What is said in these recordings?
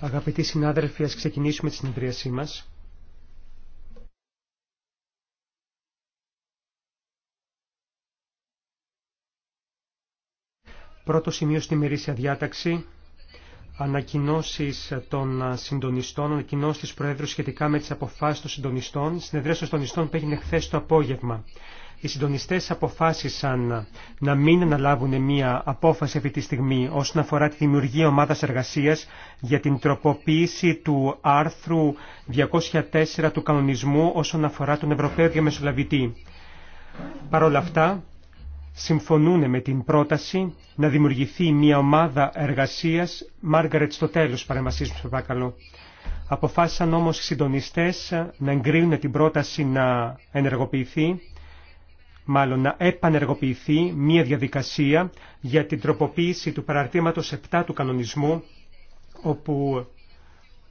Αγαπητοί συνάδελφοι, ας ξεκινήσουμε τη συνεδρίασή μας. Πρώτο σημείο στη μερίσια διάταξη, ανακοινώσεις των συντονιστών, ανακοινώσεις της Προέδρου σχετικά με τις αποφάσεις των συντονιστών, συνεδρία των συντονιστών που έγινε χθε το απόγευμα οι συντονιστές αποφάσισαν να μην αναλάβουν μία απόφαση αυτή τη στιγμή όσον αφορά τη δημιουργία ομάδας εργασίας για την τροποποίηση του άρθρου 204 του κανονισμού όσον αφορά τον Ευρωπαίο Διαμεσολαβητή. Παρ' όλα αυτά, συμφωνούν με την πρόταση να δημιουργηθεί μία ομάδα εργασίας. Μάργαρετ στο τέλος παρεμβασίζουμε, μου παρακαλώ. Αποφάσισαν όμως οι συντονιστές να εγκρίνουν την πρόταση να ενεργοποιηθεί μάλλον να επανεργοποιηθεί μια διαδικασία για την τροποποίηση του παραρτήματος 7 του κανονισμού, όπου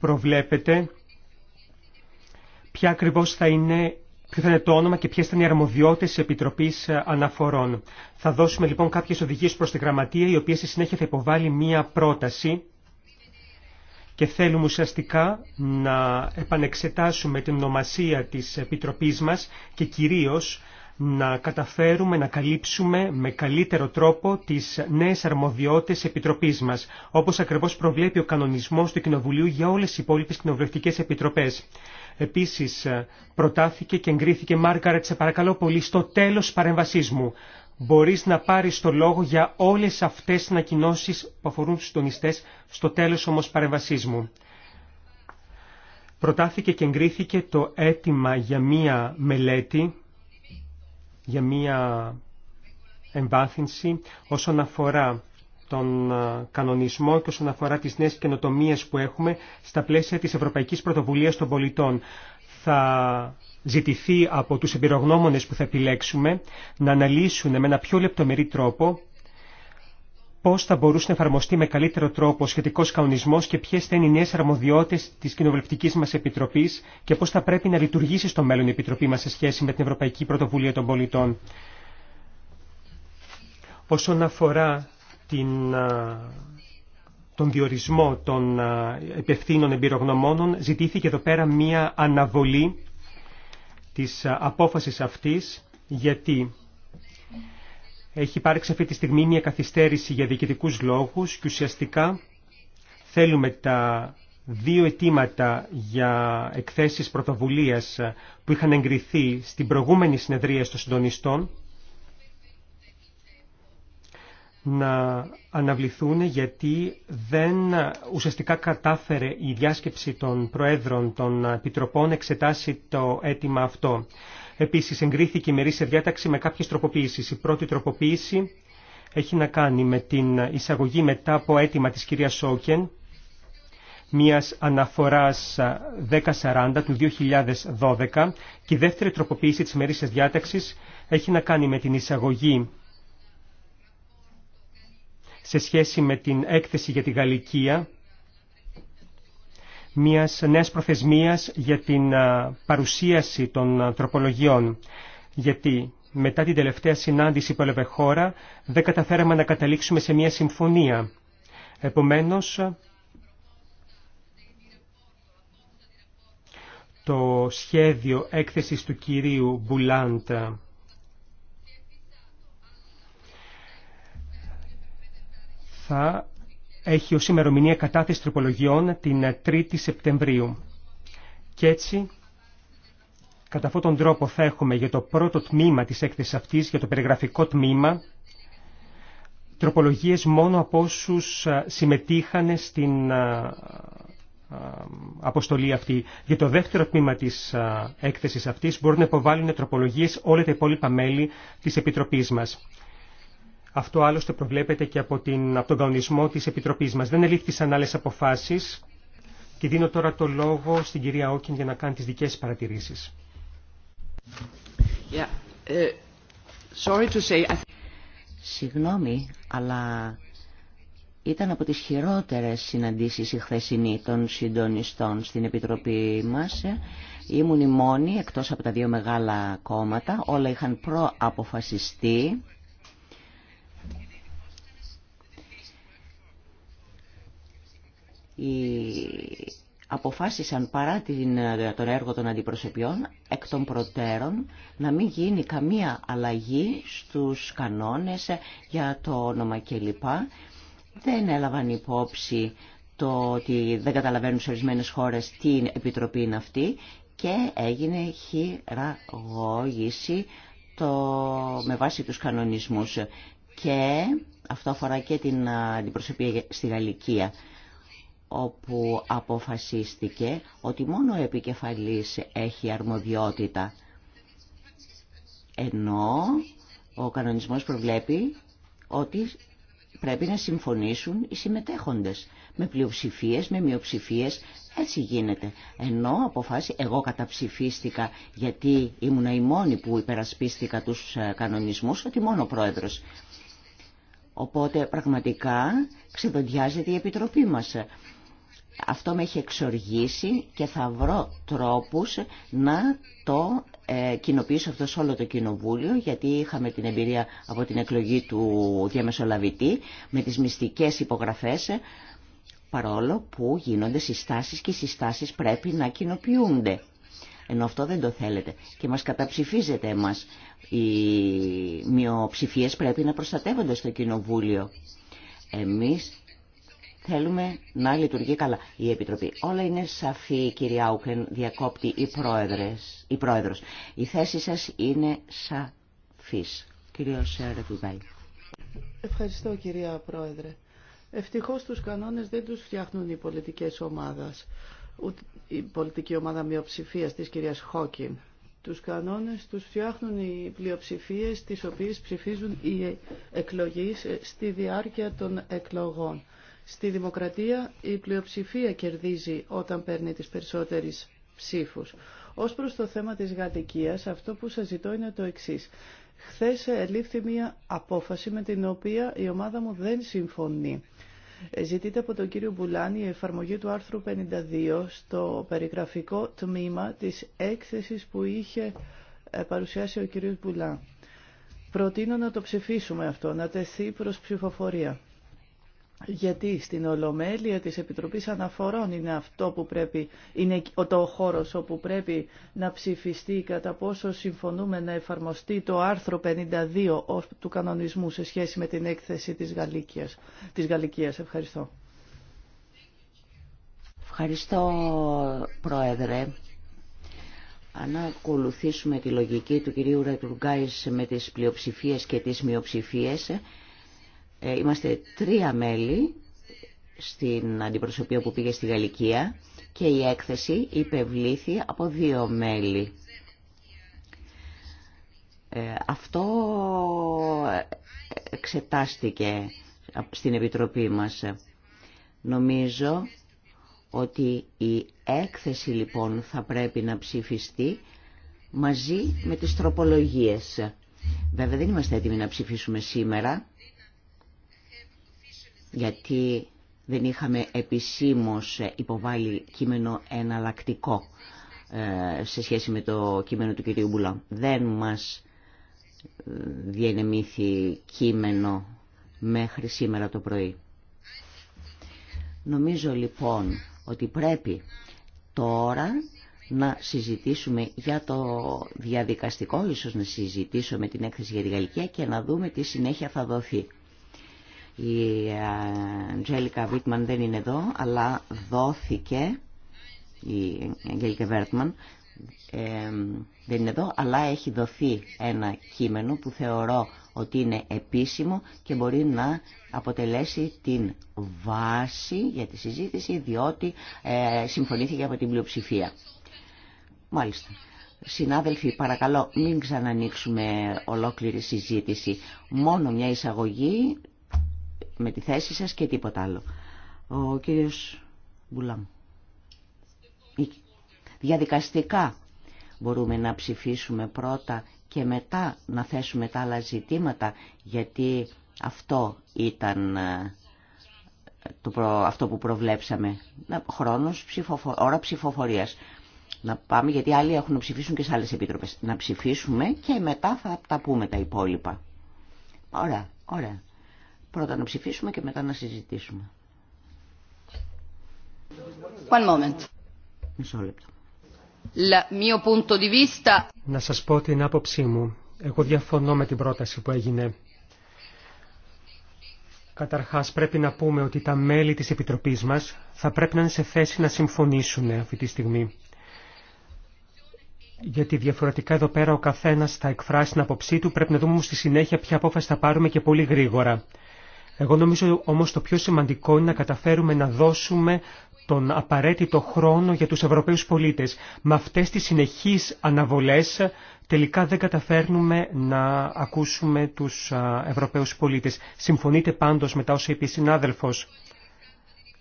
προβλέπεται ποια ακριβώς θα είναι ποιο θα είναι το όνομα και ποιε θα είναι οι αρμοδιότητε τη Επιτροπή Αναφορών. Θα δώσουμε λοιπόν κάποιε οδηγίε προ τη Γραμματεία, η οποία στη συνέχεια θα υποβάλει μία πρόταση και θέλουμε ουσιαστικά να επανεξετάσουμε την ονομασία της Επιτροπής μας και κυρίως να καταφέρουμε να καλύψουμε με καλύτερο τρόπο τις νέες αρμοδιότητες επιτροπής μας, όπως ακριβώς προβλέπει ο κανονισμός του Κοινοβουλίου για όλες τις υπόλοιπες κοινοβουλευτικές επιτροπές. Επίσης, ε, προτάθηκε και εγκρίθηκε, Μάργαρετ, σε παρακαλώ πολύ, στο τέλος παρέμβασής μου. Μπορείς να πάρεις το λόγο για όλες αυτές τις ανακοινώσεις που αφορούν στους τονιστές, στο τέλος όμως παρέμβασής μου. Προτάθηκε και εγκρίθηκε το αίτημα για μία μελέτη για μία εμβάθυνση όσον αφορά τον ε, κανονισμό και όσον αφορά τις νέες καινοτομίες που έχουμε στα πλαίσια της Ευρωπαϊκής Πρωτοβουλίας των Πολιτών. Θα ζητηθεί από τους εμπειρογνώμονες που θα επιλέξουμε να αναλύσουν με ένα πιο λεπτομερή τρόπο πώ θα μπορούσε να εφαρμοστεί με καλύτερο τρόπο ο σχετικό κανονισμό και ποιε θα είναι οι νέε αρμοδιότητε τη κοινοβουλευτική μα επιτροπή και πώ θα πρέπει να λειτουργήσει στο μέλλον η επιτροπή μα σε σχέση με την Ευρωπαϊκή Πρωτοβουλία των Πολιτών. Όσον αφορά τον διορισμό των υπευθύνων εμπειρογνωμόνων, ζητήθηκε εδώ πέρα μία αναβολή της απόφασης αυτής, γιατί έχει υπάρξει αυτή τη στιγμή μια καθυστέρηση για διοικητικούς λόγους και ουσιαστικά θέλουμε τα δύο αιτήματα για εκθέσεις πρωτοβουλίας που είχαν εγκριθεί στην προηγούμενη συνεδρία των συντονιστών να αναβληθούν γιατί δεν ουσιαστικά κατάφερε η διάσκεψη των Προέδρων των Επιτροπών εξετάσει το αίτημα αυτό. Επίσης εγκρίθηκε η μερίσια διάταξη με κάποιες τροποποίησεις. Η πρώτη τροποποίηση έχει να κάνει με την εισαγωγή μετά από αίτημα της κυρία Σόκεν μιας αναφοράς 1040 του 2012 και η δεύτερη τροποποίηση τη μερίσια διάταξης έχει να κάνει με την εισαγωγή σε σχέση με την έκθεση για τη Γαλλικία μιας νέας προθεσμίας για την παρουσίαση των τροπολογιών. Γιατί μετά την τελευταία συνάντηση που έλαβε χώρα δεν καταφέραμε να καταλήξουμε σε μια συμφωνία. Επομένως, το σχέδιο έκθεσης του κυρίου Μπουλάντα θα έχει ως ημερομηνία κατάθεση τροπολογιών την 3η Σεπτεμβρίου. Και έτσι, κατά αυτόν τον τρόπο θα έχουμε για το πρώτο τμήμα της έκθεσης αυτής, για το περιγραφικό τμήμα, τροπολογίες μόνο από όσου συμμετείχαν στην αποστολή αυτή. Για το δεύτερο τμήμα της έκθεσης αυτής μπορούν να υποβάλουν τροπολογίες όλα τα υπόλοιπα μέλη της Επιτροπής μας. Αυτό άλλωστε προβλέπεται και από, την, από τον καονισμό της Επιτροπής μας. Δεν ελήφθησαν άλλες αποφάσεις και δίνω τώρα το λόγο στην κυρία Όκιν για να κάνει τις δικές παρατηρήσεις. Yeah. Uh, sorry to say... Συγγνώμη, αλλά ήταν από τις χειρότερες συναντήσεις η χθεσινή των συντονιστών στην Επιτροπή μας. Ήμουν η μόνη, εκτός από τα δύο μεγάλα κόμματα, όλα είχαν προαποφασιστεί οι... αποφάσισαν παρά την, τον έργο των αντιπροσωπιών εκ των προτέρων να μην γίνει καμία αλλαγή στους κανόνες για το όνομα κλπ. Δεν έλαβαν υπόψη το ότι δεν καταλαβαίνουν σε ορισμένε χώρες τι επιτροπή είναι αυτή και έγινε χειραγώγηση το, με βάση τους κανονισμούς. Και αυτό αφορά και την αντιπροσωπεία στη Γαλλικία όπου αποφασίστηκε ότι μόνο ο επικεφαλής έχει αρμοδιότητα, ενώ ο κανονισμός προβλέπει ότι πρέπει να συμφωνήσουν οι συμμετέχοντες με πλειοψηφίες, με μειοψηφίες, έτσι γίνεται. Ενώ αποφάσι, εγώ καταψηφίστηκα γιατί ήμουν η μόνη που υπερασπίστηκα τους ε, κανονισμούς, ότι μόνο ο πρόεδρος. Οπότε πραγματικά ξεδοντιάζεται η Επιτροπή μας. Αυτό με έχει εξοργήσει και θα βρω τρόπους να το ε, κοινοποιήσω αυτό σε όλο το κοινοβούλιο γιατί είχαμε την εμπειρία από την εκλογή του διαμεσολαβητή με τις μυστικές υπογραφές παρόλο που γίνονται συστάσεις και οι συστάσεις πρέπει να κοινοποιούνται. Ενώ αυτό δεν το θέλετε και μας καταψηφίζετε εμάς. Οι μειοψηφίες πρέπει να προστατεύονται στο κοινοβούλιο. Εμείς Θέλουμε να λειτουργεί καλά η Επιτροπή. Όλα είναι σαφή, κυρία Ουκέν, διακόπτη η, πρόεδρες, η πρόεδρος. Η θέση σας είναι σαφής. Σέρε Ευχαριστώ, κυρία Πρόεδρε. Ευτυχώς τους κανόνες δεν τους φτιάχνουν οι πολιτικές ομάδες, ούτε η πολιτική ομάδα μειοψηφία της κυρίας Χόκιν. Τους κανόνες τους φτιάχνουν οι πλειοψηφίες τις οποίες ψηφίζουν οι εκλογείς ε, στη διάρκεια των εκλογών. Στη δημοκρατία η πλειοψηφία κερδίζει όταν παίρνει τις περισσότερες ψήφους. Ως προς το θέμα της γατικίας, αυτό που σας ζητώ είναι το εξής. Χθες ελήφθη μία απόφαση με την οποία η ομάδα μου δεν συμφωνεί. Ε, ζητείται από τον κύριο Μπουλάνη η εφαρμογή του άρθρου 52 στο περιγραφικό τμήμα της έκθεσης που είχε ε, παρουσιάσει ο κύριος Μπουλάν. Προτείνω να το ψηφίσουμε αυτό, να τεθεί προς ψηφοφορία γιατί στην Ολομέλεια της Επιτροπής Αναφορών είναι αυτό που πρέπει, είναι το χώρος όπου πρέπει να ψηφιστεί κατά πόσο συμφωνούμε να εφαρμοστεί το άρθρο 52 του κανονισμού σε σχέση με την έκθεση της Γαλλικίας. Της Γαλλικίας. Ευχαριστώ. Ευχαριστώ Πρόεδρε. Αν ακολουθήσουμε τη λογική του κυρίου Ρετουργκάης με τις πλειοψηφίες και τις μειοψηφίες, ε, είμαστε τρία μέλη στην αντιπροσωπεία που πήγε στη Γαλλικία και η έκθεση υπευλήθη από δύο μέλη. Ε, αυτό εξετάστηκε στην Επιτροπή μας. Νομίζω ότι η έκθεση λοιπόν θα πρέπει να ψηφιστεί μαζί με τις τροπολογίες. Βέβαια δεν είμαστε έτοιμοι να ψηφίσουμε σήμερα, γιατί δεν είχαμε επισήμως υποβάλει κείμενο εναλλακτικό ε, σε σχέση με το κείμενο του κυρίου Μπουλά. Δεν μας ε, διενεμήθη κείμενο μέχρι σήμερα το πρωί. Νομίζω λοιπόν ότι πρέπει τώρα να συζητήσουμε για το διαδικαστικό, ίσως να συζητήσουμε την έκθεση για τη Γαλλικία και να δούμε τι συνέχεια θα δοθεί. Η Αντζέλικα ε, Βίτμαν δεν είναι εδώ, αλλά δόθηκε, η Αγγέλικα Βέρτμαν ε, δεν είναι εδώ, αλλά έχει δοθεί ένα κείμενο που θεωρώ ότι είναι επίσημο και μπορεί να αποτελέσει την βάση για τη συζήτηση, διότι ε, συμφωνήθηκε από την πλειοψηφία. Μάλιστα. Συνάδελφοι, παρακαλώ μην ξανανοίξουμε ολόκληρη συζήτηση. Μόνο μια εισαγωγή με τη θέση σας και τίποτα άλλο. Ο κύριος Μπουλάμ. Διαδικαστικά μπορούμε να ψηφίσουμε πρώτα και μετά να θέσουμε τα άλλα ζητήματα γιατί αυτό ήταν ε, το αυτό που προβλέψαμε. Χρόνος, ψηφοφο... ώρα ψηφοφορίας. Να πάμε γιατί άλλοι έχουν ψηφίσουν και σε άλλες επιτροπές. Να ψηφίσουμε και μετά θα τα πούμε τα υπόλοιπα. Ωραία, ωραία. Πρώτα να ψηφίσουμε και μετά να συζητήσουμε. One moment. Μισό λεπτό. La mio punto di vista. Να σας πω την άποψή μου. Εγώ διαφωνώ με την πρόταση που έγινε. Καταρχάς πρέπει να πούμε ότι τα μέλη της Επιτροπής μας θα πρέπει να είναι σε θέση να συμφωνήσουν αυτή τη στιγμή. Γιατί διαφορετικά εδώ πέρα ο καθένας θα εκφράσει την άποψή του, πρέπει να δούμε στη συνέχεια ποια απόφαση θα πάρουμε και πολύ γρήγορα. Εγώ νομίζω όμως το πιο σημαντικό είναι να καταφέρουμε να δώσουμε τον απαραίτητο χρόνο για τους Ευρωπαίους πολίτες. Με αυτές τις συνεχείς αναβολές τελικά δεν καταφέρνουμε να ακούσουμε τους Ευρωπαίους πολίτες. Συμφωνείτε πάντως μετά όσα είπε η συνάδελφος.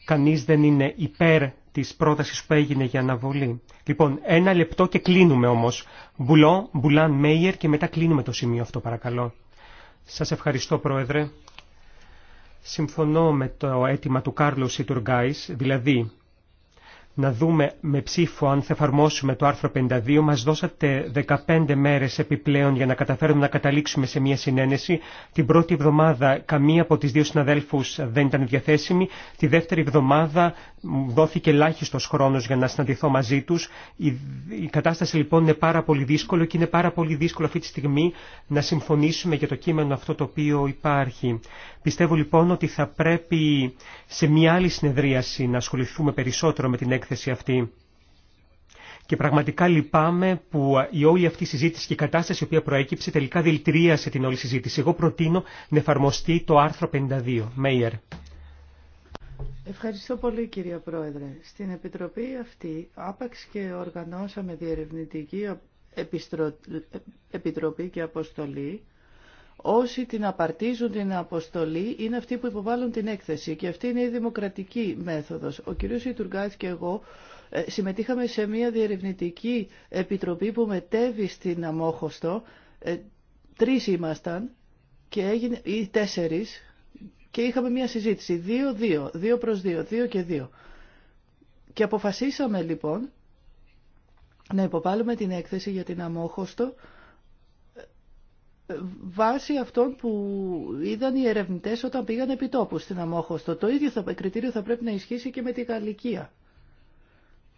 Κανείς δεν είναι υπέρ της πρότασης που έγινε για αναβολή. Λοιπόν, ένα λεπτό και κλείνουμε όμως. Μπουλό, Μπουλάν Μέιερ και μετά κλείνουμε το σημείο αυτό παρακαλώ. Σας ευχαριστώ Πρόεδρε. Συμφωνώ με το αίτημα του Κάρλος Σιτουργκάης, δηλαδή να δούμε με ψήφο αν θα εφαρμόσουμε το άρθρο 52. Μας δώσατε 15 μέρες επιπλέον για να καταφέρουμε να καταλήξουμε σε μια συνένεση. Την πρώτη εβδομάδα καμία από τις δύο συναδέλφους δεν ήταν διαθέσιμη. Τη δεύτερη εβδομάδα δόθηκε ελάχιστο χρόνος για να συναντηθώ μαζί τους. Η, κατάσταση λοιπόν είναι πάρα πολύ δύσκολο και είναι πάρα πολύ δύσκολο αυτή τη στιγμή να συμφωνήσουμε για το κείμενο αυτό το οποίο υπάρχει. Πιστεύω λοιπόν ότι θα πρέπει σε μια άλλη συνεδρίαση να ασχοληθούμε περισσότερο με την έκθεση αυτή. Και πραγματικά λυπάμαι που η όλη αυτή συζήτηση και η κατάσταση η οποία προέκυψε τελικά δηλητηρίασε την όλη συζήτηση. Εγώ προτείνω να εφαρμοστεί το άρθρο 52. Μέιερ. Ευχαριστώ πολύ κύριε Πρόεδρε. Στην Επιτροπή αυτή άπαξ και οργανώσαμε διερευνητική επιτροπή και αποστολή Όσοι την απαρτίζουν την αποστολή είναι αυτοί που υποβάλλουν την έκθεση και αυτή είναι η δημοκρατική μέθοδος. Ο κύριος Ιτουργκάης και εγώ ε, συμμετείχαμε σε μια διερευνητική επιτροπή που μετέβη στην Αμόχωστο. Ε, τρεις ήμασταν και έγινε, ή τέσσερις και είχαμε μια συζήτηση. Δύο-δύο, δύο προς δύο, δύο και δύο. Και αποφασίσαμε λοιπόν να υποβάλουμε την έκθεση για την Αμόχωστο βάσει αυτών που είδαν οι ερευνητές όταν πήγαν επί τόπου στην Αμόχωστο. Το ίδιο θα, κριτήριο θα πρέπει να ισχύσει και με τη Γαλλικία.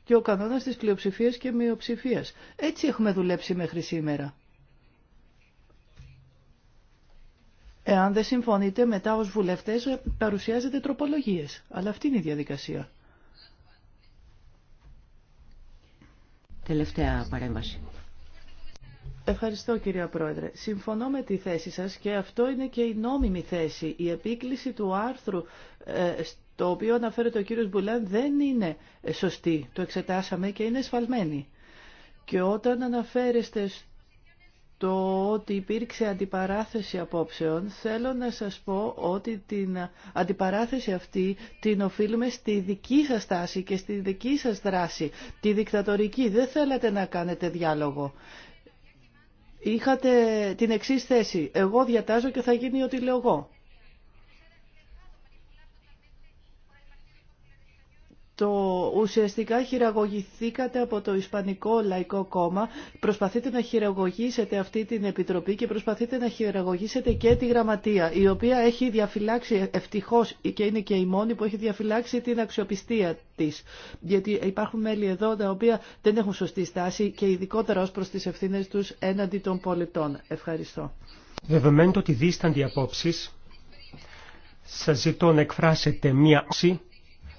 Και ο κανόνας της πλειοψηφία και μειοψηφία. Έτσι έχουμε δουλέψει μέχρι σήμερα. Εάν δεν συμφωνείτε, μετά ως βουλευτές παρουσιάζετε τροπολογίες. Αλλά αυτή είναι η διαδικασία. Τελευταία παρέμβαση. Ευχαριστώ κυρία Πρόεδρε. Συμφωνώ με τη θέση σας και αυτό είναι και η νόμιμη θέση. Η επίκληση του άρθρου ε, στο οποίο αναφέρεται ο κύριος Μπουλάν δεν είναι σωστή. Το εξετάσαμε και είναι σφαλμένη. Και όταν αναφέρεστε το ότι υπήρξε αντιπαράθεση απόψεων, θέλω να σας πω ότι την αντιπαράθεση αυτή την οφείλουμε στη δική σας τάση και στη δική σας δράση, τη δικτατορική. Δεν θέλατε να κάνετε διάλογο είχατε την εξή θέση. Εγώ διατάζω και θα γίνει ό,τι λέω εγώ. το ουσιαστικά χειραγωγηθήκατε από το Ισπανικό Λαϊκό Κόμμα, προσπαθείτε να χειραγωγήσετε αυτή την Επιτροπή και προσπαθείτε να χειραγωγήσετε και τη Γραμματεία, η οποία έχει διαφυλάξει, ευτυχώ και είναι και η μόνη που έχει διαφυλάξει την αξιοπιστία τη. Γιατί υπάρχουν μέλη εδώ τα οποία δεν έχουν σωστή στάση και ειδικότερα ω προ τι ευθύνε του έναντι των πολιτών. Ευχαριστώ. Δεδομένου ότι δίστανται οι σα ζητώ να εκφράσετε μία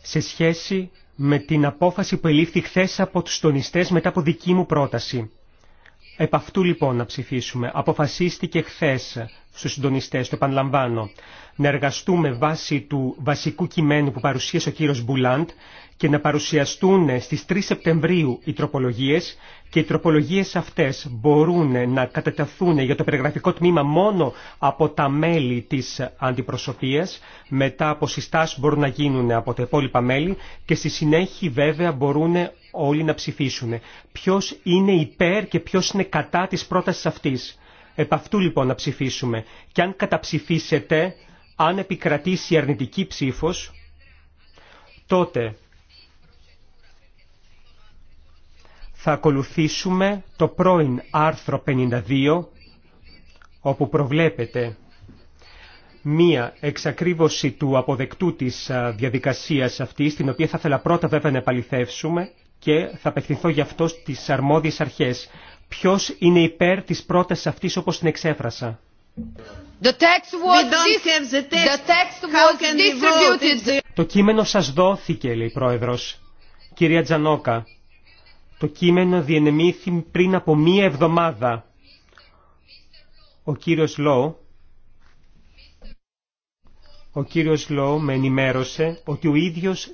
σε σχέση με την απόφαση που ελήφθη χθε από τους τονιστές μετά από δική μου πρόταση. Επ' αυτού λοιπόν να ψηφίσουμε. Αποφασίστηκε χθε στους συντονιστές, το επαναλαμβάνω, να εργαστούμε βάσει του βασικού κειμένου που παρουσίασε ο κύριος Μπουλάντ και να παρουσιαστούν στις 3 Σεπτεμβρίου οι τροπολογίες και οι τροπολογίες αυτές μπορούν να κατατεθούν για το περιγραφικό τμήμα μόνο από τα μέλη της αντιπροσωπείας, μετά από συστάσεις μπορούν να γίνουν από τα υπόλοιπα μέλη και στη συνέχεια βέβαια μπορούν όλοι να ψηφίσουν. Ποιος είναι υπέρ και ποιος είναι κατά της πρότασης αυτής. Επ' αυτού λοιπόν να ψηφίσουμε. Και αν καταψηφίσετε, αν επικρατήσει αρνητική ψήφος, τότε θα ακολουθήσουμε το πρώην άρθρο 52, όπου προβλέπεται μία εξακρίβωση του αποδεκτού της διαδικασίας αυτής, την οποία θα ήθελα πρώτα βέβαια να επαληθεύσουμε και θα απευθυνθώ γι' αυτό στις αρμόδιες αρχές. Ποιος είναι υπέρ της πρότασης αυτής όπως την εξέφρασα. Το κείμενο σας δόθηκε, λέει η Πρόεδρος. Κυρία Τζανόκα, το κείμενο διενεμήθη πριν από μία εβδομάδα. Ο κύριος Λό, ο κύριος Λό με ενημέρωσε ότι ο ίδιος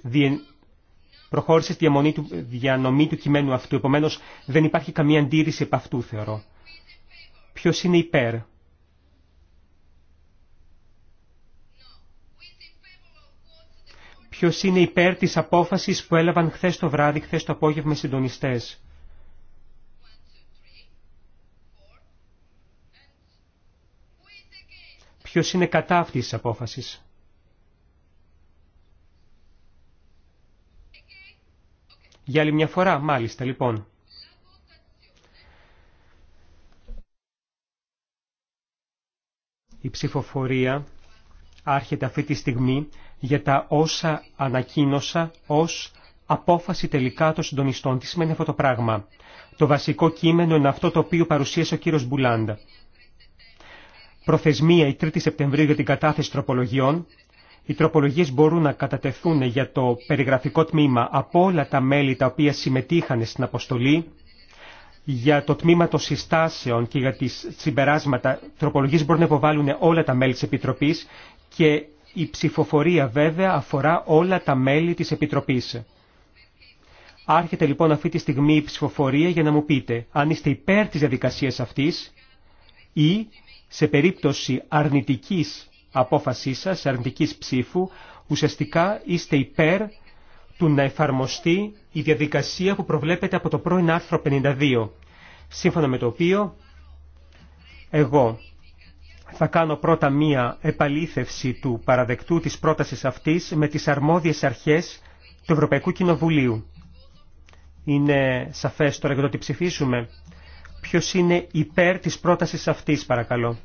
προχώρησε στη διαμονή του... διανομή του κειμένου αυτού. Επομένως δεν υπάρχει καμία αντίρρηση από αυτού θεωρώ. Ποιος είναι υπέρ. ποιος είναι υπέρ της απόφασης που έλαβαν χθες το βράδυ, χθες το απόγευμα οι συντονιστές. Ποιος είναι κατά αυτής της απόφασης. Για άλλη μια φορά, μάλιστα, λοιπόν. Η ψηφοφορία άρχεται αυτή τη στιγμή για τα όσα ανακοίνωσα ως απόφαση τελικά των συντονιστών. Τι σημαίνει αυτό το πράγμα. Το βασικό κείμενο είναι αυτό το οποίο παρουσίασε ο κύριος Μπουλάντα. Προθεσμία η 3η Σεπτεμβρίου για την κατάθεση τροπολογιών. Οι τροπολογίες μπορούν να κατατεθούν για το περιγραφικό τμήμα από όλα τα μέλη τα οποία συμμετείχαν στην αποστολή για το τμήμα των συστάσεων και για τις συμπεράσματα τροπολογίες μπορούν να υποβάλουν όλα τα μέλη της Επιτροπής και η ψηφοφορία βέβαια αφορά όλα τα μέλη της Επιτροπής. Άρχεται λοιπόν αυτή τη στιγμή η ψηφοφορία για να μου πείτε αν είστε υπέρ της διαδικασίας αυτής ή σε περίπτωση αρνητικής απόφασής σας, αρνητικής ψήφου, ουσιαστικά είστε υπέρ του να εφαρμοστεί η διαδικασία που προβλέπεται από το πρώην άρθρο 52, σύμφωνα με το οποίο εγώ θα κάνω πρώτα μία επαλήθευση του παραδεκτού της πρότασης αυτής με τις αρμόδιες αρχές του Ευρωπαϊκού Κοινοβουλίου. Είναι σαφές τώρα για το ότι ψηφίσουμε. Ποιος είναι υπέρ της πρότασης αυτής παρακαλώ.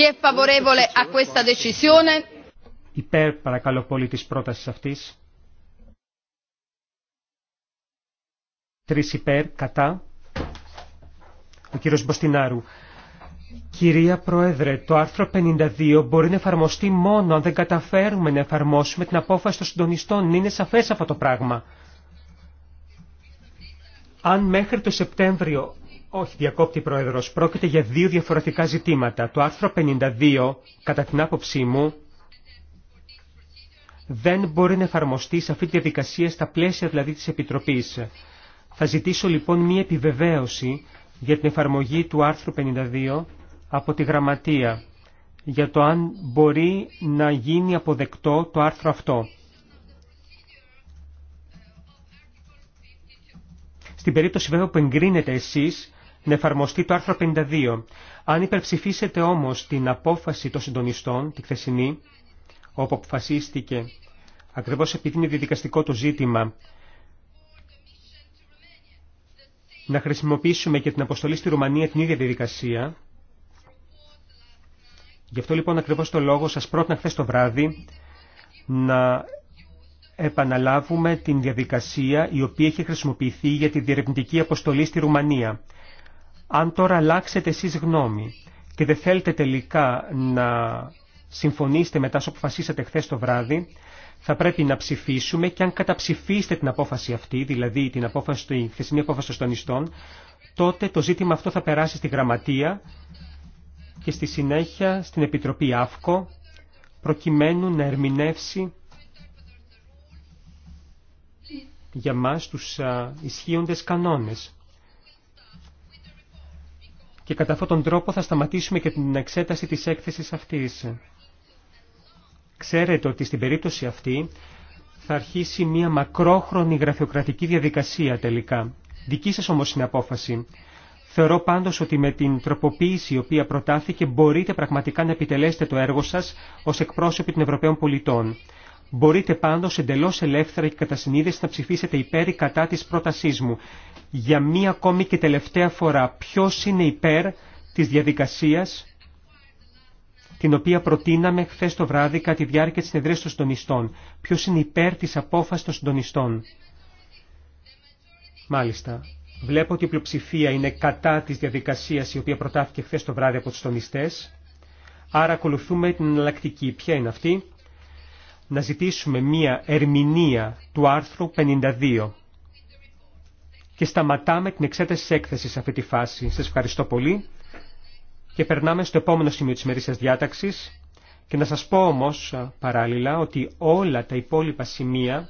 Chi è favorevole a questa decisione? Υπέρ παρακαλώ πολύ της πρότασης αυτής. Τρεις υπέρ, κατά. Ο κύριος Μποστινάρου. Κυρία Πρόεδρε, το άρθρο 52 μπορεί να εφαρμοστεί μόνο αν δεν καταφέρουμε να εφαρμόσουμε την απόφαση των συντονιστών. Είναι σαφές αυτό το πράγμα. Αν μέχρι το Σεπτέμβριο όχι, διακόπτη πρόεδρος. Πρόκειται για δύο διαφορετικά ζητήματα. Το άρθρο 52, κατά την άποψή μου, δεν μπορεί να εφαρμοστεί σε αυτή τη διαδικασία στα πλαίσια δηλαδή της Επιτροπής. Θα ζητήσω λοιπόν μία επιβεβαίωση για την εφαρμογή του άρθρου 52 από τη Γραμματεία για το αν μπορεί να γίνει αποδεκτό το άρθρο αυτό. Στην περίπτωση βέβαια που εγκρίνετε εσείς να εφαρμοστεί το άρθρο 52. Αν υπερψηφίσετε όμως την απόφαση των συντονιστών, τη χθεσινή, όπου αποφασίστηκε, ακριβώς επειδή είναι διδικαστικό το ζήτημα, να χρησιμοποιήσουμε και την αποστολή στη Ρουμανία την ίδια διαδικασία. Γι' αυτό λοιπόν ακριβώς το λόγο σας πρότεινα χθε το βράδυ να επαναλάβουμε την διαδικασία η οποία έχει χρησιμοποιηθεί για τη διερευνητική αποστολή στη Ρουμανία. Αν τώρα αλλάξετε εσείς γνώμη και δεν θέλετε τελικά να συμφωνήσετε μετά όσο αποφασίσατε χθε το βράδυ, θα πρέπει να ψηφίσουμε και αν καταψηφίσετε την απόφαση αυτή, δηλαδή την απόφαση, τη χθεσινή απόφαση των Ιστών, τότε το ζήτημα αυτό θα περάσει στη Γραμματεία και στη συνέχεια στην Επιτροπή ΑΦΚΟ, προκειμένου να ερμηνεύσει για μας τους α, ισχύοντες κανόνες και κατά αυτόν τον τρόπο θα σταματήσουμε και την εξέταση της έκθεσης αυτής. Ξέρετε ότι στην περίπτωση αυτή θα αρχίσει μια μακρόχρονη γραφειοκρατική διαδικασία τελικά. Δική σας όμως είναι απόφαση. Θεωρώ πάντως ότι με την τροποποίηση η οποία προτάθηκε μπορείτε πραγματικά να επιτελέσετε το έργο σας ως εκπρόσωποι των Ευρωπαίων πολιτών. Μπορείτε πάντως εντελώς ελεύθερα και κατά συνείδηση να ψηφίσετε υπέρ ή κατά της πρότασής μου για μία ακόμη και τελευταία φορά ποιος είναι υπέρ της διαδικασίας την οποία προτείναμε χθε το βράδυ κατά τη διάρκεια της συνεδρίας των συντονιστών. Ποιος είναι υπέρ της απόφασης των συντονιστών. Μάλιστα. Βλέπω ότι η πλειοψηφία είναι κατά της διαδικασίας η οποία προτάθηκε χθε το βράδυ από τους συντονιστές. Άρα ακολουθούμε την εναλλακτική. Ποια είναι αυτή. Να ζητήσουμε μία ερμηνεία του άρθρου 52 και σταματάμε την εξέταση της έκθεσης σε αυτή τη φάση. Σας ευχαριστώ πολύ και περνάμε στο επόμενο σημείο της μερίσια διάταξης και να σας πω όμως παράλληλα ότι όλα τα υπόλοιπα σημεία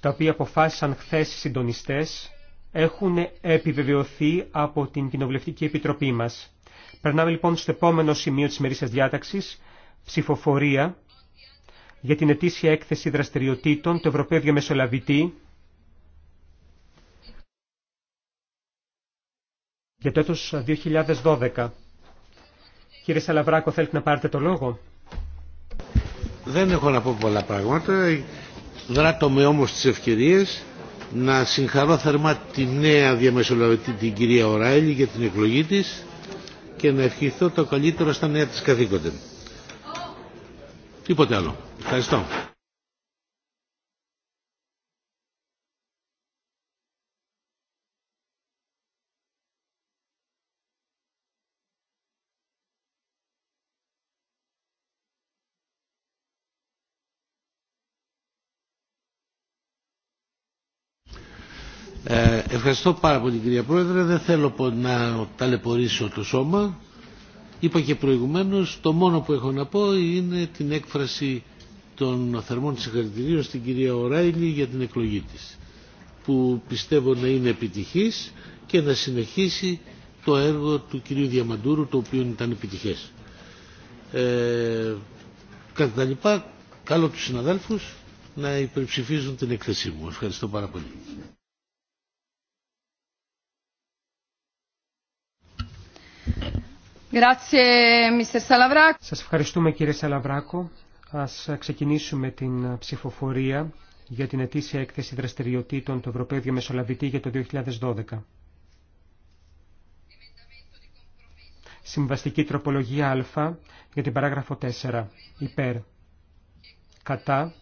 τα οποία αποφάσισαν χθε οι συντονιστές έχουν επιβεβαιωθεί από την Κοινοβουλευτική Επιτροπή μας. Περνάμε λοιπόν στο επόμενο σημείο της μερίσια διάταξης, ψηφοφορία για την ετήσια έκθεση δραστηριοτήτων του Ευρωπαίου Διαμεσολαβητή για το έτος 2012. Κύριε Σαλαβράκο, θέλετε να πάρετε το λόγο. Δεν έχω να πω πολλά πράγματα. με όμως τις ευκαιρίες να συγχαρώ θερμά τη νέα διαμεσολαβητή την κυρία Οράιλη για την εκλογή της και να ευχηθώ το καλύτερο στα νέα της καθήκοντα. Τίποτε άλλο. Ευχαριστώ. Ε, ευχαριστώ πάρα πολύ κυρία Πρόεδρε. Δεν θέλω να ταλαιπωρήσω το σώμα. Είπα και προηγουμένως, το μόνο που έχω να πω είναι την έκφραση των θερμών συγχαρητηρίων στην κυρία Οράιλη για την εκλογή της, που πιστεύω να είναι επιτυχής και να συνεχίσει το έργο του κυρίου Διαμαντούρου, το οποίο ήταν επιτυχές. Ε, κατά λοιπά, καλώ τους συναδέλφους να υπερψηφίζουν την έκθεσή μου. Ευχαριστώ πάρα πολύ. Σας ευχαριστούμε κύριε Σαλαβράκο. Ας ξεκινήσουμε την ψηφοφορία για την ετήσια έκθεση δραστηριοτήτων του Ευρωπαίου Διαμεσολαβητή για το 2012. Συμβαστική τροπολογία Α για την παράγραφο 4. Υπέρ. Κατά.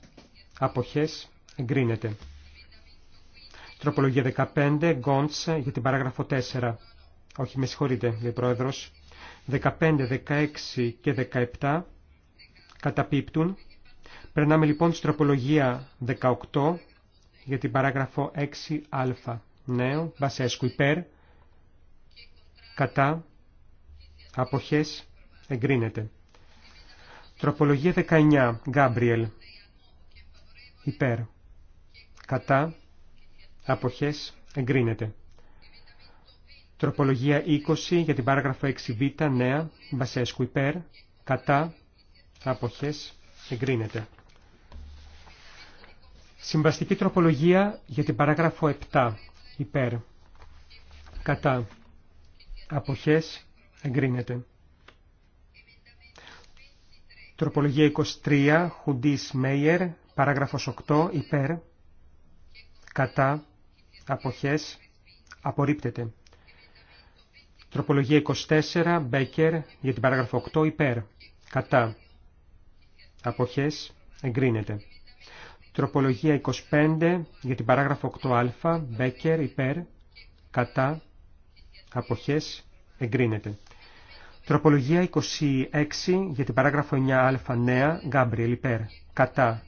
Αποχές. Εγκρίνεται. Τροπολογία 15. Γκόντσα για την παράγραφο 4. Όχι, με συγχωρείτε, λέει Πρόεδρος. 15, 16 και 17 καταπίπτουν. Περνάμε λοιπόν στην τροπολογία 18 για την παράγραφο 6α νέο, Βασέσκου υπέρ, κατά, αποχές, εγκρίνεται. Τροπολογία 19, Γκάμπριελ, υπέρ, κατά, αποχές, εγκρίνεται. Τροπολογία 20 για την παράγραφο 6β, νέα, βασέσκου, υπέρ, κατά, αποχές, εγκρίνεται. Συμβαστική τροπολογία για την παράγραφο 7, υπέρ, κατά, αποχές, εγκρίνεται. Τροπολογία 23, Χουντής Μέιερ, παράγραφος 8, υπέρ, κατά, αποχές, απορρίπτεται. Τροπολογία 24, Μπέκερ, για την παράγραφο 8, υπέρ. Κατά. Αποχές, εγκρίνεται. Τροπολογία 25, για την παράγραφο 8α, Μπέκερ, υπέρ. Κατά. Αποχές, εγκρίνεται. Τροπολογία 26, για την παράγραφο 9α, νέα, Γκάμπριελ, υπέρ. Κατά.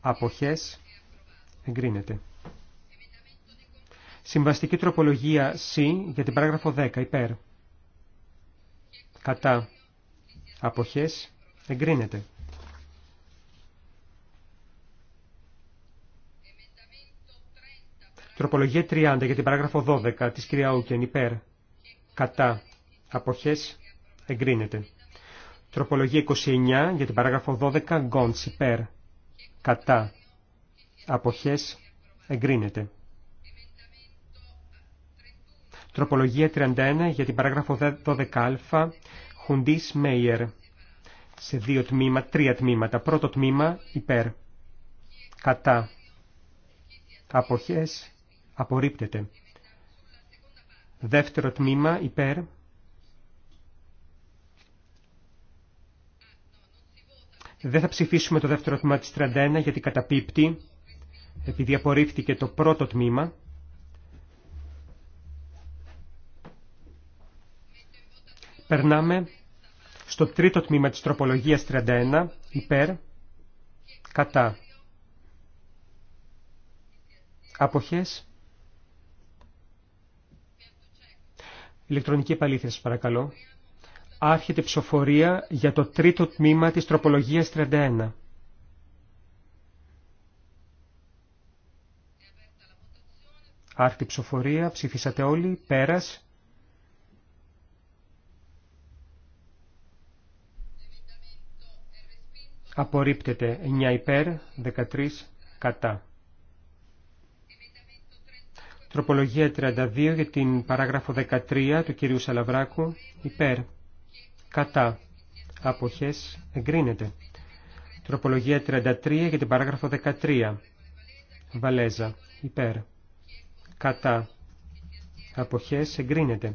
Αποχές, εγκρίνεται. Συμβαστική τροπολογία Σ, για την παράγραφο 10 υπέρ. Κατά. Αποχές. Εγκρίνεται. Τροπολογία 30 για την παράγραφο 12 της κυρία Ούκεν υπέρ. Κατά. Αποχές. Εγκρίνεται. Τροπολογία 29 για την παράγραφο 12 γκόντς υπέρ. Κατά. Αποχές. Εγκρίνεται. Τροπολογία 31 για την παράγραφο 12α, Χουντής Μέιερ. Σε δύο τμήματα, τρία τμήματα. Πρώτο τμήμα, υπέρ. Κατά. Αποχές, απορρίπτεται. Δεύτερο τμήμα, υπέρ. Δεν θα ψηφίσουμε το δεύτερο τμήμα της 31 γιατί καταπίπτει, επειδή απορρίφθηκε το πρώτο τμήμα. Περνάμε στο τρίτο τμήμα της τροπολογίας 31, υπέρ, κατά. Αποχές. Ηλεκτρονική επαλήθευση παρακαλώ. Άρχεται ψηφοφορία για το τρίτο τμήμα της τροπολογίας 31. Άρχεται ψηφοφορία, ψηφίσατε όλοι, πέρας. Απορρίπτεται 9 υπέρ, 13 κατά. Τροπολογία 32 για την παράγραφο 13 του κυρίου Σαλαβράκου. Υπέρ. Κατά. Αποχές. Εγκρίνεται. Τροπολογία 33 για την παράγραφο 13. Βαλέζα. Υπέρ. Κατά. Αποχές. Εγκρίνεται.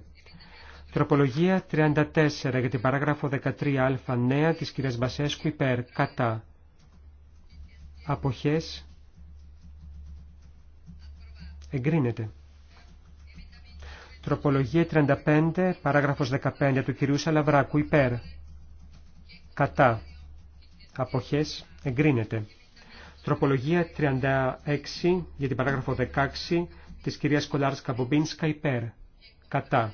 Τροπολογία 34 για την παράγραφο 13α νέα της κυρίας Μπασέσκου υπέρ κατά αποχές εγκρίνεται. Τροπολογία 35 παράγραφος 15 του κυρίου Σαλαβράκου υπέρ κατά αποχές εγκρίνεται. Τροπολογία 36 για την παράγραφο 16 της κυρίας Κολάρσκα Μπομπίνσκα υπέρ κατά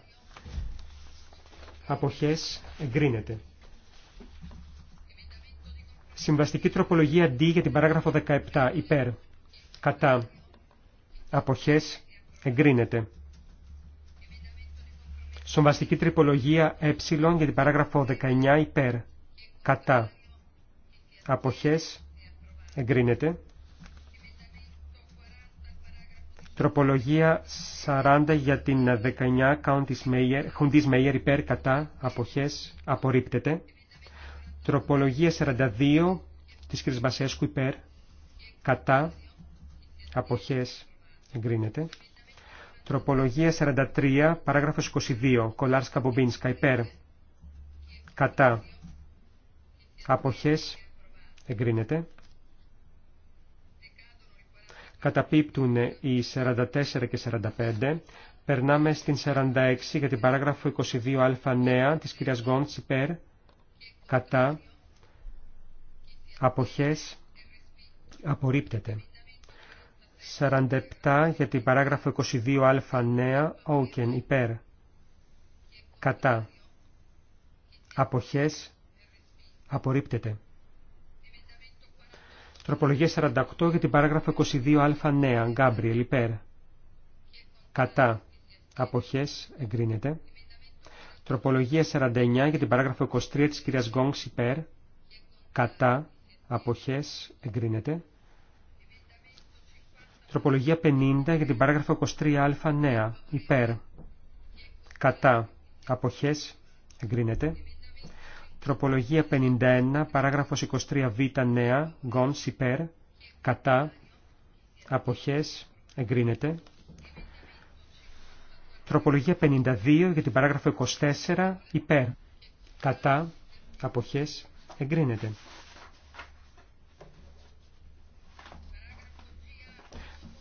αποχές εγκρίνεται. Συμβαστική τροπολογία D για την παράγραφο 17 υπέρ κατά αποχές εγκρίνεται. Συμβαστική τροπολογία ε για την παράγραφο 19 υπέρ κατά αποχές εγκρίνεται. Τροπολογία 40 για την 19 Χουντής Μέιερ υπέρ κατά αποχές απορρίπτεται. Τροπολογία 42 της κ. Μπασέσκου υπέρ κατά αποχές εγκρίνεται. Τροπολογία 43 παράγραφος 22 Κολάρσκα Μπομπίνσκα υπέρ κατά αποχές εγκρίνεται. Καταπίπτουν οι 44 και 45. Περνάμε στην 46 για την παράγραφο 22α νέα της κυρίας Γκόντς υπέρ, κατά, αποχές, απορρίπτεται. 47 για την παράγραφο 22α νέα, όκεν, υπέρ, κατά, αποχές, απορρίπτεται. Τροπολογία 48 για την παράγραφο 22α νέα. Γκάμπριελ υπέρ. Κατά. Αποχές εγκρίνεται. Τροπολογία 49 για την παράγραφο 23 της κυρίας Γκόγκς υπέρ. Κατά. Αποχές εγκρίνεται. Τροπολογία 50 για την παράγραφο 23α νέα. Υπέρ. Κατά. Αποχές εγκρίνεται. Τροπολογία 51, παράγραφος 23β νέα, γκόνς υπέρ, κατά, αποχές, εγκρίνεται. Τροπολογία 52 για την παράγραφο 24 υπέρ, κατά, αποχές, εγκρίνεται.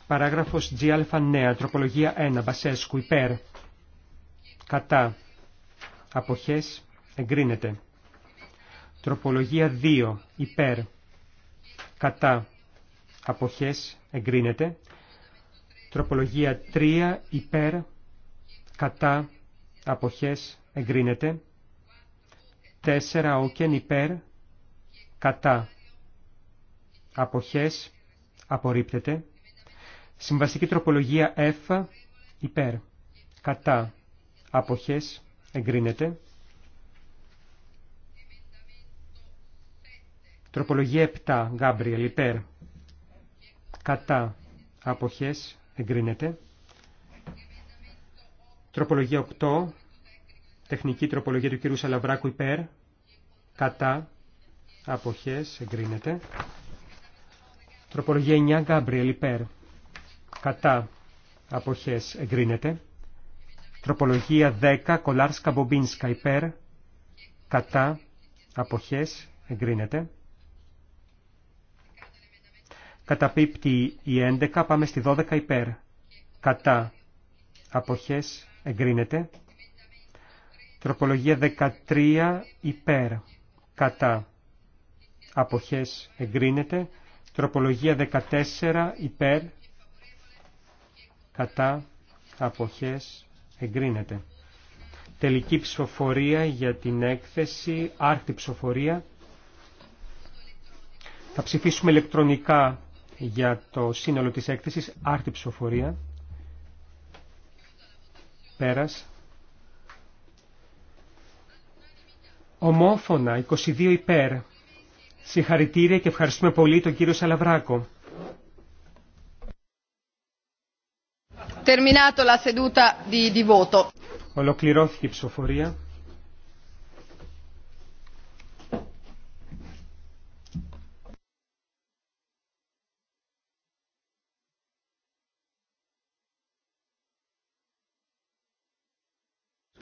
Παράγραφος Γα νέα, τροπολογία 1, Μπασέσκου υπέρ, κατά, αποχές, εγκρίνεται. Τροπολογία 2. Υπέρ. Κατά. Αποχές. Εγκρίνεται. Τροπολογία 3. Υπέρ. Κατά. Αποχές. Εγκρίνεται. 4. Όκεν. Υπέρ. Κατά. Αποχές. Απορρίπτεται. Συμβαστική τροπολογία F. Υπέρ. Κατά. Αποχές. Εγκρίνεται. Τροπολογία 7, Γκάμπριελ, υπέρ. Κατά. Αποχές, εγκρίνεται. Τροπολογία 8, τεχνική τροπολογία του κυρίου Σαλαβράκου, υπέρ. Κατά. Αποχές, εγκρίνεται. Τροπολογία 9, Γκάμπριελ, υπέρ. Κατά. Αποχές, εγκρίνεται. Τροπολογία 10, Κολάρσκα Μπομπίνσκα, υπέρ. Κατά. Αποχές, εγκρίνεται. Καταπίπτει η 11, πάμε στη 12 υπέρ. Κατά. Αποχές εγκρίνεται. Τροπολογία 13 υπέρ. Κατά. Αποχές εγκρίνεται. Τροπολογία 14 υπέρ. Κατά. Αποχές εγκρίνεται. Τελική ψηφοφορία για την έκθεση. Άρτη ψηφοφορία. Θα ψηφίσουμε ηλεκτρονικά για το σύνολο της έκθεσης, άρτη ψηφοφορία. Πέρας. Ομόφωνα, 22 υπέρ. Συγχαρητήρια και ευχαριστούμε πολύ τον κύριο Σαλαβράκο. Terminato la seduta di, di voto. Ολοκληρώθηκε η ψηφοφορία.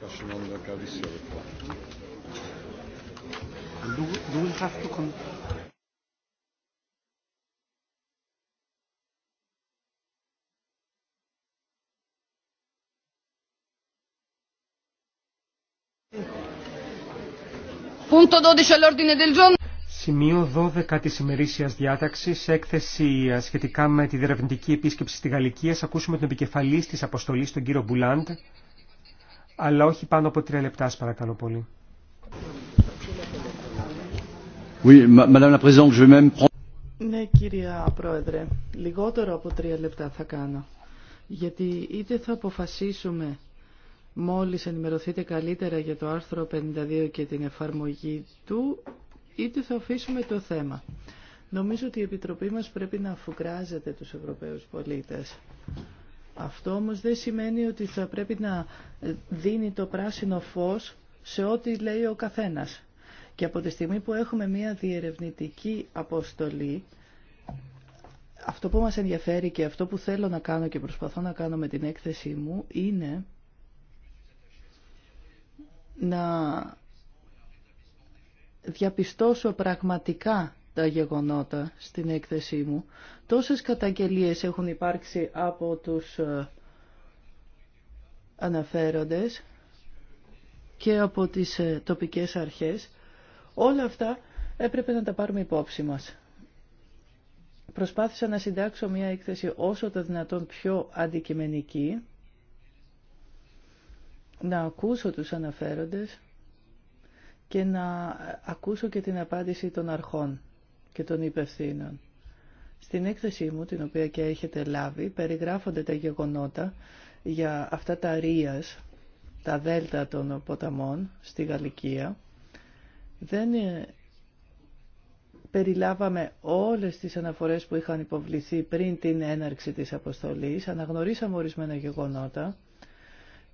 Σημείο 12 της ημερήσιας διάταξης, έκθεση ε, σχετικά με τη διερευνητική επίσκεψη στη Γαλλική. Ας ακούσουμε τον επικεφαλής της αποστολής, τον κύριο Μπουλάντ αλλά όχι πάνω από τρία λεπτά, σας παρακαλώ πολύ. Ναι, κυρία Πρόεδρε, λιγότερο από τρία λεπτά θα κάνω. Γιατί είτε θα αποφασίσουμε μόλις ενημερωθείτε καλύτερα για το άρθρο 52 και την εφαρμογή του, είτε θα αφήσουμε το θέμα. Νομίζω ότι η Επιτροπή μας πρέπει να αφουγκράζεται τους Ευρωπαίους πολίτες. Αυτό όμως δεν σημαίνει ότι θα πρέπει να δίνει το πράσινο φως σε ό,τι λέει ο καθένας. Και από τη στιγμή που έχουμε μια διερευνητική αποστολή, αυτό που μας ενδιαφέρει και αυτό που θέλω να κάνω και προσπαθώ να κάνω με την έκθεσή μου είναι να διαπιστώσω πραγματικά τα γεγονότα στην έκθεσή μου. Τόσες καταγγελίες έχουν υπάρξει από τους ε, αναφέροντες και από τις ε, τοπικές αρχές. Όλα αυτά έπρεπε να τα πάρουμε υπόψη μας. Προσπάθησα να συντάξω μια έκθεση όσο το δυνατόν πιο αντικειμενική, να ακούσω τους αναφέροντες και να ε, ακούσω και την απάντηση των αρχών και των υπευθύνων. Στην έκθεσή μου, την οποία και έχετε λάβει, περιγράφονται τα γεγονότα για αυτά τα ρίας, τα δέλτα των ποταμών στη Γαλλικία. Δεν ε, περιλάβαμε όλες τις αναφορές που είχαν υποβληθεί πριν την έναρξη της αποστολής. Αναγνωρίσαμε ορισμένα γεγονότα,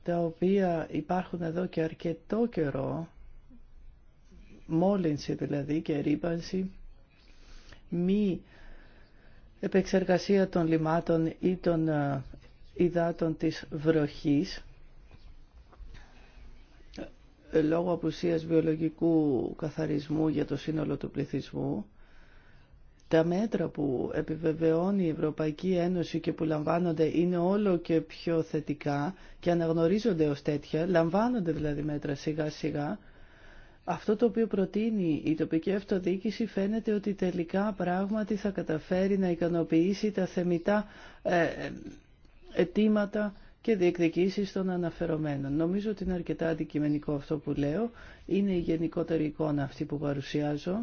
τα οποία υπάρχουν εδώ και αρκετό καιρό, μόλυνση δηλαδή και ρήπανση μη επεξεργασία των λιμάτων ή των ε, υδάτων της βροχής ε, λόγω απουσίας βιολογικού καθαρισμού για το σύνολο του πληθυσμού τα μέτρα που επιβεβαιώνει η Ευρωπαϊκή Ένωση και που λαμβάνονται είναι όλο και πιο θετικά και αναγνωρίζονται ως τέτοια, λαμβάνονται δηλαδή μέτρα σιγά σιγά αυτό το οποίο προτείνει η τοπική αυτοδιοίκηση φαίνεται ότι τελικά πράγματι θα καταφέρει να ικανοποιήσει τα θεμητά ε, ε, αιτήματα και διεκδικήσεις των αναφερομένων. Νομίζω ότι είναι αρκετά αντικειμενικό αυτό που λέω. Είναι η γενικότερη εικόνα αυτή που παρουσιάζω.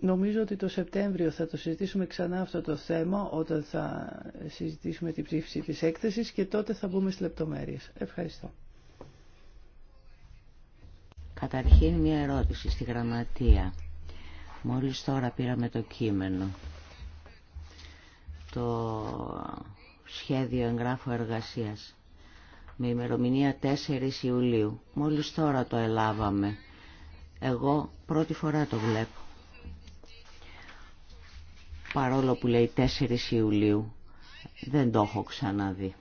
Νομίζω ότι το Σεπτέμβριο θα το συζητήσουμε ξανά αυτό το θέμα όταν θα συζητήσουμε την ψήφιση της έκθεσης και τότε θα μπούμε στις λεπτομέρειες. Ευχαριστώ. Καταρχήν μια ερώτηση στη γραμματεία. Μόλις τώρα πήραμε το κείμενο. Το σχέδιο εγγράφου εργασίας με ημερομηνία 4 Ιουλίου. Μόλις τώρα το ελάβαμε. Εγώ πρώτη φορά το βλέπω. Παρόλο που λέει 4 Ιουλίου. Δεν το έχω ξαναδεί.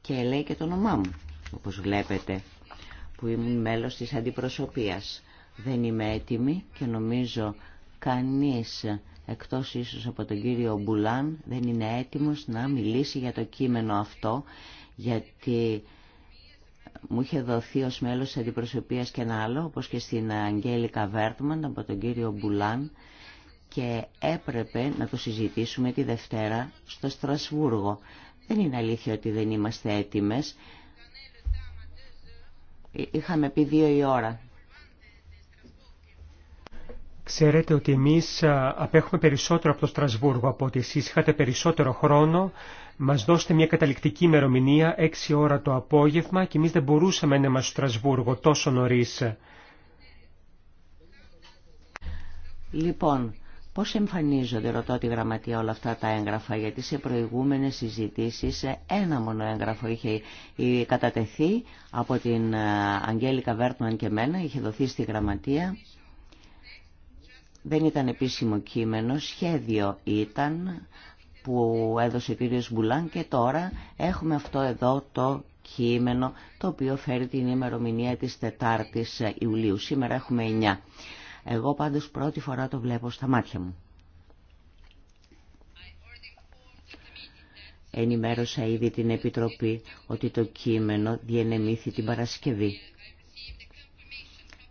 Και λέει και το όνομά μου, όπως βλέπετε που ήμουν μέλος της αντιπροσωπείας. Δεν είμαι έτοιμη και νομίζω κανείς εκτός ίσως από τον κύριο Μπουλάν δεν είναι έτοιμος να μιλήσει για το κείμενο αυτό γιατί μου είχε δοθεί ως μέλος της αντιπροσωπείας και ένα άλλο όπως και στην Αγγέλικα Βέρτμαν από τον κύριο Μπουλάν και έπρεπε να το συζητήσουμε τη Δευτέρα στο Στρασβούργο. Δεν είναι αλήθεια ότι δεν είμαστε έτοιμες. Είχαμε πει δύο η ώρα. Ξέρετε ότι εμείς απέχουμε περισσότερο από το Στρασβούργο από ότι εσείς είχατε περισσότερο χρόνο. Μας δώσετε μια καταληκτική ημερομηνία, έξι ώρα το απόγευμα και εμείς δεν μπορούσαμε να είμαστε στο Στρασβούργο τόσο νωρίς. Λοιπόν, Πώς εμφανίζονται, ρωτώ τη γραμματεία, όλα αυτά τα έγγραφα, γιατί σε προηγούμενες συζητήσεις ένα μόνο έγγραφο είχε ε, κατατεθεί από την ε, Αγγέλικα Βέρτμαν και μένα, είχε δοθεί στη γραμματεία. Δεν ήταν επίσημο κείμενο, σχέδιο ήταν που έδωσε ο κύριος Μπουλάν και τώρα έχουμε αυτό εδώ το κείμενο το οποίο φέρει την ημερομηνία της 4ης Ιουλίου. Σήμερα έχουμε εγώ πάντως πρώτη φορά το βλέπω στα μάτια μου. Ενημέρωσα ήδη την Επιτροπή ότι το κείμενο διενεμήθη την Παρασκευή.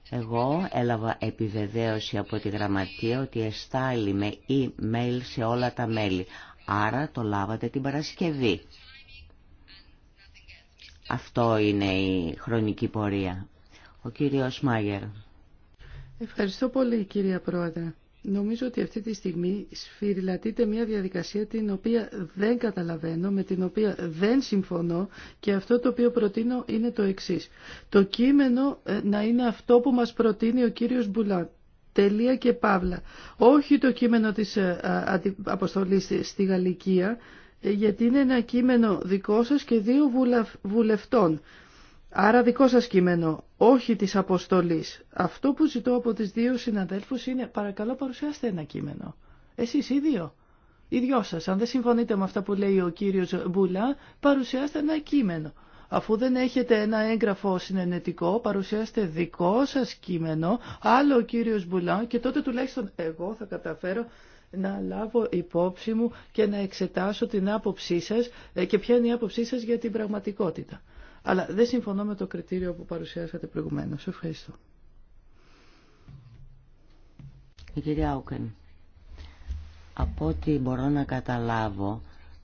Εγώ έλαβα επιβεβαίωση από τη Γραμματεία ότι εστάλει με email σε όλα τα μέλη. Άρα το λάβατε την Παρασκευή. Αυτό είναι η χρονική πορεία. Ο κύριος Μάγερ. Ευχαριστώ πολύ κυρία Πρόεδρε. Νομίζω ότι αυτή τη στιγμή σφυριλατείται μια διαδικασία την οποία δεν καταλαβαίνω, με την οποία δεν συμφωνώ και αυτό το οποίο προτείνω είναι το εξής. Το κείμενο ε, να είναι αυτό που μας προτείνει ο κύριος Μπουλάν. Τελεία και παύλα. Όχι το κείμενο της ε, αποστολής στη Γαλλικία, ε, γιατί είναι ένα κείμενο δικό σας και δύο βουλευτών. Άρα δικό σας κείμενο, όχι της αποστολής. Αυτό που ζητώ από τις δύο συναδέλφους είναι παρακαλώ παρουσιάστε ένα κείμενο. Εσείς οι δύο. Οι δυο σας, αν δεν συμφωνείτε με αυτά που λέει ο κύριος Μπουλά, παρουσιάστε ένα κείμενο. Αφού δεν έχετε ένα έγγραφο συνενετικό, παρουσιάστε δικό σας κείμενο, άλλο ο κύριος Μπουλά και τότε τουλάχιστον εγώ θα καταφέρω να λάβω υπόψη μου και να εξετάσω την άποψή σας ε, και ποια είναι η άποψή σας για την πραγματικότητα αλλά δεν συμφωνώ με το κριτήριο που παρουσιάσατε προηγουμένως. Ευχαριστώ. Η κυρία Άουκεν, από ό,τι μπορώ να καταλάβω,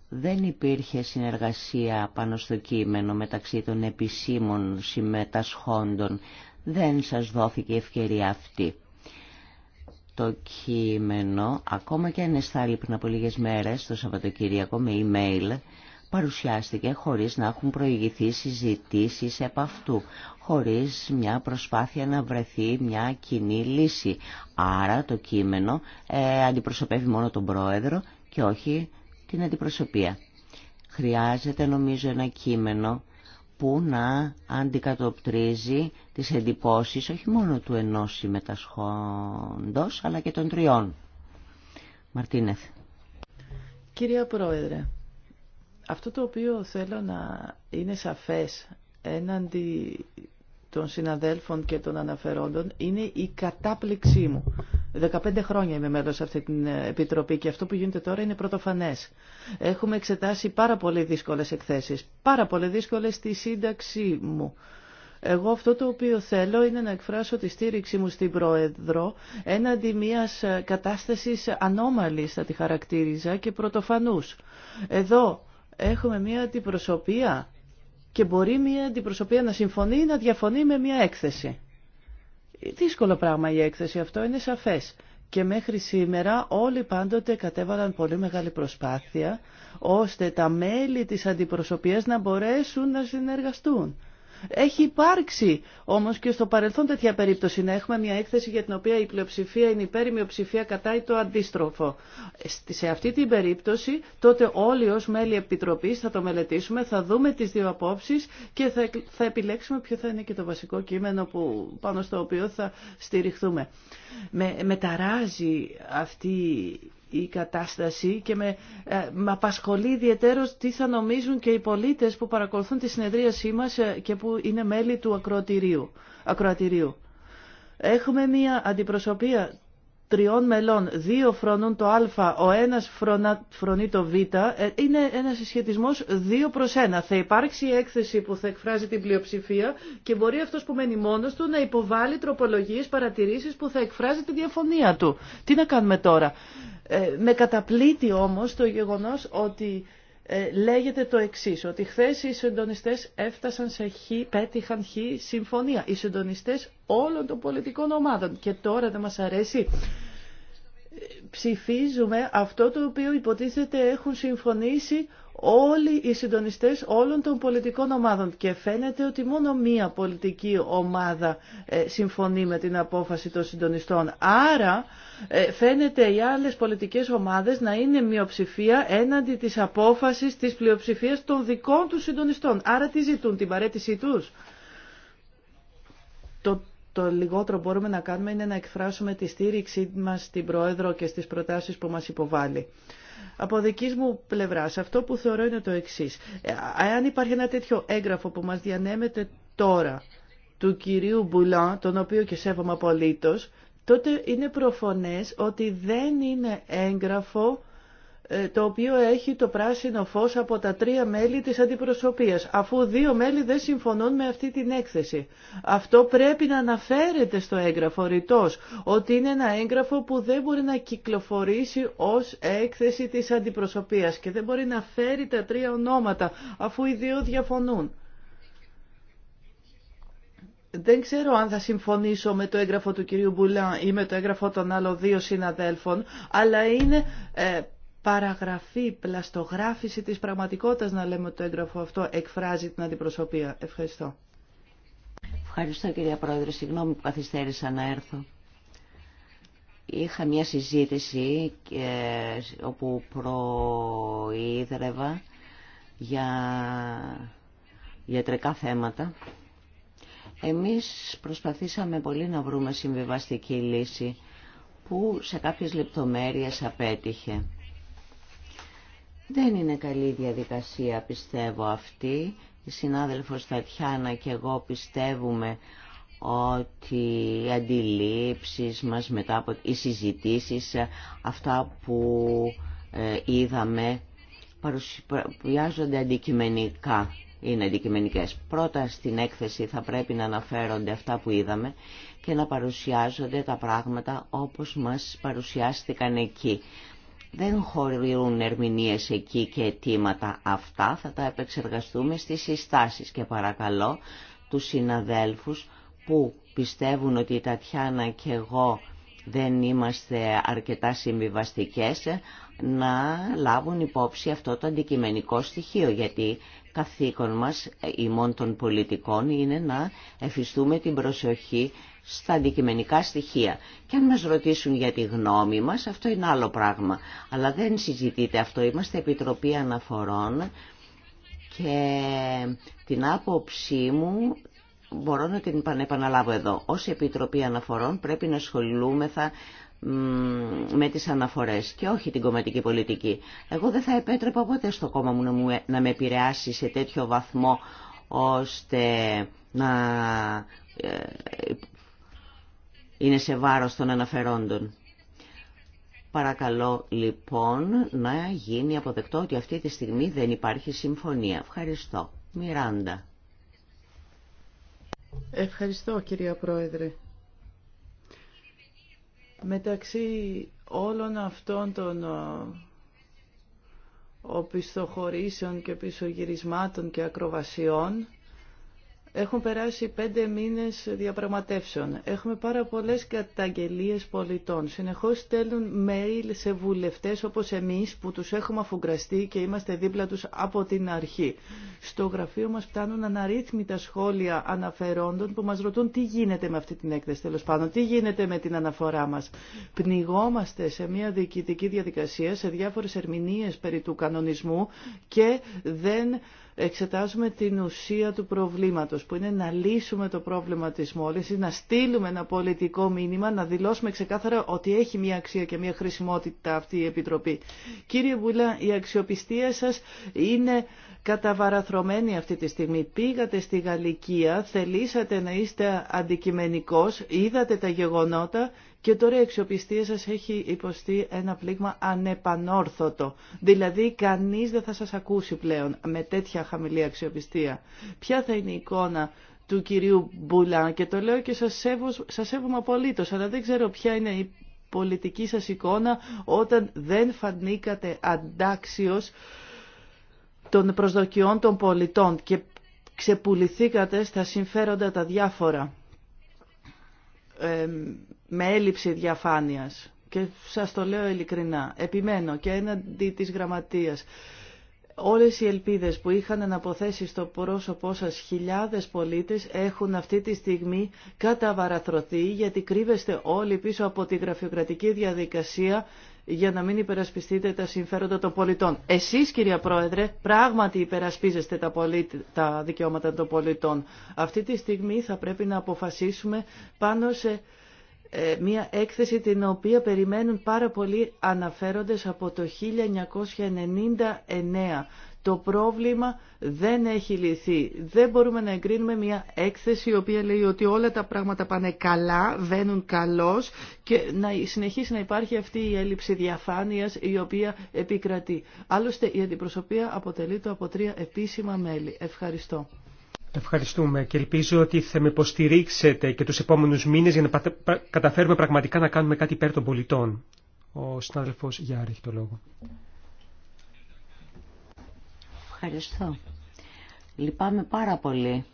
δεν υπήρχε συνεργασία πάνω στο κείμενο μεταξύ των επισήμων συμμετασχόντων. Δεν σας δόθηκε η ευκαιρία αυτή. Το κείμενο, ακόμα και αν εστάλει πριν από λίγες μέρες, το Σαββατοκύριακο, με email, παρουσιάστηκε χωρίς να έχουν προηγηθεί συζητήσεις επ' αυτού, χωρίς μια προσπάθεια να βρεθεί μια κοινή λύση. Άρα το κείμενο ε, αντιπροσωπεύει μόνο τον πρόεδρο και όχι την αντιπροσωπεία. Χρειάζεται νομίζω ένα κείμενο που να αντικατοπτρίζει τις εντυπώσεις όχι μόνο του ενός συμμετασχόντος αλλά και των τριών. Μαρτίνεθ. Κυρία Πρόεδρε, αυτό το οποίο θέλω να είναι σαφές έναντι των συναδέλφων και των αναφερόντων είναι η κατάπληξή μου. 15 χρόνια είμαι μέλος σε αυτή την ε, επιτροπή και αυτό που γίνεται τώρα είναι πρωτοφανές. Έχουμε εξετάσει πάρα πολύ δύσκολες εκθέσεις, πάρα πολύ δύσκολες στη σύνταξή μου. Εγώ αυτό το οποίο θέλω είναι να εκφράσω τη στήριξή μου στην Πρόεδρο έναντι μιας ε, κατάστασης ανώμαλης θα τη χαρακτήριζα και πρωτοφανούς. Εδώ έχουμε μία αντιπροσωπεία και μπορεί μία αντιπροσωπεία να συμφωνεί ή να διαφωνεί με μία έκθεση. Δύσκολο πράγμα η έκθεση αυτό, είναι σαφές. Και μέχρι σήμερα όλοι πάντοτε κατέβαλαν πολύ μεγάλη προσπάθεια ώστε τα μέλη της αντιπροσωπείας να μπορέσουν να συνεργαστούν. Έχει υπάρξει όμως και στο παρελθόν τέτοια περίπτωση να έχουμε μια έκθεση για την οποία η πλειοψηφία είναι υπέρ, η μειοψηφία κατά ή το αντίστροφο. Σε αυτή την περίπτωση τότε όλοι ως μέλη επιτροπής θα το μελετήσουμε, θα δούμε τις δύο απόψεις και θα, θα επιλέξουμε ποιο θα είναι και το βασικό κείμενο που, πάνω στο οποίο θα στηριχθούμε. Με, με ταράζει αυτή η κατάσταση και με, ε, με απασχολεί ιδιαίτερως τι θα νομίζουν και οι πολίτες που παρακολουθούν τη συνεδρίασή μας ε, και που είναι μέλη του ακροατηρίου. ακροατηρίου. Έχουμε μία αντιπροσωπεία τριών μελών, δύο φρονούν το α, ο ένας φρονα, φρονεί το β, ε, είναι ένας συσχετισμός δύο προς ένα. Θα υπάρξει η έκθεση που θα εκφράζει την πλειοψηφία και μπορεί αυτός που μένει μόνος του να υποβάλει τροπολογίες, παρατηρήσεις που θα εκφράζει τη διαφωνία του. Τι να κάνουμε τώρα. Ε, με καταπλήττει όμως το γεγονός ότι ε, λέγεται το εξή, ότι χθε οι συντονιστέ έφτασαν σε χ, πέτυχαν χ συμφωνία. Οι συντονιστέ όλων των πολιτικών ομάδων. Και τώρα δεν μας αρέσει ψηφίζουμε αυτό το οποίο υποτίθεται έχουν συμφωνήσει όλοι οι συντονιστές όλων των πολιτικών ομάδων και φαίνεται ότι μόνο μία πολιτική ομάδα ε, συμφωνεί με την απόφαση των συντονιστών. Άρα ε, φαίνεται οι άλλες πολιτικές ομάδες να είναι μειοψηφία έναντι της απόφασης της πλειοψηφίας των δικών τους συντονιστών. Άρα τι ζητούν, την παρέτησή τους το λιγότερο μπορούμε να κάνουμε είναι να εκφράσουμε τη στήριξή μας στην Πρόεδρο και στις προτάσεις που μας υποβάλλει. Από δική μου πλευρά, αυτό που θεωρώ είναι το εξή. Ε, αν υπάρχει ένα τέτοιο έγγραφο που μας διανέμεται τώρα του κυρίου Μπουλάν, τον οποίο και σέβομαι απολύτω, τότε είναι προφανές ότι δεν είναι έγγραφο ε, το οποίο έχει το πράσινο φως από τα τρία μέλη της αντιπροσωπείας, αφού δύο μέλη δεν συμφωνούν με αυτή την έκθεση. Αυτό πρέπει να αναφέρεται στο έγγραφο ρητός, ότι είναι ένα έγγραφο που δεν μπορεί να κυκλοφορήσει ως έκθεση της αντιπροσωπείας και δεν μπορεί να φέρει τα τρία ονόματα, αφού οι δύο διαφωνούν. Δεν ξέρω αν θα συμφωνήσω με το έγγραφο του κυρίου Μπουλάν ή με το έγγραφο των άλλων δύο συναδέλφων, αλλά είναι ε, παραγραφή, πλαστογράφηση της πραγματικότητας να λέμε ότι το έγγραφο αυτό εκφράζει την αντιπροσωπεία. Ευχαριστώ. Ευχαριστώ κυρία Πρόεδρε. Συγγνώμη που καθυστέρησα να έρθω. Είχα μια συζήτηση όπου προείδρευα για ιατρικά θέματα. Εμείς προσπαθήσαμε πολύ να βρούμε συμβιβαστική λύση που σε κάποιες λεπτομέρειες απέτυχε. Δεν είναι καλή διαδικασία πιστεύω αυτή. Η συνάδελφος Τατιάνα και εγώ πιστεύουμε ότι οι αντιλήψεις μας μετά από οι συζητήσεις, αυτά που ε, είδαμε παρουσιάζονται αντικειμενικά, είναι αντικειμενικές. Πρώτα στην έκθεση θα πρέπει να αναφέρονται αυτά που είδαμε και να παρουσιάζονται τα πράγματα όπως μας παρουσιάστηκαν εκεί. Δεν χωρούν ερμηνείες εκεί και αιτήματα αυτά, θα τα επεξεργαστούμε στις συστάσεις και παρακαλώ τους συναδέλφους που πιστεύουν ότι η Τατιάνα και εγώ δεν είμαστε αρκετά συμβιβαστικές να λάβουν υπόψη αυτό το αντικειμενικό στοιχείο γιατί καθήκον μας ε, ημών των πολιτικών είναι να εφιστούμε την προσοχή στα αντικειμενικά στοιχεία. Και αν μας ρωτήσουν για τη γνώμη μας, αυτό είναι άλλο πράγμα. Αλλά δεν συζητείτε αυτό. Είμαστε Επιτροπή Αναφορών και την άποψή μου μπορώ να την επαναλάβω εδώ. Ως Επιτροπή Αναφορών πρέπει να ασχολούμεθα με τις αναφορές και όχι την κομματική πολιτική. Εγώ δεν θα επέτρεπα ποτέ στο κόμμα μου να με επηρεάσει σε τέτοιο βαθμό ώστε να ε, είναι σε βάρος των αναφερόντων. Παρακαλώ λοιπόν να γίνει αποδεκτό ότι αυτή τη στιγμή δεν υπάρχει συμφωνία. Ευχαριστώ. Μιράντα. Ευχαριστώ κυρία Πρόεδρε. Μεταξύ όλων αυτών των οπισθοχωρήσεων και πισωγυρισμάτων και ακροβασιών έχουν περάσει πέντε μήνες διαπραγματεύσεων. Έχουμε πάρα πολλές καταγγελίες πολιτών. Συνεχώς στέλνουν mail σε βουλευτές όπως εμείς που τους έχουμε αφουγκραστεί και είμαστε δίπλα τους από την αρχή. Στο γραφείο μας φτάνουν αναρρύθμιτα σχόλια αναφερόντων που μας ρωτούν τι γίνεται με αυτή την έκθεση τέλος πάντων, τι γίνεται με την αναφορά μας. Πνιγόμαστε σε μια διοικητική διαδικασία, σε διάφορες ερμηνείες περί του κανονισμού και δεν εξετάζουμε την ουσία του προβλήματος, που είναι να λύσουμε το πρόβλημα της μόλυνσης, να στείλουμε ένα πολιτικό μήνυμα, να δηλώσουμε ξεκάθαρα ότι έχει μια αξία και μια χρησιμότητα αυτή η Επιτροπή. Κύριε Βουλά, η αξιοπιστία σας είναι καταβαραθρωμένη αυτή τη στιγμή. Πήγατε στη Γαλλικία, θελήσατε να είστε αντικειμενικός, είδατε τα γεγονότα και τώρα η αξιοπιστία σας έχει υποστεί ένα πλήγμα ανεπανόρθωτο. Δηλαδή κανείς δεν θα σας ακούσει πλέον με τέτοια χαμηλή αξιοπιστία. Ποια θα είναι η εικόνα του κυρίου Μπουλάν και το λέω και σας, σέβω, σας σέβομαι απολύτως, αλλά δεν ξέρω ποια είναι η πολιτική σας εικόνα όταν δεν φανήκατε αντάξιος των προσδοκιών των πολιτών και ξεπουληθήκατε στα συμφέροντα τα διάφορα με έλλειψη διαφάνειας. Και σας το λέω ειλικρινά, επιμένω και έναντι της γραμματείας. Όλες οι ελπίδες που είχαν αναποθέσει στο πρόσωπό σας χιλιάδες πολίτες έχουν αυτή τη στιγμή καταβαραθρωθεί γιατί κρύβεστε όλοι πίσω από τη γραφειοκρατική διαδικασία για να μην υπερασπιστείτε τα συμφέροντα των πολιτών. Εσείς, κυρία Πρόεδρε, πράγματι υπερασπίζεστε τα, τα δικαιώματα των πολιτών. Αυτή τη στιγμή θα πρέπει να αποφασίσουμε πάνω σε ε, μια έκθεση την οποία περιμένουν πάρα πολλοί αναφέροντες από το 1999 το πρόβλημα δεν έχει λυθεί. Δεν μπορούμε να εγκρίνουμε μια έκθεση η οποία λέει ότι όλα τα πράγματα πάνε καλά, βαίνουν καλώς και να συνεχίσει να υπάρχει αυτή η έλλειψη διαφάνειας η οποία επικρατεί. Άλλωστε η αντιπροσωπεία αποτελείται από τρία επίσημα μέλη. Ευχαριστώ. Ευχαριστούμε και ελπίζω ότι θα με υποστηρίξετε και τους επόμενους μήνες για να καταφέρουμε πραγματικά να κάνουμε κάτι υπέρ των πολιτών. Ο συνάδελφος Γιάρη έχει το λόγο. Ευχαριστώ. Λυπάμαι πάρα πολύ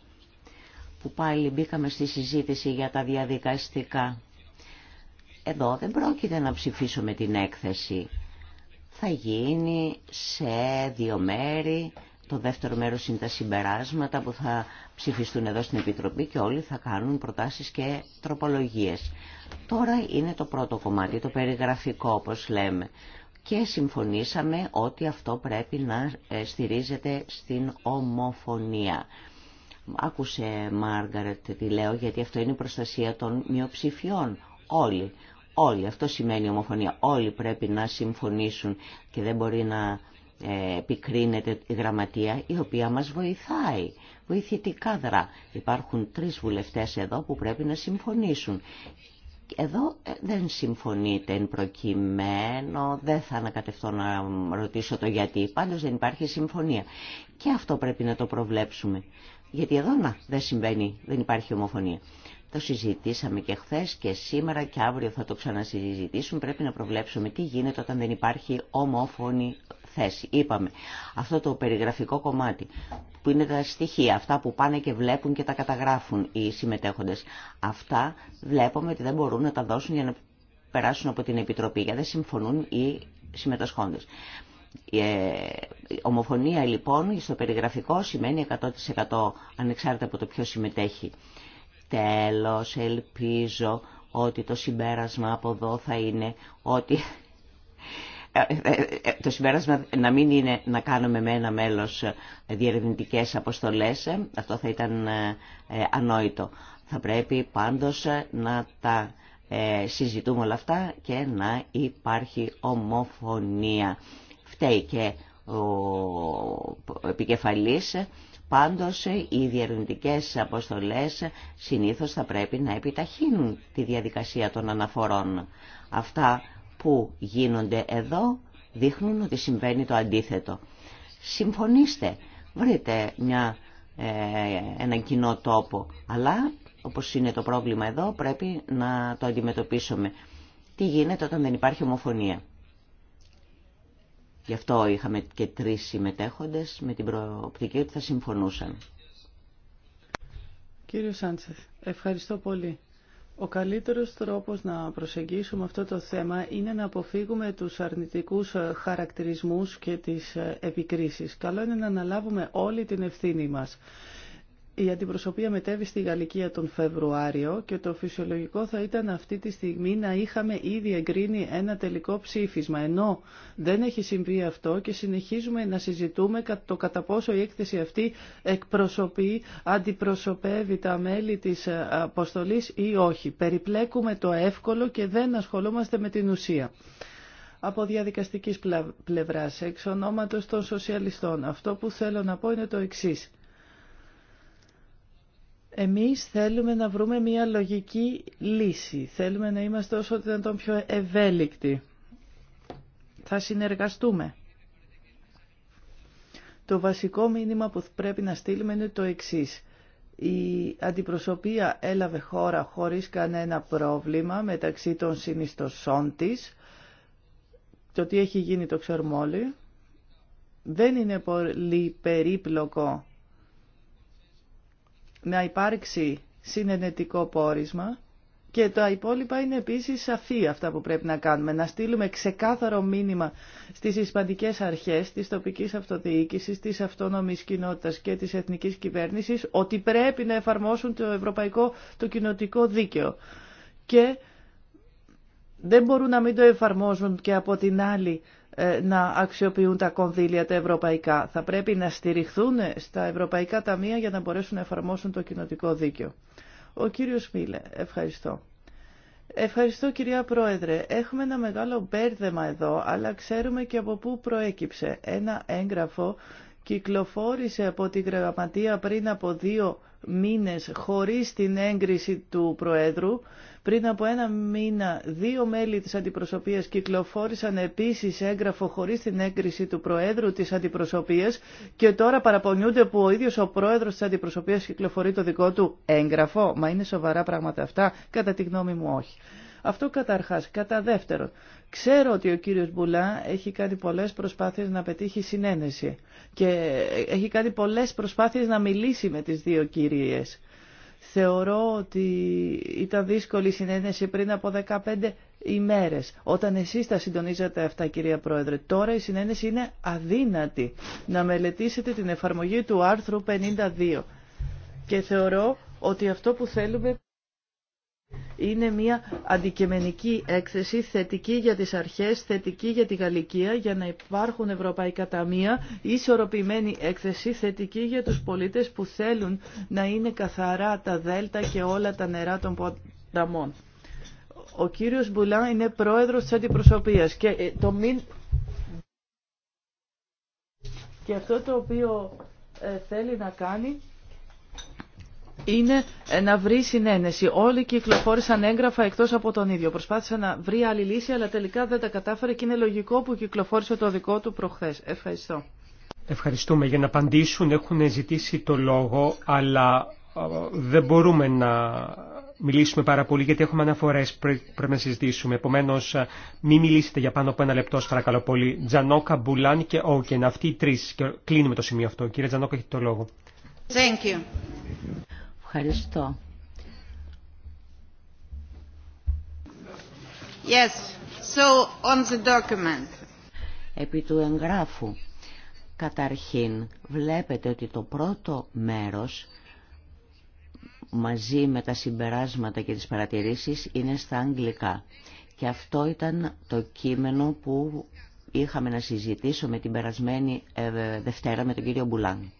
που πάλι μπήκαμε στη συζήτηση για τα διαδικαστικά. Εδώ δεν πρόκειται να ψηφίσουμε την έκθεση. Θα γίνει σε δύο μέρη. Το δεύτερο μέρος είναι τα συμπεράσματα που θα ψηφιστούν εδώ στην Επιτροπή και όλοι θα κάνουν προτάσεις και τροπολογίες. Τώρα είναι το πρώτο κομμάτι, το περιγραφικό όπως λέμε και συμφωνήσαμε ότι αυτό πρέπει να ε, στηρίζεται στην ομοφωνία. Άκουσε Μάργαρετ τι λέω γιατί αυτό είναι η προστασία των μειοψηφιών. Όλοι, όλοι, αυτό σημαίνει ομοφωνία. Όλοι πρέπει να συμφωνήσουν και δεν μπορεί να ε, επικρίνεται η γραμματεία η οποία μας βοηθάει. Βοηθητικά δρά. Υπάρχουν τρεις βουλευτές εδώ που πρέπει να συμφωνήσουν εδώ ε, δεν συμφωνείτε εν προκειμένου, δεν θα ανακατευτώ να ρωτήσω το γιατί, πάντως δεν υπάρχει συμφωνία. Και αυτό πρέπει να το προβλέψουμε. Γιατί εδώ να, δεν συμβαίνει, δεν υπάρχει ομοφωνία. Το συζητήσαμε και χθε και σήμερα και αύριο θα το ξανασυζητήσουμε. Πρέπει να προβλέψουμε τι γίνεται όταν δεν υπάρχει ομόφωνη θέση. Είπαμε, αυτό το περιγραφικό κομμάτι που είναι τα στοιχεία, αυτά που πάνε και βλέπουν και τα καταγράφουν οι συμμετέχοντες, αυτά βλέπουμε ότι δεν μπορούν να τα δώσουν για να περάσουν από την Επιτροπή, γιατί δεν συμφωνούν οι συμμετασχόντες. Η ε, ομοφωνία λοιπόν στο περιγραφικό σημαίνει 100% ανεξάρτητα από το ποιο συμμετέχει. Τέλος, ελπίζω ότι το συμπέρασμα από εδώ θα είναι ότι ε, ε, ε, το συμπέρασμα να μην είναι να κάνουμε με ένα μέλος διερευνητικές αποστολές, αυτό θα ήταν ανόητο. Θα πρέπει πάντως να τα συζητούμε όλα αυτά και να υπάρχει ομοφωνία. Φταίει και ο επικεφαλής, πάντως οι διερευνητικές αποστολές συνήθως θα πρέπει να επιταχύνουν τη διαδικασία των αναφορών. Αυτά που γίνονται εδώ δείχνουν ότι συμβαίνει το αντίθετο. Συμφωνήστε, βρείτε μια, ε, έναν κοινό τόπο, αλλά όπως είναι το πρόβλημα εδώ πρέπει να το αντιμετωπίσουμε. Τι γίνεται όταν δεν υπάρχει ομοφωνία. Γι' αυτό είχαμε και τρεις συμμετέχοντες με την προοπτική ότι θα συμφωνούσαν. Κύριο Σάντσεφ, ευχαριστώ πολύ. Ο καλύτερος τρόπος να προσεγγίσουμε αυτό το θέμα είναι να αποφύγουμε τους αρνητικούς χαρακτηρισμούς και τις επικρίσεις. Καλό είναι να αναλάβουμε όλη την ευθύνη μας. Η αντιπροσωπεία μετέβη στη Γαλλικία τον Φεβρουάριο και το φυσιολογικό θα ήταν αυτή τη στιγμή να είχαμε ήδη εγκρίνει ένα τελικό ψήφισμα. Ενώ δεν έχει συμβεί αυτό και συνεχίζουμε να συζητούμε το κατά πόσο η έκθεση αυτή εκπροσωπεί, αντιπροσωπεύει τα μέλη της ε, αποστολής ή όχι. Περιπλέκουμε το εύκολο και δεν ασχολούμαστε με την ουσία από διαδικαστικής πλευράς, εξ ονόματος των σοσιαλιστών. Αυτό που θέλω να πω είναι το εξής. Εμείς θέλουμε να βρούμε μια λογική λύση. Θέλουμε να είμαστε όσο δυνατόν πιο ευέλικτοι. Θα συνεργαστούμε. Το βασικό μήνυμα που πρέπει να στείλουμε είναι το εξής. Η αντιπροσωπεία έλαβε χώρα χωρίς κανένα πρόβλημα μεταξύ των συνιστοσών της. Το τι έχει γίνει το ξέρουμε όλοι. Δεν είναι πολύ περίπλοκο να υπάρξει συνενετικό πόρισμα και τα υπόλοιπα είναι επίσης σαφή αυτά που πρέπει να κάνουμε. Να στείλουμε ξεκάθαρο μήνυμα στις ισπανικές αρχές, της τοπικής αυτοδιοίκησης, της αυτόνομης κοινότητας και της εθνικής κυβέρνησης ότι πρέπει να εφαρμόσουν το ευρωπαϊκό, το κοινοτικό δίκαιο. Και δεν μπορούν να μην το εφαρμόζουν και από την άλλη ε, να αξιοποιούν τα κονδύλια τα ευρωπαϊκά. Θα πρέπει να στηριχθούν στα ευρωπαϊκά ταμεία για να μπορέσουν να εφαρμόσουν το κοινοτικό δίκαιο. Ο κύριος Μίλε, ευχαριστώ. Ευχαριστώ κυρία Πρόεδρε. Έχουμε ένα μεγάλο μπέρδεμα εδώ, αλλά ξέρουμε και από πού προέκυψε. Ένα έγγραφο κυκλοφόρησε από την γραμματεία πριν από δύο μήνες χωρίς την έγκριση του Προέδρου. Πριν από ένα μήνα δύο μέλη της αντιπροσωπείας κυκλοφόρησαν επίσης έγγραφο χωρίς την έγκριση του Προέδρου της αντιπροσωπείας και τώρα παραπονιούνται που ο ίδιος ο Πρόεδρος της αντιπροσωπείας κυκλοφορεί το δικό του έγγραφο. Μα είναι σοβαρά πράγματα αυτά. Κατά τη γνώμη μου όχι. Αυτό καταρχάς. Κατά δεύτερον, Ξέρω ότι ο κύριος Μπουλά έχει κάνει πολλές προσπάθειες να πετύχει συνένεση και έχει κάνει πολλές προσπάθειες να μιλήσει με τις δύο κυρίες. Θεωρώ ότι ήταν δύσκολη η συνένεση πριν από 15 ημέρες. Όταν εσείς τα συντονίζατε αυτά κυρία Πρόεδρε, τώρα η συνένεση είναι αδύνατη να μελετήσετε την εφαρμογή του άρθρου 52. Και θεωρώ ότι αυτό που θέλουμε είναι μια αντικειμενική έκθεση θετική για τις αρχές, θετική για τη Γαλλικία, για να υπάρχουν ευρωπαϊκά ταμεία, ισορροπημένη έκθεση θετική για τους πολίτες που θέλουν να είναι καθαρά τα δέλτα και όλα τα νερά των ποταμών. Ο κύριος Μπουλάν είναι πρόεδρος της αντιπροσωπείας και ε, το Και αυτό το οποίο ε, θέλει να κάνει είναι να βρει συνένεση. Όλοι κυκλοφόρησαν έγγραφα εκτό από τον ίδιο. Προσπάθησε να βρει άλλη λύση, αλλά τελικά δεν τα κατάφερε και είναι λογικό που κυκλοφόρησε το δικό του προχθέ. Ευχαριστώ. Ευχαριστούμε. Για να απαντήσουν έχουν ζητήσει το λόγο, αλλά δεν μπορούμε να μιλήσουμε πάρα πολύ γιατί έχουμε αναφορέ που πρέπει να συζητήσουμε. Επομένω, μην μιλήσετε για πάνω από ένα λεπτό, σας παρακαλώ πολύ. Τζανόκα, Μπουλάν και Όκεν. Αυτοί οι τρει κλείνουμε το σημείο αυτό. Κύριε Τζανόκα, έχετε το λόγο. Thank you. Ευχαριστώ. Επί του εγγράφου. Καταρχήν, βλέπετε ότι το πρώτο μέρος μαζί με τα συμπεράσματα και τις παρατηρήσεις είναι στα αγγλικά. Και αυτό ήταν το κείμενο που είχαμε να συζητήσουμε την περασμένη ε, Δευτέρα με τον κύριο Μπουλάνη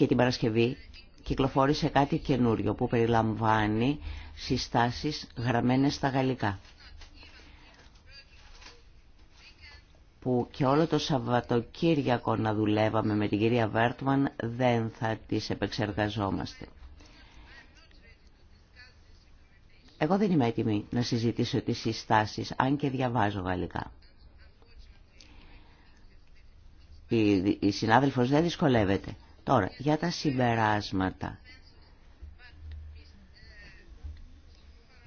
και την Παρασκευή κυκλοφόρησε κάτι καινούριο που περιλαμβάνει συστάσεις γραμμένες στα γαλλικά. που και όλο το Σαββατοκύριακο να δουλεύαμε με την κυρία Βέρτμαν δεν θα τις επεξεργαζόμαστε. Εγώ δεν είμαι έτοιμη να συζητήσω τις συστάσεις, αν και διαβάζω γαλλικά. Η συνάδελφος δεν δυσκολεύεται. Τώρα, για τα συμπεράσματα.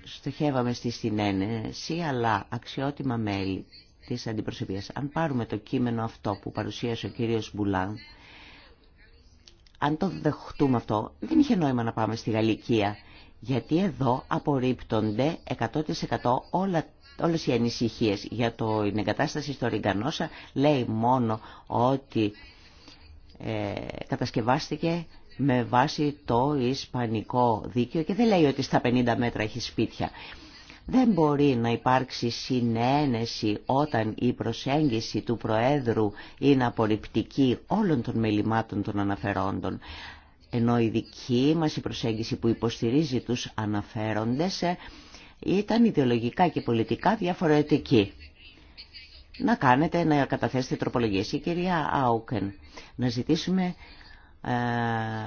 Στοχεύαμε στη συνένεση, αλλά αξιότιμα μέλη της αντιπροσωπείας. Αν πάρουμε το κείμενο αυτό που παρουσίασε ο κύριος Μπουλάν, αν το δεχτούμε αυτό, δεν είχε νόημα να πάμε στη Γαλλικία, γιατί εδώ απορρίπτονται 100% όλα Όλες οι ανησυχίες για την εγκατάσταση στο Ριγκανόσα λέει μόνο ότι ε, κατασκευάστηκε με βάση το ισπανικό δίκαιο και δεν λέει ότι στα 50 μέτρα έχει σπίτια. Δεν μπορεί να υπάρξει συνένεση όταν η προσέγγιση του Προέδρου είναι απορριπτική όλων των μελημάτων των αναφερόντων. Ενώ η δική μας η προσέγγιση που υποστηρίζει τους αναφέροντες ε, ήταν ιδεολογικά και πολιτικά διαφορετική να κάνετε, να καταθέσετε τροπολογίες. Η κυρία Άουκεν, να ζητήσουμε ε,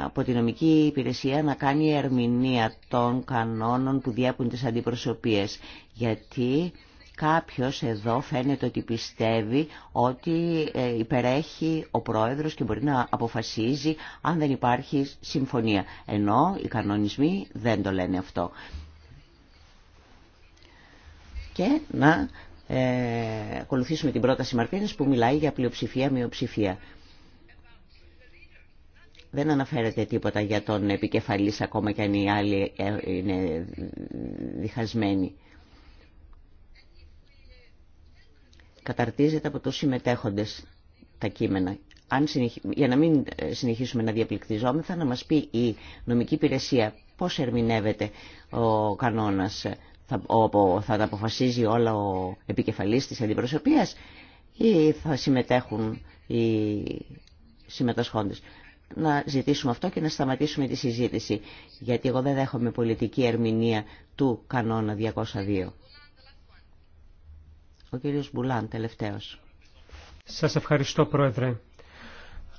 από την νομική υπηρεσία να κάνει ερμηνεία των κανόνων που διέπουν τις αντιπροσωπείες. Γιατί κάποιος εδώ φαίνεται ότι πιστεύει ότι ε, υπερέχει ο πρόεδρος και μπορεί να αποφασίζει αν δεν υπάρχει συμφωνία. Ενώ οι κανονισμοί δεν το λένε αυτό. Και να ε, ακολουθήσουμε την πρόταση Μαρτίνες που μιλάει για πλειοψηφία-μειοψηφία. Δεν αναφέρεται τίποτα για τον επικεφαλής ακόμα και αν οι άλλοι ε, είναι διχασμένοι. Καταρτίζεται από τους συμμετέχοντες τα κείμενα. Αν Για να μην ε, συνεχίσουμε να διαπληκτιζόμεθα, να μας πει η νομική υπηρεσία πώς ερμηνεύεται ο κανόνας θα, ο, θα τα αποφασίζει όλα ο επικεφαλής της αντιπροσωπείας ή θα συμμετέχουν οι συμμετασχόντες. Να ζητήσουμε αυτό και να σταματήσουμε τη συζήτηση, γιατί εγώ δεν δέχομαι πολιτική ερμηνεία του κανόνα 202. Ο κύριος Μπουλάν, τελευταίος. Σας ευχαριστώ, Πρόεδρε.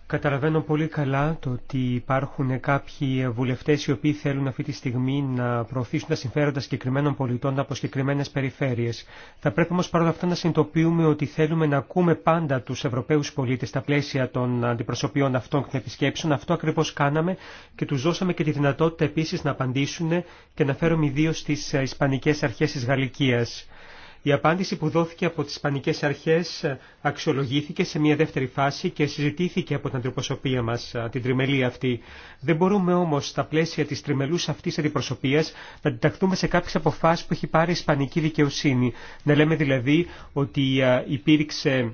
Καταλαβαίνω πολύ καλά το ότι υπάρχουν κάποιοι βουλευτές οι οποίοι θέλουν αυτή τη στιγμή να προωθήσουν τα συμφέροντα συγκεκριμένων πολιτών από συγκεκριμένε περιφέρειες. Θα πρέπει όμως παρόλα αυτά να συνειδητοποιούμε ότι θέλουμε να ακούμε πάντα τους Ευρωπαίους πολίτες στα πλαίσια των αντιπροσωπιών αυτών και των επισκέψεων. Αυτό ακριβώς κάναμε και του δώσαμε και τη δυνατότητα επίσης να απαντήσουν και να φέρουμε ιδίω στις Ισπανικές Αρχές της Γαλλικίας. Η απάντηση που δόθηκε από τις Ισπανικές Αρχές ε, αξιολογήθηκε σε μια δεύτερη φάση και συζητήθηκε από την αντιπροσωπεία μας, ε, την τριμελή αυτή. Δεν μπορούμε όμως στα πλαίσια της τριμελούς αυτής αντιπροσωπείας να αντιταχθούμε σε κάποιες αποφάσεις που έχει πάρει η Ισπανική δικαιοσύνη. Να λέμε δηλαδή ότι ε, υπήρξε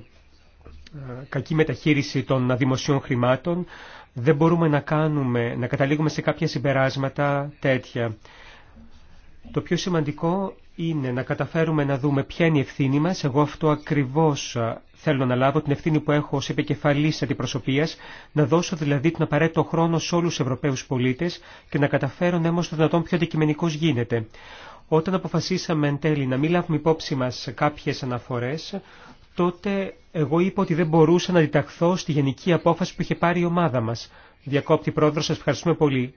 κακή μεταχείριση των δημοσίων χρημάτων. Δεν μπορούμε να, κάνουμε, να καταλήγουμε σε κάποια συμπεράσματα τέτοια. Το πιο σημαντικό είναι να καταφέρουμε να δούμε ποια είναι η ευθύνη μας. Εγώ αυτό ακριβώς ε, θέλω να λάβω, την ευθύνη που έχω ως επικεφαλής αντιπροσωπείας, να δώσω δηλαδή τον απαραίτητο χρόνο σε όλους τους Ευρωπαίους πολίτες και να καταφέρω να τον δυνατόν πιο αντικειμενικός γίνεται. Όταν αποφασίσαμε εν τέλει να μην λάβουμε υπόψη μας κάποιες αναφορές, τότε εγώ είπα ότι δεν μπορούσα να αντιταχθώ στη γενική απόφαση που είχε πάρει η ομάδα μας. Διακόπτη πρόεδρο, σας ευχαριστούμε πολύ.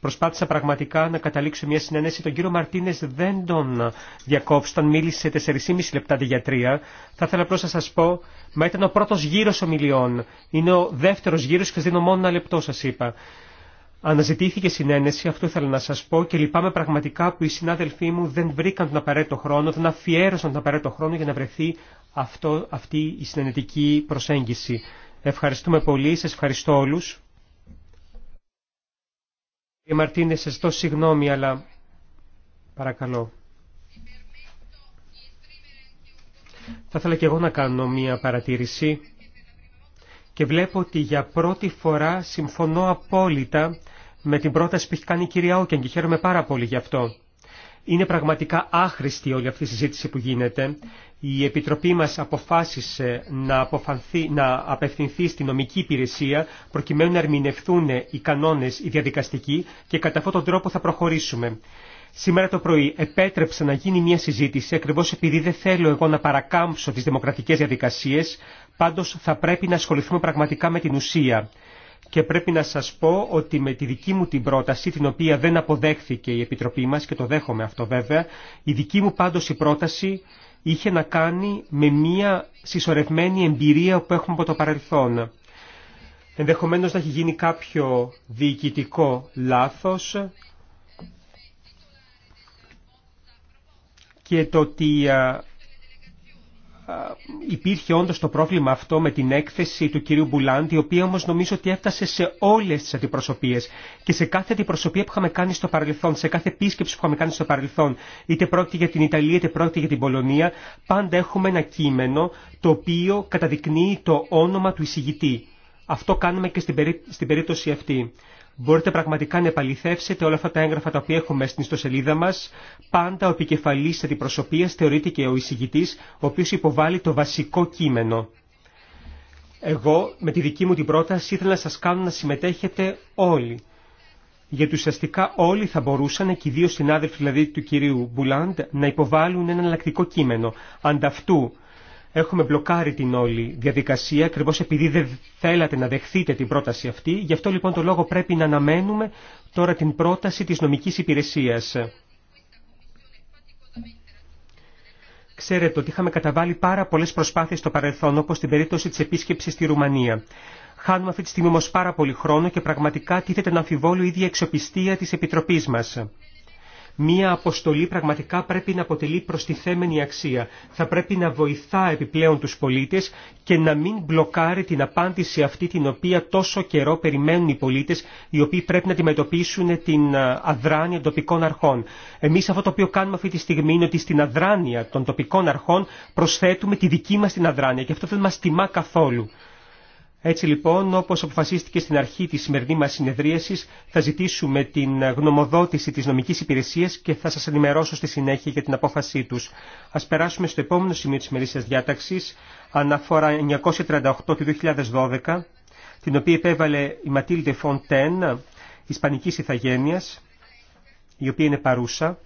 Προσπάθησα πραγματικά να καταλήξω μια συνένεση. Τον κύριο Μαρτίνες δεν τον διακόψει Τον μίλησε 4,5 λεπτά τη γιατρία. Θα ήθελα απλώς να σας πω, μα ήταν ο πρώτο γύρο ομιλιών. Είναι ο δεύτερος γύρος και σας δίνω μόνο ένα λεπτό, σας είπα. Αναζητήθηκε συνένεση, αυτό ήθελα να σας πω και λυπάμαι πραγματικά που οι συνάδελφοί μου δεν βρήκαν τον απαραίτητο χρόνο, δεν αφιέρωσαν τον απαραίτητο χρόνο για να βρεθεί αυτό, αυτή η συνενετική προσέγγιση. Ευχαριστούμε πολύ, σας ευχαριστώ όλους. Κύριε Μαρτίνε, σας ζητώ συγγνώμη, αλλά παρακαλώ. Θα ήθελα και εγώ να κάνω μία παρατήρηση και βλέπω ότι για πρώτη φορά συμφωνώ απόλυτα με την πρόταση που έχει κάνει η κυρία Όκεν και χαίρομαι πάρα πολύ γι' αυτό. Είναι πραγματικά άχρηστη όλη αυτή η συζήτηση που γίνεται η Επιτροπή μας αποφάσισε να, να απευθυνθεί στη νομική υπηρεσία προκειμένου να ερμηνευθούν οι κανόνες, οι διαδικαστικοί και κατά αυτόν τον τρόπο θα προχωρήσουμε. Σήμερα το πρωί επέτρεψα να γίνει μια συζήτηση ακριβώς επειδή δεν θέλω εγώ να παρακάμψω τις δημοκρατικές διαδικασίες, πάντως θα πρέπει να ασχοληθούμε πραγματικά με την ουσία. Και πρέπει να σας πω ότι με τη δική μου την πρόταση, την οποία δεν αποδέχθηκε η Επιτροπή μας και το δέχομαι αυτό βέβαια, η δική μου πάντως η πρόταση είχε να κάνει με μία συσσωρευμένη εμπειρία που έχουμε από το παρελθόν. Ενδεχομένως να έχει γίνει κάποιο διοικητικό λάθος και το ότι υπήρχε όντως το πρόβλημα αυτό με την έκθεση του κυρίου Μπουλάντη, η οποία όμως νομίζω ότι έφτασε σε όλες τις αντιπροσωπείες και σε κάθε αντιπροσωπεία που είχαμε κάνει στο παρελθόν, σε κάθε επίσκεψη που είχαμε κάνει στο παρελθόν, είτε πρόκειται για την Ιταλία, είτε πρόκειται για την Πολωνία, πάντα έχουμε ένα κείμενο το οποίο καταδεικνύει το όνομα του εισηγητή. Αυτό κάνουμε και στην περίπτωση αυτή μπορείτε πραγματικά να επαληθεύσετε όλα αυτά τα έγγραφα τα οποία έχουμε στην ιστοσελίδα μα. Πάντα ο επικεφαλή αντιπροσωπεία θεωρείται και ο εισηγητή, ο οποίο υποβάλλει το βασικό κείμενο. Εγώ με τη δική μου την πρόταση ήθελα να σα κάνω να συμμετέχετε όλοι. Γιατί ουσιαστικά όλοι θα μπορούσαν και οι συνάδελφοι δηλαδή του κυρίου Μπουλάντ να υποβάλουν ένα εναλλακτικό κείμενο. Ανταυτού Έχουμε μπλοκάρει την όλη διαδικασία ακριβώ επειδή δεν θέλατε να δεχθείτε την πρόταση αυτή. Γι' αυτό λοιπόν το λόγο πρέπει να αναμένουμε τώρα την πρόταση της νομικής υπηρεσίας. Ξέρετε ότι είχαμε καταβάλει πάρα πολλές προσπάθειες στο παρελθόν, όπως στην περίπτωση της επίσκεψης στη Ρουμανία. Χάνουμε αυτή τη στιγμή όμως πάρα πολύ χρόνο και πραγματικά τίθεται να αμφιβόλω η ίδια εξοπιστία της Επιτροπής μας. Μία αποστολή πραγματικά πρέπει να αποτελεί προστιθέμενη αξία. Θα πρέπει να βοηθά επιπλέον τους πολίτες και να μην μπλοκάρει την απάντηση αυτή την οποία τόσο καιρό περιμένουν οι πολίτες οι οποίοι πρέπει να αντιμετωπίσουν την ε, αδράνεια των τοπικών αρχών. Εμείς αυτό το οποίο κάνουμε αυτή τη στιγμή είναι ότι στην αδράνεια των τοπικών αρχών προσθέτουμε τη δική μας την αδράνεια και αυτό δεν μας τιμά καθόλου. Έτσι λοιπόν, όπως αποφασίστηκε στην αρχή της σημερινή μας συνεδρίασης, θα ζητήσουμε την γνωμοδότηση της νομικής υπηρεσίας και θα σας ενημερώσω στη συνέχεια για την απόφασή τους. Ας περάσουμε στο επόμενο σημείο της ημερήσιας διάταξης, αναφορά 938 του 2012, την οποία επέβαλε η Ματίλντε Φοντέν, Ισπανικής Ιθαγένειας, η οποία είναι παρούσα.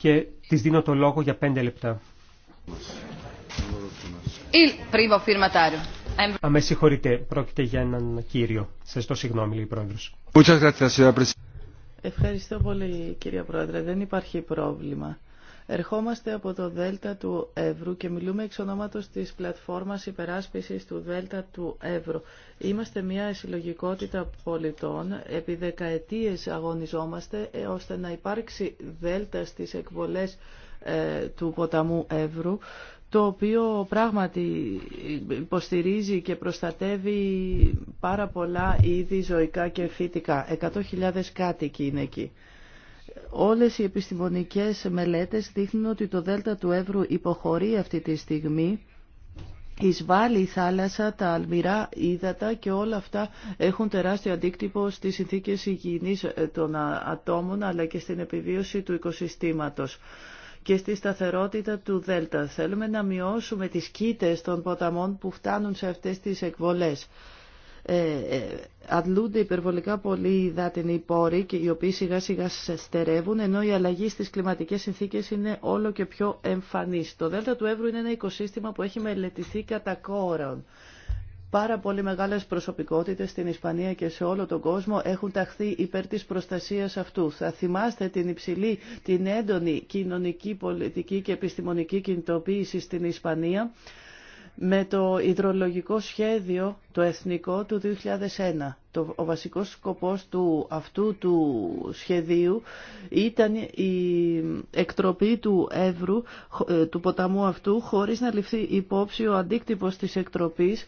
και της δίνω το λόγο για πέντε λεπτά. Με συγχωρείτε, πρόκειται για έναν κύριο. Σα το συγγνώμη, λέει η πρόεδρο. Ευχαριστώ πολύ, κύριε Πρόεδρε. Δεν υπάρχει πρόβλημα. Ερχόμαστε από το Δέλτα του Εύρου και μιλούμε εξ ονόματος της πλατφόρμας υπεράσπισης του Δέλτα του Εύρου. Είμαστε μια συλλογικότητα πολιτών. Επί δεκαετίες αγωνιζόμαστε ε, ώστε να υπάρξει Δέλτα στις εκβολές ε, του ποταμού Εύρου το οποίο πράγματι υποστηρίζει και προστατεύει πάρα πολλά είδη ζωικά και φυτικά. 100.000 κάτοικοι είναι εκεί. Όλες οι επιστημονικές μελέτες δείχνουν ότι το Δέλτα του Εύρου υποχωρεί αυτή τη στιγμή εισβάλλει η θάλασσα, τα αλμυρά ύδατα και όλα αυτά έχουν τεράστιο αντίκτυπο στις συνθήκες υγιεινής ε, των ατόμων αλλά και στην επιβίωση του οικοσυστήματος και στη σταθερότητα του Δέλτα. Θέλουμε να μειώσουμε τις κήτες των ποταμών που φτάνουν σε αυτές τις εκβολές. Ε, ε, αντλούνται υπερβολικά πολύ οι υδάτινοι πόροι και οι οποίοι σιγά σιγά στερεύουν ενώ η αλλαγή στις κλιματικές συνθήκες είναι όλο και πιο εμφανής. Το Δέλτα του Εύρου είναι ένα οικοσύστημα που έχει μελετηθεί κατά κόρον. Πάρα πολύ μεγάλες προσωπικότητες στην Ισπανία και σε όλο τον κόσμο έχουν ταχθεί υπέρ της προστασίας αυτού. Θα θυμάστε την υψηλή, την έντονη κοινωνική, πολιτική και επιστημονική κινητοποίηση στην Ισπανία με το υδρολογικό σχέδιο το εθνικό του 2001. Το, ο βασικός σκοπός του, αυτού του σχεδίου ήταν η εκτροπή του Εύρου, ε, του ποταμού αυτού, χωρίς να ληφθεί υπόψη ο αντίκτυπος της εκτροπής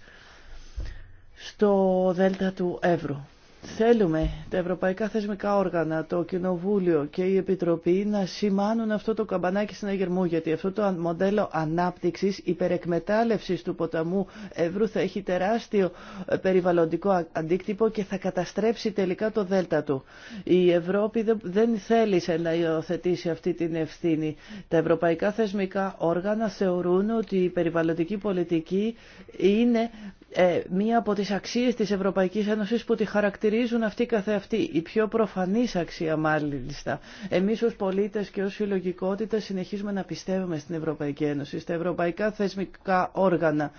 στο δέλτα του Εύρου. Θέλουμε τα ευρωπαϊκά θεσμικά όργανα, το Κοινοβούλιο και η Επιτροπή να σημάνουν αυτό το καμπανάκι στην Αγερμού, γιατί αυτό το μοντέλο ανάπτυξης, υπερεκμετάλλευσης του ποταμού Εύρου θα έχει τεράστιο ε, περιβαλλοντικό αντίκτυπο και θα καταστρέψει τελικά το δέλτα του. Η Ευρώπη δεν θέλησε να υιοθετήσει αυτή την ευθύνη. Τα ευρωπαϊκά θεσμικά όργανα θεωρούν ότι η περιβαλλοντική πολιτική είναι ε, μία από τις αξίες της Ευρωπαϊκής Ένωσης που τη χαρακτηρίζουν αυτή καθεαυτή, η πιο προφανής αξία μάλιστα. Εμείς ως πολίτες και ως συλλογικότητα συνεχίζουμε να πιστεύουμε στην Ευρωπαϊκή Ένωση, στα ευρωπαϊκά θεσμικά όργανα.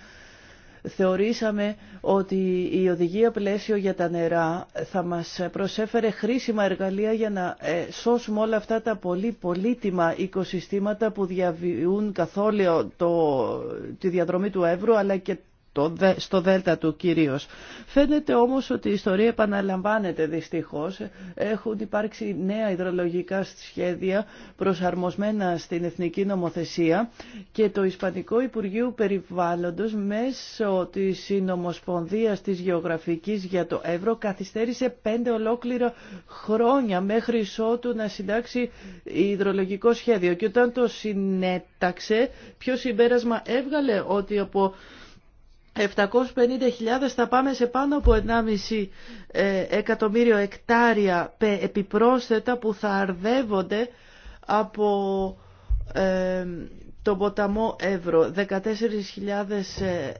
Θεωρήσαμε ότι η οδηγία πλαίσιο για τα νερά θα μας προσέφερε χρήσιμα εργαλεία για να ε, σώσουμε όλα αυτά τα πολύ πολύτιμα οικοσυστήματα που διαβιούν καθόλου το, τη διαδρομή του Εύρου αλλά και στο Δέλτα του κυρίως. Φαίνεται όμως ότι η ιστορία επαναλαμβάνεται δυστυχώς. Έχουν υπάρξει νέα υδρολογικά σχέδια προσαρμοσμένα στην εθνική νομοθεσία και το Ισπανικό Υπουργείο Περιβάλλοντος μέσω της Συνομοσπονδίας της Γεωγραφικής για το Εύρο καθυστέρησε πέντε ολόκληρα χρόνια μέχρι ότου να συντάξει υδρολογικό σχέδιο. Και όταν το συνέταξε, ποιο συμπέρασμα έβγαλε ότι από 750.000 θα πάμε σε πάνω από 1,5 ε, εκατομμύριο εκτάρια επιπρόσθετα που θα αρδεύονται από ε, τον ποταμό Εύρο. 14.000 ε,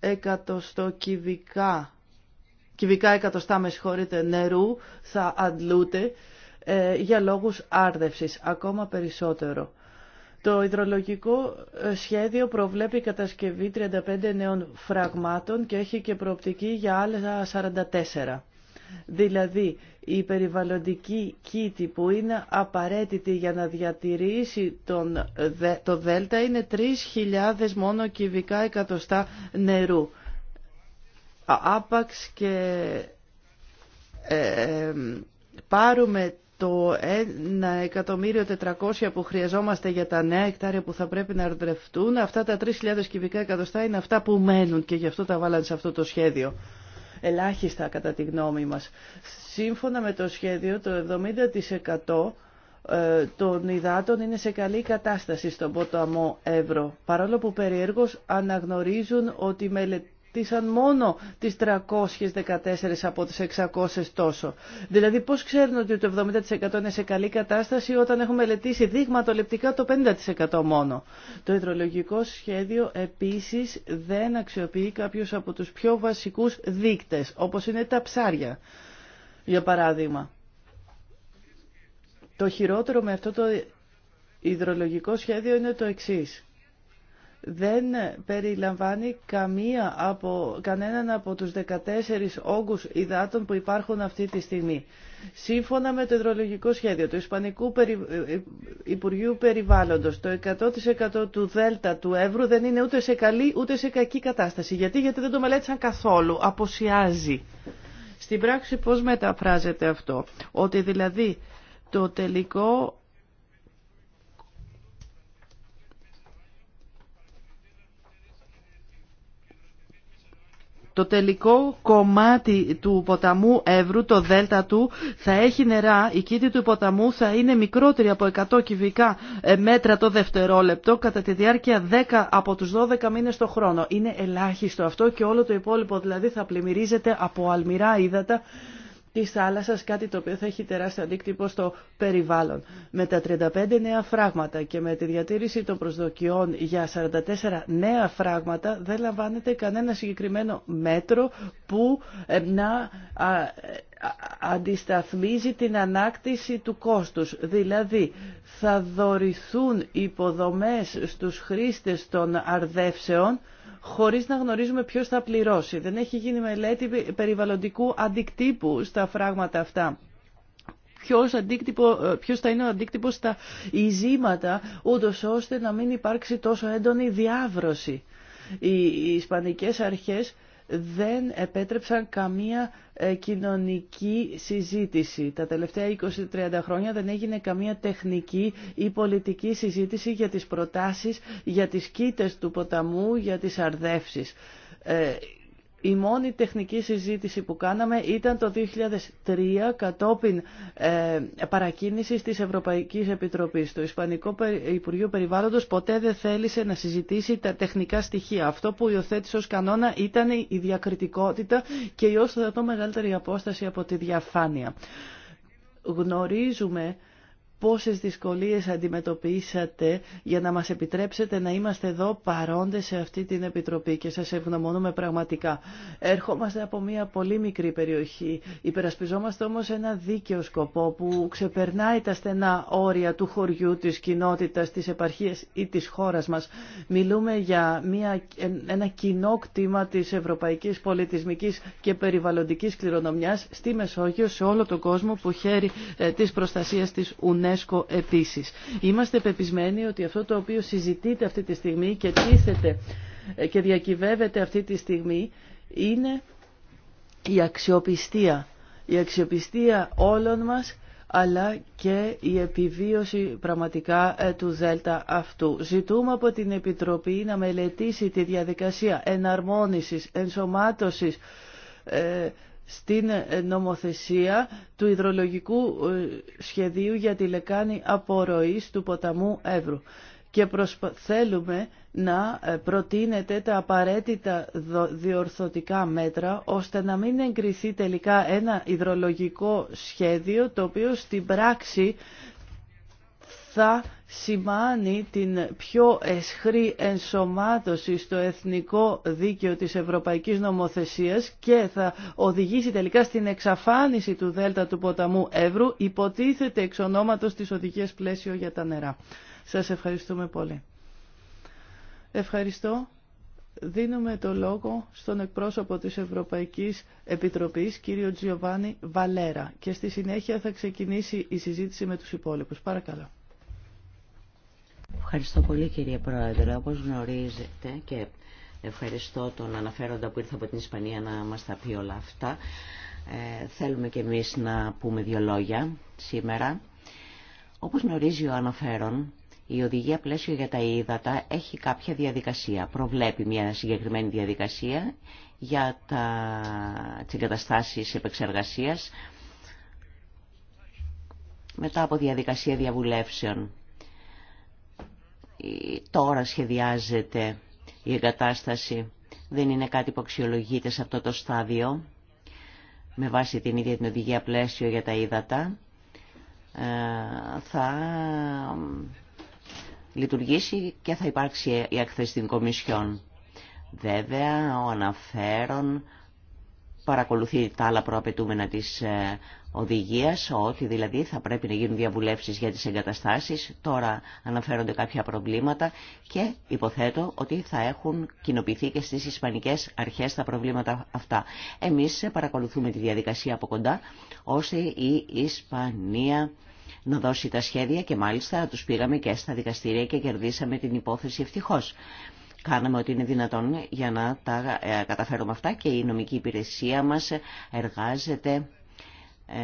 εκατοστό κυβικά, κυβικά εκατοστά με συγχωρείτε, νερού θα αντλούνται ε, για λόγους άρδευσης, ακόμα περισσότερο. Το υδρολογικό ε, σχέδιο προβλέπει κατασκευή 35 νέων φραγμάτων και έχει και προοπτική για άλλα 44. Δηλαδή, η περιβαλλοντική κήτη που είναι απαραίτητη για να διατηρήσει τον, το Δέλτα είναι 3.000 μόνο κυβικά εκατοστά νερού. Άπαξ και ε, ε, πάρουμε το 1.400.000 που χρειαζόμαστε για τα νέα εκτάρια που θα πρέπει να αρδρευτούν, αυτά τα 3.000 κυβικά εκατοστά είναι αυτά που μένουν και γι' αυτό τα βάλαν σε αυτό το σχέδιο. Ελάχιστα κατά τη γνώμη μας. Σύμφωνα με το σχέδιο, το 70% ε, των υδάτων είναι σε καλή κατάσταση στον ποταμό Εύρο, παρόλο που περιέργως αναγνωρίζουν ότι αν μόνο τις 314 από τις 600 τόσο. Δηλαδή πώς ξέρουν ότι το 70% είναι σε καλή κατάσταση όταν έχουν μελετήσει δειγματολεπτικά το 50% μόνο. Το υδρολογικό σχέδιο επίσης δεν αξιοποιεί κάποιους από τους πιο βασικούς δείκτες, όπως είναι τα ψάρια, για παράδειγμα. Το χειρότερο με αυτό το υδρολογικό σχέδιο είναι το εξής δεν περιλαμβάνει καμία από, κανέναν από τους 14 όγκους υδάτων που υπάρχουν αυτή τη στιγμή. Σύμφωνα με το υδρολογικό σχέδιο του Ισπανικού ε, Υπουργείου Περιβάλλοντος, το 100% του Δέλτα του Εύρου δεν είναι ούτε σε καλή ούτε σε κακή κατάσταση. Γιατί, γιατί δεν το μελέτησαν καθόλου, αποσιάζει. Στην πράξη πώς μεταφράζεται αυτό, ότι δηλαδή το τελικό Το τελικό κομμάτι του ποταμού Εύρου, το δέλτα του, θα έχει νερά. Η κήτη του ποταμού θα είναι μικρότερη από 100 κυβικά ε, μέτρα το δευτερόλεπτο κατά τη διάρκεια 10 από τους 12 μήνες το χρόνο. Είναι ελάχιστο αυτό και όλο το υπόλοιπο δηλαδή θα πλημμυρίζεται από αλμυρά ύδατα της θάλασσας, κάτι το οποίο θα έχει τεράστιο αντίκτυπο στο περιβάλλον. Με τα 35 νέα φράγματα και με τη διατήρηση των προσδοκιών για 44 νέα φράγματα δεν λαμβάνεται κανένα συγκεκριμένο μέτρο που ε, να ε, αντισταθμίζει την ανάκτηση του κόστους. Δηλαδή θα δορηθούν υποδομές στους χρήστες των αρδεύσεων χωρίς να γνωρίζουμε ποιος θα πληρώσει. Δεν έχει γίνει μελέτη περιβαλλοντικού αντικτύπου στα φράγματα αυτά ποιος, ε, θα είναι ο αντίκτυπος στα ειζήματα, ούτω ώστε να μην υπάρξει τόσο έντονη διάβρωση. Οι, οι Ισπανικές αρχές δεν επέτρεψαν καμία ε, κοινωνική συζήτηση. Τα τελευταία 20-30 χρόνια δεν έγινε καμία τεχνική ή πολιτική συζήτηση για τις προτάσεις, για τις κίτες του ποταμού, για τις αρδεύσεις. Ε, η μόνη τεχνική συζήτηση που κάναμε ήταν το 2003 κατόπιν ε, παρακίνησης της Ευρωπαϊκής Επιτροπής. Το Ισπανικό Υπουργείο Περιβάλλοντος ποτέ δεν θέλησε να συζητήσει τα τεχνικά στοιχεία. Αυτό που υιοθέτησε ως κανόνα ήταν η διακριτικότητα και η όσο το μεγαλύτερη απόσταση από τη διαφάνεια. Γνωρίζουμε πόσες δυσκολίες αντιμετωπίσατε για να μας επιτρέψετε να είμαστε εδώ παρόντες σε αυτή την Επιτροπή και σας ευγνωμονούμε πραγματικά. Ερχόμαστε από μια πολύ μικρή περιοχή. Υπερασπιζόμαστε όμως ένα δίκαιο σκοπό που ξεπερνάει τα στενά όρια του χωριού, της κοινότητας, της επαρχίας ή της χώρας μας. Μιλούμε για μια, ένα κοινό κτήμα της ευρωπαϊκής πολιτισμικής και περιβαλλοντικής κληρονομιάς στη Μεσόγειο, σε όλο τον κόσμο που χαίρει ε, τις προστασίας της UNESCO. UNESCO επίσης. Είμαστε πεπισμένοι ότι αυτό το οποίο συζητείται αυτή τη στιγμή και τίθεται ε, και διακυβεύεται αυτή τη στιγμή είναι η αξιοπιστία. Η αξιοπιστία όλων μας αλλά και η επιβίωση πραγματικά ε, του Δέλτα αυτού. Ζητούμε από την Επιτροπή να μελετήσει τη διαδικασία εναρμόνισης, ενσωμάτωσης ε, στην ε, νομοθεσία του υδρολογικού ε, σχεδίου για τη λεκάνη απορροής του ποταμού Εύρου και προσπα... θέλουμε να ε, προτείνετε τα απαραίτητα διορθωτικά μέτρα ώστε να μην εγκριθεί τελικά ένα υδρολογικό σχέδιο το οποίο στην πράξη θα σημάνει την πιο εσχρή ενσωμάτωση στο εθνικό δίκαιο της Ευρωπαϊκής Νομοθεσίας και θα οδηγήσει τελικά στην εξαφάνιση του Δέλτα του ποταμού Εύρου, υποτίθεται εξ ονόματος της οδηγίας πλαίσιο για τα νερά. Σας ευχαριστούμε πολύ. Ευχαριστώ. Δίνουμε το λόγο στον εκπρόσωπο της Ευρωπαϊκής Επιτροπής, κύριο Τζιοβάνι Βαλέρα. Και στη συνέχεια θα ξεκινήσει η συζήτηση με τους υπόλοιπους. Παρακαλώ. Ευχαριστώ πολύ κύριε Πρόεδρε. Όπως γνωρίζετε και ευχαριστώ τον αναφέροντα που ήρθε από την Ισπανία να μας τα πει όλα αυτά. Ε, θέλουμε και εμείς να πούμε δύο λόγια σήμερα. Όπως γνωρίζει ο αναφέρον, η οδηγία πλαίσιο για τα ύδατα έχει κάποια διαδικασία. Προβλέπει μια συγκεκριμένη διαδικασία για τα, τις εγκαταστάσεις επεξεργασίας μετά από διαδικασία διαβουλεύσεων τώρα σχεδιάζεται η εγκατάσταση. Δεν είναι κάτι που αξιολογείται σε αυτό το στάδιο με βάση την ίδια την οδηγία πλαίσιο για τα ύδατα. Ε, θα λειτουργήσει και θα υπάρξει η ακθεση των Κομισιόν. Βέβαια, ο αναφέρον παρακολουθεί τα άλλα προαπαιτούμενα της ε, Οδηγία ότι δηλαδή θα πρέπει να γίνουν διαβουλεύσεις για τις εγκαταστάσεις. Τώρα αναφέρονται κάποια προβλήματα και υποθέτω ότι θα έχουν κοινοποιηθεί και στις ισπανικές αρχές τα προβλήματα αυτά. Εμείς παρακολουθούμε τη διαδικασία από κοντά ώστε η Ισπανία να δώσει τα σχέδια και μάλιστα τους πήγαμε και στα δικαστήρια και κερδίσαμε την υπόθεση ευτυχώς. Κάναμε ό,τι είναι δυνατόν για να τα ε, καταφέρουμε αυτά και η νομική υπηρεσία μας εργάζεται ε,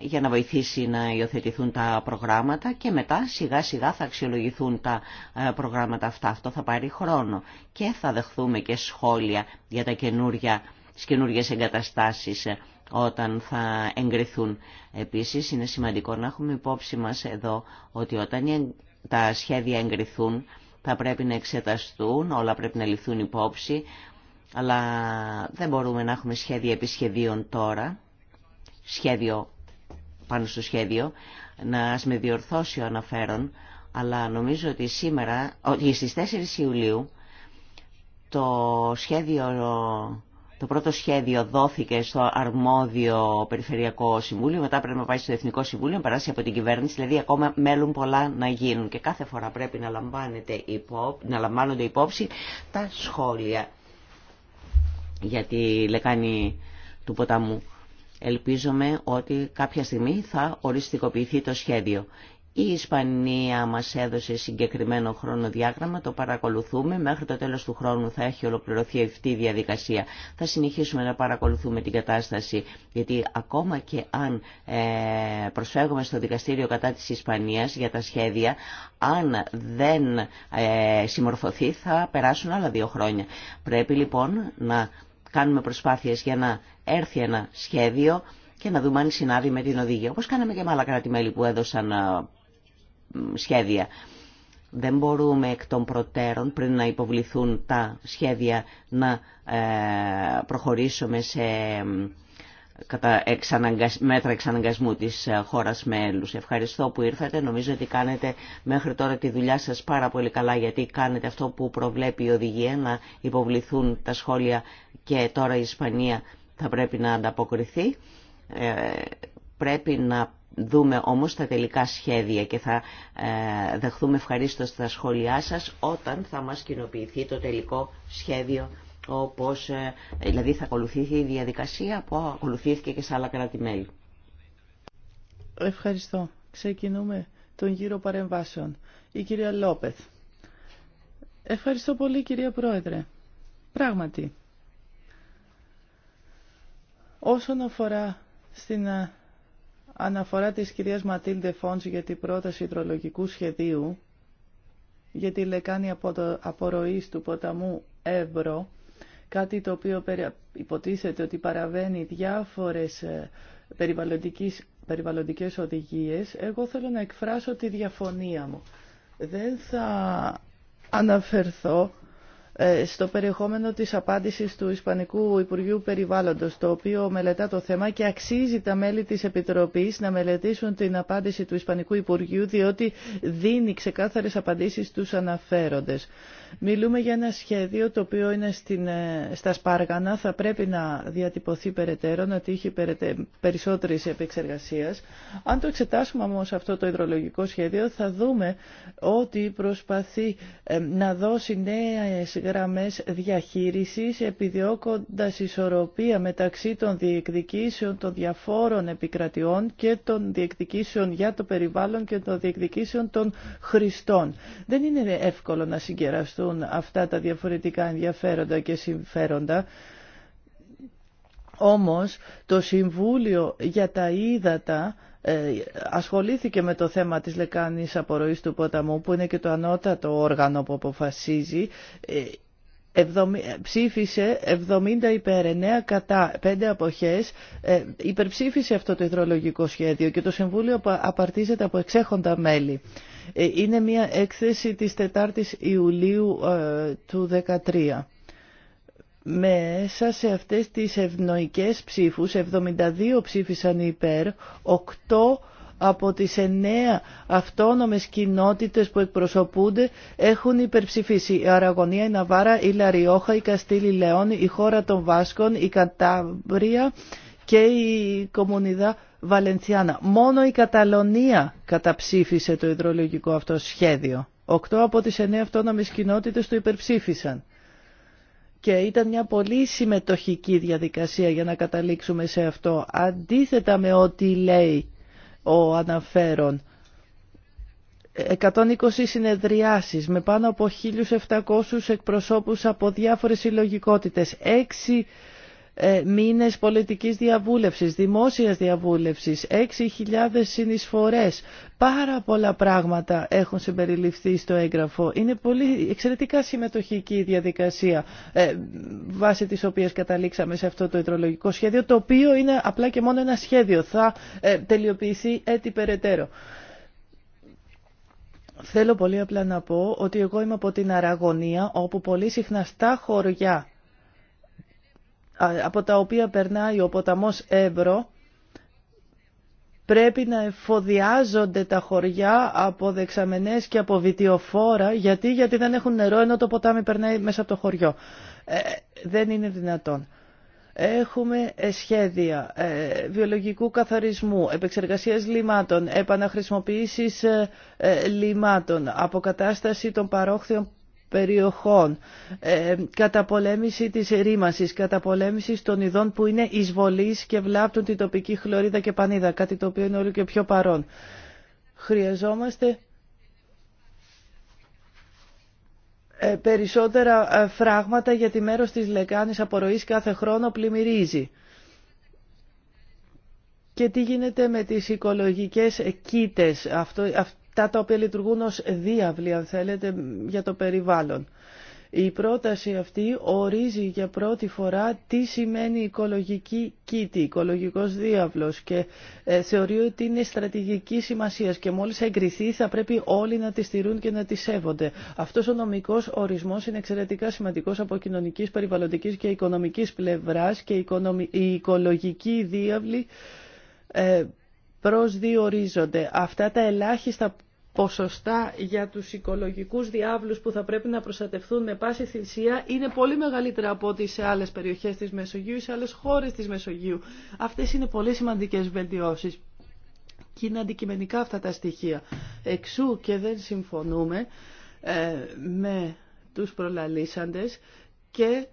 για να βοηθήσει να υιοθετηθούν τα προγράμματα και μετά σιγά σιγά θα αξιολογηθούν τα ε, προγράμματα αυτά. Αυτό θα πάρει χρόνο και θα δεχθούμε και σχόλια για τα καινούργια τις καινούργιες εγκαταστάσεις ε, όταν θα εγκριθούν. Επίσης είναι σημαντικό να έχουμε υπόψη μας εδώ ότι όταν τα σχέδια εγκριθούν θα πρέπει να εξεταστούν, όλα πρέπει να ληφθούν υπόψη, αλλά δεν μπορούμε να έχουμε σχέδια επισχεδίων τώρα σχέδιο, πάνω στο σχέδιο. Να με διορθώσει ο αναφέρον, αλλά νομίζω ότι σήμερα, ότι στις 4 Ιουλίου, το, σχέδιο, το πρώτο σχέδιο δόθηκε στο αρμόδιο Περιφερειακό Συμβούλιο, μετά πρέπει να πάει στο Εθνικό Συμβούλιο, να περάσει από την κυβέρνηση, δηλαδή ακόμα μέλουν πολλά να γίνουν. Και κάθε φορά πρέπει να, υπό, να λαμβάνονται υπόψη τα σχόλια για τη λεκάνη του ποταμού. Ελπίζομαι ότι κάποια στιγμή θα οριστικοποιηθεί το σχέδιο. Η Ισπανία μας έδωσε συγκεκριμένο χρονοδιάγραμμα, το παρακολουθούμε. Μέχρι το τέλος του χρόνου θα έχει ολοκληρωθεί αυτή η διαδικασία. Θα συνεχίσουμε να παρακολουθούμε την κατάσταση, γιατί ακόμα και αν ε, προσφέγουμε στο δικαστήριο κατά της Ισπανίας για τα σχέδια, αν δεν ε, συμμορφωθεί θα περάσουν άλλα δύο χρόνια. Πρέπει λοιπόν να κάνουμε προσπάθειες για να έρθει ένα σχέδιο και να δούμε αν συνάδει με την οδηγία. Όπως κάναμε και με άλλα κράτη-μέλη που έδωσαν σχέδια. Δεν μπορούμε εκ των προτέρων πριν να υποβληθούν τα σχέδια να ε, προχωρήσουμε σε κατά μέτρα εξαναγκασμού της ε, χώρας μέλους. Ευχαριστώ που ήρθατε. Νομίζω ότι κάνετε μέχρι τώρα τη δουλειά σας πάρα πολύ καλά γιατί κάνετε αυτό που προβλέπει η οδηγία να υποβληθούν τα σχόλια και τώρα η Ισπανία θα πρέπει να ανταποκριθεί. Ε, πρέπει να δούμε όμως τα τελικά σχέδια και θα ε, δεχθούμε ευχαρίστως τα σχόλιά σας όταν θα μας κοινοποιηθεί το τελικό σχέδιο όπως, ε, δηλαδή θα ακολουθήθηκε η διαδικασία που ακολουθήθηκε και σε άλλα κράτη-μέλη. Ευχαριστώ. Ξεκινούμε τον γύρο παρεμβάσεων. Η κυρία Λόπεθ. Ευχαριστώ πολύ κυρία Πρόεδρε. Πράγματι, Όσον αφορά στην ε, αναφορά της κυρίας Ματίλντε Φόντς για την πρόταση υδρολογικού σχεδίου για τη λεκάνη απο... απορροής του ποταμού Εύρο, κάτι το οποίο υποτίθεται ότι παραβαίνει διάφορες ε, περιβαλλοντικές, περιβαλλοντικές οδηγίες, εγώ θέλω να εκφράσω τη διαφωνία μου. Δεν θα αναφερθώ ε, στο περιεχόμενο της απάντησης του Ισπανικού Υπουργείου Περιβάλλοντος, το οποίο μελετά το θέμα και αξίζει τα μέλη της Επιτροπής να μελετήσουν την απάντηση του Ισπανικού Υπουργείου, διότι δίνει ξεκάθαρες απαντήσεις στους αναφέροντες. Μιλούμε για ένα σχέδιο το οποίο είναι στην, ε, στα Σπάργανα, θα πρέπει να διατυπωθεί περαιτέρω, να τύχει περισσότερης επεξεργασίας. Αν το εξετάσουμε όμως αυτό το υδρολογικό σχέδιο, θα δούμε ότι προσπαθεί ε, να δώσει νέες γραμμές διαχείρισης επιδιώκοντας ισορροπία μεταξύ των διεκδικήσεων των διαφόρων επικρατιών και των διεκδικήσεων για το περιβάλλον και των διεκδικήσεων των χρηστών. Δεν είναι εύκολο να συγκεραστούν αυτά τα διαφορετικά ενδιαφέροντα και συμφέροντα. Όμως το Συμβούλιο για τα Ήδατα ε, ασχολήθηκε με το θέμα της λεκάνης απορροής του ποταμού που είναι και το ανώτατο όργανο που αποφασίζει ε, ε, ψήφισε 70 υπέρ 9 κατά 5 αποχές υπερψήφισε αυτό το υδρολογικό σχέδιο και το Συμβούλιο απαρτίζεται από εξέχοντα μέλη. Είναι μια έκθεση της 4ης Ιουλίου του 2013. Μέσα σε αυτές τις ευνοϊκές ψήφους, 72 ψήφισαν υπέρ, 8 από τις 9 αυτόνομες κοινότητες που εκπροσωπούνται έχουν υπερψηφίσει η Αραγωνία, η Ναβάρα, η Λαριόχα, η Καστήλη Λεόν, η χώρα των Βάσκων, η Κατάμπρια και η Κομμουνιδά Βαλενθιάνα. Μόνο η Καταλωνία καταψήφισε το υδρολογικό αυτό σχέδιο. Οκτώ από τις εννέα αυτόνομες κοινότητες το υπερψήφισαν και ήταν μια πολύ συμμετοχική διαδικασία για να καταλήξουμε σε αυτό. Αντίθετα με ό,τι λέει ο αναφέρον, 120 συνεδριάσεις με πάνω από 1.700 εκπροσώπους από διάφορες συλλογικότητες, ε, μήνες πολιτικής διαβούλευσης, δημόσιας διαβούλευσης, 6.000 συνεισφορές. Πάρα πολλά πράγματα έχουν συμπεριληφθεί στο έγγραφο. Είναι πολύ εξαιρετικά συμμετοχική η διαδικασία ε, βάσει της οποίας καταλήξαμε σε αυτό το υδρολογικό σχέδιο, το οποίο είναι απλά και μόνο ένα σχέδιο. Θα ε, τελειοποιηθεί έτσι περαιτέρω. Θέλω πολύ απλά να πω ότι εγώ είμαι από την Αραγωνία, όπου πολύ συχνά στα χωριά από τα οποία περνάει ο ποταμός Εύρο πρέπει να εφοδιάζονται τα χωριά από δεξαμενές και από βιτιοφόρα γιατί, γιατί δεν έχουν νερό ενώ το ποτάμι περνάει μέσα από το χωριό. Ε, δεν είναι δυνατόν. Έχουμε ε, σχέδια ε, βιολογικού καθαρισμού, επεξεργασίας λιμάτων, επαναχρησιμοποίησης ε, λιμάτων, αποκατάσταση των παρόχθιων περιοχών, ε, καταπολέμηση της ερήμασης, καταπολέμηση των ειδών που είναι εισβολής και βλάπτουν την τοπική χλωρίδα και πανίδα, κάτι το οποίο είναι όλο και πιο παρόν. Χρειαζόμαστε ε, περισσότερα ε, φράγματα γιατί μέρος της λεκάνης απορροής κάθε χρόνο πλημμυρίζει. Και τι γίνεται με τις οικολογικές κήτες, αυτό αυτά τα οποία λειτουργούν ως διάβλη, αν θέλετε, για το περιβάλλον. Η πρόταση αυτή ορίζει για πρώτη φορά τι σημαίνει οικολογική κήτη, οικολογικός διάβλος και ε, θεωρεί ότι είναι στρατηγική σημασία και μόλις εγκριθεί θα πρέπει όλοι να τη στηρούν και να τη σέβονται. Αυτός ο νομικός ορισμός είναι εξαιρετικά σημαντικός από κοινωνικής, περιβαλλοντικής και οικονομικής πλευράς και η οικολογική διάβλη ε, προσδιορίζονται αυτά τα ελάχιστα ποσοστά για τους οικολογικούς διάβλους που θα πρέπει να προστατευτούν με πάση θυσία είναι πολύ μεγαλύτερα από ό,τι σε άλλες περιοχές της Μεσογείου ή σε άλλες χώρες της Μεσογείου. Αυτές είναι πολύ σημαντικές βελτιώσεις και είναι αντικειμενικά αυτά τα στοιχεία. Εξού και δεν συμφωνούμε ε, με τους προλαλήσαντες και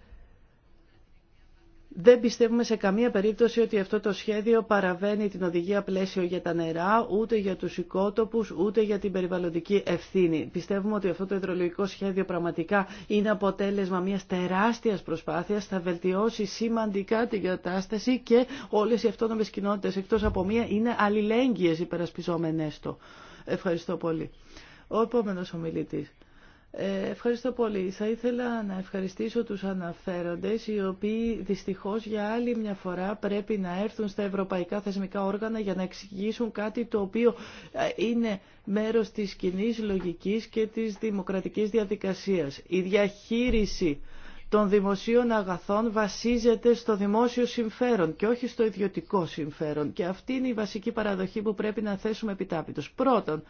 δεν πιστεύουμε σε καμία περίπτωση ότι αυτό το σχέδιο παραβαίνει την οδηγία πλαίσιο για τα νερά, ούτε για τους οικότοπους, ούτε για την περιβαλλοντική ευθύνη. Πιστεύουμε ότι αυτό το υδρολογικό σχέδιο πραγματικά είναι αποτέλεσμα μιας τεράστιας προσπάθειας, θα βελτιώσει σημαντικά την κατάσταση και όλες οι αυτόνομες κοινότητες εκτός από μία είναι αλληλέγγυες υπερασπιζόμενες το. Ευχαριστώ πολύ. Ο επόμενο ομιλητής. Ε, ευχαριστώ πολύ. Θα ήθελα να ευχαριστήσω τους αναφέροντες, οι οποίοι δυστυχώς για άλλη μια φορά πρέπει να έρθουν στα ευρωπαϊκά θεσμικά όργανα για να εξηγήσουν κάτι το οποίο ε, είναι μέρος της κοινή λογικής και της δημοκρατικής διαδικασίας. Η διαχείριση των δημοσίων αγαθών βασίζεται στο δημόσιο συμφέρον και όχι στο ιδιωτικό συμφέρον. Και αυτή είναι η βασική παραδοχή που πρέπει να θέσουμε επιτάπητος. Πρώτον,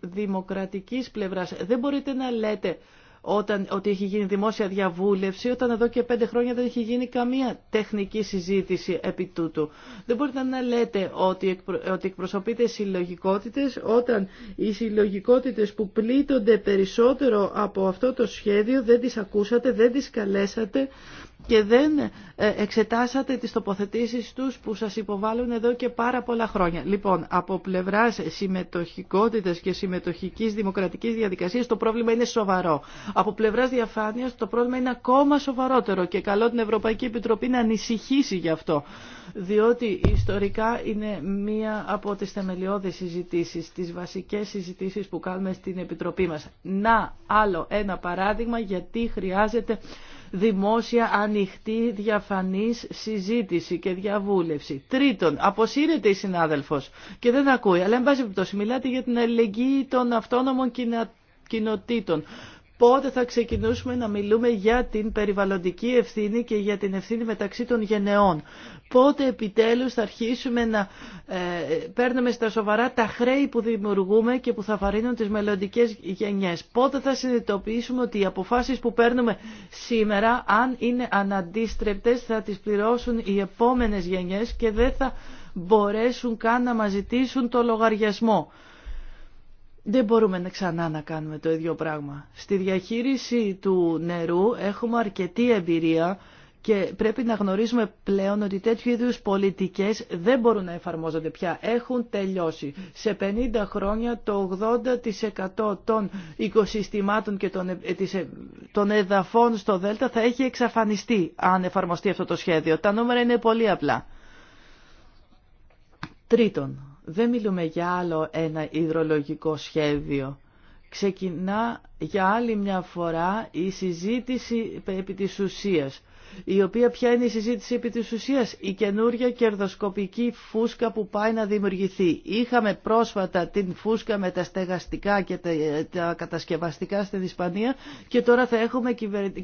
δημοκρατικής πλευράς. Δεν μπορείτε να λέτε όταν, ότι έχει γίνει δημόσια διαβούλευση, όταν εδώ και πέντε χρόνια δεν έχει γίνει καμία τεχνική συζήτηση επί τούτου. Δεν μπορείτε να λέτε ότι, ότι εκπροσωπείτε συλλογικότητες, όταν οι συλλογικότητες που πλήττονται περισσότερο από αυτό το σχέδιο δεν τις ακούσατε, δεν τις καλέσατε, και δεν ε, εξετάσατε τις τοποθετήσεις τους που σας υποβάλλουν εδώ και πάρα πολλά χρόνια. Λοιπόν, από πλευράς συμμετοχικότητας και συμμετοχικής δημοκρατικής διαδικασίας το πρόβλημα είναι σοβαρό. Από πλευράς διαφάνειας το πρόβλημα είναι ακόμα σοβαρότερο και καλό την Ευρωπαϊκή Επιτροπή να ανησυχήσει γι' αυτό. Διότι ιστορικά είναι μία από τις θεμελιώδεις συζητήσεις, τις βασικές συζητήσεις που κάνουμε στην Επιτροπή μας. Να άλλο ένα παράδειγμα γιατί χρειάζεται δημόσια, ανοιχτή, διαφανής συζήτηση και διαβούλευση. Τρίτον, αποσύρεται η συνάδελφος και δεν ακούει, αλλά εν πάση περιπτώσει μιλάτε για την αλληλεγγύη των αυτόνομων κοινοτήτων πότε θα ξεκινήσουμε να μιλούμε για την περιβαλλοντική ευθύνη και για την ευθύνη μεταξύ των γενεών. Πότε επιτέλους θα αρχίσουμε να ε, παίρνουμε στα σοβαρά τα χρέη που δημιουργούμε και που θα βαρύνουν τις μελλοντικές γενιές. Πότε θα συνειδητοποιήσουμε ότι οι αποφάσεις που παίρνουμε σήμερα, αν είναι αναντίστρεπτες, θα τις πληρώσουν οι επόμενες γενιές και δεν θα μπορέσουν καν να μας ζητήσουν το λογαριασμό δεν μπορούμε να ξανά να κάνουμε το ίδιο πράγμα. Στη διαχείριση του νερού έχουμε αρκετή εμπειρία και πρέπει να γνωρίζουμε πλέον ότι τέτοιου είδους πολιτικές δεν μπορούν να εφαρμόζονται πια. Έχουν τελειώσει. Σε 50 χρόνια το 80% των οικοσυστημάτων και ε, ε, ε, των, εδαφών στο Δέλτα θα έχει εξαφανιστεί αν εφαρμοστεί αυτό το σχέδιο. Τα νούμερα είναι πολύ απλά. Τρίτον, δεν μιλούμε για άλλο ένα υδρολογικό σχέδιο. Ξεκινά για άλλη μια φορά η συζήτηση επί της ουσίας. Η οποία πια είναι η συζήτηση επί της ουσίας. Η καινούρια κερδοσκοπική φούσκα που πάει να δημιουργηθεί. Είχαμε πρόσφατα την φούσκα με τα στεγαστικά και τα κατασκευαστικά στην Ισπανία και τώρα θα έχουμε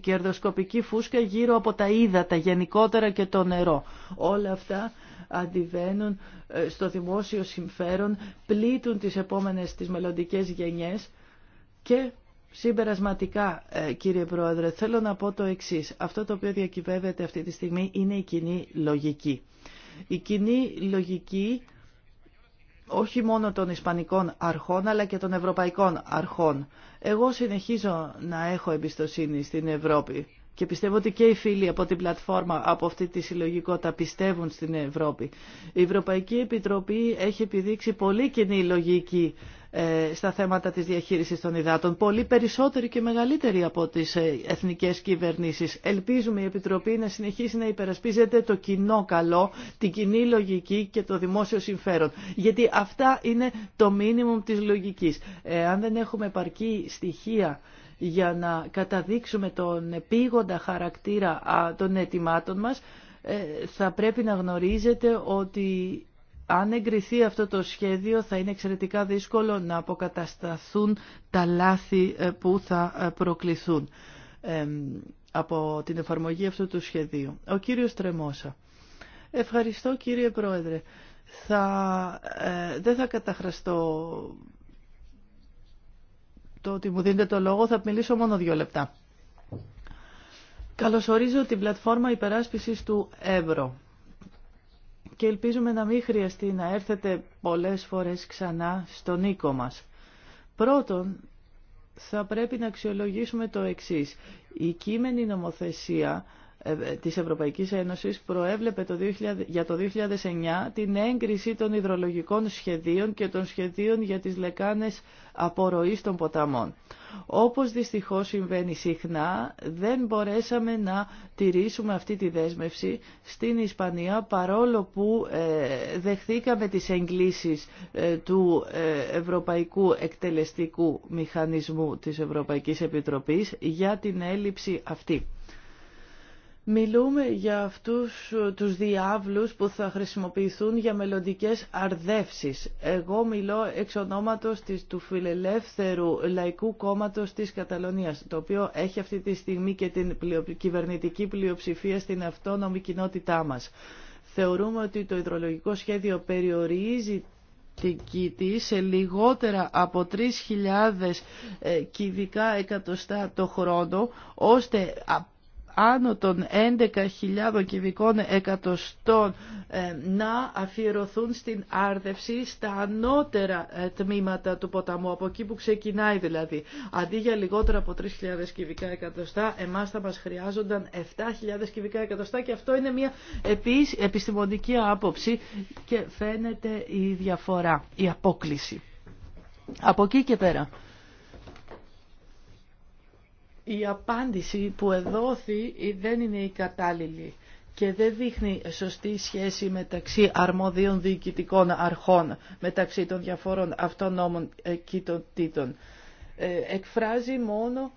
κερδοσκοπική φούσκα γύρω από τα ύδατα γενικότερα και το νερό. Όλα αυτά αντιβαίνουν ε, στο δημόσιο συμφέρον, πλήττουν τις επόμενες τις μελλοντικές γενιές και Συμπερασματικά, ε, κύριε Πρόεδρε, θέλω να πω το εξή: Αυτό το οποίο διακυβεύεται αυτή τη στιγμή είναι η κοινή λογική. Η κοινή λογική όχι μόνο των Ισπανικών αρχών αλλά και των Ευρωπαϊκών αρχών. Εγώ συνεχίζω να έχω εμπιστοσύνη στην Ευρώπη. Και πιστεύω ότι και οι φίλοι από την πλατφόρμα από αυτή τη συλλογικότητα πιστεύουν στην Ευρώπη. Η Ευρωπαϊκή Επιτροπή έχει επιδείξει πολύ κοινή λογική ε, στα θέματα της διαχείρισης των υδάτων, πολύ περισσότερη και μεγαλύτερη από τις ε, εθνικές κυβερνήσεις. Ελπίζουμε η Επιτροπή να συνεχίσει να υπερασπίζεται το κοινό καλό, την κοινή λογική και το δημόσιο συμφέρον. Γιατί αυτά είναι το μήνυμο της λογικής. Ε, αν δεν έχουμε επαρκή στοιχεία για να καταδείξουμε τον επίγοντα χαρακτήρα των αιτημάτων μας, ε, θα πρέπει να γνωρίζετε ότι αν εγκριθεί αυτό το σχέδιο θα είναι εξαιρετικά δύσκολο να αποκατασταθούν τα λάθη ε, που θα ε, προκληθούν από την εφαρμογή αυτού του σχεδίου. Ο κύριος Τρεμόσα. Ευχαριστώ κύριε Πρόεδρε. Θα, δεν θα καταχραστώ το ότι μου δίνετε το λόγο. Θα μιλήσω μόνο δύο λεπτά. Καλωσορίζω την πλατφόρμα υπεράσπισης του Εύρω και ελπίζουμε να μην χρειαστεί να έρθετε πολλές φορές ξανά στον οίκο μας. Πρώτον, θα πρέπει να αξιολογήσουμε το εξής. Η κείμενη νομοθεσία ε, ε, της Ευρωπαϊκής Ένωσης προέβλεπε το 2000, για το 2009 την έγκριση των υδρολογικών σχεδίων και των σχεδίων για τις λεκάνες απορροής των ποταμών. Όπως δυστυχώς συμβαίνει συχνά, δεν μπορέσαμε να τηρήσουμε αυτή τη δέσμευση στην Ισπανία παρόλο που ε, δεχθήκαμε τις εγκλήσεις του Ευρωπαϊκού Εκτελεστικού Μηχανισμού της Ευρωπαϊκής Επιτροπής για την έλλειψη αυτή. Μιλούμε για αυτούς τους διάβλους που θα χρησιμοποιηθούν για μελλοντικές αρδεύσεις. Εγώ μιλώ εξ ονόματος του φιλελεύθερου λαϊκού κόμματος της Καταλωνίας, το οποίο έχει αυτή τη στιγμή και την κυβερνητική πλειοψηφία στην αυτόνομη κοινότητά μας. Θεωρούμε ότι το υδρολογικό σχέδιο περιορίζει σε λιγότερα από 3.000 ε, κυβικά εκατοστά το χρόνο, ώστε άνω των 11.000 κυβικών εκατοστών ε, να αφιερωθούν στην άρδευση στα ανώτερα ε, τμήματα του ποταμού, από εκεί που ξεκινάει δηλαδή. Αντί για λιγότερα από 3.000 κυβικά εκατοστά, εμάς θα μας χρειάζονταν 7.000 κυβικά εκατοστά και αυτό είναι μια επιστημονική άποψη και φαίνεται η διαφορά, η απόκληση. Από εκεί και πέρα η απάντηση που εδόθη δεν είναι η κατάλληλη και δεν δείχνει σωστή σχέση μεταξύ αρμοδίων διοικητικών αρχών, μεταξύ των διαφόρων αυτονόμων ε, κοιτοτήτων. Ε, εκφράζει μόνο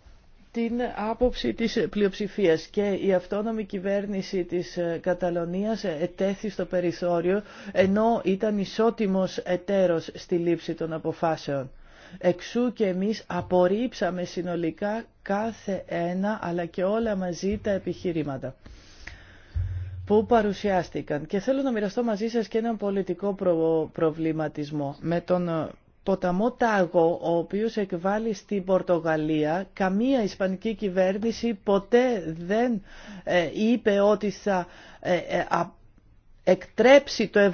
την άποψη της πλειοψηφίας και η αυτόνομη κυβέρνηση της ε, Καταλωνίας ετέθη στο περιθώριο ενώ ήταν ισότιμος εταίρος στη λήψη των αποφάσεων. Εξού και εμείς απορρίψαμε συνολικά κάθε ένα αλλά και όλα μαζί τα επιχειρήματα που παρουσιάστηκαν. Και θέλω να μοιραστώ μαζί σας και έναν πολιτικό προβληματισμό. Με τον ε, ποταμό Τάγο, ο οποίος εκβάλλει στην Πορτογαλία, καμία ισπανική κυβέρνηση ποτέ δεν ε, είπε ότι θα ε, εκτρέψει το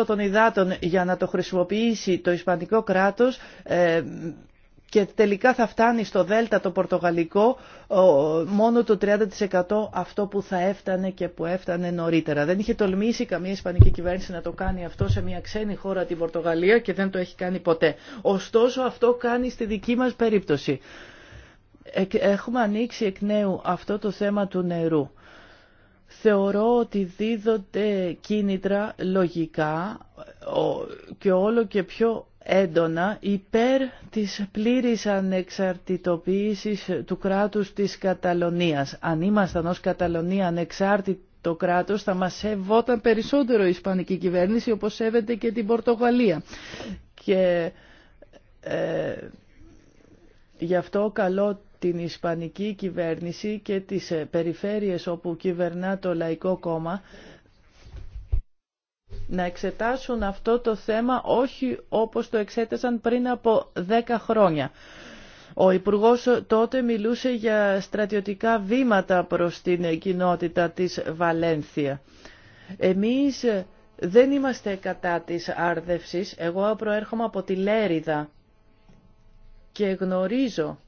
70% των υδάτων για να το χρησιμοποιήσει το Ισπανικό κράτος ε, και τελικά θα φτάνει στο Δέλτα το Πορτογαλικό μόνο το 30% αυτό που θα έφτανε και που έφτανε νωρίτερα. Δεν είχε τολμήσει καμία Ισπανική κυβέρνηση να το κάνει αυτό σε μια ξένη χώρα την Πορτογαλία και δεν το έχει κάνει ποτέ. Ωστόσο αυτό κάνει στη δική μας περίπτωση. Έχουμε ανοίξει εκ νέου αυτό το θέμα του νερού θεωρώ ότι δίδονται κίνητρα λογικά και όλο και πιο έντονα υπέρ της πλήρης ανεξαρτητοποίησης του κράτους της Καταλωνίας. Αν ήμασταν ως Καταλωνία ανεξάρτητο κράτος θα μας σεβόταν περισσότερο η Ισπανική κυβέρνηση όπως σέβεται και την Πορτογαλία. Και ε, γι' αυτό καλό την Ισπανική κυβέρνηση και τις ε, περιφέρειες όπου κυβερνά το Λαϊκό Κόμμα να εξετάσουν αυτό το θέμα όχι όπως το εξέτασαν πριν από δέκα χρόνια. Ο Υπουργός τότε μιλούσε για στρατιωτικά βήματα προς την κοινότητα της Βαλένθια. Εμείς δεν είμαστε κατά της άρδευσης. Εγώ προέρχομαι από τη Λέριδα και γνωρίζω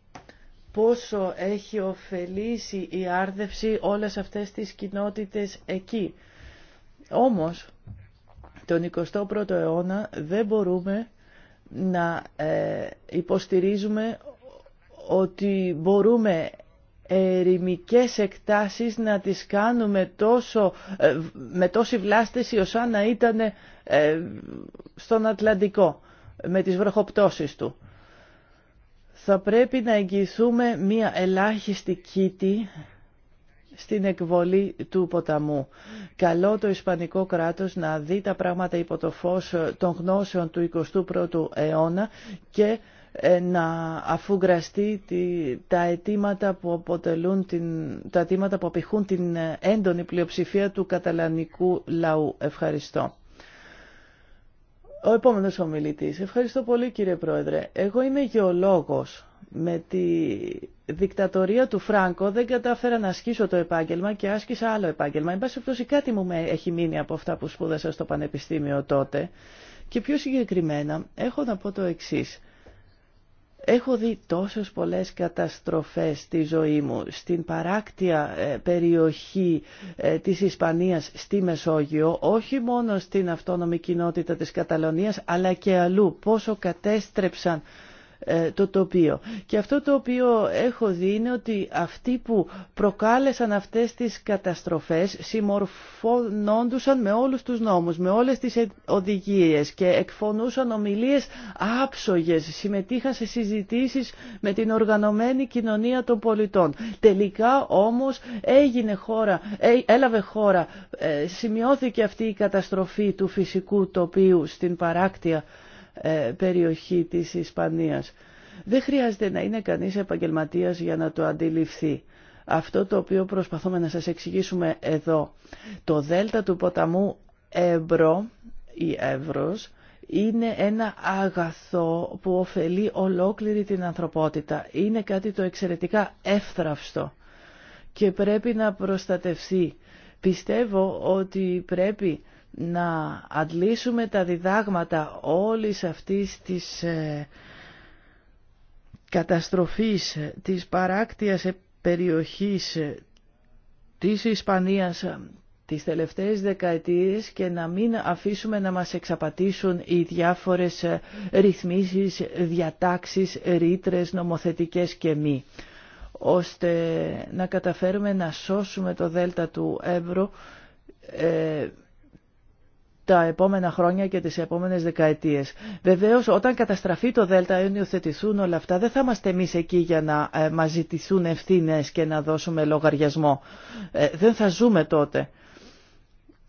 πόσο έχει ωφελήσει η άρδευση όλες αυτές τις κοινότητες εκεί. Όμως, τον 21ο αιώνα δεν μπορούμε να ε, υποστηρίζουμε ότι μπορούμε ερημικές εκτάσεις να τις κάνουμε τόσο, ε, με τόση βλάστηση όσο να ήταν ε, στον Ατλαντικό με τις βροχοπτώσεις του θα πρέπει να εγγυηθούμε μία ελάχιστη κήτη στην εκβολή του ποταμού. Καλό το Ισπανικό κράτος να δει τα πράγματα υπό το φως των γνώσεων του 21ου αιώνα και ε, να αφουγκραστεί τα αιτήματα που αποτελούν την, τα αιτήματα που απηχούν την έντονη πλειοψηφία του καταλανικού λαού. Ευχαριστώ. Ο επόμενος ομιλητής. Ευχαριστώ πολύ κύριε Πρόεδρε. Εγώ είμαι γεωλόγος. Με τη δικτατορία του Φράγκο δεν κατάφερα να ασκήσω το επάγγελμα και άσκησα άλλο επάγγελμα. Εν πάση πτώση κάτι μου έχει μείνει από αυτά που σπούδασα στο πανεπιστήμιο τότε. Και πιο συγκεκριμένα έχω να πω το εξής. Έχω δει τόσες πολλές καταστροφές στη ζωή μου στην παράκτια ε, περιοχή ε, της Ισπανίας στη Μεσόγειο, όχι μόνο στην αυτόνομη κοινότητα της Καταλωνίας αλλά και αλλού πόσο κατέστρεψαν ε, το τοπίο. Και αυτό το οποίο έχω δει είναι ότι αυτοί που προκάλεσαν αυτές τις καταστροφές συμμορφωνόντουσαν με όλους τους νόμους, με όλες τις ε, οδηγίες και εκφωνούσαν ομιλίες άψογες, συμμετείχαν σε συζητήσεις με την οργανωμένη κοινωνία των πολιτών. Τελικά όμως έγινε χώρα, ε, έλαβε χώρα, σημειώθηκε αυτή η καταστροφή του φυσικού τοπίου στην παράκτεια ε, περιοχή της Ισπανίας. Δεν χρειάζεται να είναι κανείς επαγγελματίας για να το αντιληφθεί. Αυτό το οποίο προσπαθούμε να σας εξηγήσουμε εδώ. Το δέλτα του ποταμού Εύρο ή Εύρος είναι ένα αγαθό που ωφελεί ολόκληρη την ανθρωπότητα. Είναι κάτι το εξαιρετικά εύθραυστο και πρέπει να προστατευθεί. Πιστεύω ότι πρέπει να αντλήσουμε τα διδάγματα όλης αυτής της ε, καταστροφής της παράκτιας περιοχής της Ισπανίας τις τελευταίες δεκαετίες και να μην αφήσουμε να μας εξαπατήσουν οι διάφορες ε, ρυθμίσεις, διατάξεις, ρήτρε νομοθετικές και μη ώστε να καταφέρουμε να σώσουμε το δέλτα του εύρου ε, τα επόμενα χρόνια και τις επόμενες δεκαετίες. Βεβαίως όταν καταστραφεί το ΔΕΛΤΑ ή όλα αυτά δεν θα είμαστε εμείς εκεί για να ε, μας ζητηθούν ευθύνε και να δώσουμε λογαριασμό. Ε, δεν θα ζούμε τότε.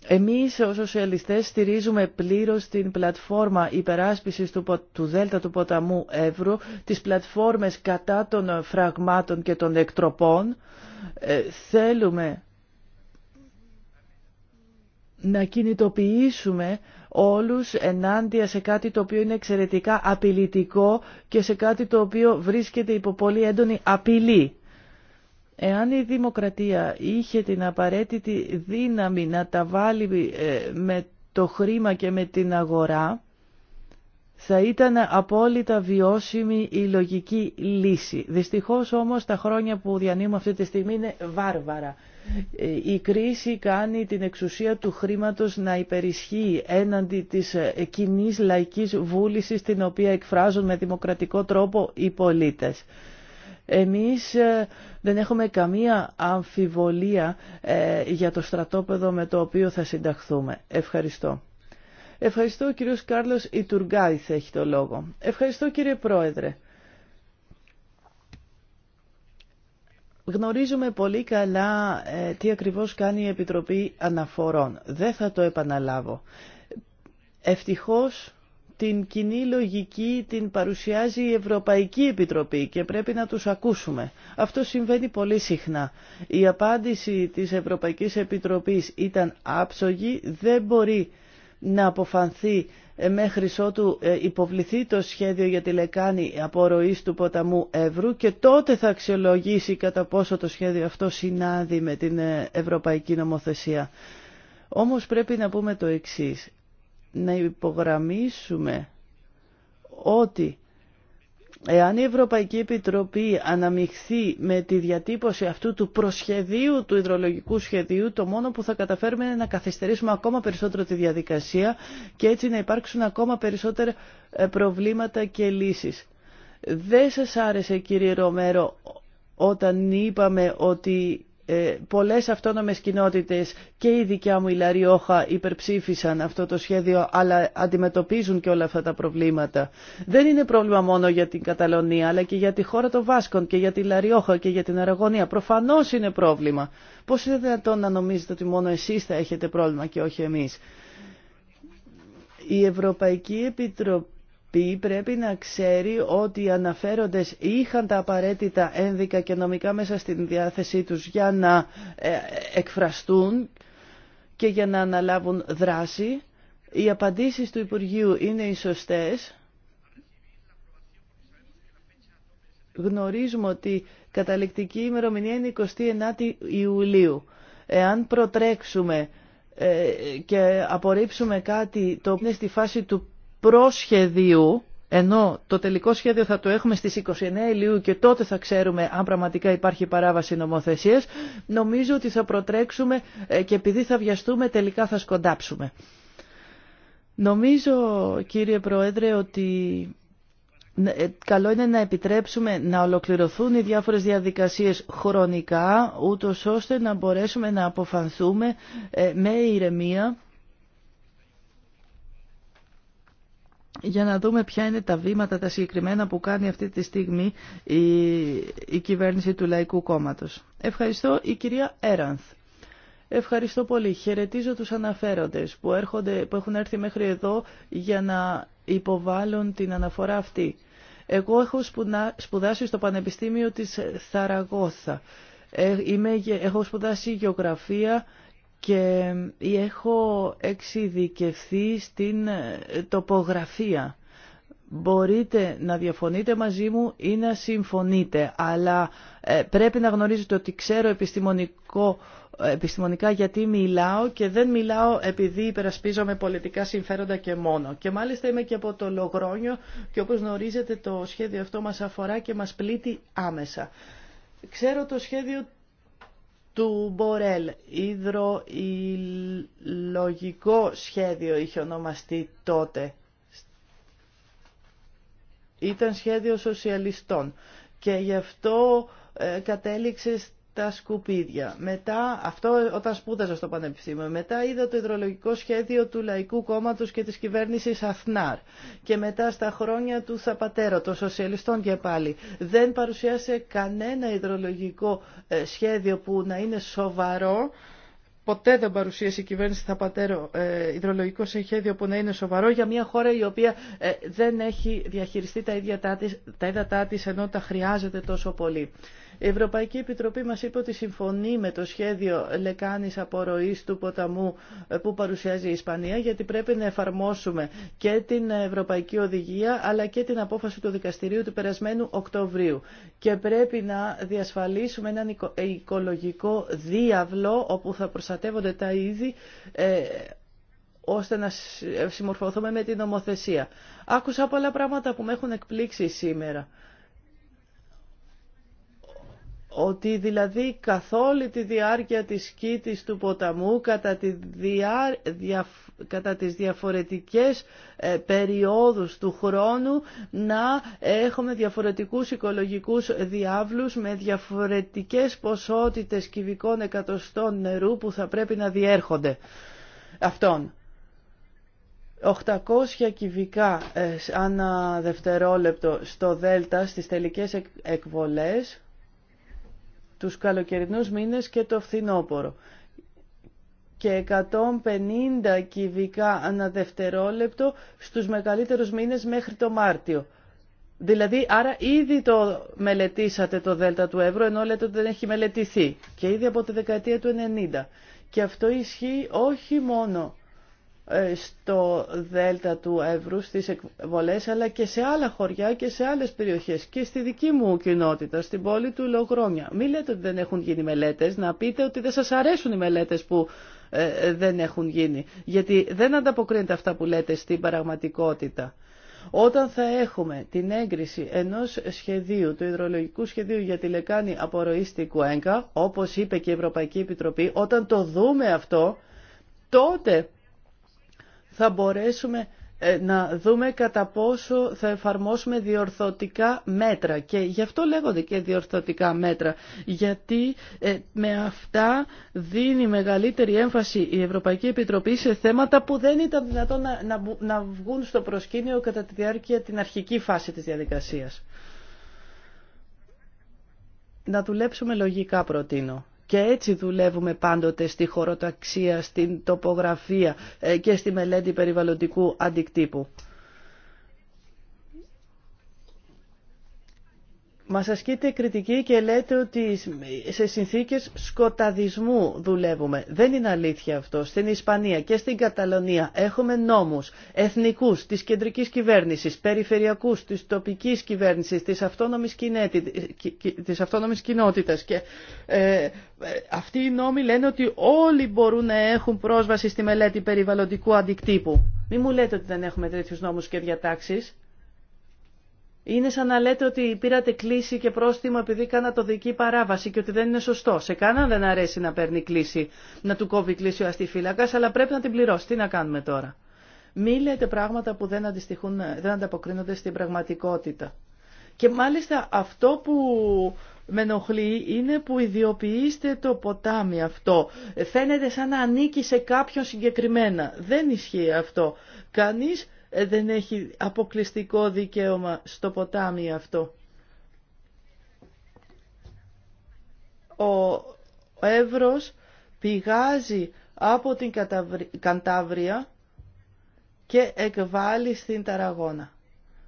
Εμείς ως σοσιαλιστές στηρίζουμε πλήρως την πλατφόρμα υπεράσπισης του, Δέλτα του Ποταμού Εύρου, τις πλατφόρμες κατά των φραγμάτων και των εκτροπών. Ε, θέλουμε να κινητοποιήσουμε όλους ενάντια σε κάτι το οποίο είναι εξαιρετικά απειλητικό και σε κάτι το οποίο βρίσκεται υπό πολύ έντονη απειλή. Εάν η δημοκρατία είχε την απαραίτητη δύναμη να τα βάλει ε, με το χρήμα και με την αγορά, θα ήταν απόλυτα βιώσιμη η λογική λύση. Δυστυχώς όμως τα χρόνια που διανύουμε αυτή τη στιγμή είναι βάρβαρα η κρίση κάνει την εξουσία του χρήματος να υπερισχύει έναντι της κοινή λαϊκής βούλησης την οποία εκφράζουν με δημοκρατικό τρόπο οι πολίτες. Εμείς ε, δεν έχουμε καμία αμφιβολία ε, για το στρατόπεδο με το οποίο θα συνταχθούμε. Ευχαριστώ. Ευχαριστώ κύριος Κάρλος Ιτουργκάιθ έχει το λόγο. Ευχαριστώ κύριε Πρόεδρε. Γνωρίζουμε πολύ καλά ε, τι ακριβώς κάνει η Επιτροπή Αναφορών. Δεν θα το επαναλάβω. Ευτυχώς την κοινή λογική την παρουσιάζει η Ευρωπαϊκή Επιτροπή και πρέπει να τους ακούσουμε. Αυτό συμβαίνει πολύ συχνά. Η απάντηση της Ευρωπαϊκής Επιτροπής ήταν άψογη, δεν μπορεί να αποφανθεί ε, μέχρι ότου ε, υποβληθεί το σχέδιο για τη λεκάνη απορροής του ποταμού Εύρου και τότε θα αξιολογήσει κατά πόσο το σχέδιο αυτό συνάδει με την ε, ευρωπαϊκή νομοθεσία. Όμως πρέπει να πούμε το εξής, να υπογραμμίσουμε ότι Εάν η Ευρωπαϊκή Επιτροπή αναμειχθεί με τη διατύπωση αυτού του προσχεδίου, του υδρολογικού σχεδίου, το μόνο που θα καταφέρουμε είναι να καθυστερήσουμε ακόμα περισσότερο τη διαδικασία και έτσι να υπάρξουν ακόμα περισσότερα ε, προβλήματα και λύσεις. Δεν σας άρεσε κύριε Ρομέρο όταν είπαμε ότι ε, πολλές αυτόνομες κοινότητες και η δικιά μου η Λαριόχα υπερψήφισαν αυτό το σχέδιο αλλά αντιμετωπίζουν και όλα αυτά τα προβλήματα. Δεν είναι πρόβλημα μόνο για την Καταλωνία αλλά και για τη χώρα των Βάσκων και για τη Λαριόχα και για την Αραγωνία. Προφανώς είναι πρόβλημα. Πώς είναι δυνατόν να νομίζετε ότι μόνο εσείς θα έχετε πρόβλημα και όχι εμείς. Η Ευρωπαϊκή Επιτροπή πει πρέπει να ξέρει ότι οι αναφέροντες είχαν τα απαραίτητα ένδικα και νομικά μέσα στην διάθεσή τους για να ε, εκφραστούν και για να αναλάβουν δράση. Οι απαντήσεις του Υπουργείου είναι οι σωστές. Γνωρίζουμε ότι καταληκτική ημερομηνία είναι 29 Ιουλίου. Εάν προτρέξουμε ε, και απορρίψουμε κάτι το οποίο είναι στη φάση του προσχεδίου, ενώ το τελικό σχέδιο θα το έχουμε στις 29 Ιουλίου και τότε θα ξέρουμε αν πραγματικά υπάρχει παράβαση νομοθεσίας, νομίζω ότι θα προτρέξουμε ε, και επειδή θα βιαστούμε τελικά θα σκοντάψουμε. Νομίζω κύριε Πρόεδρε ότι ε, ε, καλό είναι να επιτρέψουμε να ολοκληρωθούν οι διάφορες διαδικασίες χρονικά, ούτως ώστε να μπορέσουμε να αποφανθούμε με ηρεμία για να δούμε ποια είναι τα βήματα τα συγκεκριμένα που κάνει αυτή τη στιγμή η, κυβέρνηση του Λαϊκού Κόμματος. Ευχαριστώ η κυρία Έρανθ. Ευχαριστώ πολύ. Χαιρετίζω τους αναφέροντες που, έρχονται, που έχουν έρθει μέχρι εδώ για να υποβάλουν την αναφορά αυτή. Εγώ έχω σπουδάσει στο Πανεπιστήμιο της Θαραγώθα. Ε, έχω σπουδάσει γεωγραφία και ε, έχω εξειδικευθεί στην ε, τοπογραφία. Μπορείτε να διαφωνείτε μαζί μου ή να συμφωνείτε, αλλά ε, πρέπει να γνωρίζετε ότι ξέρω επιστημονικά γιατί μιλάω και δεν μιλάω επειδή υπερασπίζομαι πολιτικά συμφέροντα και μόνο. Και μάλιστα είμαι και από το Λογρόνιο και όπως γνωρίζετε το σχέδιο αυτό μας αφορά και μας πλήττει άμεσα. Ξέρω το σχέδιο του Μπορέλ, λογικό σχέδιο είχε ονομαστεί τότε. Ήταν σχέδιο σοσιαλιστών και γι' αυτό ε, κατέληξε τα σκουπίδια. Μετά, αυτό όταν σπούδαζα στο Πανεπιστήμιο, μετά είδα το υδρολογικό σχέδιο του Λαϊκού Κόμματο και τη κυβέρνηση Αθνάρ. Και μετά στα χρόνια του Θαπατέρο, των σοσιαλιστών και πάλι, δεν παρουσιάσε κανένα υδρολογικό ε, σχέδιο που να είναι σοβαρό. Ποτέ δεν παρουσίασε η κυβέρνηση Θαπατέρο ε, υδρολογικό σχέδιο που να είναι σοβαρό για μια χώρα η οποία ε, δεν έχει διαχειριστεί τα, ίδια τα, τα ενώ τα χρειάζεται τόσο πολύ. Η Ευρωπαϊκή Επιτροπή μας είπε ότι συμφωνεί με το σχέδιο λεκάνης απορροής του ποταμού ε, που παρουσιάζει η Ισπανία γιατί πρέπει να εφαρμόσουμε και την Ευρωπαϊκή Οδηγία αλλά και την απόφαση του Δικαστηρίου του περασμένου Οκτωβρίου και πρέπει να διασφαλίσουμε έναν ε, οικολογικό διάβλο όπου θα προστατεύονται τα είδη ε, ώστε να συμμορφωθούμε με την νομοθεσία. Άκουσα πολλά πράγματα που με έχουν εκπλήξει σήμερα ότι δηλαδή καθ' όλη τη διάρκεια της σκήτης του ποταμού κατά, τη διά, δια, δια τις διαφορετικές ε, περιόδους του χρόνου να έχουμε διαφορετικούς οικολογικούς διάβλους με διαφορετικές ποσότητες κυβικών εκατοστών νερού που θα πρέπει να διέρχονται αυτών. 800 κυβικά ε, ανά δευτερόλεπτο στο Δέλτα στις τελικές εκβολές τους καλοκαιρινούς μήνες και το φθινόπωρο και 150 κυβικά ανά δευτερόλεπτο στους μεγαλύτερους μήνες μέχρι το Μάρτιο. Δηλαδή, άρα ήδη το μελετήσατε το δέλτα του ευρώ, ενώ λέτε ότι δεν έχει μελετηθεί και ήδη από τη δεκαετία του 90. Και αυτό ισχύει όχι μόνο ε, στο δέλτα του Εύρου, στις εκβολές, αλλά και σε άλλα χωριά και σε άλλες περιοχές και στη δική μου κοινότητα, στην πόλη του Λογρόνια. Μην λέτε ότι δεν έχουν γίνει μελέτες, να πείτε ότι δεν σας αρέσουν οι μελέτες που ε, δεν έχουν γίνει, γιατί δεν ανταποκρίνεται αυτά που λέτε στην πραγματικότητα. Όταν θα έχουμε την έγκριση ενός σχεδίου, του υδρολογικού σχεδίου για τη λεκάνη απορροή στη Κουέγκα, όπως είπε και η Ευρωπαϊκή Επιτροπή, όταν το δούμε αυτό, τότε θα μπορέσουμε ε, να δούμε κατά πόσο θα εφαρμόσουμε διορθωτικά μέτρα και γι' αυτό λέγονται και διορθωτικά μέτρα γιατί ε, με αυτά δίνει μεγαλύτερη έμφαση η Ευρωπαϊκή Επιτροπή σε θέματα που δεν ήταν δυνατόν να βγουν στο προσκήνιο κατά τη διάρκεια την αρχική φάση της διαδικασίας. Να δουλέψουμε λογικά προτείνω και έτσι δουλεύουμε πάντοτε στη χωροταξία, στην τοπογραφία ε, και στη μελέτη περιβαλλοντικού αντικτύπου. Μας ασκείτε κριτική και λέτε ότι σε συνθήκες σκοταδισμού δουλεύουμε. Δεν είναι αλήθεια αυτό. Στην Ισπανία και στην Καταλωνία έχουμε νόμους εθνικούς της κεντρικής κυβέρνησης, περιφερειακούς της τοπικής κυβέρνησης, της αυτόνομης, της αυτόνομης κοινότητας και ε, ε, αυτοί οι νόμοι λένε ότι όλοι μπορούν να έχουν πρόσβαση στη μελέτη περιβαλλοντικού αντικτύπου. Μην μου λέτε ότι δεν έχουμε τέτοιους νόμους και διατάξεις. Είναι σαν να λέτε ότι πήρατε κλίση και πρόστιμο επειδή κάνατε οδική παράβαση και ότι δεν είναι σωστό. Σε κανέναν δεν αρέσει να παίρνει κλίση, να του κόβει κλίση ο αστιφύλακα, αλλά πρέπει να την πληρώσει. Τι να κάνουμε τώρα. Μη λέτε πράγματα που δεν, αντιστοιχούν, δεν ανταποκρίνονται στην πραγματικότητα. Και μάλιστα αυτό που με ενοχλεί είναι που ιδιοποιείστε το ποτάμι αυτό. Φαίνεται σαν να ανήκει σε κάποιον συγκεκριμένα. Δεν ισχύει αυτό. Κανείς ε, δεν έχει αποκλειστικό δικαίωμα στο ποτάμι αυτό. Ο Εύρος πηγάζει από την Καντάβρια και εκβάλλει στην Ταραγώνα.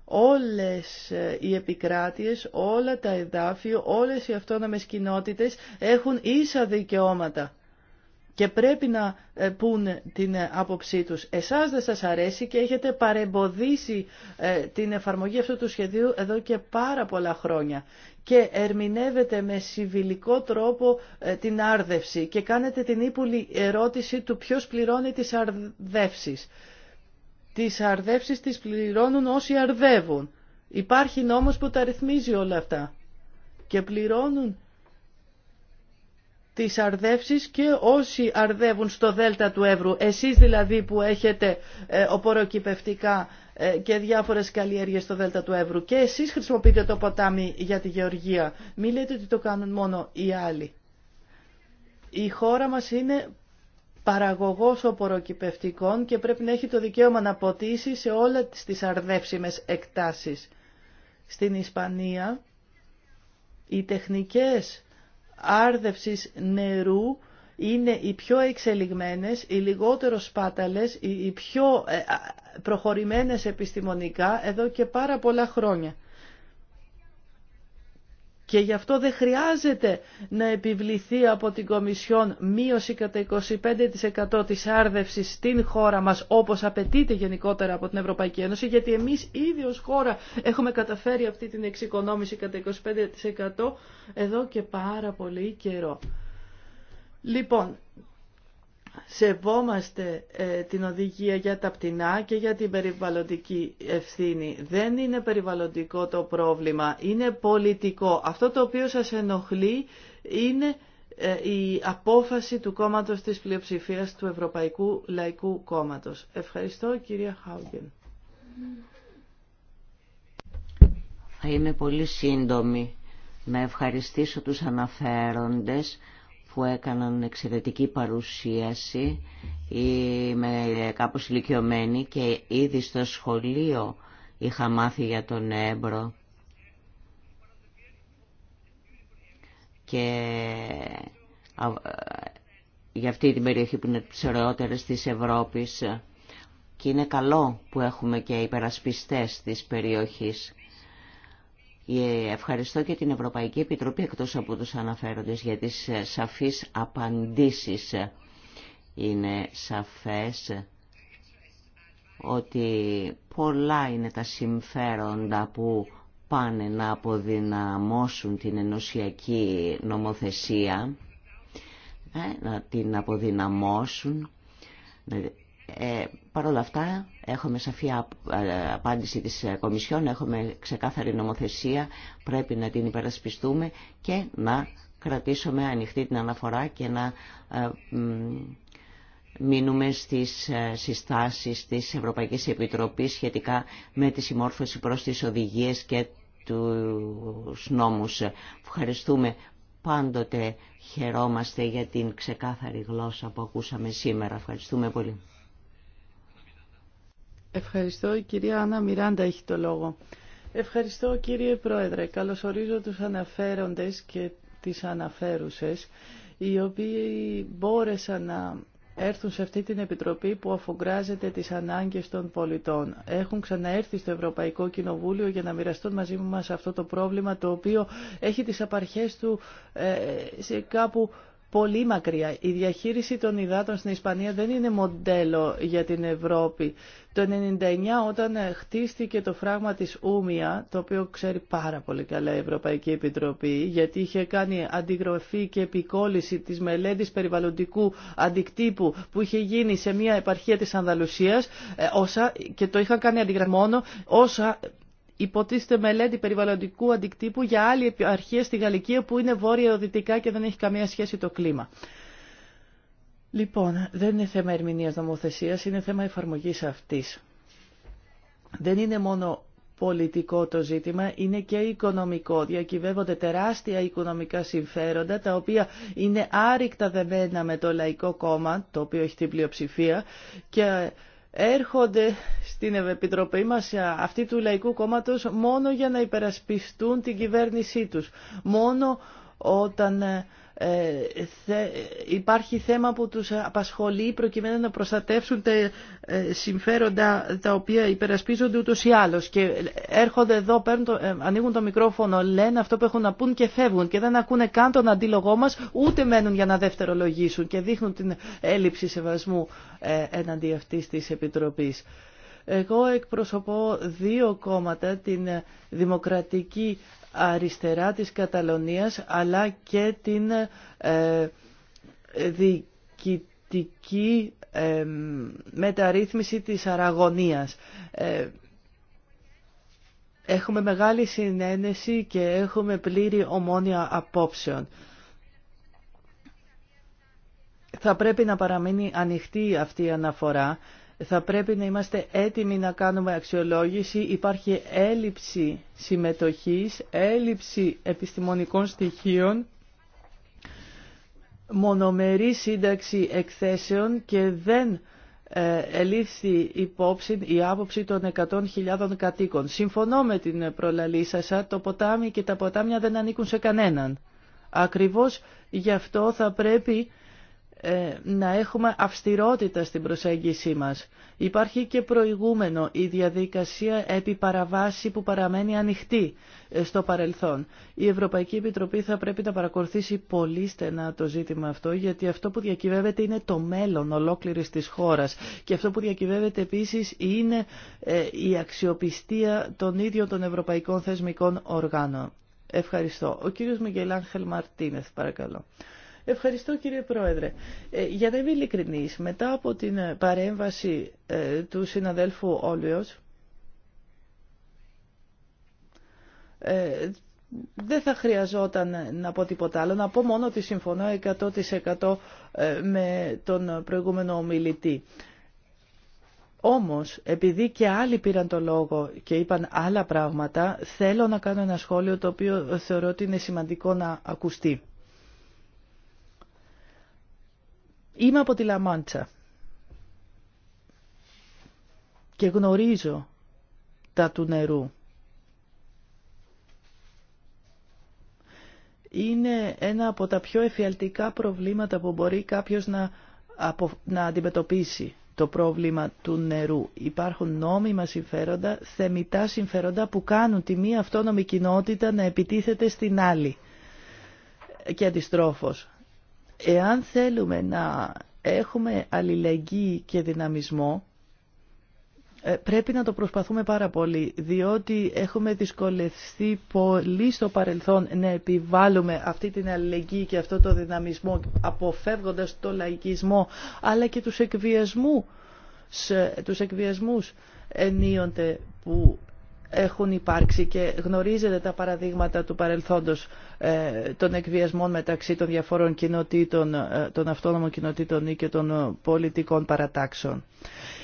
Όλες ε, οι επικράτειες, όλα τα εδάφια, όλες οι αυτόνομες κοινότητες έχουν ίσα δικαιώματα και πρέπει να ε, πούν την ε, άποψή τους. Εσάς δεν σας αρέσει και έχετε παρεμποδίσει ε, την εφαρμογή αυτού του σχεδίου εδώ και πάρα πολλά χρόνια και ερμηνεύετε με συμβιλικό τρόπο την άρδευση και κάνετε την ύπουλη ερώτηση του ποιος πληρώνει τις αρδεύσεις. Τις αρδεύσεις τις πληρώνουν όσοι αρδεύουν. Υπάρχει νόμος που τα ρυθμίζει όλα αυτά και πληρώνουν τις αρδεύσεις και όσοι αρδεύουν στο Δέλτα του Εύρου, εσείς δηλαδή που έχετε ε, οποροκυπευτικά ε, και διάφορες καλλιέργειες στο Δέλτα του Εύρου και εσείς χρησιμοποιείτε το ποτάμι για τη γεωργία. Μην λέτε ότι το κάνουν μόνο οι άλλοι. Η χώρα μας είναι παραγωγός οποροκυπευτικών και πρέπει να έχει το δικαίωμα να ποτίσει σε όλα τις αρδεύσιμες εκτάσεις. Στην Ισπανία οι τεχνικές άρδευσης νερού είναι οι πιο εξελιγμένες, οι λιγότερο σπάταλες, οι πιο ε, προχωρημένες επιστημονικά εδώ και πάρα πολλά χρόνια. Και γι' αυτό δεν χρειάζεται να επιβληθεί από την Κομισιόν μείωση κατά 25% της άρδευσης στην χώρα μας όπως απαιτείται γενικότερα από την Ευρωπαϊκή Ένωση γιατί εμείς ήδη ως χώρα έχουμε καταφέρει αυτή την εξοικονόμηση κατά 25% εδώ και πάρα πολύ καιρό. Λοιπόν, σεβόμαστε ε, την οδηγία για τα πτηνά και για την περιβαλλοντική ευθύνη. Δεν είναι περιβαλλοντικό το πρόβλημα, είναι πολιτικό. Αυτό το οποίο σας ενοχλεί είναι ε, η απόφαση του κόμματος της πλειοψηφίας του Ευρωπαϊκού Λαϊκού Κόμματος. Ευχαριστώ κυρία Χάουγεν. Θα είμαι πολύ σύντομη να ευχαριστήσω τους αναφέροντες που έκαναν εξαιρετική παρουσίαση με κάπως ηλικιωμένη και ήδη στο σχολείο είχα μάθει για τον Έμπρο και για αυτή την περιοχή που είναι τις ωραιότερες της Ευρώπης και είναι καλό που έχουμε και υπερασπιστές της περιοχής ε, ευχαριστώ και την Ευρωπαϊκή Επιτροπή εκτός από τους αναφέροντες για τις ε, σαφείς απαντήσεις. Είναι σαφές ότι πολλά είναι τα συμφέροντα που πάνε να αποδυναμώσουν την ενωσιακή νομοθεσία, ε, να την αποδυναμώσουν. Ε, Παρ' όλα αυτά Έχουμε σαφή ε, απάντηση της Κομισιόν, έχουμε ξεκάθαρη νομοθεσία, πρέπει να την υπερασπιστούμε και να κρατήσουμε ανοιχτή την αναφορά και να ε, μείνουμε στις ε, συστάσεις της Ευρωπαϊκής Επιτροπής σχετικά με τη συμμόρφωση προς τις οδηγίες και τους νόμους. Ευχαριστούμε πάντοτε χαιρόμαστε για την ξεκάθαρη γλώσσα που ακούσαμε σήμερα. Ευχαριστούμε πολύ. Ευχαριστώ. Η κυρία Άννα Μιράντα έχει το λόγο. Ευχαριστώ κύριε Πρόεδρε. Καλωσορίζω τους αναφέροντες και τις αναφέρουσες, οι οποίοι μπόρεσαν να έρθουν σε αυτή την Επιτροπή που αφογκράζεται τις ανάγκες των πολιτών. Έχουν ξαναέρθει στο Ευρωπαϊκό Κοινοβούλιο για να μοιραστούν μαζί μας αυτό το πρόβλημα το οποίο έχει τις απαρχές του ε, σε κάπου πολύ μακριά. Η διαχείριση των υδάτων στην Ισπανία δεν είναι μοντέλο για την Ευρώπη. Το 1999 όταν χτίστηκε το φράγμα της Ούμια, το οποίο ξέρει πάρα πολύ καλά η Ευρωπαϊκή Επιτροπή, γιατί είχε κάνει αντιγραφή και επικόλυση της μελέτης περιβαλλοντικού αντικτύπου που είχε γίνει σε μια επαρχία της Ανδαλουσίας, ε, όσα, και το είχαν κάνει αντιγραφή μόνο όσα υποτίθεται μελέτη περιβαλλοντικού αντικτύπου για άλλη αρχή στη Γαλλικία που είναι βόρειο-δυτικά και δεν έχει καμία σχέση το κλίμα. Λοιπόν, δεν είναι θέμα ερμηνεία νομοθεσία, είναι θέμα εφαρμογή αυτή. Δεν είναι μόνο πολιτικό το ζήτημα, είναι και οικονομικό. Διακυβεύονται τεράστια οικονομικά συμφέροντα, τα οποία είναι άρρηκτα δεμένα με το Λαϊκό Κόμμα, το οποίο έχει την πλειοψηφία, και έρχονται στην Επιτροπή μας ε, αυτοί του Λαϊκού Κόμματος μόνο για να υπερασπιστούν την κυβέρνησή τους. Μόνο όταν ε, ε, υπάρχει θέμα που τους απασχολεί προκειμένου να προστατεύσουν τα ε, συμφέροντα τα οποία υπερασπίζονται ούτως ή άλλως και έρχονται εδώ, ε, ανοίγουν το μικρόφωνο, λένε αυτό που έχουν να πούν και φεύγουν και δεν ακούνε καν τον αντίλογό μας ούτε μένουν για να δευτερολογήσουν και δείχνουν την έλλειψη σεβασμού εναντί αυτής της Επιτροπής. Εγώ εκπροσωπώ δύο κόμματα, την Δημοκρατική αριστερά της Καταλωνίας αλλά και την ε, διοικητική ε, μεταρρύθμιση της Αραγωνίας. Ε, έχουμε μεγάλη συνένεση και έχουμε πλήρη ομόνια απόψεων. Θα πρέπει να παραμείνει ανοιχτή αυτή η αναφορά θα πρέπει να είμαστε έτοιμοι να κάνουμε αξιολόγηση. Υπάρχει έλλειψη συμμετοχής, έλλειψη επιστημονικών στοιχείων, μονομερή σύνταξη εκθέσεων και δεν ε, ελήφθη υπόψη η άποψη των 100.000 κατοίκων. Συμφωνώ με την προλαλή σας, το ποτάμι και τα ποτάμια δεν ανήκουν σε κανέναν. Ακριβώς γι' αυτό θα πρέπει ε, να έχουμε αυστηρότητα στην προσέγγιση μας. Υπάρχει και προηγούμενο η διαδικασία επί παραβάση που παραμένει ανοιχτή ε, στο παρελθόν. Η Ευρωπαϊκή Επιτροπή θα πρέπει να παρακολουθήσει πολύ στενά το ζήτημα αυτό, γιατί αυτό που διακυβεύεται είναι το μέλλον ολόκληρης της χώρας και αυτό που διακυβεύεται επίσης είναι ε, η αξιοπιστία των ίδιων των ευρωπαϊκών θεσμικών οργάνων. Ευχαριστώ. Ο κύριος Μιγγελάνχελ Μαρτίνεθ, παρακαλώ. Ευχαριστώ κύριε Πρόεδρε. Ε, για να είμαι ειλικρινής, μετά από την ε, παρέμβαση ε, του συναδέλφου Όλιος, δεν θα χρειαζόταν να πω τίποτα άλλο. Να πω μόνο ότι συμφωνώ 100% με τον προηγούμενο ομιλητή. Όμως, επειδή και άλλοι πήραν το λόγο και είπαν άλλα πράγματα, θέλω να κάνω ένα σχόλιο το οποίο θεωρώ ότι είναι σημαντικό να ακουστεί. Είμαι από τη Λαμάντσα και γνωρίζω τα του νερού. Είναι ένα από τα πιο εφιαλτικά προβλήματα που μπορεί κάποιος να, να αντιμετωπίσει το πρόβλημα του νερού. Υπάρχουν νόμιμα συμφέροντα, θεμητά συμφέροντα που κάνουν τη μία αυτόνομη κοινότητα να επιτίθεται στην άλλη και αντιστρόφως. Εάν θέλουμε να έχουμε αλληλεγγύη και δυναμισμό, ε, πρέπει να το προσπαθούμε πάρα πολύ, διότι έχουμε δυσκολευθεί πολύ στο παρελθόν να επιβάλλουμε αυτή την αλληλεγγύη και αυτό το δυναμισμό, αποφεύγοντας το λαϊκισμό, αλλά και τους εκβιασμούς, τους εκβιασμούς ενίοτε που έχουν υπάρξει και γνωρίζετε τα παραδείγματα του παρελθόντος ε, των εκβιασμών μεταξύ των διαφόρων κοινοτήτων, ε, των αυτόνομων κοινοτήτων ή και των ε, πολιτικών παρατάξεων.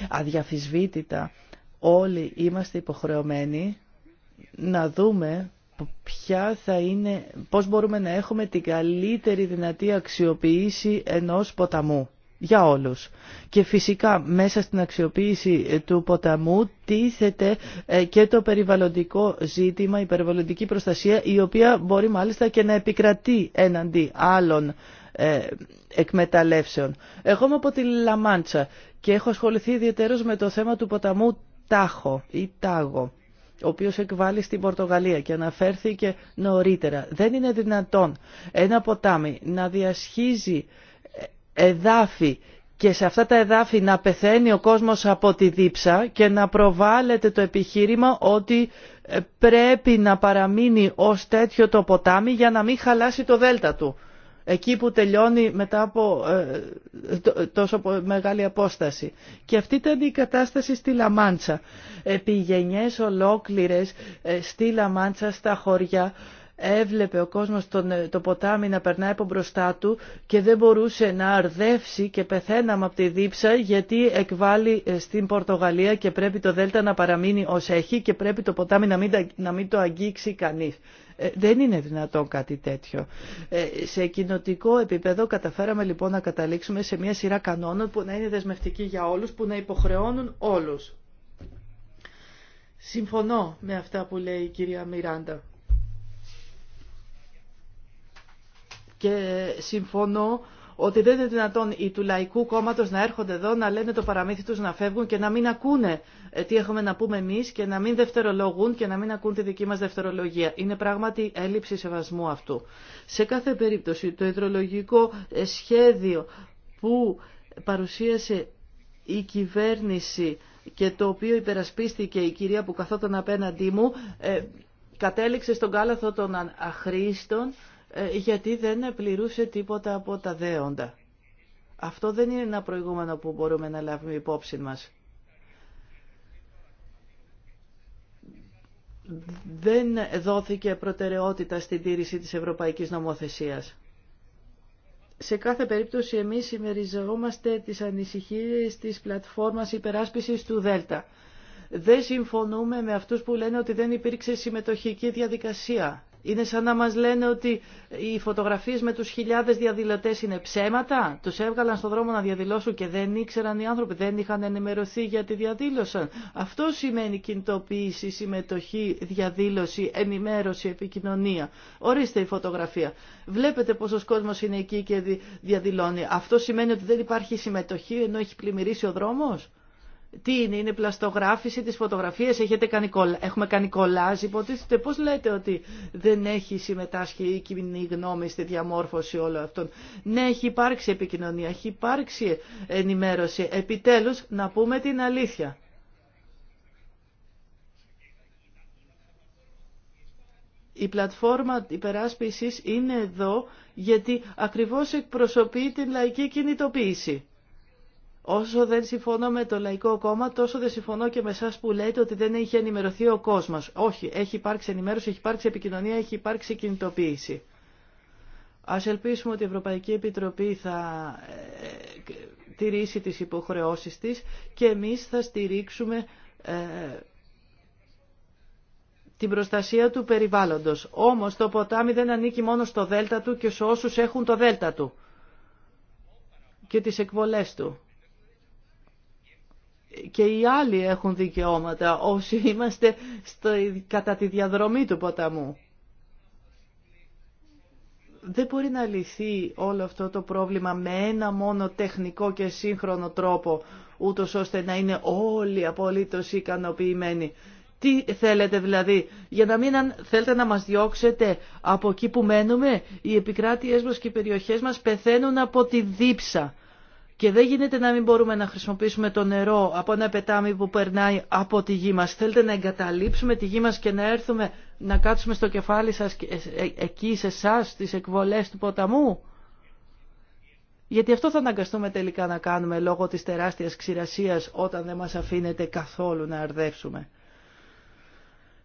Αδιαφυσβήτητα όλοι είμαστε υποχρεωμένοι να δούμε ποια θα είναι, πώς μπορούμε να έχουμε την καλύτερη δυνατή αξιοποίηση ενός ποταμού για όλους. Και φυσικά μέσα στην αξιοποίηση ε, του ποταμού τίθεται ε, και το περιβαλλοντικό ζήτημα, η περιβαλλοντική προστασία, η οποία μπορεί μάλιστα και να επικρατεί έναντι άλλων ε, εκμεταλλεύσεων. Εγώ είμαι από τη Λαμάντσα και έχω ασχοληθεί ιδιαίτερως με το θέμα του ποταμού Τάχο ή Τάγο ο οποίος εκβάλλει στην Πορτογαλία και αναφέρθηκε νωρίτερα. Δεν είναι δυνατόν ένα ποτάμι να διασχίζει εδάφη και σε αυτά τα εδάφη να πεθαίνει ο κόσμος από τη δίψα και να προβάλλεται το επιχείρημα ότι ε, πρέπει να παραμείνει ως τέτοιο το ποτάμι για να μην χαλάσει το δέλτα του. Εκεί που τελειώνει μετά από ε, τόσο μεγάλη απόσταση. Και αυτή ήταν η κατάσταση στη Λαμάντσα. Επί ολόκληρες ε, στη Λαμάντσα, στα χωριά έβλεπε ο κόσμος τον, ε, το ποτάμι να περνάει από μπροστά του και δεν μπορούσε να αρδεύσει και πεθαίναμε από τη δίψα γιατί εκβάλλει ε, στην Πορτογαλία και πρέπει το Δέλτα να παραμείνει ως έχει και πρέπει το ποτάμι να μην, να μην το αγγίξει κανείς. Ε, δεν είναι δυνατόν κάτι τέτοιο. σε κοινοτικό επίπεδο καταφέραμε λοιπόν να καταλήξουμε σε μια σειρά κανόνων που να είναι δεσμευτικοί για όλους, που να υποχρεώνουν όλους. Συμφωνώ με αυτά που λέει η κυρία Μιράντα. και συμφωνώ ότι δεν είναι δυνατόν οι του Λαϊκού Κόμματο να έρχονται εδώ, να λένε το παραμύθι του, να φεύγουν και να μην ακούνε ε, τι έχουμε να πούμε εμεί και να μην δευτερολογούν και να μην ακούν τη δική μα δευτερολογία. Είναι πράγματι έλλειψη σεβασμού αυτού. Σε κάθε περίπτωση, το υδρολογικό ε, σχέδιο που παρουσίασε η κυβέρνηση και το οποίο υπερασπίστηκε η κυρία που καθόταν απέναντί μου, ε, κατέληξε στον κάλαθο των αχρήστων ε, γιατί δεν πληρούσε τίποτα από τα δέοντα. Αυτό δεν είναι ένα προηγούμενο που μπορούμε να λάβουμε υπόψη μας. Δεν δόθηκε προτεραιότητα στην τήρηση της ευρωπαϊκής νομοθεσίας. Σε κάθε περίπτωση εμείς συμμεριζόμαστε τις ανησυχίες της πλατφόρμας υπεράσπισης του ΔΕΛΤΑ. Δεν συμφωνούμε με αυτούς που λένε ότι δεν υπήρξε συμμετοχική διαδικασία. Είναι σαν να μας λένε ότι οι φωτογραφίες με τους χιλιάδες διαδηλωτές είναι ψέματα. Τους έβγαλαν στον δρόμο να διαδηλώσουν και δεν ήξεραν οι άνθρωποι, δεν είχαν ενημερωθεί γιατί διαδήλωσαν. Αυτό σημαίνει κινητοποίηση, συμμετοχή, διαδήλωση, ενημέρωση, επικοινωνία. Ορίστε η φωτογραφία. Βλέπετε πόσο κόσμο είναι εκεί και διαδηλώνει. Αυτό σημαίνει ότι δεν υπάρχει συμμετοχή ενώ έχει πλημμυρίσει ο δρόμος. Τι είναι, είναι πλαστογράφηση τη φωτογραφία, έχετε έχουμε κάνει κολάζ, υποτίθεται πώς λέτε ότι δεν έχει συμμετάσχει η κοινή γνώμη στη διαμόρφωση όλων αυτών. Ναι, έχει υπάρξει επικοινωνία, έχει υπάρξει ενημέρωση. Επιτέλους, να πούμε την αλήθεια. Η πλατφόρμα υπεράσπισης είναι εδώ γιατί ακριβώς εκπροσωπεί την λαϊκή κινητοποίηση. Όσο δεν συμφωνώ με το Λαϊκό Κόμμα, τόσο δεν συμφωνώ και με εσά που λέτε ότι δεν έχει ενημερωθεί ο κόσμο. Όχι, έχει υπάρξει ενημέρωση, έχει υπάρξει επικοινωνία, έχει υπάρξει κινητοποίηση. Α ελπίσουμε ότι η Ευρωπαϊκή Επιτροπή θα ε, τηρήσει τις υποχρεώσεις της και εμείς θα στηρίξουμε ε, την προστασία του περιβάλλοντος. Όμως το ποτάμι δεν ανήκει μόνο στο δέλτα του και σε όσους έχουν το δέλτα του και τις εκβολές του και οι άλλοι έχουν δικαιώματα όσοι είμαστε στο, κατά τη διαδρομή του ποταμού. Δεν μπορεί να λυθεί όλο αυτό το πρόβλημα με ένα μόνο τεχνικό και σύγχρονο τρόπο, ούτω ώστε να είναι όλοι απολύτως ικανοποιημένοι. Τι θέλετε δηλαδή, για να μην θέλετε να μας διώξετε από εκεί που μένουμε, οι επικράτειές μας και οι περιοχές μας πεθαίνουν από τη δίψα. Και δεν γίνεται να μην μπορούμε να χρησιμοποιήσουμε το νερό από ένα πετάμι που περνάει από τη γη μας. Θέλετε να εγκαταλείψουμε τη γη μας και να έρθουμε να κάτσουμε στο κεφάλι σας ε, ε, εκεί σε εσά τις εκβολές του ποταμού. Γιατί αυτό θα αναγκαστούμε τελικά να κάνουμε λόγω της τεράστιας ξηρασίας όταν δεν μας αφήνεται καθόλου να αρδεύσουμε.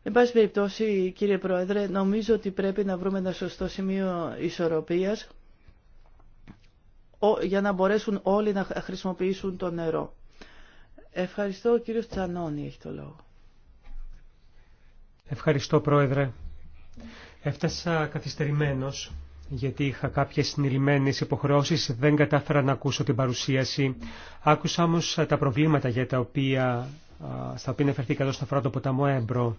Εν πάση περιπτώσει κύριε Πρόεδρε νομίζω ότι πρέπει να βρούμε ένα σωστό σημείο ισορροπίας για να μπορέσουν όλοι να χρησιμοποιήσουν το νερό. Ευχαριστώ. Ο κύριος Τσανώνη έχει το λόγο. Ευχαριστώ Πρόεδρε. Έφτασα καθυστερημένος γιατί είχα κάποιες συνειλημμένες υποχρεώσεις, δεν κατάφερα να ακούσω την παρουσίαση. Άκουσα όμως τα προβλήματα για τα οποία, στα οποία εφερθήκα εδώ στον φορά το ποταμό Έμπρο.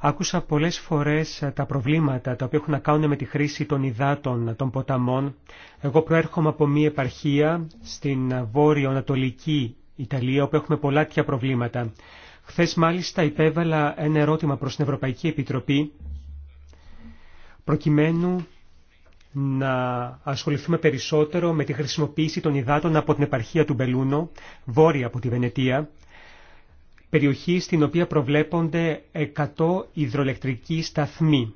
Άκουσα πολλές φορές ε, τα προβλήματα τα οποία έχουν να κάνουν με τη χρήση των υδάτων ε, των ποταμών. Εγώ προέρχομαι από μία επαρχία στην ε, βόρειο-ανατολική Ιταλία όπου έχουμε πολλά τέτοια προβλήματα. Χθες μάλιστα υπέβαλα ένα ερώτημα προς την Ευρωπαϊκή Επιτροπή προκειμένου να ασχοληθούμε περισσότερο με τη χρησιμοποίηση των υδάτων από την επαρχία του Μπελούνο, βόρεια από τη Βενετία, περιοχή στην οποία προβλέπονται 100 υδροελεκτρικοί σταθμοί.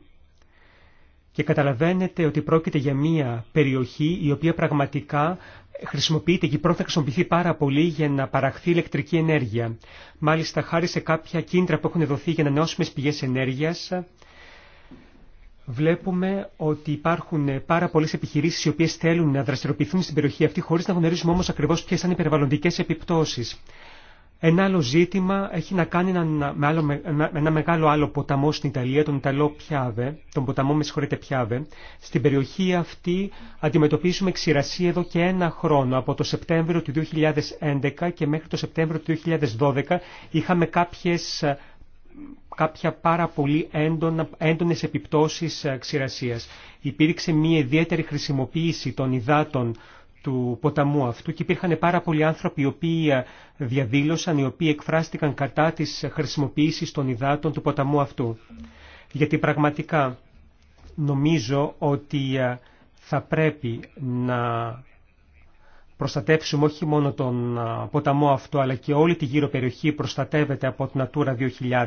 Και καταλαβαίνετε ότι πρόκειται για μια περιοχή η οποία πραγματικά χρησιμοποιείται και πρώτα θα χρησιμοποιηθεί πάρα πολύ για να παραχθεί ηλεκτρική ενέργεια. Μάλιστα χάρη σε κάποια κίνητρα που έχουν δοθεί για να νεώσουμε πηγές ενέργειας, βλέπουμε ότι υπάρχουν πάρα πολλέ επιχειρήσει οι οποίε θέλουν να δραστηριοποιηθούν στην περιοχή αυτή χωρί να γνωρίζουμε όμω ακριβώ ποιε θα είναι οι περιβαλλοντικέ επιπτώσει. Ένα άλλο ζήτημα έχει να κάνει με ένα μεγάλο άλλο ποταμό στην Ιταλία, τον Ιταλό Πιάβε, τον ποταμό με συγχωρείτε Πιάβε. Στην περιοχή αυτή αντιμετωπίζουμε ξηρασία εδώ και ένα χρόνο. Από το Σεπτέμβριο του 2011 και μέχρι το Σεπτέμβριο του 2012 είχαμε κάποιες ε, κάποια πάρα πολύ έντονα, έντονες επιπτώσεις ε, ξηρασίας. Υπήρξε μια ιδιαίτερη χρησιμοποίηση των υδάτων του ποταμού αυτού και υπήρχαν πάρα πολλοί άνθρωποι οι οποίοι ε, διαδήλωσαν, οι οποίοι εκφράστηκαν κατά της χρησιμοποίησης των υδάτων του ποταμού αυτού. Γιατί πραγματικά νομίζω ότι ε, θα πρέπει να προστατεύσουμε όχι μόνο τον ποταμό αυτό, αλλά και όλη τη γύρω περιοχή προστατεύεται από την Natura 2000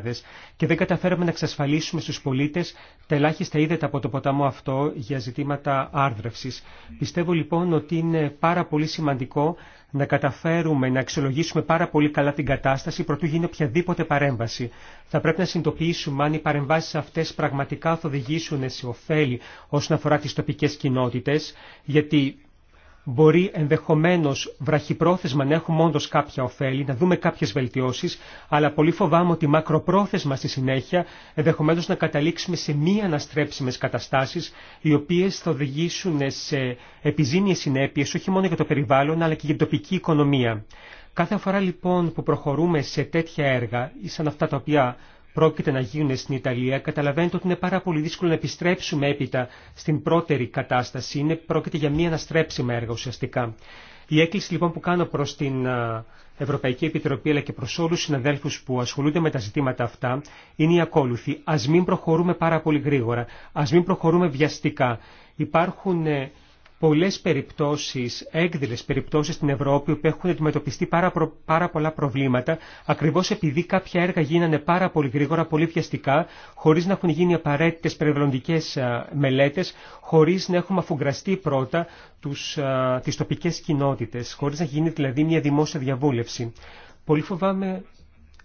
και δεν καταφέραμε να εξασφαλίσουμε στους πολίτες τα ελάχιστα είδετα από το ποταμό αυτό για ζητήματα άρδρευσης. Πιστεύω λοιπόν ότι είναι πάρα πολύ σημαντικό να καταφέρουμε να αξιολογήσουμε πάρα πολύ καλά την κατάσταση προτού γίνει οποιαδήποτε παρέμβαση. Θα πρέπει να συνειδητοποιήσουμε αν οι παρεμβάσει αυτέ πραγματικά θα οδηγήσουν σε ωφέλη όσον αφορά τι τοπικέ κοινότητε, γιατί Μπορεί ενδεχομένως βραχυπρόθεσμα να έχουμε όντω κάποια ωφέλη, να δούμε κάποιες βελτιώσεις, αλλά πολύ φοβάμαι ότι μακροπρόθεσμα στη συνέχεια ενδεχομένως να καταλήξουμε σε μη αναστρέψιμες καταστάσεις, οι οποίες θα οδηγήσουν σε επιζήμιες συνέπειες όχι μόνο για το περιβάλλον, αλλά και για την τοπική οικονομία. Κάθε φορά λοιπόν που προχωρούμε σε τέτοια έργα ή σαν αυτά τα οποία πρόκειται να γίνουν στην Ιταλία, καταλαβαίνετε ότι είναι πάρα πολύ δύσκολο να επιστρέψουμε έπειτα στην πρώτερη κατάσταση. Είναι, πρόκειται για μία αναστρέψιμα έργα ουσιαστικά. Η έκκληση λοιπόν που κάνω προς την Ευρωπαϊκή Επιτροπή αλλά και προς όλους τους συναδέλφους που ασχολούνται με τα ζητήματα αυτά είναι η ακόλουθη. Ας μην προχωρούμε πάρα πολύ γρήγορα, ας μην προχωρούμε βιαστικά. Υπάρχουν ε, πολλές περιπτώσεις, έκδηλες περιπτώσεις στην Ευρώπη που έχουν αντιμετωπιστεί πάρα, πάρα πολλά προβλήματα ακριβώς επειδή κάποια έργα γίνανε πάρα πολύ γρήγορα, πολύ βιαστικά χωρίς να έχουν γίνει απαραίτητες περιβαλλοντικές ε, μελέτες, χωρίς να έχουμε αφουγκραστεί πρώτα τους, τοπικέ ε, τις τοπικές κοινότητες, χωρίς να γίνει δηλαδή μια δημόσια διαβούλευση. Πολύ φοβάμαι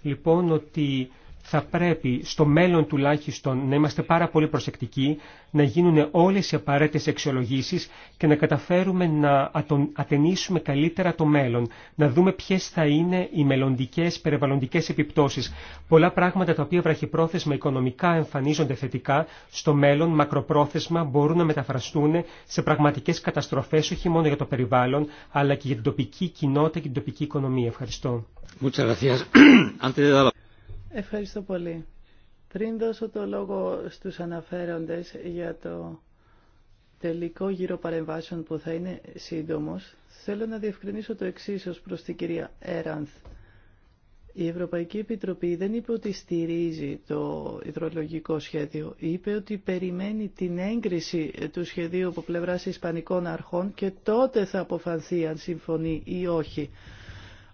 λοιπόν ότι θα πρέπει στο μέλλον τουλάχιστον να είμαστε πάρα πολύ προσεκτικοί, να γίνουν όλες οι απαραίτητες εξολογήσεις και να καταφέρουμε να ατενίσουμε καλύτερα το μέλλον, να δούμε ποιες θα είναι οι μελλοντικέ περιβαλλοντικές επιπτώσεις. Πολλά πράγματα τα οποία βραχυπρόθεσμα οικονομικά εμφανίζονται θετικά, στο μέλλον μακροπρόθεσμα μπορούν να μεταφραστούν σε πραγματικές καταστροφές όχι μόνο για το περιβάλλον, αλλά και για την τοπική κοινότητα και την τοπική οικονομία. Ευχαριστώ. Ευχαριστώ πολύ. Πριν δώσω το λόγο στους αναφέροντες για το τελικό γύρο παρεμβάσεων που θα είναι σύντομος, θέλω να διευκρινίσω το εξής ως προς την κυρία Έρανθ. Η Ευρωπαϊκή Επιτροπή δεν είπε ότι στηρίζει το υδρολογικό σχέδιο. Είπε ότι περιμένει την έγκριση του σχεδίου από πλευράς Ισπανικών αρχών και τότε θα αποφανθεί αν συμφωνεί ή όχι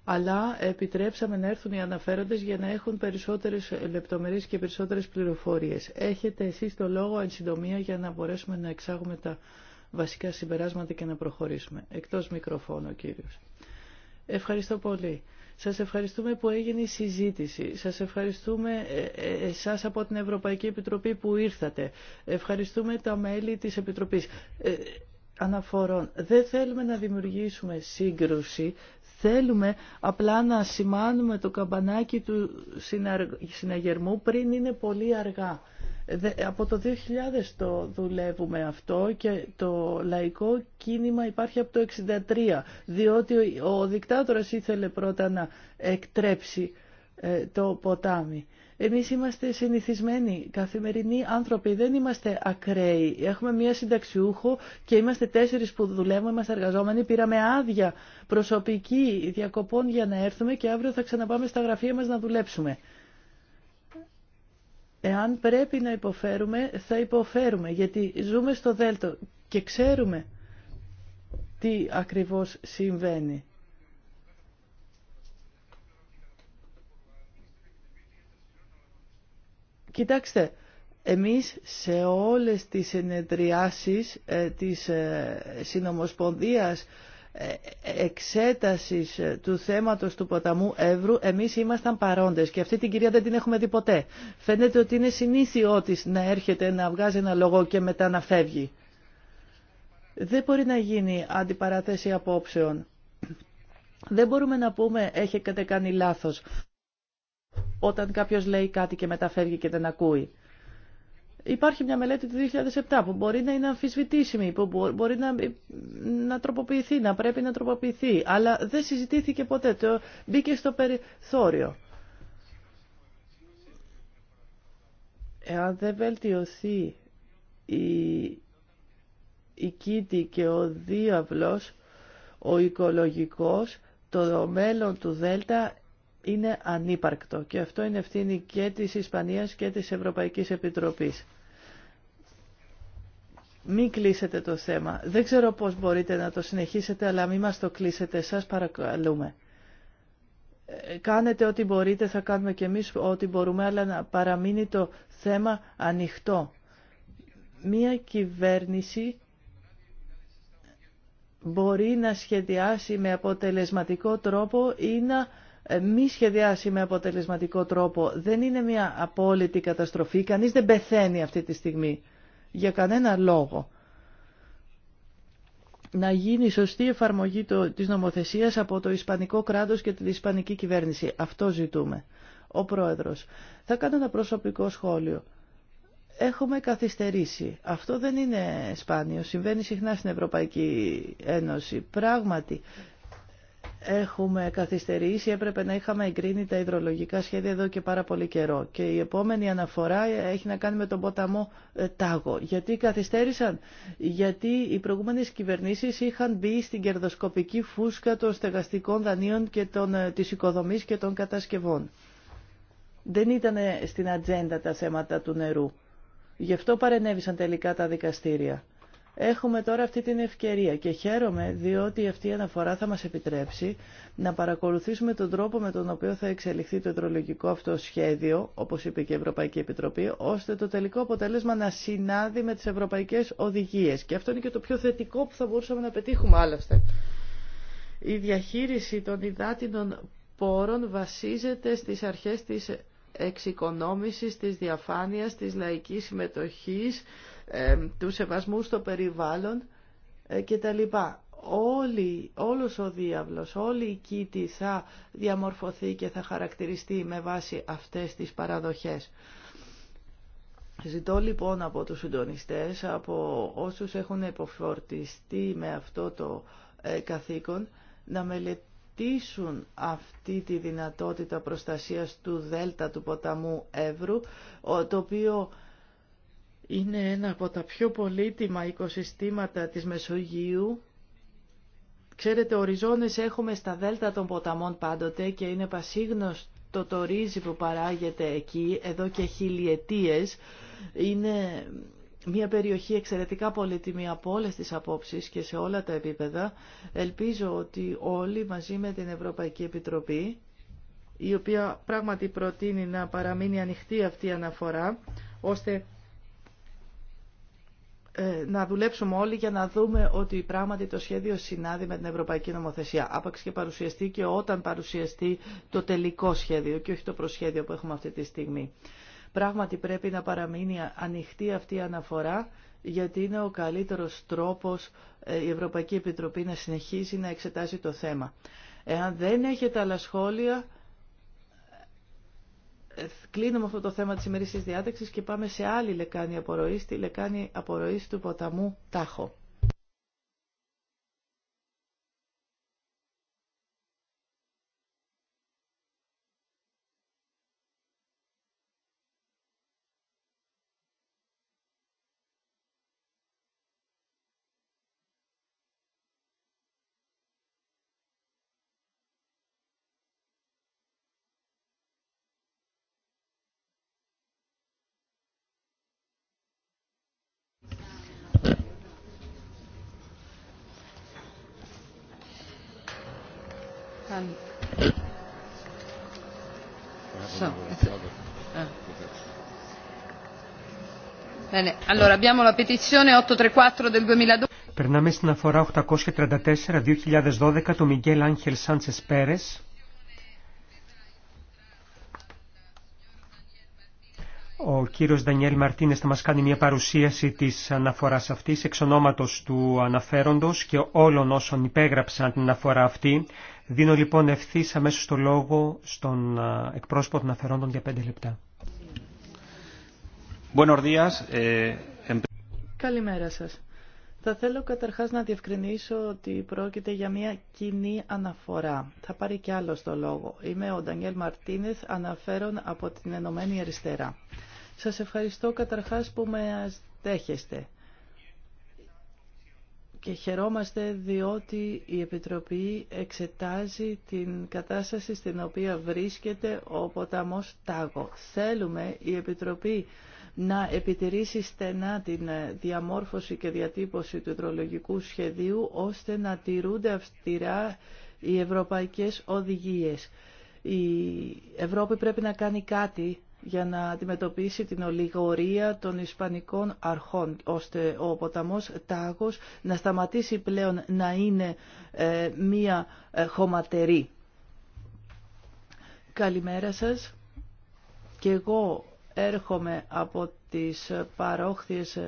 αλλά επιτρέψαμε να έρθουν οι αναφέροντες για να έχουν περισσότερες λεπτομερίες και περισσότερες πληροφορίες. Έχετε εσείς το λόγο εν συντομία για να μπορέσουμε να εξάγουμε τα βασικά συμπεράσματα και να προχωρήσουμε. Εκτός μικροφώνου, κύριος. Ευχαριστώ πολύ. Σας ευχαριστούμε που έγινε η συζήτηση. Σας ευχαριστούμε ε, ε, εσάς από την Ευρωπαϊκή Επιτροπή που ήρθατε. Ευχαριστούμε τα μέλη της Επιτροπής. Ε, αναφορών. Δεν θέλουμε να δημιουργήσουμε σύγκρουση. Θέλουμε απλά να σημάνουμε το καμπανάκι του συναγερμού πριν είναι πολύ αργά. Από το 2000 το δουλεύουμε αυτό και το λαϊκό κίνημα υπάρχει από το 1963, διότι ο δικτάτορας ήθελε πρώτα να εκτρέψει ε, το ποτάμι. Εμείς είμαστε συνηθισμένοι, καθημερινοί άνθρωποι, δεν είμαστε ακραίοι. Έχουμε μία συνταξιούχο και είμαστε τέσσερις που δουλεύουμε, είμαστε εργαζόμενοι, πήραμε άδεια προσωπική διακοπών για να έρθουμε και αύριο θα ξαναπάμε στα γραφεία μας να δουλέψουμε. Εάν πρέπει να υποφέρουμε, θα υποφέρουμε, γιατί ζούμε στο Δέλτο και ξέρουμε τι ακριβώς συμβαίνει. Κοιτάξτε, εμείς σε όλες τις συνεδριάσεις ε, της ε, Συνομοσπονδίας ε, εξέτασης ε, του θέματος του ποταμού Εύρου εμείς ήμασταν παρόντες και αυτή την κυρία δεν την έχουμε δει ποτέ. Φαίνεται ότι είναι συνήθειό της να έρχεται να βγάζει ένα λόγο και μετά να φεύγει. Δεν μπορεί να γίνει αντιπαράθεση απόψεων. Δεν μπορούμε να πούμε έχει κάνει λάθος όταν κάποιος λέει κάτι και μεταφέρει και δεν ακούει. Υπάρχει μια μελέτη του 2007 που μπορεί να είναι αμφισβητήσιμη, που μπορεί να, να τροποποιηθεί, να πρέπει να τροποποιηθεί, αλλά δεν συζητήθηκε ποτέ, το μπήκε στο περιθώριο. Εάν δεν βελτιωθεί η, η κήτη και ο διάβλος, ο οικολογικός, το μέλλον του Δέλτα είναι ανύπαρκτο και αυτό είναι ευθύνη και της Ισπανίας και της Ευρωπαϊκής Επιτροπής. Μην κλείσετε το θέμα. Δεν ξέρω πώς μπορείτε να το συνεχίσετε, αλλά μην μας το κλείσετε. Σας παρακαλούμε. Ε, κάνετε ό,τι μπορείτε, θα κάνουμε και εμείς ό,τι μπορούμε, αλλά να παραμείνει το θέμα ανοιχτό. Μία κυβέρνηση μπορεί να σχεδιάσει με αποτελεσματικό τρόπο ή να ε, μη σχεδιάσει με αποτελεσματικό τρόπο δεν είναι μια απόλυτη καταστροφή. Κανείς δεν πεθαίνει αυτή τη στιγμή για κανένα λόγο. Να γίνει σωστή εφαρμογή το, της νομοθεσίας από το Ισπανικό κράτος και την Ισπανική κυβέρνηση. Αυτό ζητούμε. Ο Πρόεδρος. Θα κάνω ένα προσωπικό σχόλιο. Έχουμε καθυστερήσει. Αυτό δεν είναι σπάνιο. Συμβαίνει συχνά στην Ευρωπαϊκή Ένωση. Πράγματι, έχουμε καθυστερήσει, έπρεπε να είχαμε εγκρίνει τα υδρολογικά σχέδια εδώ και πάρα πολύ καιρό. Και η επόμενη αναφορά έχει να κάνει με τον ποταμό ε, Τάγο. Γιατί καθυστέρησαν, γιατί οι προηγούμενες κυβερνήσεις είχαν μπει στην κερδοσκοπική φούσκα των στεγαστικών δανείων και των, ε, της οικοδομής και των κατασκευών. Δεν ήταν στην ατζέντα τα θέματα του νερού. Γι' αυτό παρενέβησαν τελικά τα δικαστήρια. Έχουμε τώρα αυτή την ευκαιρία και χαίρομαι διότι αυτή η αναφορά θα μας επιτρέψει να παρακολουθήσουμε τον τρόπο με τον οποίο θα εξελιχθεί το υδρολογικό αυτό σχέδιο, όπως είπε και η Ευρωπαϊκή Επιτροπή, ώστε το τελικό αποτέλεσμα να συνάδει με τις ευρωπαϊκές οδηγίες. Και αυτό είναι και το πιο θετικό που θα μπορούσαμε να πετύχουμε άλλωστε. Η διαχείριση των υδάτινων πόρων βασίζεται στις αρχές της εξοικονόμησης, της διαφάνειας, της λαϊκής συμμετοχής, ε, του σεβασμού στο περιβάλλον ε, και λοιπά Όλη, όλος ο διάβλος, όλη η κήτη θα διαμορφωθεί και θα χαρακτηριστεί με βάση αυτές τις παραδοχές. Ζητώ λοιπόν από τους συντονιστές, από όσους έχουν υποφορτιστεί με αυτό το ε, καθήκον, να μελετήσουν αυτή τη δυνατότητα προστασίας του δέλτα του ποταμού Εύρου, το οποίο είναι ένα από τα πιο πολύτιμα οικοσυστήματα της Μεσογείου. Ξέρετε, οριζόνες έχουμε στα δέλτα των ποταμών πάντοτε και είναι πασίγνωστο το ρύζι που παράγεται εκεί εδώ και χιλιετίες. Είναι μια περιοχή εξαιρετικά πολύτιμη από όλες τις απόψεις και σε όλα τα επίπεδα. Ελπίζω ότι όλοι μαζί με την Ευρωπαϊκή Επιτροπή, η οποία πράγματι προτείνει να παραμείνει ανοιχτή αυτή η αναφορά, ώστε ε, να δουλέψουμε όλοι για να δούμε ότι πράγματι το σχέδιο συνάδει με την Ευρωπαϊκή Νομοθεσία. Άπαξ και παρουσιαστεί και όταν παρουσιαστεί το τελικό σχέδιο και όχι το προσχέδιο που έχουμε αυτή τη στιγμή. Πράγματι πρέπει να παραμείνει ανοιχτή αυτή η αναφορά γιατί είναι ο καλύτερος τρόπος ε, η Ευρωπαϊκή Επιτροπή να συνεχίζει να εξετάζει το θέμα. Εάν δεν έχετε άλλα σχόλια, κλείνουμε αυτό το θέμα της ημερήσιας διάταξης και πάμε σε άλλη λεκάνη απορροής, τη λεκάνη απορροής του ποταμού Τάχο. Eh. Περνάμε στην αφορά 834-2012 του Μιγγέλ Άγχελ Σάντσες Πέρε. Ο κύριος Δανιέλ Μαρτίνες θα μας κάνει μια παρουσίαση της αναφοράς αυτής εξ ονόματος του αναφέροντος και όλων όσων υπέγραψαν την αναφορά αυτή. Δίνω λοιπόν ευθύ αμέσω το λόγο στον εκπρόσωπο των τον για πέντε λεπτά. Ε, Καλημέρα σας. Θα θέλω καταρχάς να διευκρινίσω ότι πρόκειται για μια κοινή αναφορά. Θα πάρει κι άλλο το λόγο. Είμαι ο Ντανιέλ Μαρτίνεθ, αναφέρον από την Ενωμένη Αριστερά. Σας ευχαριστώ καταρχάς που με δέχεστε και χαιρόμαστε διότι η Επιτροπή εξετάζει την κατάσταση στην οποία βρίσκεται ο ποταμός Τάγο. Θέλουμε η Επιτροπή να επιτηρήσει στενά την διαμόρφωση και διατύπωση του υδρολογικού σχεδίου ώστε να τηρούνται αυστηρά οι ευρωπαϊκές οδηγίες. Η Ευρώπη πρέπει να κάνει κάτι για να αντιμετωπίσει την ολιγορία των Ισπανικών αρχών, ώστε ο ποταμός Τάγος να σταματήσει πλέον να είναι ε, μία ε, χωματερή. Καλημέρα σας. Και εγώ έρχομαι από τις παρόχθιες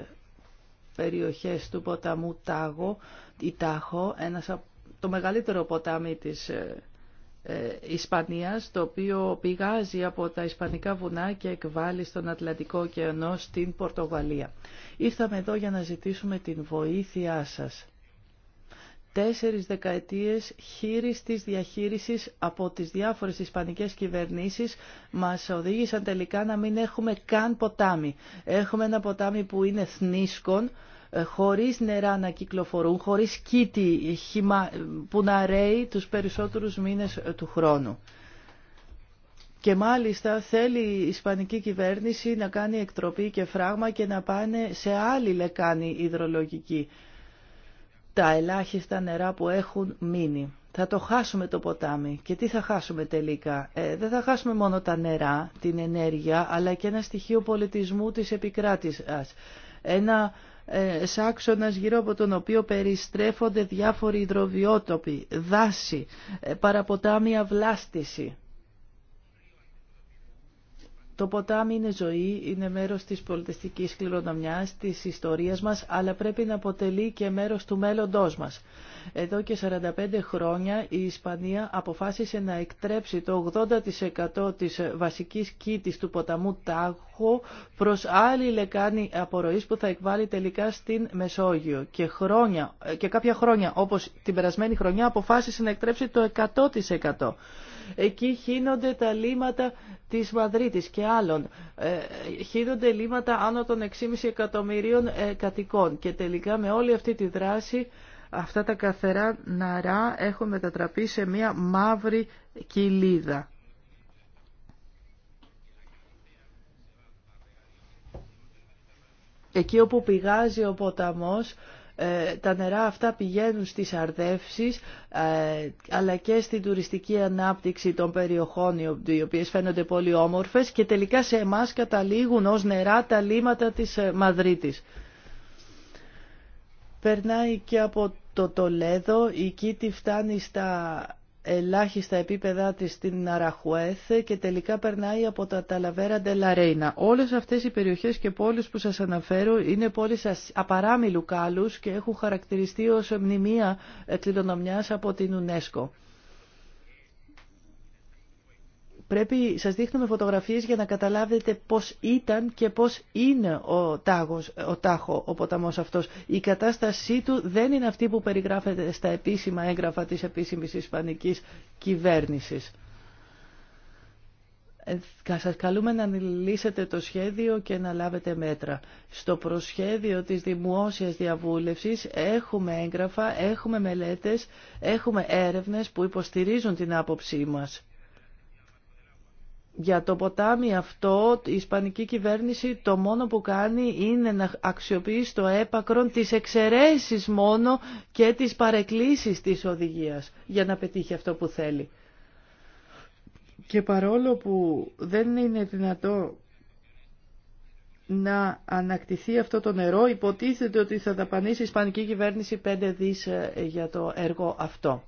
περιοχές του ποταμού Τάγο, η Τάχο, ένας το μεγαλύτερο ποτάμι της ε, ε, Ισπανίας, το οποίο πηγάζει από τα Ισπανικά βουνά και εκβάλλει στον Ατλαντικό ωκεανό στην Πορτογαλία. Ήρθαμε εδώ για να ζητήσουμε την βοήθειά σας. Τέσσερις δεκαετίες χείρις της διαχείρισης από τις διάφορες ισπανικές κυβερνήσεις μας οδήγησαν τελικά να μην έχουμε καν ποτάμι. Έχουμε ένα ποτάμι που είναι θνίσκον, ε, χωρίς νερά να κυκλοφορούν, χωρίς κήτη ε, ε, που να ρέει τους περισσότερους μήνες του χρόνου. Και μάλιστα θέλει η Ισπανική κυβέρνηση να κάνει εκτροπή και φράγμα και να πάνε σε άλλη λεκάνη υδρολογική τα ελάχιστα νερά που έχουν μείνει. Θα το χάσουμε το ποτάμι. Και τι θα χάσουμε τελικά. Ε, δεν θα χάσουμε μόνο τα νερά, την ενέργεια, αλλά και ένα στοιχείο πολιτισμού της επικράτησας. Ένα ε, σάξονας γύρω από τον οποίο περιστρέφονται διάφοροι υδροβιότοποι, δάση, ε, παραποτάμια βλάστηση. Το ποτάμι είναι ζωή, είναι μέρος της πολιτιστικής κληρονομιάς, της ιστορίας μας, αλλά πρέπει να αποτελεί και μέρος του μέλλοντός μας. Εδώ και 45 χρόνια η Ισπανία αποφάσισε να εκτρέψει το 80% της βασικής κήτης του ποταμού Τάχο προς άλλη λεκάνη απορροής που θα εκβάλει τελικά στην Μεσόγειο. Και, χρόνια, ε, και κάποια χρόνια, όπως την περασμένη χρονιά, αποφάσισε να εκτρέψει το 100%. Εκεί χύνονται τα λίματα της Μαδρίτης και άλλων. Ε, χύνονται λίματα άνω των 6,5 εκατομμυρίων ε, κατοικών. Και τελικά με όλη αυτή τη δράση αυτά τα καθερά ναρά έχουν μετατραπεί σε μία μαύρη κοιλίδα. Εκεί όπου πηγάζει ο ποταμός, ε, τα νερά αυτά πηγαίνουν στις αρδεύσεις ε, αλλά και στην τουριστική ανάπτυξη των περιοχών οι οποίες φαίνονται πολύ όμορφες και τελικά σε εμάς καταλήγουν ως νερά τα λίματα της ε, Μαδρίτης περνάει και από το Τολέδο, η Κίτη φτάνει στα ελάχιστα επίπεδά της στην Αραχουέθε και τελικά περνάει από τα Ταλαβέρα Ντελαρέινα. Όλες αυτές οι περιοχές και πόλεις που σας αναφέρω είναι πόλεις απαράμιλου κάλους και έχουν χαρακτηριστεί ως μνημεία κληρονομιάς από την UNESCO. Πρέπει, σας δείχνουμε φωτογραφίες για να καταλάβετε πώς ήταν και πώς είναι ο, τάγος, ο τάχο, ο ποταμός αυτός. Η κατάστασή του δεν είναι αυτή που περιγράφεται στα επίσημα έγγραφα της επίσημης ισπανικής κυβέρνησης. Ε, σας καλούμε να λύσετε το σχέδιο και να λάβετε μέτρα. Στο προσχέδιο της δημόσιας διαβούλευσης έχουμε έγγραφα, έχουμε μελέτες, έχουμε έρευνες που υποστηρίζουν την άποψή μας. Για το ποτάμι αυτό η Ισπανική κυβέρνηση το μόνο που κάνει είναι να αξιοποιεί στο έπακρον τις εξαιρέσεις μόνο και τις παρεκκλήσεις της οδηγίας για να πετύχει αυτό που θέλει. Και παρόλο που δεν είναι δυνατό να ανακτηθεί αυτό το νερό, υποτίθεται ότι θα δαπανήσει η Ισπανική κυβέρνηση 5 δις ε, για το έργο αυτό.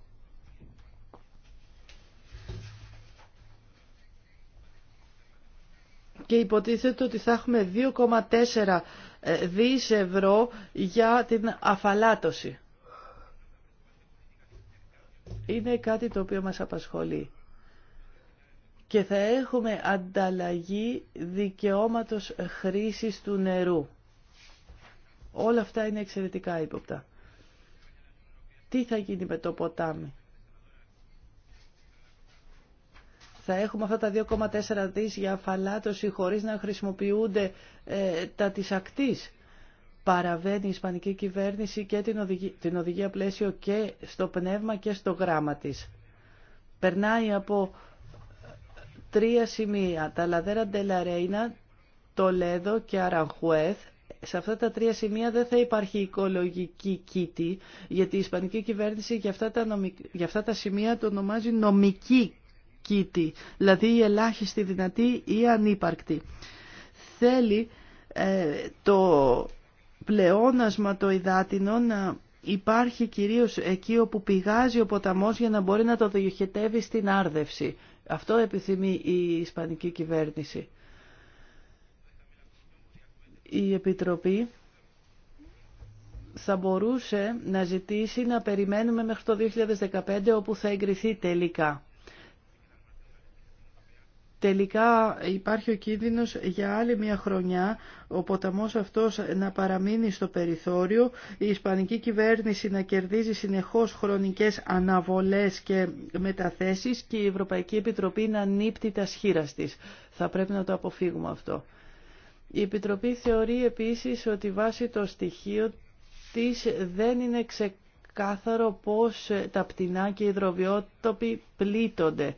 και υποτίθεται ότι θα έχουμε 2,4 ε, δις ευρώ για την αφαλάτωση. Είναι κάτι το οποίο μας απασχολεί. Και θα έχουμε ανταλλαγή δικαιώματος χρήσης του νερού. Όλα αυτά είναι εξαιρετικά ύποπτα. Τι θα γίνει με το ποτάμι. Θα έχουμε αυτά τα 2,4 δις για αφαλάτωση χωρίς να χρησιμοποιούνται ε, τα της ακτής. Παραβαίνει η Ισπανική κυβέρνηση και την, οδηγία, την πλαίσιο και στο πνεύμα και στο γράμμα της. Περνάει από ε, τρία σημεία, τα Λαδέρα Ντελαρέινα, το Λέδο και Αραγχουέθ, σε αυτά τα τρία σημεία δεν θα υπάρχει οικολογική κήτη, γιατί η Ισπανική κυβέρνηση για αυτά τα, για αυτά τα σημεία το ονομάζει νομική κήτη, δηλαδή η ελάχιστη δυνατή ή ανύπαρκτη. Θέλει ε, το πλεόνασμα το υδάτινο να υπάρχει κυρίως εκεί όπου πηγάζει ο ποταμός για να μπορεί να το διοχετεύει στην άρδευση. Αυτό επιθυμεί η Ισπανική κυβέρνηση. Η Επιτροπή θα μπορούσε να ζητήσει να περιμένουμε μέχρι το 2015 όπου θα εγκριθεί τελικά Τελικά υπάρχει ο κίνδυνος για άλλη μια χρονιά ο ποταμός αυτός να παραμείνει στο περιθώριο, η Ισπανική κυβέρνηση να κερδίζει συνεχώς χρονικές αναβολές και μεταθέσεις και η Ευρωπαϊκή Επιτροπή να νύπτει τα σχήρας της. Θα πρέπει να το αποφύγουμε αυτό. Η Επιτροπή θεωρεί επίσης ότι βάσει το στοιχείο της δεν είναι ξεκάθαρο πώς τα πτηνά και οι υδροβιότοποι πλήττονται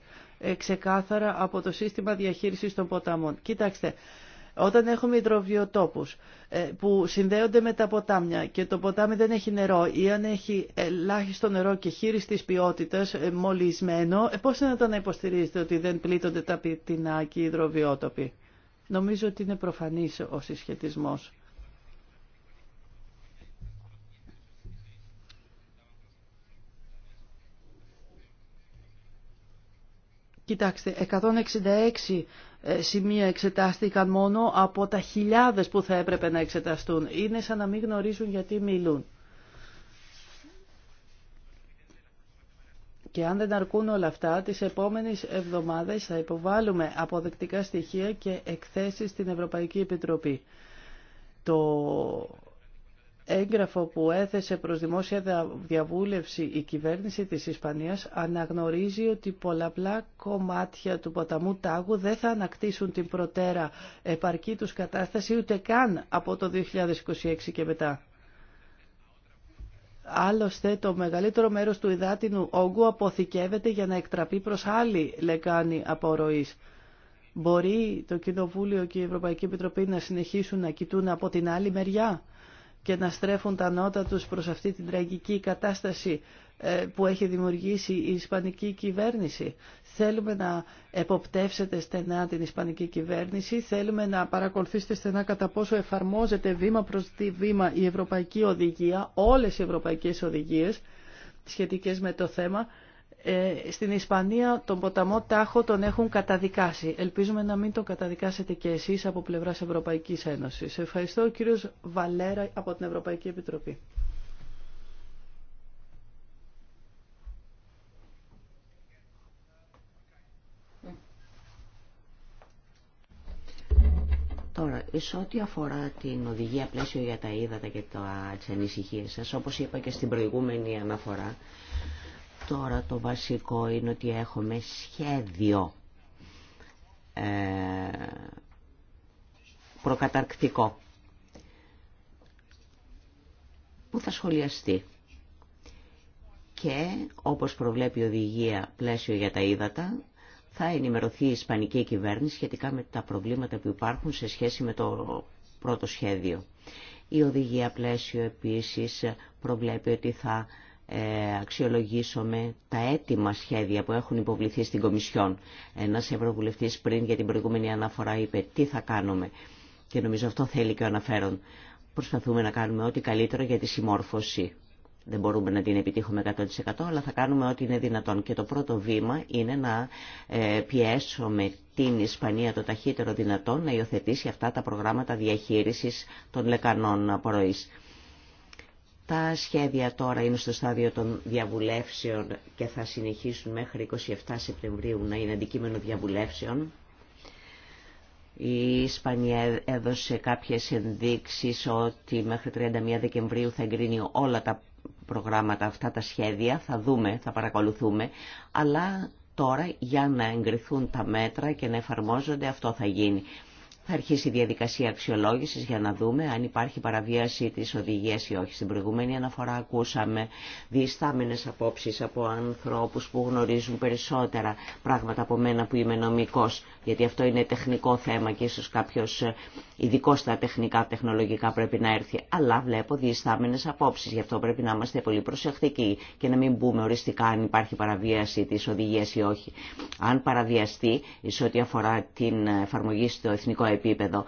ξεκάθαρα από το σύστημα διαχείρισης των ποταμών. Κοιτάξτε, όταν έχουμε υδροβιοτόπους ε, που συνδέονται με τα ποτάμια και το ποτάμι δεν έχει νερό ή αν έχει ελάχιστο νερό και χείριστης ποιότητας ε, μολυσμένο, ε, πώς είναι το να υποστηρίζετε ότι δεν πλήττονται τα πιτινάκια και οι υδροβιότοποι. Νομίζω ότι είναι προφανής ο συσχετισμός. Κοιτάξτε, 166 ε, σημεία εξετάστηκαν μόνο από τα χιλιάδες που θα έπρεπε να εξεταστούν. Είναι σαν να μην γνωρίζουν γιατί μιλούν. Και αν δεν αρκούν όλα αυτά, τις επόμενες εβδομάδες θα υποβάλουμε αποδεκτικά στοιχεία και εκθέσεις στην Ευρωπαϊκή Επιτροπή. Το έγγραφο που έθεσε προς δημόσια διαβούλευση η κυβέρνηση της Ισπανίας αναγνωρίζει ότι πολλαπλά κομμάτια του ποταμού Τάγου δεν θα ανακτήσουν την προτέρα επαρκή τους κατάσταση ούτε καν από το 2026 και μετά. Άλλωστε, το μεγαλύτερο μέρος του υδάτινου όγκου αποθηκεύεται για να εκτραπεί προς άλλη λεκάνη απορροής. Μπορεί το Κοινοβούλιο και η Ευρωπαϊκή Επιτροπή να συνεχίσουν να κοιτούν από την άλλη μεριά και να στρέφουν τα νότα τους προς αυτή την τραγική κατάσταση ε, που έχει δημιουργήσει η Ισπανική κυβέρνηση. Θέλουμε να εποπτεύσετε στενά την Ισπανική κυβέρνηση, θέλουμε να παρακολουθήσετε στενά κατά πόσο εφαρμόζεται βήμα προς τη βήμα η Ευρωπαϊκή Οδηγία, όλες οι Ευρωπαϊκές Οδηγίες σχετικές με το θέμα ε, στην Ισπανία τον ποταμό Τάχο τον έχουν καταδικάσει. Ελπίζουμε να μην τον καταδικάσετε και εσείς από πλευράς Ευρωπαϊκής Ένωσης. Ευχαριστώ ο κύριος Βαλέρα από την Ευρωπαϊκή Επιτροπή. Τώρα, σε ό,τι αφορά την οδηγία πλαίσιο για τα ύδατα και τις ανησυχίες σας, όπως είπα και στην προηγούμενη αναφορά, Τώρα το βασικό είναι ότι έχουμε σχέδιο ε, προκαταρκτικό που θα σχολιαστεί. Και όπως προβλέπει η οδηγία πλαίσιο για τα ύδατα, θα ενημερωθεί η Ισπανική κυβέρνηση σχετικά με τα προβλήματα που υπάρχουν σε σχέση με το πρώτο σχέδιο. Η οδηγία πλαίσιο επίσης προβλέπει ότι θα ε, αξιολογήσουμε τα έτοιμα σχέδια που έχουν υποβληθεί στην Κομισιόν. Ένας Ευρωβουλευτής πριν για την προηγούμενη αναφορά είπε τι θα κάνουμε και νομίζω αυτό θέλει και ο αναφέρον. Προσπαθούμε να κάνουμε ό,τι καλύτερο για τη συμμόρφωση. Δεν μπορούμε να την επιτύχουμε 100% αλλά θα κάνουμε ό,τι είναι δυνατόν. Και το πρώτο βήμα είναι να ε, πιέσουμε την Ισπανία το ταχύτερο δυνατόν να υιοθετήσει αυτά τα προγράμματα διαχείρισης των λεκανών απορροής. Τα σχέδια τώρα είναι στο στάδιο των διαβουλεύσεων και θα συνεχίσουν μέχρι 27 Σεπτεμβρίου να είναι αντικείμενο διαβουλεύσεων. Η Ισπανία έδωσε κάποιες ενδείξεις ότι μέχρι 31 Δεκεμβρίου θα εγκρίνει όλα τα προγράμματα, αυτά τα σχέδια, θα δούμε, θα παρακολουθούμε, αλλά τώρα για να εγκριθούν τα μέτρα και να εφαρμόζονται αυτό θα γίνει. Θα αρχίσει η διαδικασία αξιολόγηση για να δούμε αν υπάρχει παραβίαση της οδηγίας ή όχι. Στην προηγούμενη αναφορά ακούσαμε διστάμενε απόψει από ανθρώπου που γνωρίζουν περισσότερα πράγματα από μένα που είμαι νομικό, γιατί αυτό είναι τεχνικό θέμα και ίσω κάποιο ε, ειδικό στα τεχνικά, τεχνολογικά πρέπει να έρθει. Αλλά βλέπω διστάμενε απόψει. γι' αυτό πρέπει να είμαστε πολύ προσεκτικοί και να μην μπούμε οριστικά αν υπάρχει παραβίαση της οδηγία ή όχι. Αν παραβιαστεί, ό,τι αφορά την εφαρμογή στο εθνικό επίπεδο.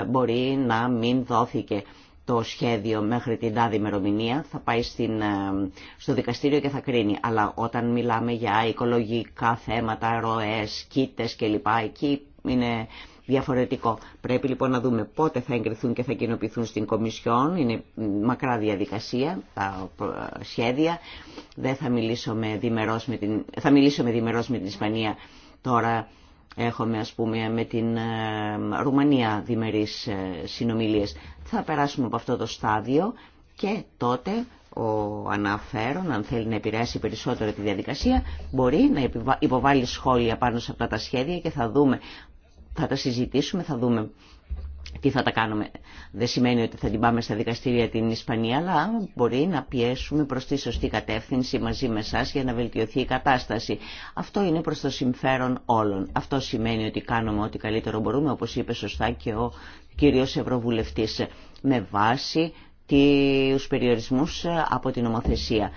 Ε, μπορεί να μην δόθηκε το σχέδιο μέχρι την τάδη ημερομηνία, θα πάει στην, ε, στο δικαστήριο και θα κρίνει. Αλλά όταν μιλάμε για οικολογικά θέματα, ροές, κίτες κλπ, εκεί είναι διαφορετικό. Πρέπει λοιπόν να δούμε πότε θα εγκριθούν και θα κοινοποιηθούν στην Κομισιόν. Είναι μακρά διαδικασία τα ε, σχέδια. Δεν θα μιλήσω με την, θα μιλήσω με με την Ισπανία τώρα Έχουμε ας πούμε με την ε, Ρουμανία διμερείς ε, συνομιλίες. Θα περάσουμε από αυτό το στάδιο και τότε ο αναφέρον, αν θέλει να επηρεάσει περισσότερο τη διαδικασία, μπορεί να υποβάλει σχόλια πάνω σε αυτά τα σχέδια και θα δούμε, θα τα συζητήσουμε, θα δούμε τι θα τα κάνουμε. Δεν σημαίνει ότι θα την πάμε στα δικαστήρια την Ισπανία, αλλά μπορεί να πιέσουμε προς τη σωστή κατεύθυνση μαζί με εσά για να βελτιωθεί η κατάσταση. Αυτό είναι προς το συμφέρον όλων. Αυτό σημαίνει ότι κάνουμε ό,τι καλύτερο μπορούμε, όπως είπε σωστά και ο κύριος Ευρωβουλευτής, με βάση τους περιορισμούς από την νομοθεσία.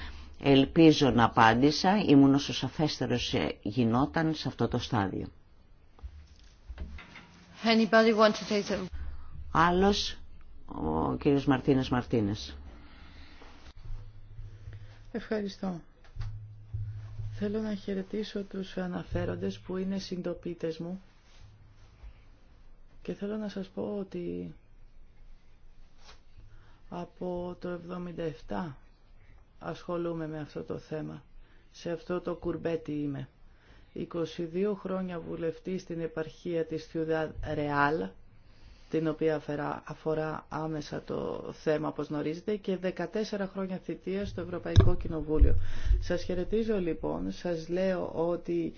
Ελπίζω να απάντησα, ήμουν όσο σαφέστερος γινόταν σε αυτό το στάδιο. Anybody want to Άλλος, ο κύριος Μαρτίνες Μαρτίνες. Ευχαριστώ. Θέλω να χαιρετήσω τους αναφέροντες που είναι συντοπίτες μου και θέλω να σας πω ότι από το 77 ασχολούμαι με αυτό το θέμα. Σε αυτό το κουρμπέτι είμαι. 22 χρόνια βουλευτή στην επαρχία της Ciudad Real την οποία αφορά άμεσα το θέμα, όπως γνωρίζετε, και 14 χρόνια θητεία στο Ευρωπαϊκό Κοινοβούλιο. Σας χαιρετίζω λοιπόν, σας λέω ότι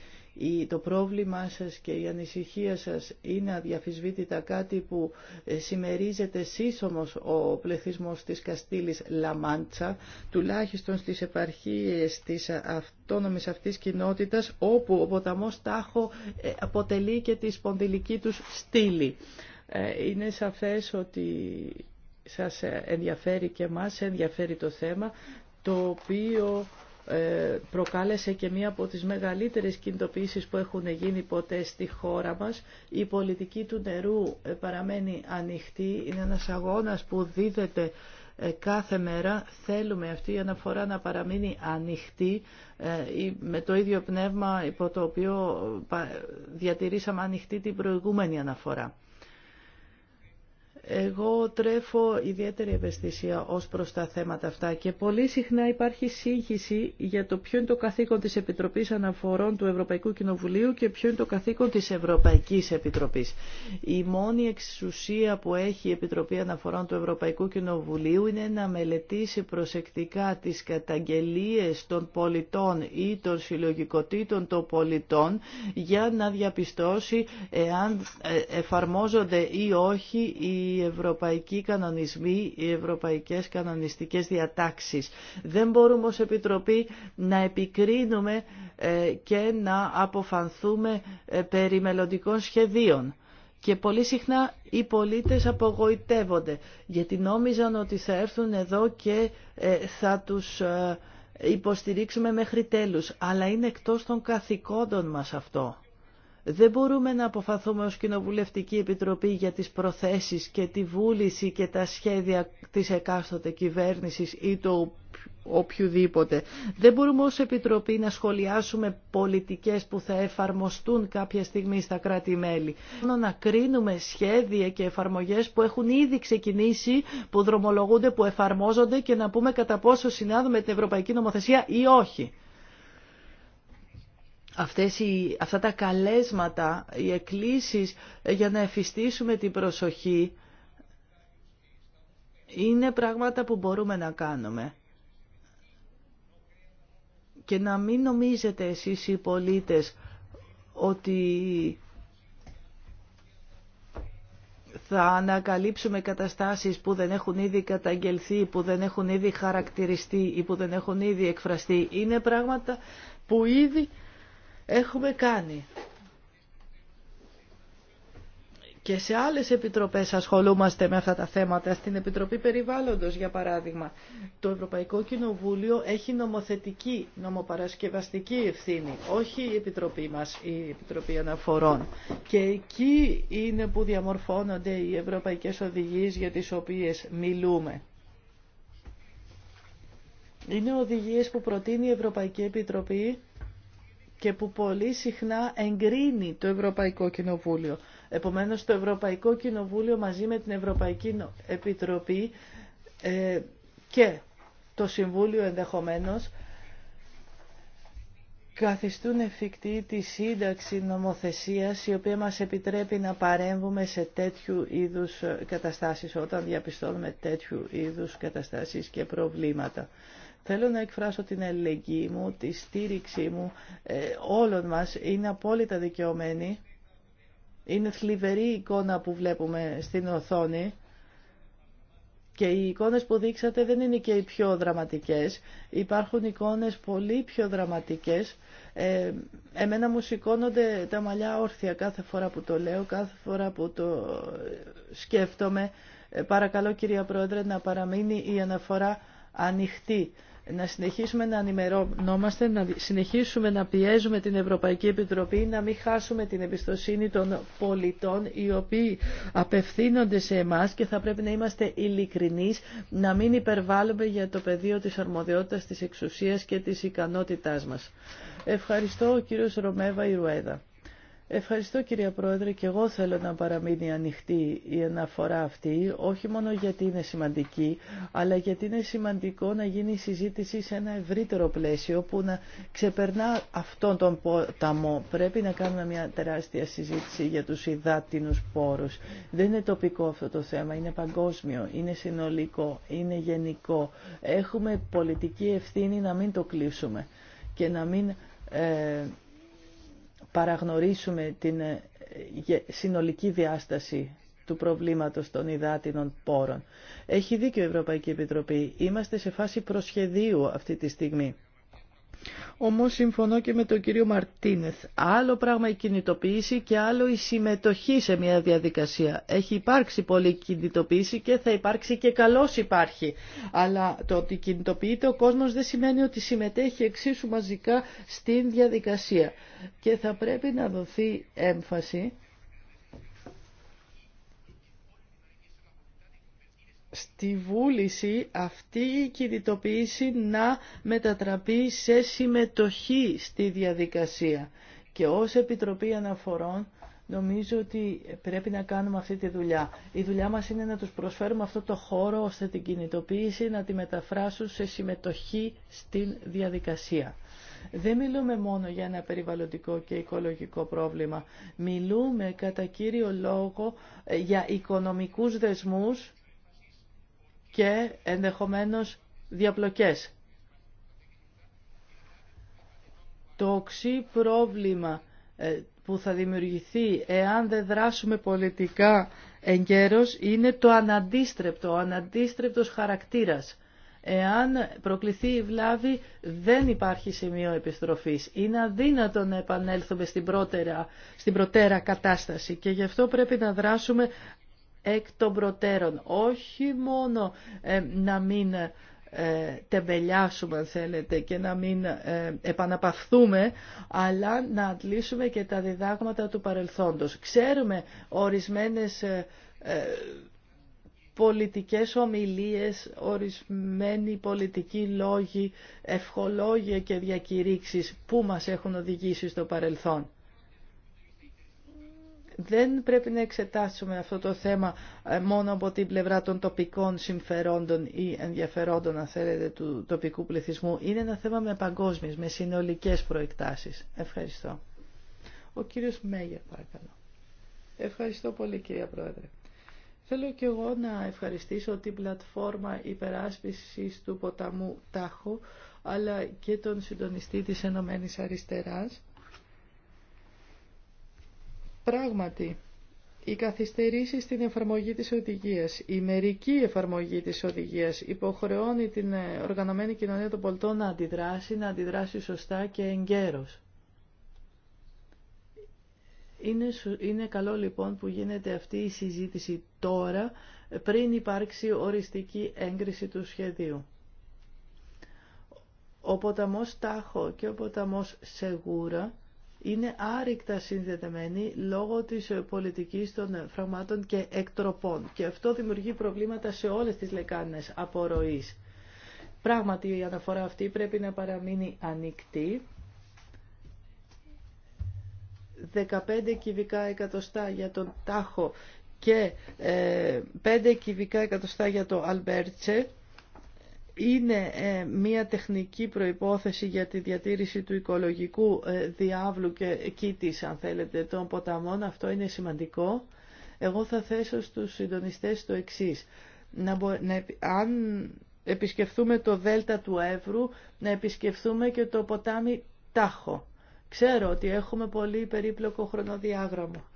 το πρόβλημά σας και η ανησυχία σας είναι αδιαφυσβήτητα κάτι που ε, συμμερίζεται σύσσωμος ο πληθυσμός της Καστήλης Λαμάντσα, τουλάχιστον στις επαρχίες της αυτόνομης αυτής κοινότητας, όπου ο ποταμός Τάχο ε, αποτελεί και τη σπονδυλική τους στήλη. Ε, είναι σαφές ότι σας ενδιαφέρει και μας ενδιαφέρει το θέμα, το οποίο ε, προκάλεσε και μία από τις μεγαλύτερες κινητοποιήσεις που έχουν γίνει ποτέ στη χώρα μας. Η πολιτική του νερού ε, παραμένει ανοιχτή, είναι ένας αγώνας που δίδεται κάθε μέρα. Θέλουμε αυτή η αναφορά να παραμείνει ανοιχτή με το ίδιο πνεύμα υπό το οποίο διατηρήσαμε ανοιχτή την προηγούμενη αναφορά. Εγώ τρέφω ιδιαίτερη ευαισθησία ως προς τα θέματα αυτά και πολύ συχνά υπάρχει σύγχυση για το ποιο είναι το καθήκον της Επιτροπής Αναφορών του Ευρωπαϊκού Κοινοβουλίου και ποιο είναι το καθήκον της Ευρωπαϊκής Επιτροπής. Η μόνη εξουσία που έχει η Επιτροπή Αναφορών του Ευρωπαϊκού Κοινοβουλίου είναι να μελετήσει προσεκτικά τις καταγγελίες των πολιτών ή των συλλογικοτήτων των πολιτών για να διαπιστώσει εάν ε, εφαρμόζονται ή όχι οι οι ευρωπαϊκοί κανονισμοί, οι ευρωπαϊκές κανονιστικές διατάξεις. Δεν μπορούμε ως Επιτροπή να επικρίνουμε ε, και να αποφανθούμε ε, περί μελλοντικών σχεδίων. Και πολύ συχνά οι πολίτες απογοητεύονται, γιατί νόμιζαν ότι θα έρθουν εδώ και ε, θα τους υποστηρίξουμε μέχρι τέλους. Αλλά είναι εκτός των καθηκόντων μας αυτό. Δεν μπορούμε να αποφαθούμε ως Κοινοβουλευτική Επιτροπή για τις προθέσεις και τη βούληση και τα σχέδια της εκάστοτε κυβέρνησης ή του οποιοδήποτε. Δεν μπορούμε ως Επιτροπή να σχολιάσουμε πολιτικές που θα εφαρμοστούν κάποια στιγμή στα κράτη-μέλη. Να κρίνουμε σχέδια και εφαρμογές που έχουν ήδη ξεκινήσει, που δρομολογούνται, που εφαρμόζονται και να πούμε κατά πόσο συνάδουμε την Ευρωπαϊκή Νομοθεσία ή όχι αυτές οι, αυτά τα καλέσματα, οι εκκλήσεις ε, για να εφιστήσουμε την προσοχή είναι πράγματα που μπορούμε να κάνουμε. Και να μην νομίζετε εσείς οι πολίτες ότι θα ανακαλύψουμε καταστάσεις που δεν έχουν ήδη καταγγελθεί, που δεν έχουν ήδη χαρακτηριστεί ή που δεν έχουν ήδη εκφραστεί. Είναι πράγματα που ήδη έχουμε κάνει. Και σε άλλες επιτροπές ασχολούμαστε με αυτά τα θέματα, στην Επιτροπή Περιβάλλοντος για παράδειγμα. Το Ευρωπαϊκό Κοινοβούλιο έχει νομοθετική, νομοπαρασκευαστική ευθύνη, όχι η Επιτροπή μας, η Επιτροπή Αναφορών. Και εκεί είναι που διαμορφώνονται οι ευρωπαϊκές οδηγίες για τις οποίες μιλούμε. Είναι οδηγίες που προτείνει η Ευρωπαϊκή Επιτροπή και που πολύ συχνά εγκρίνει το Ευρωπαϊκό Κοινοβούλιο. Επομένως, το Ευρωπαϊκό Κοινοβούλιο μαζί με την Ευρωπαϊκή Επιτροπή ε, και το Συμβούλιο ενδεχομένως καθιστούν εφικτή τη σύνταξη νομοθεσίας η οποία μας επιτρέπει να παρέμβουμε σε τέτοιου είδους καταστάσεις όταν διαπιστώνουμε τέτοιου είδους καταστάσεις και προβλήματα. Θέλω να εκφράσω την ελεγγύη μου, τη στήριξή μου ε, όλων μας. Είναι απόλυτα δικαιωμένη. Είναι θλιβερή η εικόνα που βλέπουμε στην οθόνη. Και οι εικόνες που δείξατε δεν είναι και οι πιο δραματικές. Υπάρχουν εικόνες πολύ πιο δραματικές. Ε, εμένα μου σηκώνονται τα μαλλιά όρθια κάθε φορά που το λέω, κάθε φορά που το ε, σκέφτομαι. παρακαλώ κυρία Πρόεδρε να παραμείνει η αναφορά ανοιχτή να συνεχίσουμε να ανημερώνομαστε, να συνεχίσουμε να πιέζουμε την Ευρωπαϊκή Επιτροπή, να μην χάσουμε την εμπιστοσύνη των πολιτών οι οποίοι απευθύνονται σε εμάς και θα πρέπει να είμαστε ειλικρινεί να μην υπερβάλλουμε για το πεδίο της αρμοδιότητας, της εξουσίας και της ικανότητάς μας. Ευχαριστώ ο κύριος Ρωμέβα Ιρουέδα. Ευχαριστώ κυρία Πρόεδρε και εγώ θέλω να παραμείνει ανοιχτή η αναφορά αυτή, όχι μόνο γιατί είναι σημαντική, αλλά γιατί είναι σημαντικό να γίνει η συζήτηση σε ένα ευρύτερο πλαίσιο που να ξεπερνά αυτόν τον ποταμό. Πρέπει να κάνουμε μια τεράστια συζήτηση για τους υδάτινους πόρους. Δεν είναι τοπικό αυτό το θέμα, είναι παγκόσμιο, είναι συνολικό, είναι γενικό. Έχουμε πολιτική ευθύνη να μην το κλείσουμε και να μην... Ε, παραγνωρίσουμε την ε, συνολική διάσταση του προβλήματος των υδάτινων πόρων. Έχει δίκιο η Ευρωπαϊκή Επιτροπή. Είμαστε σε φάση προσχεδίου αυτή τη στιγμή. Όμως συμφωνώ και με τον κύριο Μαρτίνεθ. Άλλο πράγμα η κινητοποίηση και άλλο η συμμετοχή σε μια διαδικασία. Έχει υπάρξει πολλή κινητοποίηση και θα υπάρξει και καλώς υπάρχει. Αλλά το ότι κινητοποιείται ο κόσμος δεν σημαίνει ότι συμμετέχει εξίσου μαζικά στην διαδικασία. Και θα πρέπει να δοθεί έμφαση στη βούληση αυτή η κινητοποίηση να μετατραπεί σε συμμετοχή στη διαδικασία. Και ως Επιτροπή Αναφορών νομίζω ότι πρέπει να κάνουμε αυτή τη δουλειά. Η δουλειά μας είναι να τους προσφέρουμε αυτό το χώρο ώστε την κινητοποίηση να τη μεταφράσουν σε συμμετοχή στην διαδικασία. Δεν μιλούμε μόνο για ένα περιβαλλοντικό και οικολογικό πρόβλημα. Μιλούμε κατά κύριο λόγο ε, για οικονομικούς δεσμούς και ενδεχομένως διαπλοκές. Το οξύ πρόβλημα ε, που θα δημιουργηθεί εάν δεν δράσουμε πολιτικά εγκαίρως είναι το αναντίστρεπτο, ο αναντίστρεπτος χαρακτήρας. Εάν προκληθεί η βλάβη δεν υπάρχει σημείο επιστροφής. Είναι αδύνατο να επανέλθουμε στην, πρότερα, στην προτέρα κατάσταση και γι' αυτό πρέπει να δράσουμε εκ των προτέρων. Όχι μόνο ε, να μην ε, τεμπελιάσουμε αν θέλετε και να μην ε, επαναπαυθούμε αλλά να αντλήσουμε και τα διδάγματα του παρελθόντος. Ξέρουμε ορισμένες ε, ε πολιτικές ομιλίες, ορισμένοι πολιτικοί λόγοι, ευχολόγια και διακηρύξεις που μας έχουν οδηγήσει στο παρελθόν δεν πρέπει να εξετάσουμε αυτό το θέμα ε, μόνο από την πλευρά των τοπικών συμφερόντων ή ενδιαφερόντων, αν θέλετε, του τοπικού πληθυσμού. Είναι ένα θέμα με παγκόσμιες, με συνολικές προεκτάσεις. Ευχαριστώ. Ο κύριος Μέγερ, παρακαλώ. Ευχαριστώ πολύ, κυρία Πρόεδρε. Θέλω και εγώ να ευχαριστήσω την πλατφόρμα υπεράσπισης του ποταμού Τάχου, αλλά και τον συντονιστή της Ενωμένης Πράγματι, οι καθυστερήσεις στην εφαρμογή της οδηγίας, η μερική εφαρμογή της οδηγίας υποχρεώνει την ε, οργανωμένη κοινωνία των πολιτών να αντιδράσει, να αντιδράσει σωστά και εγκαίρως. Είναι, είναι καλό λοιπόν που γίνεται αυτή η συζήτηση τώρα πριν υπάρξει οριστική έγκριση του σχεδίου. Ο ποταμός Τάχο και ο ποταμός Σεγούρα είναι άρρηκτα συνδεδεμένη λόγω της πολιτικής των φραγμάτων και εκτροπών. Και αυτό δημιουργεί προβλήματα σε όλες τις λεκάνες απορροής. Πράγματι η αναφορά αυτή πρέπει να παραμείνει ανοιχτή. 15 κυβικά εκατοστά για τον Τάχο και 5 ε, κυβικά εκατοστά για το Αλμπέρτσε είναι ε, μια τεχνική προϋπόθεση για τη διατήρηση του οικολογικού ε, διάβλου και κήτης, αν θέλετε, των ποταμών. Αυτό είναι σημαντικό. Εγώ θα θέσω στους συντονιστές το εξής. Να, αν επισκεφθούμε το δέλτα του Εύρου, να επισκεφθούμε και το ποτάμι Τάχο. Ξέρω ότι έχουμε πολύ περίπλοκο χρονοδιάγραμμα.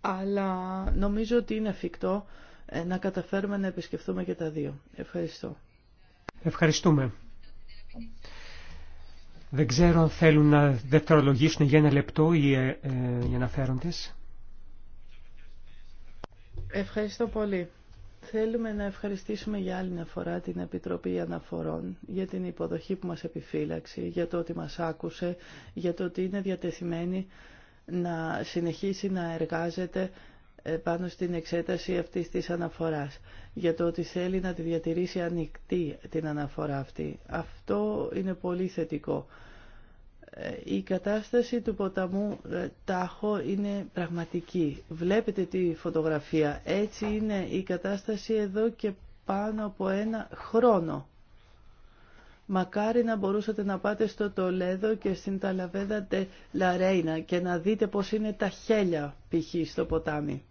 Αλλά νομίζω ότι είναι εφικτό ε, να καταφέρουμε να επισκεφθούμε και τα δύο. Ευχαριστώ. Ευχαριστούμε. Δεν ξέρω αν θέλουν να δευτερολογήσουν για ένα λεπτό οι, ε, ε, αναφέροντες. Ευχαριστώ πολύ. Θέλουμε να ευχαριστήσουμε για άλλη μια φορά την Επιτροπή Αναφορών για την υποδοχή που μας επιφύλαξε, για το ότι μας άκουσε, για το ότι είναι διατεθειμένη να συνεχίσει να εργάζεται πάνω στην εξέταση αυτής της αναφοράς για το ότι θέλει να τη διατηρήσει ανοιχτή την αναφορά αυτή. Αυτό είναι πολύ θετικό. Ε, η κατάσταση του ποταμού ε, Τάχο είναι πραγματική. Βλέπετε τη φωτογραφία. Έτσι είναι η κατάσταση εδώ και πάνω από ένα χρόνο. Μακάρι να μπορούσατε να πάτε στο Τολέδο και στην Ταλαβέδα Τε Λαρέινα και να δείτε πώς είναι τα χέλια π.χ. στο ποτάμι.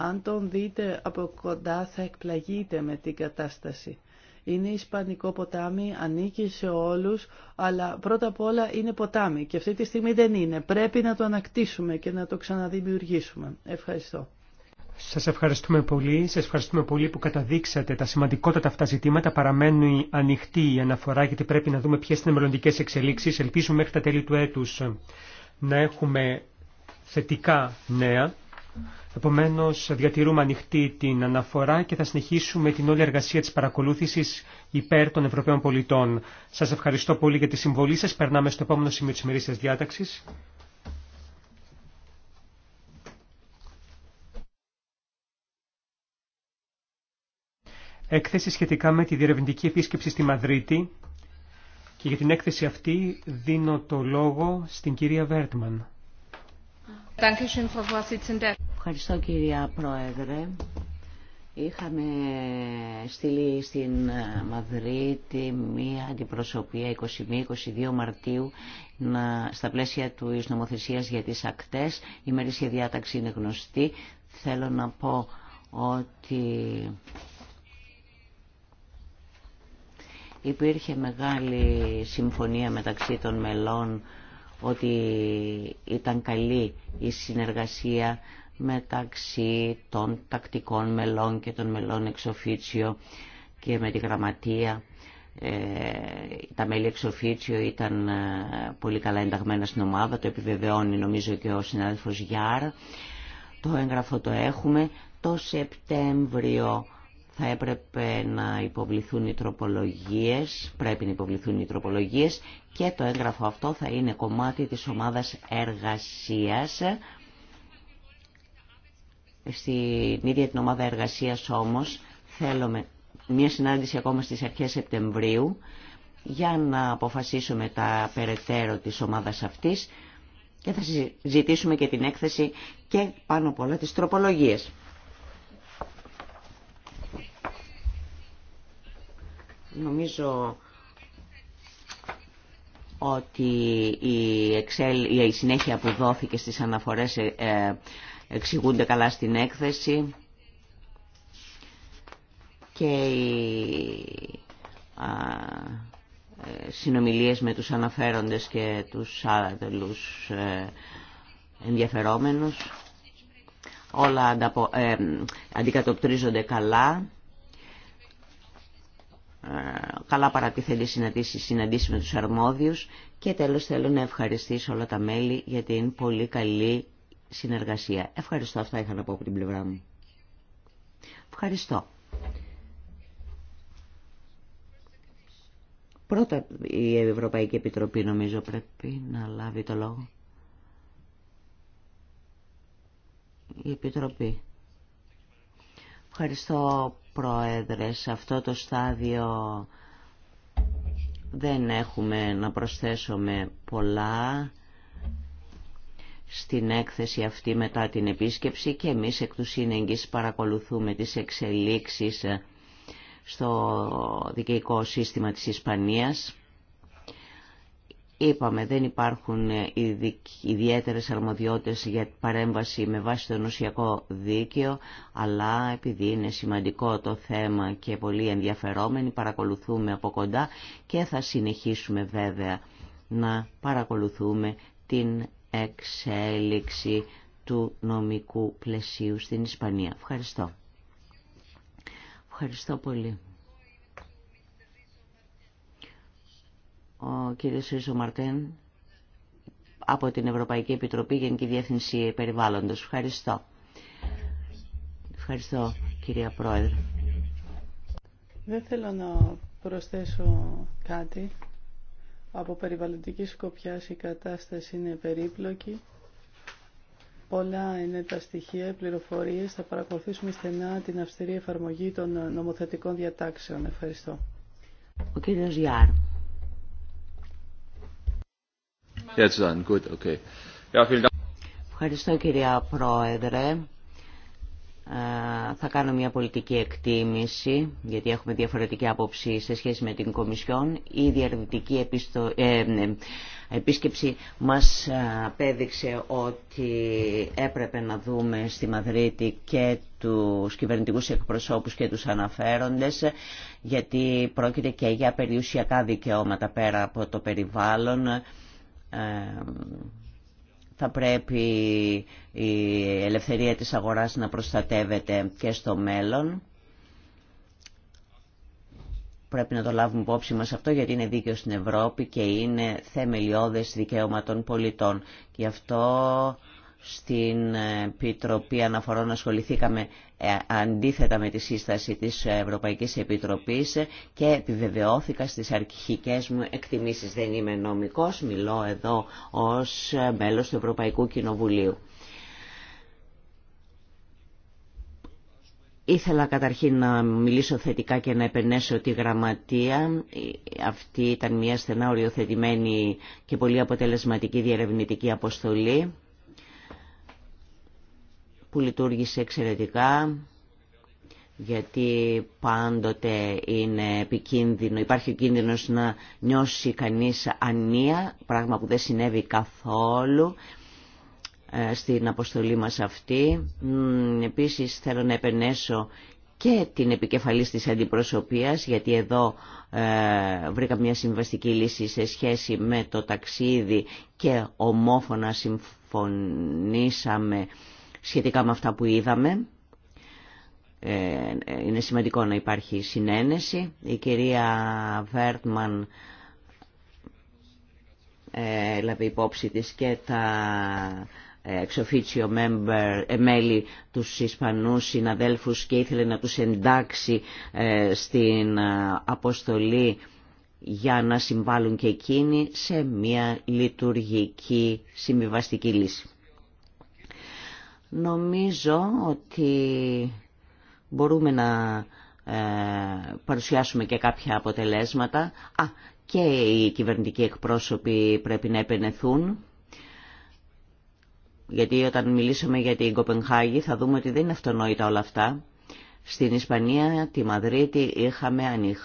Αν τον δείτε από κοντά θα εκπλαγείτε με την κατάσταση. Είναι ισπανικό ποτάμι, ανήκει σε όλους, αλλά πρώτα απ' όλα είναι ποτάμι και αυτή τη στιγμή δεν είναι. Πρέπει να το ανακτήσουμε και να το ξαναδημιουργήσουμε. Ευχαριστώ. Σας ευχαριστούμε πολύ. Σας ευχαριστούμε πολύ που καταδείξατε τα σημαντικότατα αυτά ζητήματα. Παραμένει ανοιχτή η αναφορά γιατί πρέπει να δούμε ποιες είναι οι μελλοντικές εξελίξεις. Ελπίζουμε μέχρι τα τέλη του έτους να έχουμε θετικά νέα. Επομένως, διατηρούμε ανοιχτή την αναφορά και θα συνεχίσουμε την όλη εργασία της παρακολούθησης υπέρ των Ευρωπαίων πολιτών. Σας ευχαριστώ πολύ για τη συμβολή σας. Περνάμε στο επόμενο σημείο της ημερήσιας διάταξης. Έκθεση σχετικά με τη διερευνητική επίσκεψη στη Μαδρίτη και για την έκθεση αυτή δίνω το λόγο στην κυρία Βέρτμαν. Ευχαριστώ κυρία Πρόεδρε. Είχαμε στείλει στην Μαδρίτη μία αντιπροσωπεία 21-22 Μαρτίου να, στα πλαίσια του νομοθεσίας για τις ακτές. Η μερίσια διάταξη είναι γνωστή. Θέλω να πω ότι υπήρχε μεγάλη συμφωνία μεταξύ των μελών ότι ήταν καλή η συνεργασία μεταξύ των τακτικών μελών και των μελών εξοφίτσιο και με τη γραμματεία. Ε, τα μέλη εξοφίτσιο ήταν ε, πολύ καλά ενταγμένα στην ομάδα, το επιβεβαιώνει νομίζω και ο συνάδελφος Γιάρ. Το έγγραφο το έχουμε. Το Σεπτέμβριο θα έπρεπε να υποβληθούν οι τροπολογίες, πρέπει να υποβληθούν οι τροπολογίες και το έγγραφο αυτό θα είναι κομμάτι της ομάδας εργασίας στην ίδια την ομάδα εργασίας όμως θέλουμε μια συνάντηση ακόμα στις αρχές Σεπτεμβρίου για να αποφασίσουμε τα περαιτέρω της ομάδας αυτής και θα συζητήσουμε και την έκθεση και πάνω απ' όλα τις τροπολογίες. Νομίζω ότι η, η συνέχεια που δόθηκε στις αναφορές ε, εξηγούνται καλά στην έκθεση και οι ε, συνομιλίες με τους αναφέροντες και τους άλλους ε, ενδιαφερόμενους. Όλα ε, αντικατοπτρίζονται καλά. Καλά παρατηθένται συναντήσεις, συναντήσεις με τους αρμόδιους. Και τέλος θέλω να ευχαριστήσω όλα τα μέλη για την πολύ καλή συνεργασία. Ευχαριστώ, αυτά είχα να πω από την πλευρά μου. Ευχαριστώ. Πρώτα η Ευρωπαϊκή Επιτροπή νομίζω πρέπει να λάβει το λόγο. Η Επιτροπή. Ευχαριστώ Πρόεδρε. Σε αυτό το στάδιο δεν έχουμε να προσθέσουμε πολλά στην έκθεση αυτή μετά την επίσκεψη και εμείς εκ του σύνεγγης παρακολουθούμε τις εξελίξεις ε, στο δικαιικό σύστημα της Ισπανίας. Είπαμε δεν υπάρχουν ε, ιδιαίτερες αρμοδιότητες για παρέμβαση με βάση το νοσιακό δίκαιο, αλλά επειδή είναι σημαντικό το θέμα και πολύ ενδιαφερόμενοι παρακολουθούμε από κοντά και θα συνεχίσουμε βέβαια να παρακολουθούμε την εξέλιξη του νομικού πλαισίου στην Ισπανία. Ευχαριστώ. Ευχαριστώ πολύ. Ο κύριος Ρίσο Μαρτέν από την Ευρωπαϊκή Επιτροπή Γενική Διεύθυνση Περιβάλλοντος. Ευχαριστώ. Ευχαριστώ κυρία Πρόεδρε. Δεν θέλω να προσθέσω κάτι από περιβαλλοντική σκοπιά η κατάσταση είναι περίπλοκη. Πολλά είναι τα στοιχεία, οι πληροφορίες. Θα παρακολουθήσουμε στενά την αυστηρή εφαρμογή των νομοθετικών διατάξεων. Ευχαριστώ. Ο κύριος Γιάρ. Ευχαριστώ κυρία Πρόεδρε θα κάνω μια πολιτική εκτίμηση, γιατί έχουμε διαφορετική άποψη σε σχέση με την Κομισιόν. Η διαρνητική επίστο... Ε, ναι, επίσκεψη μας απέδειξε ότι έπρεπε να δούμε στη Μαδρίτη και τους κυβερνητικούς εκπροσώπους και τους αναφέροντες, γιατί πρόκειται και για περιουσιακά δικαιώματα πέρα από το περιβάλλον, ε, θα πρέπει η ελευθερία της αγοράς να προστατεύεται και στο μέλλον. Πρέπει να το λάβουμε υπόψη μας αυτό γιατί είναι δίκαιο στην Ευρώπη και είναι θεμελιώδες δικαίωμα των πολιτών. Γι' αυτό στην Επιτροπή Αναφορών ασχοληθήκαμε ε, αντίθετα με τη σύσταση της Ευρωπαϊκής Επιτροπής και επιβεβαιώθηκα στις αρχικές μου εκτιμήσεις. Δεν είμαι νομικός, μιλώ εδώ ως μέλος του Ευρωπαϊκού Κοινοβουλίου. Ήθελα καταρχήν να μιλήσω θετικά και να επενέσω τη γραμματεία. Αυτή ήταν μια στενά οριοθετημένη και πολύ αποτελεσματική διερευνητική αποστολή που λειτουργήσε εξαιρετικά γιατί πάντοτε είναι επικίνδυνο, υπάρχει ο κίνδυνος να νιώσει κανείς ανία, πράγμα που δεν συνέβη καθόλου ε, στην αποστολή μας αυτή. Επίσης θέλω να επενέσω και την επικεφαλής της αντιπροσωπείας, γιατί εδώ ε, βρήκα μια συμβαστική λύση σε σχέση με το ταξίδι και ομόφωνα συμφωνήσαμε σχετικά με αυτά που είδαμε. Ε, είναι σημαντικό να υπάρχει συνένεση. Η κυρία Βέρτμαν ε, έλαβε υπόψη της και τα ε, εξοφίτσιο μέλη τους Ισπανούς συναδέλφους και ήθελε να τους εντάξει στην αποστολή για να συμβάλλουν και εκείνοι σε μια λειτουργική συμβιβαστική λύση. Νομίζω ότι μπορούμε να ε, παρουσιάσουμε και κάποια αποτελέσματα. Α, και οι κυβερνητικοί εκπρόσωποι πρέπει να επενεθούν. Γιατί όταν μιλήσαμε για την Κοπενχάγη θα δούμε ότι δεν είναι αυτονόητα όλα αυτά. Στην Ισπανία, τη Μαδρίτη, είχαμε ανοίχ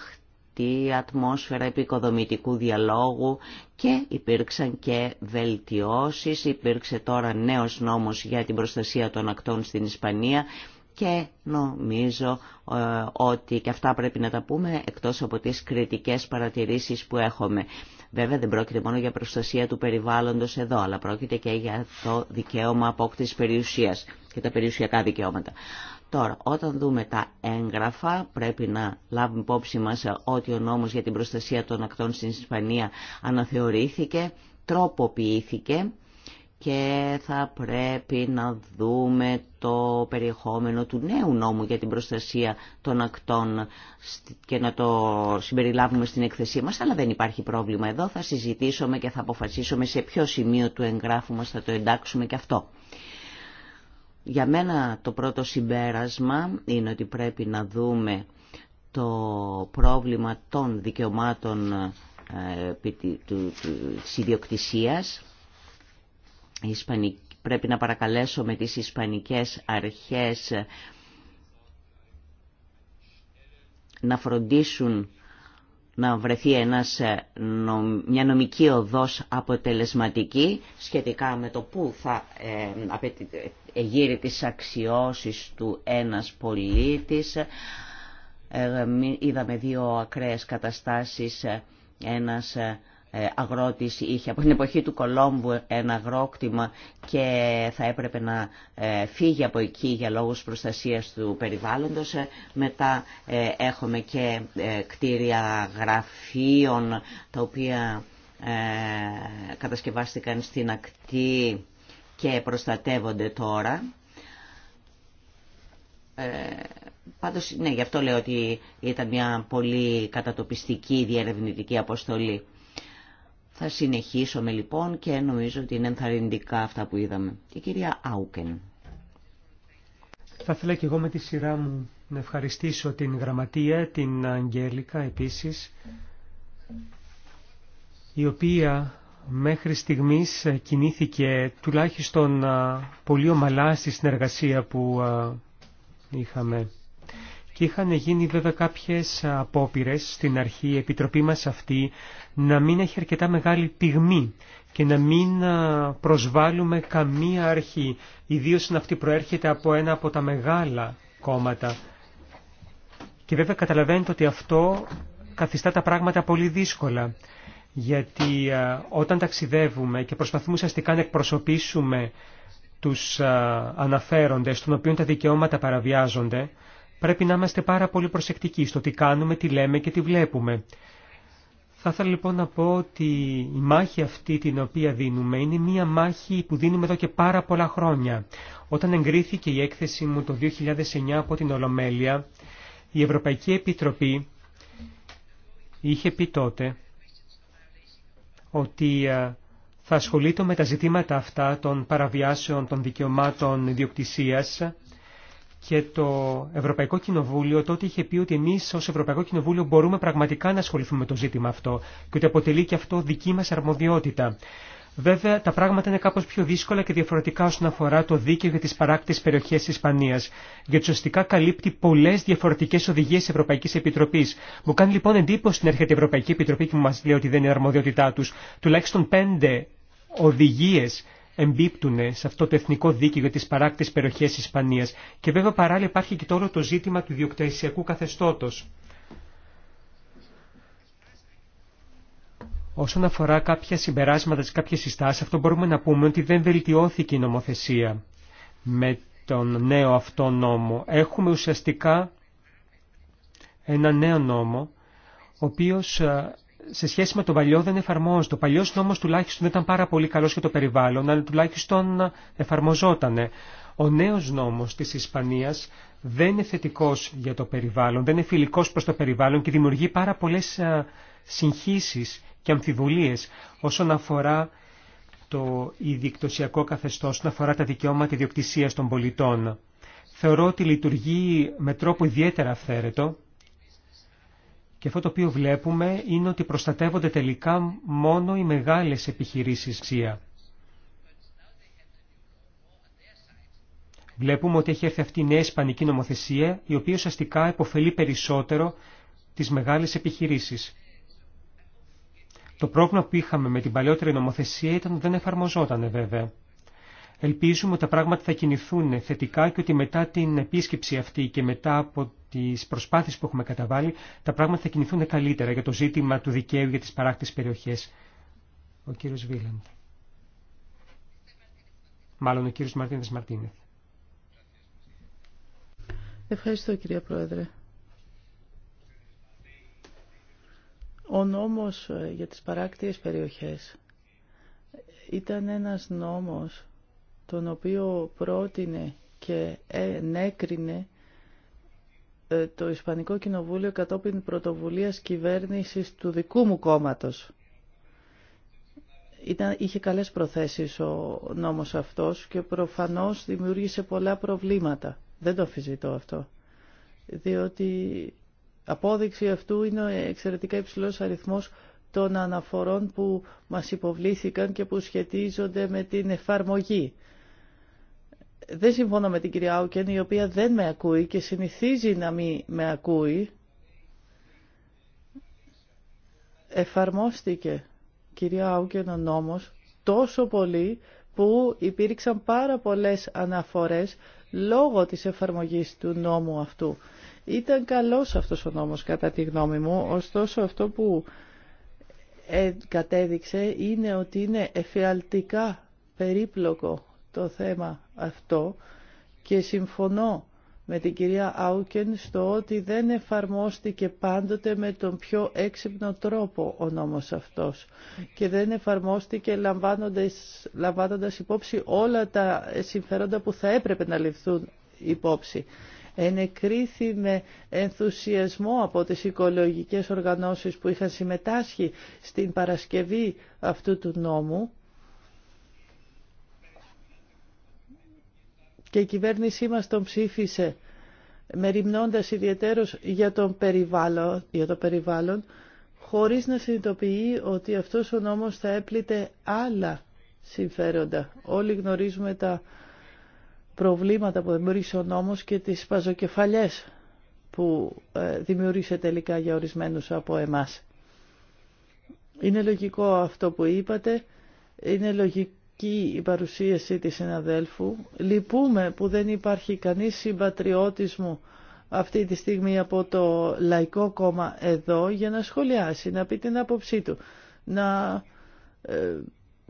τη ατμόσφαιρα επικοδομητικού διαλόγου και υπήρξαν και βελτιώσεις. Υπήρξε τώρα νέος νόμος για την προστασία των ακτών στην Ισπανία και νομίζω ε, ότι και αυτά πρέπει να τα πούμε εκτός από τις κριτικές παρατηρήσεις που έχουμε. Βέβαια δεν πρόκειται μόνο για προστασία του περιβάλλοντος εδώ, αλλά πρόκειται και για το δικαίωμα απόκτησης περιουσίας και τα περιουσιακά δικαιώματα. Τώρα, όταν δούμε τα έγγραφα, πρέπει να λάβουμε υπόψη μας ότι ο νόμος για την προστασία των ακτών στην Ισπανία αναθεωρήθηκε, τροποποιήθηκε και θα πρέπει να δούμε το περιεχόμενο του νέου νόμου για την προστασία των ακτών και να το συμπεριλάβουμε στην εκθεσή μας, αλλά δεν υπάρχει πρόβλημα εδώ. Θα συζητήσουμε και θα αποφασίσουμε σε ποιο σημείο του εγγράφου μας θα το εντάξουμε και αυτό. Για μένα το πρώτο συμπέρασμα είναι ότι πρέπει να δούμε το πρόβλημα των δικαιωμάτων ε, της ιδιοκτησίας. Πρέπει να παρακαλέσω με τις ισπανικές αρχές να φροντίσουν να βρεθεί ένας, ε, μια νομική οδός αποτελεσματική σχετικά με το πού θα ε, ε γύρει τις αξιώσεις του ένας πολίτης. Ε, είδαμε δύο ακραίες καταστάσεις, ένας ε, αγρότης είχε από την εποχή του Κολόμβου ένα αγρόκτημα και θα έπρεπε να ε, φύγει από εκεί για λόγους προστασίας του περιβάλλοντος. Ε, μετά έχουμε και κτίρια γραφείων τα οποία κατασκευάστηκαν στην ακτή και προστατεύονται τώρα. Ε, πάντως, ναι, γι' αυτό λέω ότι ήταν μια πολύ κατατοπιστική διερευνητική αποστολή. Θα συνεχίσουμε λοιπόν και νομίζω ότι είναι ενθαρρυντικά αυτά που είδαμε. Η κυρία Άουκεν. Θα ήθελα και εγώ με τη σειρά μου να ευχαριστήσω την Γραμματεία, την Αγγέλικα επίσης, η οποία μέχρι στιγμής κινήθηκε τουλάχιστον πολύ ομαλά στη συνεργασία που είχαμε και είχαν γίνει βέβαια κάποιες απόπειρε στην αρχή η Επιτροπή μας αυτή να μην έχει αρκετά μεγάλη πυγμή και να μην προσβάλλουμε καμία αρχή, ιδίως να αυτή προέρχεται από ένα από τα μεγάλα κόμματα. Και βέβαια καταλαβαίνετε ότι αυτό καθιστά τα πράγματα πολύ δύσκολα. Γιατί όταν ταξιδεύουμε και προσπαθούμε ουσιαστικά να εκπροσωπήσουμε τους αναφέροντες, των οποίων τα δικαιώματα παραβιάζονται, Πρέπει να είμαστε πάρα πολύ προσεκτικοί στο τι κάνουμε, τι λέμε και τι βλέπουμε. Θα ήθελα λοιπόν να πω ότι η μάχη αυτή την οποία δίνουμε είναι μία μάχη που δίνουμε εδώ και πάρα πολλά χρόνια. Όταν εγκρίθηκε η έκθεση μου το 2009 από την Ολομέλεια, η Ευρωπαϊκή Επιτροπή είχε πει τότε ότι θα ασχολείται με τα ζητήματα αυτά των παραβιάσεων των δικαιωμάτων ιδιοκτησίας και το Ευρωπαϊκό Κοινοβούλιο τότε είχε πει ότι εμεί ω Ευρωπαϊκό Κοινοβούλιο μπορούμε πραγματικά να ασχοληθούμε με το ζήτημα αυτό και ότι αποτελεί και αυτό δική μα αρμοδιότητα. Βέβαια, τα πράγματα είναι κάπω πιο δύσκολα και διαφορετικά όσον αφορά το δίκαιο για τι παράκτη περιοχέ τη Ισπανία, γιατί ουσιαστικά καλύπτει πολλέ διαφορετικέ οδηγίε τη Ευρωπαϊκή Επιτροπή. Μου κάνει λοιπόν εντύπωση την έρχεται η Ευρωπαϊκή Επιτροπή και μου μα λέει ότι δεν είναι αρμοδιότητά του. Τουλάχιστον πέντε οδηγίε εμπίπτουν σε αυτό το εθνικό δίκαιο για τις παράκτης περιοχές Ισπανίας. Και βέβαια παράλληλα υπάρχει και τώρα το ζήτημα του διοκτησιακού καθεστώτος. Όσον αφορά κάποια συμπεράσματα και κάποιες συστάσεις, αυτό μπορούμε να πούμε ότι δεν βελτιώθηκε η νομοθεσία με τον νέο αυτό νόμο. Έχουμε ουσιαστικά ένα νέο νόμο, ο οποίος ε, σε σχέση με το παλιό δεν εφαρμόζεται. Ο παλιό νόμο τουλάχιστον ήταν πάρα πολύ καλό για το περιβάλλον, αλλά τουλάχιστον εφαρμοζόταν. Ο νέο νόμο τη Ισπανία δεν είναι θετικό για το περιβάλλον, δεν είναι φιλικό προ το περιβάλλον και δημιουργεί πάρα πολλέ ε, συγχύσει και αμφιβολίε όσον αφορά το ειδικτωσιακό καθεστώ, όσον αφορά τα δικαιώματα ιδιοκτησία των πολιτών. Θεωρώ ότι λειτουργεί με τρόπο ιδιαίτερα αυθαίρετο και αυτό το οποίο βλέπουμε είναι ότι προστατεύονται τελικά μόνο οι μεγάλες επιχειρήσεις ξία. Βλέπουμε ότι έχει έρθει αυτή η νέα ισπανική νομοθεσία, η οποία ουσιαστικά υποφελεί περισσότερο τις μεγάλες επιχειρήσεις. Το πρόβλημα που είχαμε με την παλαιότερη νομοθεσία ήταν ότι δεν εφαρμοζόταν βέβαια. Ελπίζουμε ότι τα πράγματα θα κινηθούν θετικά και ότι μετά την επίσκεψη αυτή και μετά από τις προσπάθειες που έχουμε καταβάλει, τα πράγματα θα κινηθούν καλύτερα για το ζήτημα του δικαίου για τις παράκτη περιοχές. Ο κύριος Βίλαντ. Μάλλον ο κύριος Μαρτίνες Μαρτίνε. Ευχαριστώ κύριε Πρόεδρε. Ο νόμος για τις παράκτιες περιοχές ήταν ένας νόμος τον οποίο πρότεινε και ενέκρινε ε, το Ισπανικό Κοινοβούλιο κατόπιν πρωτοβουλίας κυβέρνησης του δικού μου κόμματος. Ήταν, είχε καλές προθέσεις ο νόμος αυτός και προφανώς δημιούργησε πολλά προβλήματα. Δεν το αφιζητώ αυτό. Διότι απόδειξη αυτού είναι ο εξαιρετικά υψηλός αριθμός των αναφορών που μας υποβλήθηκαν και που σχετίζονται με την εφαρμογή δεν συμφωνώ με την κυρία Άουκεν, η οποία δεν με ακούει και συνηθίζει να μην με ακούει. Εφαρμόστηκε, κυρία Άουκεν, ο νόμος τόσο πολύ που υπήρξαν πάρα πολλές αναφορές λόγω της εφαρμογής του νόμου αυτού. Ήταν καλός αυτός ο νόμος κατά τη γνώμη μου, ωστόσο αυτό που ε, κατέδειξε είναι ότι είναι εφιαλτικά περίπλοκο το θέμα αυτό και συμφωνώ με την κυρία Άουκεν στο ότι δεν εφαρμόστηκε πάντοτε με τον πιο έξυπνο τρόπο ο νόμος αυτός και δεν εφαρμόστηκε λαμβάνοντας, λαμβάνοντας υπόψη όλα τα συμφέροντα που θα έπρεπε να ληφθούν υπόψη. Ενεκρίθη με ενθουσιασμό από τις οικολογικές οργανώσεις που είχαν συμμετάσχει στην Παρασκευή αυτού του νόμου και η κυβέρνησή μας τον ψήφισε μεριμνώντας ιδιαίτερος για, τον περιβάλλον, για το περιβάλλον, χωρίς να συνειδητοποιεί ότι αυτός ο νόμος θα έπλητε άλλα συμφέροντα. Όλοι γνωρίζουμε τα προβλήματα που δημιούργησε ο νόμος και τις παζοκεφαλιές που ε, δημιούργησε τελικά για ορισμένους από εμάς. Είναι λογικό αυτό που είπατε, είναι λογικό και η παρουσίαση της συναδέλφου. Λυπούμε που δεν υπάρχει κανείς συμπατριώτης μου αυτή τη στιγμή από το Λαϊκό Κόμμα εδώ για να σχολιάσει, να πει την άποψή του, να ε,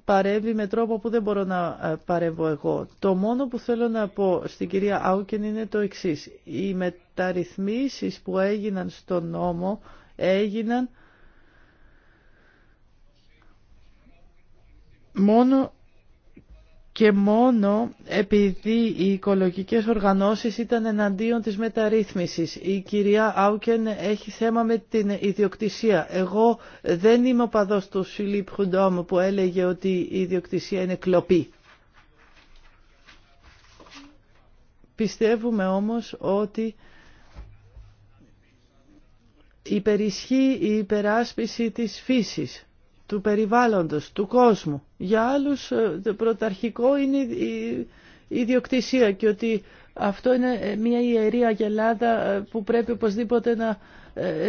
παρεύει με τρόπο που δεν μπορώ να ε, παρεύω εγώ. Το μόνο που θέλω να πω στην κυρία Άουκεν είναι το εξής. Οι μεταρρυθμίσεις που έγιναν στον νόμο έγιναν μόνο και μόνο επειδή οι οικολογικές οργανώσεις ήταν εναντίον της μεταρρύθμισης. Η κυρία Άουκεν έχει θέμα με την ιδιοκτησία. Εγώ δεν είμαι παδός του Σιλίπ Χουντόμ που έλεγε ότι η ιδιοκτησία είναι κλοπή. Πιστεύουμε όμως ότι υπερισχύει η υπεράσπιση της φύσης του περιβάλλοντος, του κόσμου. Για άλλους ε, το πρωταρχικό είναι η ιδιοκτησία και ότι αυτό είναι ε, μια ιερή αγελάδα ε, που πρέπει οπωσδήποτε να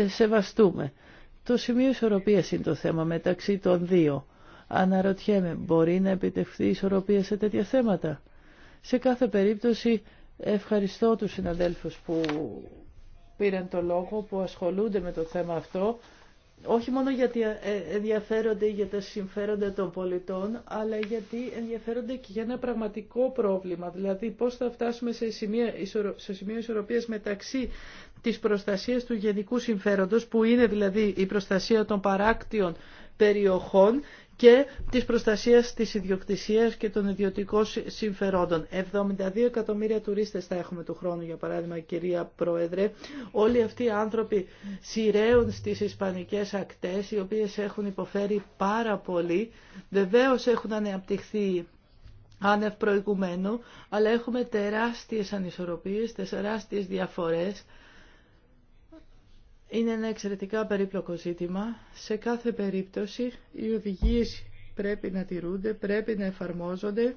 σεβαστούμε. Το σημείο ισορροπίας είναι το θέμα μεταξύ των δύο. Αναρωτιέμαι, μπορεί να επιτευχθεί ισορροπία σε τέτοια θέματα. Σε κάθε περίπτωση ευχαριστώ τους συναδέλφους που πήραν το λόγο, που ασχολούνται με το θέμα αυτό όχι μόνο γιατί ε, ενδιαφέρονται για τα συμφέροντα των πολιτών, αλλά γιατί ενδιαφέρονται και για ένα πραγματικό πρόβλημα, δηλαδή πώς θα φτάσουμε σε σημείο, σε ισορροπίας μεταξύ της προστασίας του γενικού συμφέροντος, που είναι δηλαδή η προστασία των παράκτιων περιοχών και της προστασίας της ιδιοκτησίας και των ιδιωτικών συμφερόντων. 72 εκατομμύρια τουρίστες θα έχουμε του χρόνου, για παράδειγμα, κυρία Πρόεδρε. Όλοι αυτοί οι άνθρωποι σειραίουν στις ισπανικές ακτές, οι οποίες έχουν υποφέρει πάρα πολύ. Βεβαίως έχουν αναπτυχθεί άνευ προηγουμένου, αλλά έχουμε τεράστιες ανισορροπίες, τεράστιε διαφορές είναι ένα εξαιρετικά περίπλοκο ζήτημα. Σε κάθε περίπτωση οι οδηγίες πρέπει να τηρούνται, πρέπει να εφαρμόζονται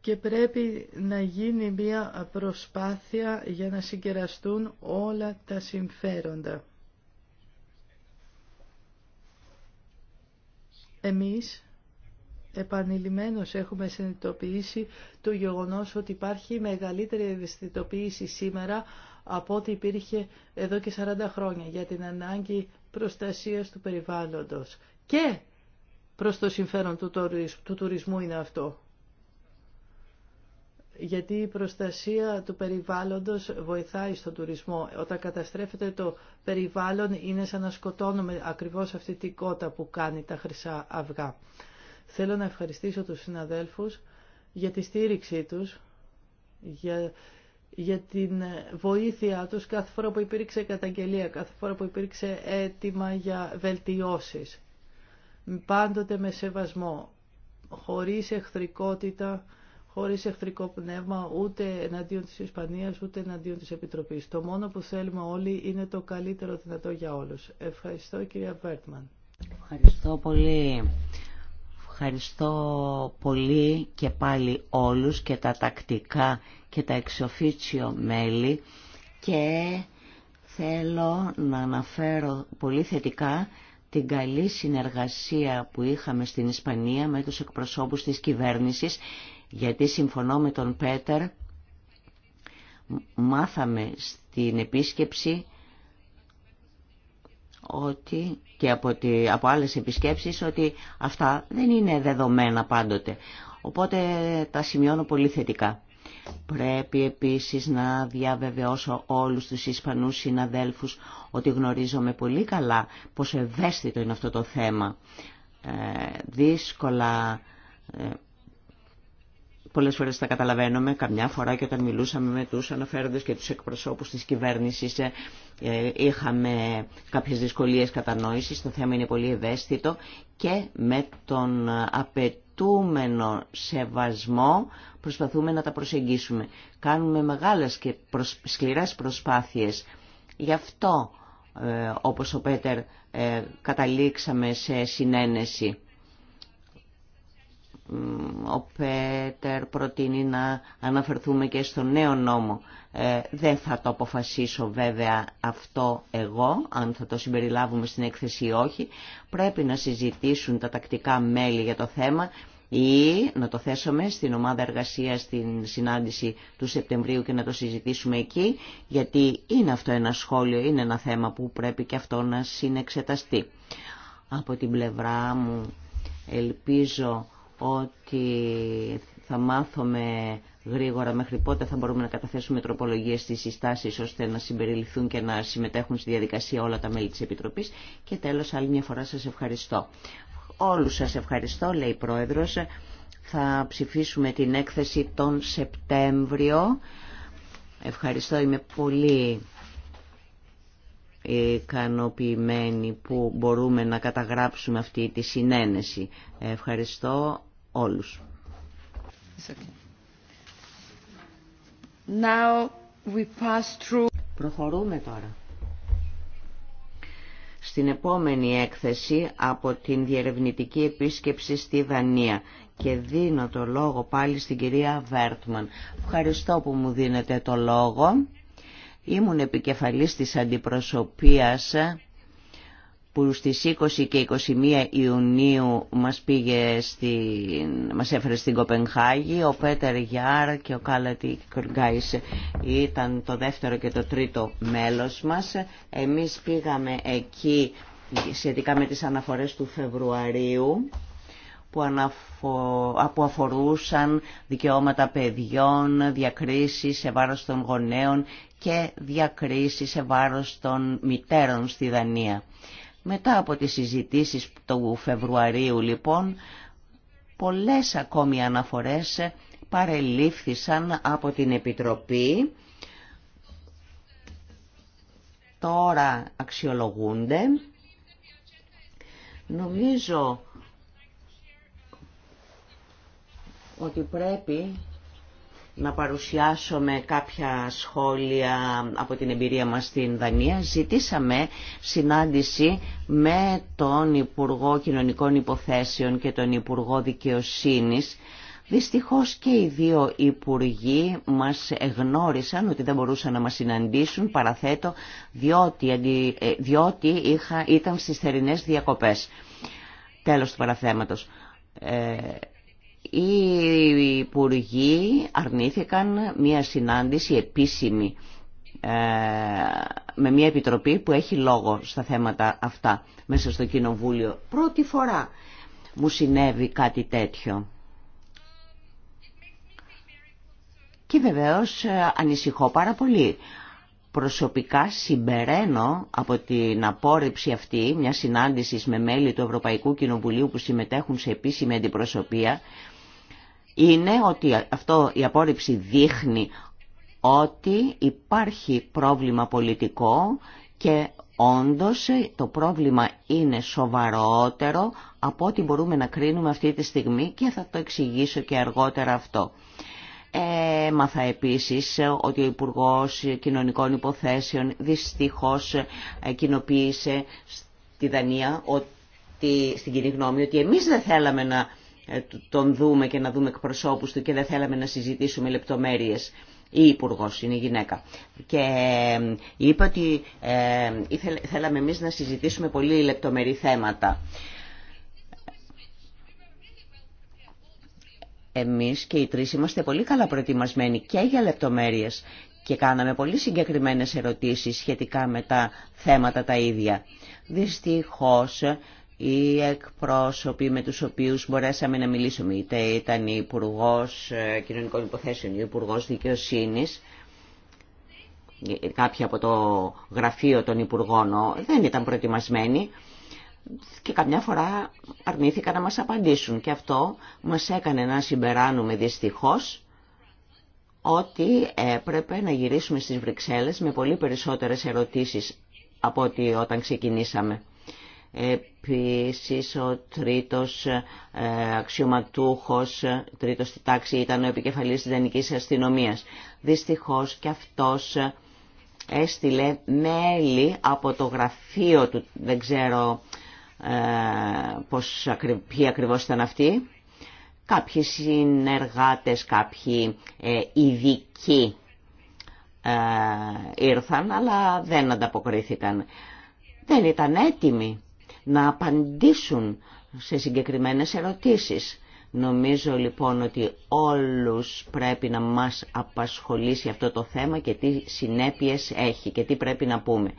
και πρέπει να γίνει μια προσπάθεια για να συγκεραστούν όλα τα συμφέροντα. Εμείς επανειλημμένως έχουμε συνειδητοποιήσει το γεγονός ότι υπάρχει μεγαλύτερη ευαισθητοποίηση σήμερα από ό,τι υπήρχε εδώ και 40 χρόνια για την ανάγκη προστασίας του περιβάλλοντος. Και προς το συμφέρον του τουρισμού είναι αυτό. Γιατί η προστασία του περιβάλλοντος βοηθάει στον τουρισμό. Όταν καταστρέφεται το περιβάλλον είναι σαν να σκοτώνουμε ακριβώς αυτή την κότα που κάνει τα χρυσά αυγά. Θέλω να ευχαριστήσω τους συναδέλφους για τη στήριξή τους, για για την βοήθειά τους κάθε φορά που υπήρξε καταγγελία, κάθε φορά που υπήρξε αίτημα για βελτιώσεις. Πάντοτε με σεβασμό, χωρίς εχθρικότητα, χωρίς εχθρικό πνεύμα ούτε εναντίον της Ισπανίας ούτε εναντίον της Επιτροπής. Το μόνο που θέλουμε όλοι είναι το καλύτερο δυνατό για όλους. Ευχαριστώ κυρία Βέρτμαν. Ευχαριστώ πολύ. Ευχαριστώ πολύ και πάλι όλους και τα τακτικά και τα εξοφίτσιο μέλη και θέλω να αναφέρω πολύ θετικά την καλή συνεργασία που είχαμε στην Ισπανία με τους εκπροσώπους της κυβέρνησης γιατί συμφωνώ με τον Πέτερ μάθαμε στην επίσκεψη ότι και από, τη, από άλλες επισκέψεις ότι αυτά δεν είναι δεδομένα πάντοτε. Οπότε τα σημειώνω πολύ θετικά. Πρέπει επίσης να διαβεβαιώσω όλους τους Ισπανούς συναδέλφους ότι γνωρίζομαι πολύ καλά πόσο ευαίσθητο είναι αυτό το θέμα. Ε, δύσκολα, ε, πολλές φορές τα καταλαβαίνουμε, καμιά φορά και όταν μιλούσαμε με τους αναφέροντες και τους εκπροσώπους της κυβέρνησης ε, ε, είχαμε κάποιες δυσκολίες κατανόησης, το θέμα είναι πολύ ευαίσθητο και με τον απαιτή σεβασμό προσπαθούμε να τα προσεγγίσουμε. Κάνουμε μεγάλες και σκληρές προσπάθειες. Γι' αυτό, ε, όπως ο Πέτερ, ε, καταλήξαμε σε συνένεση ο Πέτερ προτείνει να αναφερθούμε και στον νέο νόμο. Ε, δεν θα το αποφασίσω βέβαια αυτό εγώ, αν θα το συμπεριλάβουμε στην έκθεση ή όχι. Πρέπει να συζητήσουν τα τακτικά μέλη για το θέμα ή να το θέσουμε στην ομάδα εργασίας στην συνάντηση του Σεπτεμβρίου και να το συζητήσουμε εκεί, γιατί είναι αυτό ένα σχόλιο, είναι ένα θέμα που πρέπει και αυτό να συνεξεταστεί. Από την πλευρά μου ελπίζω ότι θα μάθουμε γρήγορα μέχρι πότε θα μπορούμε να καταθέσουμε τροπολογίες στις συστάσεις ώστε να συμπεριληφθούν και να συμμετέχουν στη διαδικασία όλα τα μέλη της Επιτροπής και τέλος άλλη μια φορά σας ευχαριστώ. Όλους σας ευχαριστώ, λέει η Πρόεδρος. Θα ψηφίσουμε την έκθεση τον Σεπτέμβριο. Ευχαριστώ, είμαι πολύ ικανοποιημένη που μπορούμε να καταγράψουμε αυτή τη συνένεση. Ευχαριστώ όλους. Προχωρούμε τώρα. Στην επόμενη έκθεση από την διερευνητική επίσκεψη στη Δανία και δίνω το λόγο πάλι στην κυρία Βέρτμαν. Ευχαριστώ που μου δίνετε το λόγο. Ήμουν επικεφαλής της αντιπροσωπείας που στις 20 και 21 Ιουνίου μας, πήγε στην, μας έφερε στην Κοπενχάγη. Ο Πέτερ Γιάρ και ο Κάλατι Κουργκάης ήταν το δεύτερο και το τρίτο μέλος μας. Εμείς πήγαμε εκεί σχετικά με τις αναφορές του Φεβρουαρίου που, αναφο... αφορούσαν δικαιώματα παιδιών, διακρίσεις σε βάρος των γονέων και διακρίσεις σε βάρος των μητέρων στη Δανία. Μετά από τις συζητήσεις του Φεβρουαρίου λοιπόν, πολλές ακόμη αναφορές παρελήφθησαν από την Επιτροπή. Τώρα αξιολογούνται. Νομίζω ότι πρέπει να παρουσιάσουμε κάποια σχόλια από την εμπειρία μας στην Δανία. Ζητήσαμε συνάντηση με τον Υπουργό Κοινωνικών Υποθέσεων και τον Υπουργό Δικαιοσύνης. Δυστυχώς και οι δύο υπουργοί μας εγνώρισαν ότι δεν μπορούσαν να μας συναντήσουν, παραθέτω, διότι, ε, διότι είχα, ήταν στις θερινές διακοπές. Τέλος του παραθέματος. Ε, οι υπουργοί αρνήθηκαν μία συνάντηση επίσημη ε, με μία επιτροπή που έχει λόγο στα θέματα αυτά μέσα στο Κοινοβούλιο. Πρώτη φορά μου συνέβη κάτι τέτοιο. Και βεβαίως ε, ανησυχώ πάρα πολύ. Προσωπικά συμπεραίνω από την απόρριψη αυτή μια συνάντησης με μέλη του Ευρωπαϊκού Κοινοβουλίου που συμμετέχουν σε επίσημη αντιπροσωπεία είναι ότι αυτό η απόρριψη δείχνει ότι υπάρχει πρόβλημα πολιτικό και όντως το πρόβλημα είναι σοβαρότερο από ό,τι μπορούμε να κρίνουμε αυτή τη στιγμή και θα το εξηγήσω και αργότερα αυτό. Ε, μαθα επίσης ότι ο Υπουργός Κοινωνικών Υποθέσεων δυστυχώς κοινοποίησε στη Δανία ότι, στην κοινή γνώμη ότι εμείς δεν θέλαμε να ε, τον δούμε και να δούμε εκπροσώπους του και δεν θέλαμε να συζητήσουμε λεπτομέρειες. Η υπουργό είναι η γυναίκα. Και είπε ότι θέλαμε εμείς να συζητήσουμε πολύ λεπτομερή θέματα. Εμείς και οι τρεις είμαστε πολύ καλά προετοιμασμένοι και για λεπτομέρειες και κάναμε πολύ συγκεκριμένες ερωτήσεις σχετικά με τα θέματα τα ίδια. Δυστυχώς οι εκπρόσωποι με τους οποίους μπορέσαμε να μιλήσουμε, είτε ήταν η Υπουργό ε, Κοινωνικών Υποθέσεων ή Υπουργό Δικαιοσύνη, κάποιοι από το γραφείο των Υπουργών δεν ήταν προετοιμασμένοι και καμιά φορά αρνήθηκαν να μας απαντήσουν και αυτό μας έκανε να συμπεράνουμε δυστυχώς ότι έπρεπε να γυρίσουμε στις Βρυξέλλες με πολύ περισσότερες ερωτήσεις από ότι όταν ξεκινήσαμε. Επίσης ο τρίτος ε, αξιωματούχος, τρίτος στη τάξη ήταν ο επικεφαλής της Δανική Αστυνομίας. Δυστυχώς και αυτός ε, έστειλε μέλη από το γραφείο του, δεν ξέρω ε, πώς, ποιοι ακριβώς ήταν αυτοί, κάποιοι συνεργάτες, κάποιοι ειδικοί ήρθαν, αλλά δεν ανταποκρίθηκαν. Δεν ήταν έτοιμοι να απαντήσουν σε συγκεκριμένες ερωτήσεις. Νομίζω λοιπόν ότι όλους πρέπει να μας απασχολήσει αυτό το θέμα και τι συνέπειες έχει και τι πρέπει να πούμε.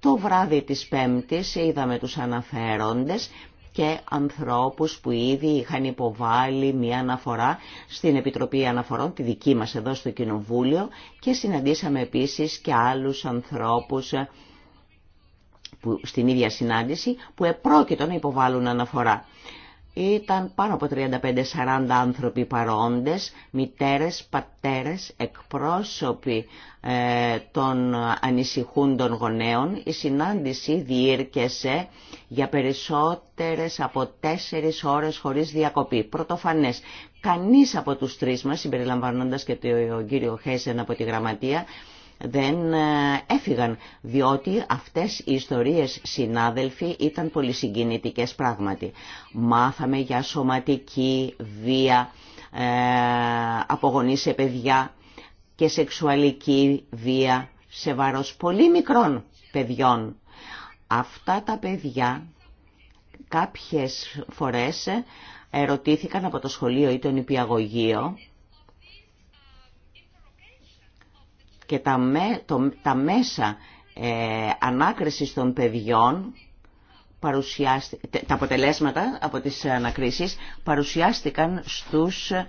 Το βράδυ της Πέμπτης είδαμε τους αναφέροντες και ανθρώπους που ήδη είχαν υποβάλει μια αναφορά στην Επιτροπή Αναφορών, τη δική μας εδώ στο Κοινοβούλιο και συναντήσαμε επίσης και άλλους ανθρώπους που, στην ίδια συνάντηση που επρόκειτο να υποβάλουν αναφορά. Ήταν πάνω από 35-40 άνθρωποι παρόντες, μητέρες, πατέρες, εκπρόσωποι ε, των ανησυχούντων γονέων. Η συνάντηση διήρκεσε για περισσότερες από τέσσερις ώρες χωρίς διακοπή. Πρωτοφανές, κανείς από τους τρεις μας, συμπεριλαμβανώντας και τον κύριο Χέσεν από τη Γραμματεία, δεν ε, έφυγαν, διότι αυτές οι ιστορίες συνάδελφοι ήταν πολύ συγκινητικές πράγματι. Μάθαμε για σωματική βία ε, από γονείς σε παιδιά και σεξουαλική βία σε βάρος πολύ μικρών παιδιών. Αυτά τα παιδιά κάποιες φορές ερωτήθηκαν από το σχολείο ή τον νηπιαγωγείο και τα, μέσα ε, ανάκρισης των παιδιών τα αποτελέσματα από τις ανακρίσεις παρουσιάστηκαν στους ε,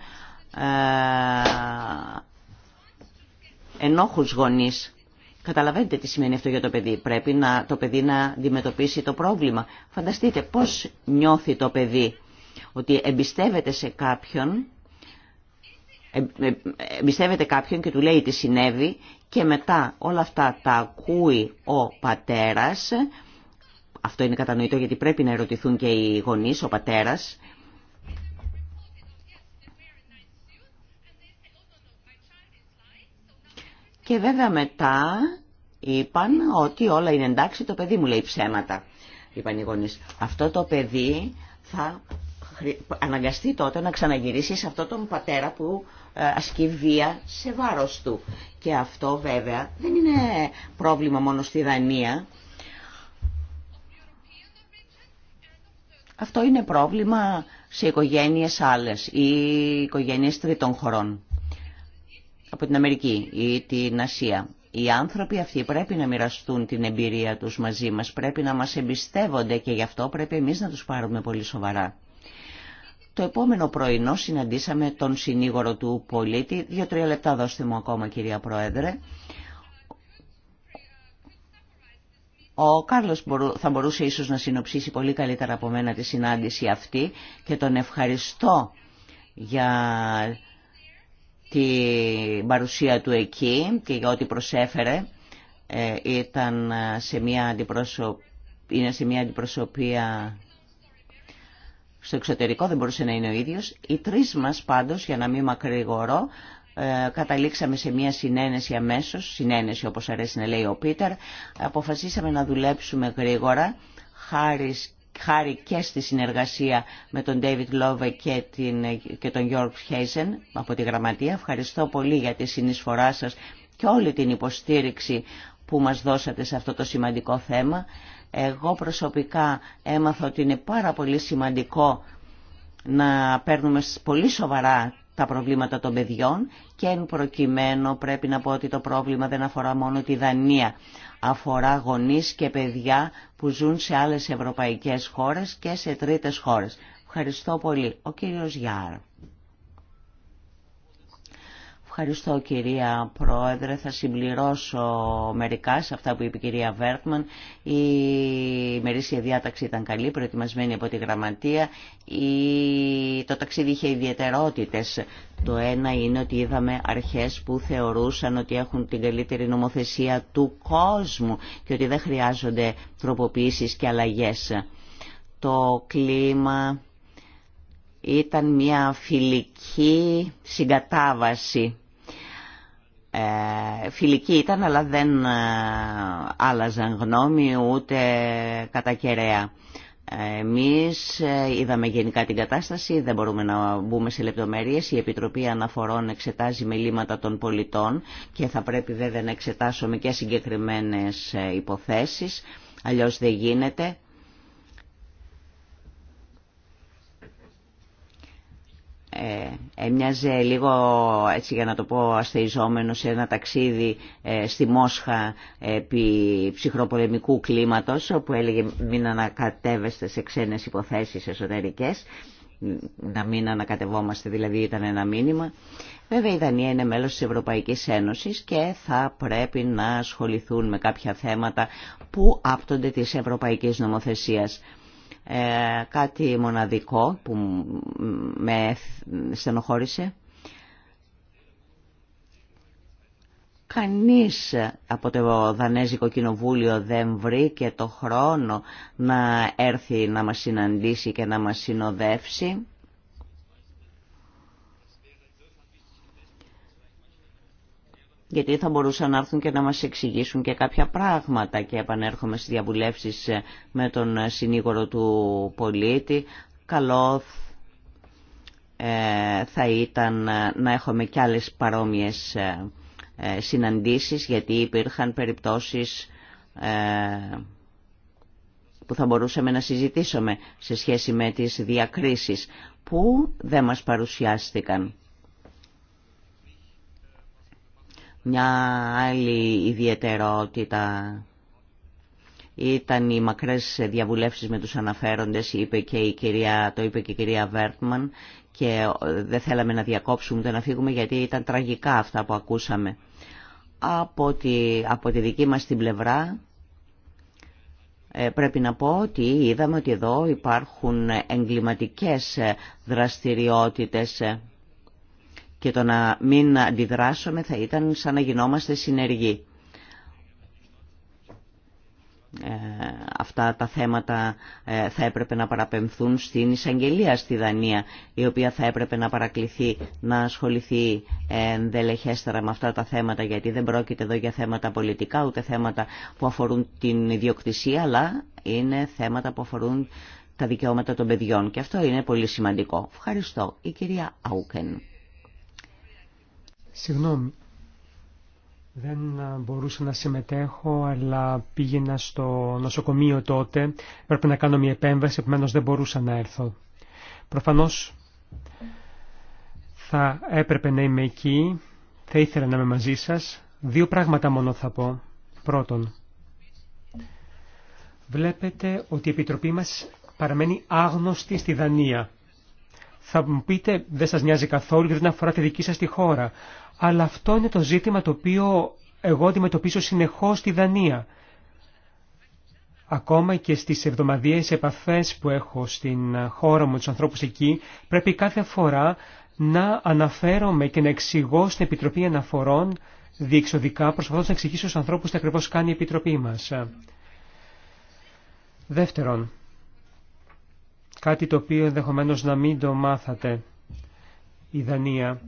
ενόχους γονείς. Καταλαβαίνετε τι σημαίνει αυτό για το παιδί. Πρέπει να, το παιδί να αντιμετωπίσει το πρόβλημα. Φανταστείτε πώς νιώθει το παιδί ότι εμπιστεύεται σε κάποιον ε, ε, εμπιστεύεται κάποιον και του λέει τι συνέβη και μετά όλα αυτά τα ακούει ο πατέρας, αυτό είναι κατανοητό γιατί πρέπει να ερωτηθούν και οι γονείς, ο πατέρας, Και βέβαια μετά είπαν ότι όλα είναι εντάξει, το παιδί μου λέει ψέματα, είπαν οι γονείς. Αυτό το παιδί θα αναγκαστεί τότε να ξαναγυρίσει σε αυτόν τον πατέρα που ε, ασκηβία σε βάρος του. Και αυτό βέβαια δεν είναι πρόβλημα μόνο στη Δανία. Αυτό είναι πρόβλημα σε οικογένειες άλλες ή οικογένειες τρίτων χωρών από την Αμερική ή την Ασία. Οι άνθρωποι αυτοί πρέπει να μοιραστούν την εμπειρία τους μαζί μας, πρέπει να μας εμπιστεύονται και γι' αυτό πρέπει εμείς να τους πάρουμε πολύ σοβαρά. Το επόμενο πρωινό συναντήσαμε τον συνήγορο του πολίτη. Δύο-τρία λεπτά δώστε μου ακόμα κυρία Πρόεδρε. Ο Κάρλος θα μπορούσε ίσως να συνοψίσει πολύ καλύτερα από μένα τη συνάντηση αυτή και τον ευχαριστώ για την παρουσία του εκεί και για ό,τι προσέφερε. Ε, ήταν σε μια είναι σε μια αντιπροσωπεία στο εξωτερικό δεν μπορούσε να είναι ο ίδιος. Οι τρεις μας πάντως, για να μην μακρηγορώ, ε, καταλήξαμε σε μια συνένεση αμέσως, συνένεση όπως αρέσει να λέει ο Πίτερ. Αποφασίσαμε να δουλέψουμε γρήγορα, χάρη, χάρη και στη συνεργασία με τον David Love και, την, και τον George Χέισεν από τη Γραμματεία. Ευχαριστώ πολύ για τη συνεισφορά σας και όλη την υποστήριξη που μας δώσατε σε αυτό το σημαντικό θέμα. Εγώ προσωπικά έμαθα ότι είναι πάρα πολύ σημαντικό να παίρνουμε πολύ σοβαρά τα προβλήματα των παιδιών και εν προκειμένου πρέπει να πω ότι το πρόβλημα δεν αφορά μόνο τη Δανία. Αφορά γονείς και παιδιά που ζουν σε άλλες ευρωπαϊκές χώρες και σε τρίτες χώρες. Ευχαριστώ πολύ. Ο κύριος Γιάρα. Ευχαριστώ κυρία Πρόεδρε. Θα συμπληρώσω μερικά σε αυτά που είπε η κυρία Βέρτμαν. Η μερίσια διάταξη ήταν καλή, προετοιμασμένη από τη γραμματεία. Η... Το ταξίδι είχε ιδιαιτερότητες. Το ένα είναι ότι είδαμε αρχές που θεωρούσαν ότι έχουν την καλύτερη νομοθεσία του κόσμου και ότι δεν χρειάζονται τροποποιήσεις και αλλαγές. Το κλίμα ήταν μια φιλική συγκατάβαση ε, φιλική ήταν αλλά δεν ε, άλλαζαν γνώμη ούτε κατά κεραία. Ε, εμείς είδαμε γενικά την κατάσταση, δεν μπορούμε να μπούμε σε λεπτομέρειες. Η Επιτροπή Αναφορών εξετάζει μελήματα των πολιτών και θα πρέπει βέβαια να εξετάσουμε και συγκεκριμένες υποθέσεις, αλλιώς δεν γίνεται. Ε, έμοιαζε λίγο, έτσι για να το πω, αστεϊζόμενο σε ένα ταξίδι ε, στη Μόσχα επί ψυχροπολεμικού κλίματος, όπου έλεγε μην ανακατεύεστε σε ξένες υποθέσεις εσωτερικές, να μην ανακατευόμαστε, δηλαδή ήταν ένα μήνυμα. Βέβαια η Δανία είναι μέλος της Ευρωπαϊκής Ένωσης και θα πρέπει να ασχοληθούν με κάποια θέματα που άπτονται της Ευρωπαϊκής Νομοθεσίας. Ε, κάτι μοναδικό που με στενοχώρησε. Κανείς από το Δανέζικο Κοινοβούλιο δεν βρήκε το χρόνο να έρθει να μας συναντήσει και να μας συνοδεύσει. γιατί θα μπορούσαν να έρθουν και να μας εξηγήσουν και κάποια πράγματα και επανέρχομαι στις διαβουλεύσεις ε, με τον ε, συνήγορο του πολίτη. Καλό ε, θα ήταν να έχουμε και άλλες παρόμοιες συναντήσεις γιατί υπήρχαν περιπτώσεις που θα μπορούσαμε να συζητήσουμε σε σχέση με τις διακρίσεις που δεν μας παρουσιάστηκαν. Μια άλλη ιδιαιτερότητα ήταν οι μακρές διαβουλεύσεις με τους αναφέροντες, είπε και η κυρία, το είπε και η κυρία Βέρτμαν και ε, δεν θέλαμε να διακόψουμε ούτε να φύγουμε γιατί ήταν τραγικά αυτά που ακούσαμε. Από τη, από τη δική μας την πλευρά ε, πρέπει να πω ότι είδαμε ότι εδώ υπάρχουν εγκληματικές δραστηριότητες ε, και το να μην αντιδράσουμε θα ήταν σαν να γινόμαστε συνεργοί. Ε, αυτά τα θέματα ε, θα έπρεπε να παραπεμφθούν στην εισαγγελία στη Δανία η οποία θα έπρεπε να παρακληθεί να ασχοληθεί δελεχέστερα με αυτά τα θέματα γιατί δεν πρόκειται εδώ για θέματα πολιτικά ούτε θέματα που αφορούν την ιδιοκτησία αλλά είναι θέματα που αφορούν τα δικαιώματα των παιδιών και αυτό είναι πολύ σημαντικό. Ευχαριστώ. Η κυρία Άουκεν. Συγγνώμη, δεν ε, μπορούσα να συμμετέχω, αλλά πήγαινα στο νοσοκομείο τότε. Πρέπει να κάνω μια επέμβαση, επομένως δεν μπορούσα να έρθω. Προφανώς θα έπρεπε να είμαι εκεί, θα ήθελα να είμαι μαζί σας. Δύο πράγματα μόνο θα πω. Πρώτον, βλέπετε ότι η Επιτροπή μας παραμένει άγνωστη στη Δανία. Θα μου πείτε, δεν σας νοιάζει καθόλου γιατί δεν αφορά τη δική σας τη χώρα αλλά αυτό είναι το ζήτημα το οποίο εγώ αντιμετωπίζω συνεχώς στη Δανία. Ακόμα και στις εβδομαδιαίες επαφές που έχω στην χώρα μου, τους ανθρώπους εκεί, πρέπει κάθε φορά να αναφέρομαι και να εξηγώ στην Επιτροπή Αναφορών διεξοδικά, προσπαθώντας να εξηγήσω στους ανθρώπους τι ακριβώς κάνει η Επιτροπή μας. Δεύτερον, κάτι το οποίο ενδεχομένως να μην το μάθατε, η Δανία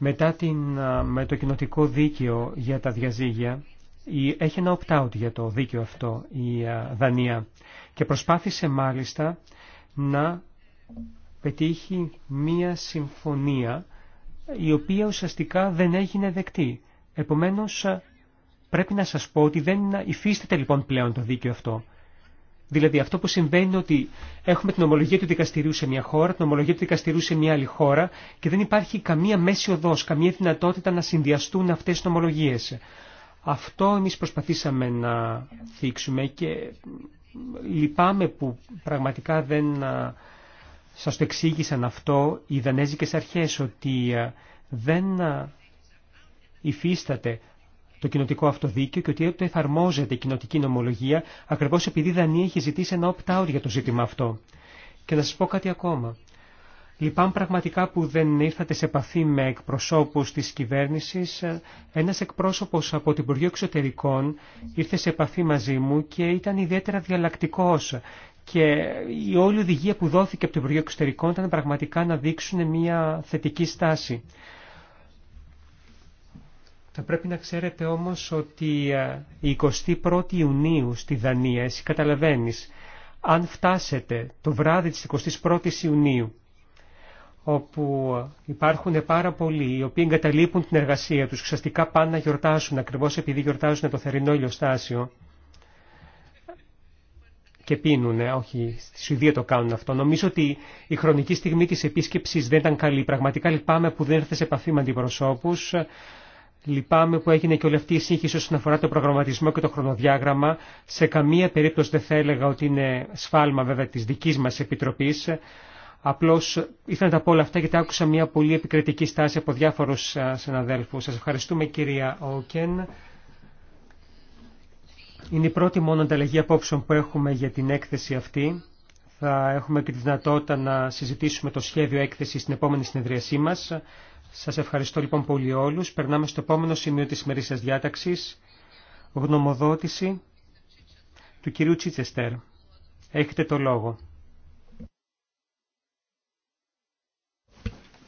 μετά την, με το κοινοτικό δίκαιο για τα διαζύγια, η, έχει ένα opt-out για το δίκαιο αυτό η Δανία και προσπάθησε μάλιστα να πετύχει μία συμφωνία η οποία ουσιαστικά δεν έγινε δεκτή. Επομένως, πρέπει να σας πω ότι δεν υφίσταται λοιπόν πλέον το δίκαιο αυτό. Δηλαδή αυτό που συμβαίνει είναι ότι έχουμε την ομολογία του δικαστηρίου σε μια χώρα, την ομολογία του δικαστηρίου σε μια άλλη χώρα και δεν υπάρχει καμία μέση οδός, καμία δυνατότητα να συνδυαστούν αυτές τι ομολογίες. Αυτό εμείς προσπαθήσαμε να θίξουμε και λυπάμαι που πραγματικά δεν σας το εξήγησαν αυτό οι δανέζικέ αρχές ότι δεν υφίσταται το κοινοτικό αυτοδίκαιο και ότι έπειτα εφαρμόζεται η κοινοτική νομολογία ακριβώς επειδή η Δανία έχει ζητήσει ένα opt-out για το ζήτημα αυτό. Και να σας πω κάτι ακόμα. Λυπάμαι πραγματικά που δεν ήρθατε σε επαφή με εκπροσώπους της κυβέρνησης. Ένας εκπρόσωπος από την Υπουργείο Εξωτερικών ήρθε σε επαφή μαζί μου και ήταν ιδιαίτερα διαλλακτικός. Και η όλη οδηγία που δόθηκε από την Υπουργείο Εξωτερικών ήταν πραγματικά να δείξουν μια θετική στάση. Θα πρέπει να ξέρετε όμως ότι ε, η 21η Ιουνίου στη Δανία, εσύ καταλαβαίνεις, αν φτάσετε το βράδυ της 21ης Ιουνίου, όπου ε, υπάρχουν πάρα πολλοί οι οποίοι εγκαταλείπουν την εργασία τους, ξαστικά πάνε να γιορτάσουν ακριβώς επειδή γιορτάζουν το θερινό ηλιοστάσιο και πίνουνε, όχι στη Σουηδία το κάνουν αυτό. Νομίζω ότι η χρονική στιγμή της επίσκεψης δεν ήταν καλή. Πραγματικά λυπάμαι που δεν έρθες σε επαφή με Λυπάμαι που έγινε και όλη αυτή η σύγχυση όσον αφορά το προγραμματισμό και το χρονοδιάγραμμα. Σε καμία περίπτωση δεν θα έλεγα ότι είναι σφάλμα βέβαια της δικής μας επιτροπής. Απλώς ήθελα να τα πω όλα αυτά γιατί άκουσα μια πολύ επικριτική στάση από διάφορους συναδέλφους. Σας ευχαριστούμε κυρία Όκεν. Είναι η πρώτη μόνο ανταλλαγή απόψεων που έχουμε για την έκθεση αυτή. Θα έχουμε και τη δυνατότητα να συζητήσουμε το σχέδιο έκθεση στην επόμενη συνεδρίασή μας. Σας ευχαριστώ λοιπόν πολύ όλους. Περνάμε στο επόμενο σημείο της ημερήσιας διάταξης. Γνωμοδότηση του κυρίου Τσίτσεστερ. Έχετε το λόγο.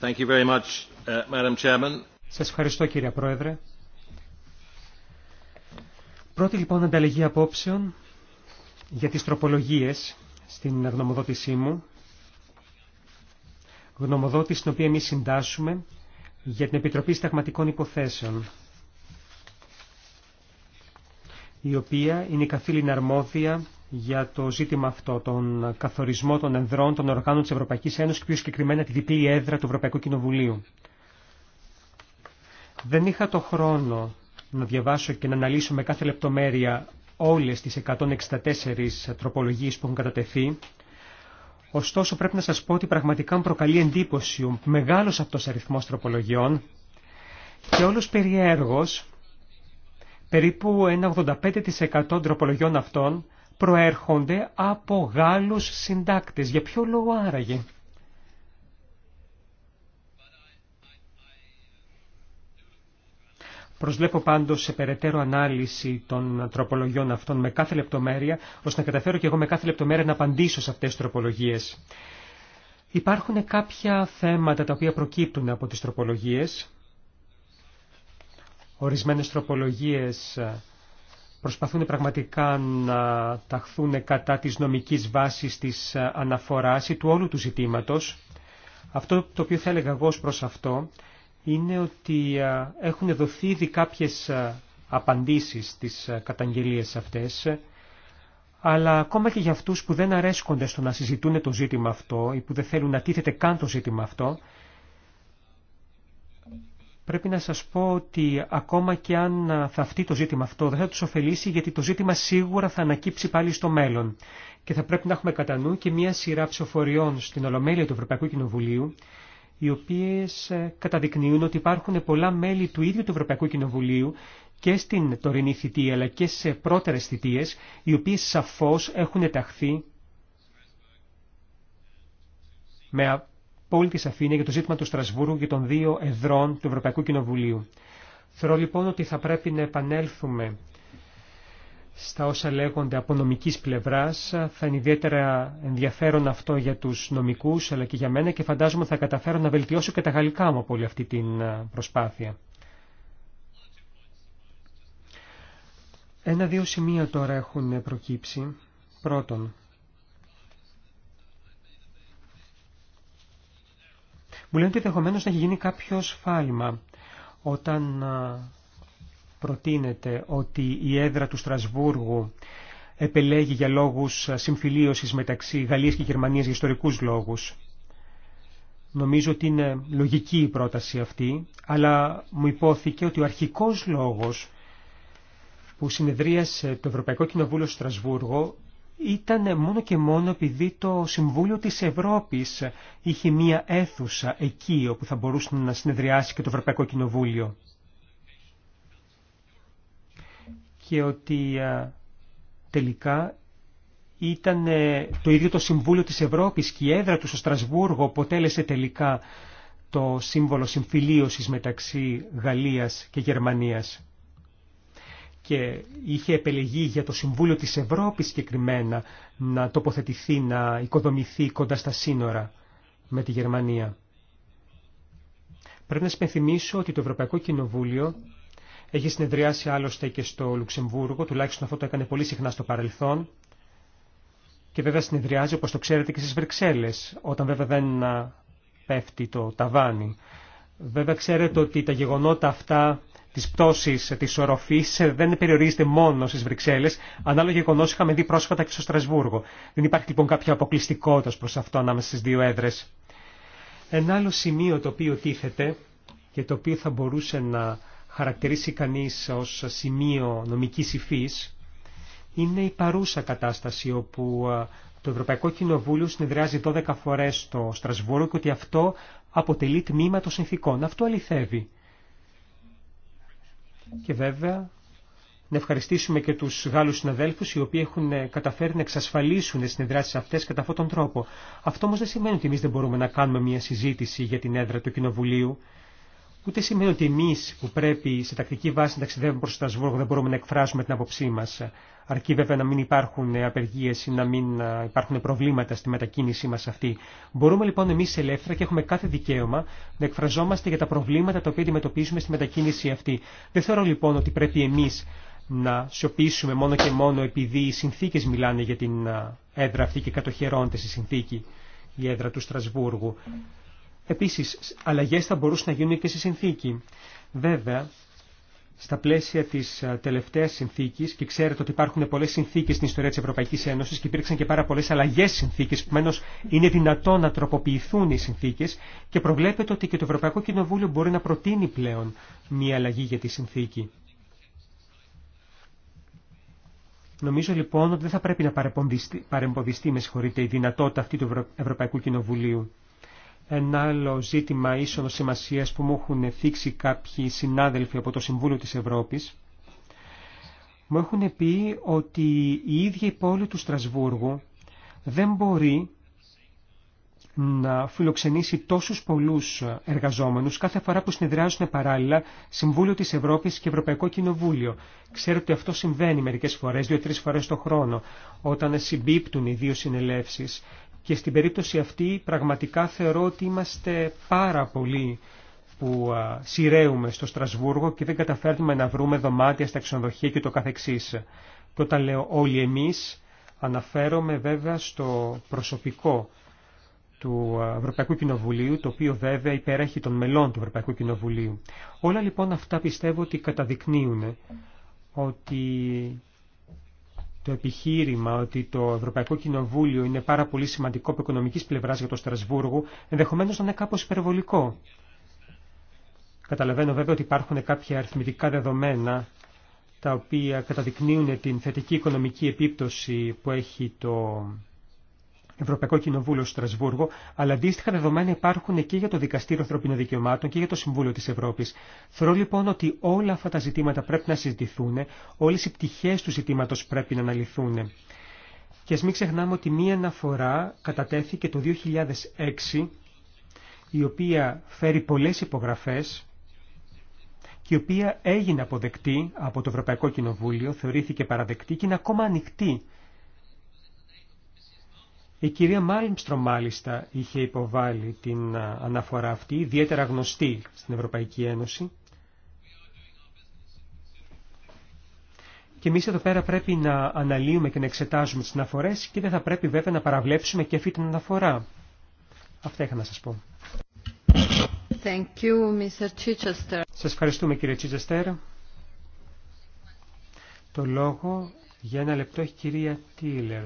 Thank you very much, uh, Σας ευχαριστώ κύριε Πρόεδρε. Πρώτη λοιπόν ανταλλαγή απόψεων για τις τροπολογίες στην γνωμοδότησή μου. Γνωμοδότηση την οποία εμείς συντάσσουμε για την Επιτροπή Σταγματικών Υποθέσεων, η οποία είναι η καθήλυνα αρμόδια για το ζήτημα αυτό, τον καθορισμό των ενδρών των οργάνων της Ευρωπαϊκής Ένωσης και πιο συγκεκριμένα τη διπλή έδρα του Ευρωπαϊκού Κοινοβουλίου. Δεν είχα το χρόνο να διαβάσω και να αναλύσω με κάθε λεπτομέρεια όλες τις 164 τροπολογίες που έχουν κατατεθεί Ωστόσο πρέπει να σας πω ότι πραγματικά μου προκαλεί εντύπωση μεγάλος αυτός αριθμός τροπολογιών και όλος περιέργως περίπου ένα 85% τροπολογιών αυτών προέρχονται από Γάλλους συντάκτες. Για ποιο λόγο άραγε. Προσβλέπω πάντως σε περαιτέρω ανάλυση των τροπολογιών αυτών με κάθε λεπτομέρεια, ώστε να καταφέρω και εγώ με κάθε λεπτομέρεια να απαντήσω σε αυτές τις τροπολογίες. Υπάρχουν κάποια θέματα τα οποία προκύπτουν από τις τροπολογίες. Ορισμένες τροπολογίες προσπαθούν πραγματικά να ταχθούν κατά της νομικής βάσης της αναφοράς ή του όλου του ζητήματος. Αυτό το οποίο θα έλεγα εγώ προς αυτό είναι ότι έχουν δοθεί ήδη κάποιες απαντήσεις στις καταγγελίες αυτές, αλλά ακόμα και για αυτούς που δεν αρέσκονται στο να συζητούν το ζήτημα αυτό ή που δεν θέλουν να τίθεται καν το ζήτημα αυτό, πρέπει να σας πω ότι ακόμα και αν θα αυτή το ζήτημα αυτό δεν θα τους ωφελήσει γιατί το ζήτημα σίγουρα θα ανακύψει πάλι στο μέλλον και θα πρέπει να έχουμε κατά νου και μια σειρά ψηφοφοριών στην Ολομέλεια του Ευρωπαϊκού Κοινοβουλίου οι οποίες ε, καταδεικνύουν ότι υπάρχουν πολλά μέλη του ίδιου του Ευρωπαϊκού Κοινοβουλίου και στην τωρινή θητεία αλλά και σε πρότερες θητείες, οι οποίες σαφώς έχουν ταχθεί με απόλυτη σαφήνεια για το ζήτημα του Στρασβούργου και των δύο εδρών του Ευρωπαϊκού Κοινοβουλίου. Θεωρώ λοιπόν ότι θα πρέπει να επανέλθουμε στα όσα λέγονται από νομικής πλευράς. Θα είναι ιδιαίτερα ενδιαφέρον αυτό για τους νομικούς αλλά και για μένα και φαντάζομαι θα καταφέρω να βελτιώσω και τα γαλλικά μου από όλη αυτή την προσπάθεια. Ένα-δύο σημεία τώρα έχουν προκύψει. Πρώτον, μου λένε ότι ενδεχομένω να έχει γίνει κάποιο σφάλμα όταν προτείνεται ότι η έδρα του Στρασβούργου επελέγει για λόγους συμφιλίωσης μεταξύ Γαλλίας και Γερμανίας για ιστορικούς λόγους. Νομίζω ότι είναι λογική η πρόταση αυτή, αλλά μου υπόθηκε ότι ο αρχικός λόγος που συνεδρίασε το Ευρωπαϊκό Κοινοβούλιο στο Στρασβούργο ήταν μόνο και μόνο επειδή το Συμβούλιο της Ευρώπης είχε μία αίθουσα εκεί όπου θα μπορούσε να συνεδριάσει και το Ευρωπαϊκό Κοινοβούλιο. και ότι ε, τελικά ήταν ε, το ίδιο το Συμβούλιο της Ευρώπης και η έδρα του στο Στρασβούργο αποτέλεσε τελικά το σύμβολο συμφιλίωσης μεταξύ Γαλλίας και Γερμανίας. Και είχε επελεγεί για το Συμβούλιο της Ευρώπης συγκεκριμένα να τοποθετηθεί, να οικοδομηθεί κοντά στα σύνορα με τη Γερμανία. Πρέπει να σας ότι το Ευρωπαϊκό Κοινοβούλιο έχει συνεδριάσει άλλωστε και στο Λουξεμβούργο, τουλάχιστον αυτό το έκανε πολύ συχνά στο παρελθόν. Και βέβαια συνεδριάζει, όπως το ξέρετε, και στις Βρυξέλλες, όταν βέβαια δεν πέφτει το ταβάνι. Βέβαια ξέρετε ότι τα γεγονότα αυτά της πτώσης της οροφής ε, δεν περιορίζεται μόνο στις Βρυξέλλες. Ανάλογα γεγονό είχαμε δει πρόσφατα και στο Στρασβούργο. Δεν υπάρχει λοιπόν κάποια αποκλειστικότητα προς αυτό ανάμεσα στις δύο έδρες. Ένα άλλο σημείο το οποίο τίθεται και το οποίο θα μπορούσε να χαρακτηρίσει κανείς ως σημείο νομικής υφής είναι η παρούσα κατάσταση όπου ε, το Ευρωπαϊκό Κοινοβούλιο συνεδριάζει 12 φορές στο Στρασβούργο και ότι αυτό αποτελεί τμήμα των συνθήκων. Αυτό αληθεύει. Και βέβαια να ευχαριστήσουμε και τους Γάλλους συναδέλφους οι οποίοι έχουν ε, καταφέρει να εξασφαλίσουν τις συνεδράσεις αυτές κατά αυτόν τον τρόπο. Αυτό όμως δεν σημαίνει ότι εμείς δεν μπορούμε να κάνουμε μια συζήτηση για την έδρα του Κοινοβουλίου ούτε σημαίνει ότι εμεί που πρέπει σε τακτική βάση να ταξιδεύουμε προ το Στρασβούργο δεν μπορούμε να εκφράσουμε την άποψή μα. Αρκεί βέβαια να μην υπάρχουν απεργίε ή να μην υπάρχουν προβλήματα στη μετακίνησή μα αυτή. Μπορούμε λοιπόν εμεί ελεύθερα και έχουμε κάθε δικαίωμα να εκφραζόμαστε για τα προβλήματα τα οποία αντιμετωπίζουμε στη μετακίνηση αυτή. Δεν θεωρώ λοιπόν ότι πρέπει εμεί να σιωπήσουμε μόνο και μόνο επειδή οι συνθήκε μιλάνε για την έδρα αυτή και κατοχυρώνεται στη συνθήκη η έδρα του Στρασβούργου. Επίση, αλλαγέ θα μπορούσαν να γίνουν και στη συνθήκη. Βέβαια, στα πλαίσια τη ε, τελευταία συνθήκη, και ξέρετε ότι υπάρχουν πολλέ συνθήκε στην ιστορία τη Ευρωπαϊκή Ένωση και υπήρξαν και πάρα πολλέ αλλαγέ συνθήκε, μένω είναι δυνατόν να τροποποιηθούν οι συνθήκε και προβλέπεται ότι και το Ευρωπαϊκό Κοινοβούλιο μπορεί να προτείνει πλέον μία αλλαγή για τη συνθήκη. Νομίζω λοιπόν ότι δεν θα πρέπει να παρεμποδιστεί, παρεμποδιστεί με συγχωρείτε, η δυνατότητα αυτή του Ευρωπαϊκού Κοινοβουλίου. Ένα άλλο ζήτημα ίσονο σημασία που μου έχουν θίξει κάποιοι συνάδελφοι από το Συμβούλιο της Ευρώπης μου έχουν πει ότι η ίδια η πόλη του Στρασβούργου δεν μπορεί να φιλοξενήσει τόσους πολλούς εργαζόμενους κάθε φορά που συνεδριάζουν παράλληλα Συμβούλιο της Ευρώπης και Ευρωπαϊκό Κοινοβούλιο. Ξέρω ότι αυτό συμβαίνει μερικές φορές, δύο-τρεις φορές το χρόνο, όταν συμπίπτουν οι δύο συνελεύσεις και στην περίπτωση αυτή πραγματικά θεωρώ ότι είμαστε πάρα πολλοί που σειραίουμε στο Στρασβούργο και δεν καταφέρνουμε να βρούμε δωμάτια στα ξενοδοχεία και το καθεξής. Και όταν λέω όλοι εμείς, αναφέρομαι βέβαια στο προσωπικό του Ευρωπαϊκού Κοινοβουλίου, το οποίο βέβαια υπερέχει των μελών του Ευρωπαϊκού Κοινοβουλίου. Όλα λοιπόν αυτά πιστεύω ότι καταδεικνύουν ότι το επιχείρημα ότι το Ευρωπαϊκό Κοινοβούλιο είναι πάρα πολύ σημαντικό από οικονομική πλευρά για το Στρασβούργο, ενδεχομένως να είναι κάπως υπερβολικό. Καταλαβαίνω βέβαια ότι υπάρχουν κάποια αριθμητικά δεδομένα τα οποία καταδεικνύουν την θετική οικονομική επίπτωση που έχει το Ευρωπαϊκό Κοινοβούλιο στο Στρασβούργο, αλλά αντίστοιχα δεδομένα υπάρχουν και για το Δικαστήριο Ανθρωπίνων Δικαιωμάτων και για το Συμβούλιο τη Ευρώπη. Θεωρώ λοιπόν ότι όλα αυτά τα ζητήματα πρέπει να συζητηθούν, όλε οι πτυχέ του ζητήματο πρέπει να αναλυθούν. Και α μην ξεχνάμε ότι μία αναφορά κατατέθηκε το 2006, η οποία φέρει πολλέ υπογραφέ και η οποία έγινε αποδεκτή από το Ευρωπαϊκό Κοινοβούλιο, θεωρήθηκε παραδεκτή και είναι ακόμα ανοιχτή η κυρία Μάλμστρομ μάλιστα είχε υποβάλει την αναφορά αυτή, ιδιαίτερα γνωστή στην Ευρωπαϊκή Ένωση. Και εμεί εδώ πέρα πρέπει να αναλύουμε και να εξετάζουμε τις αναφορές και δεν θα πρέπει βέβαια να παραβλέψουμε και αυτή την αναφορά. Αυτά είχα να σας πω. Thank you, Mr. Σας ευχαριστούμε κύριε Τσίτσεστερ. Το λόγο για ένα λεπτό έχει η κυρία Τίλερ.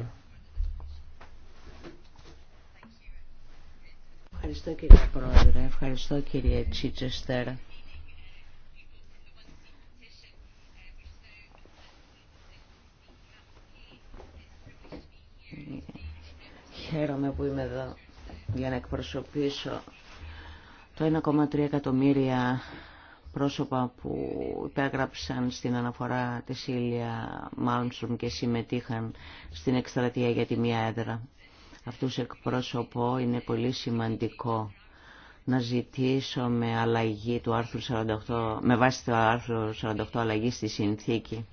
Ευχαριστώ κύριε Πρόεδρε, ευχαριστώ κύριε Τσίτσεστερ. Χαίρομαι που είμαι εδώ για να εκπροσωπήσω το 1,3 εκατομμύρια πρόσωπα που υπέγραψαν στην αναφορά της Ήλια Μάλμστρομ και συμμετείχαν στην εκστρατεία για τη μία έδρα αυτούς εκπρόσωπο είναι πολύ σημαντικό να με αλλαγή του άρθρου 48, με βάση το άρθρο 48 αλλαγή στη συνθήκη.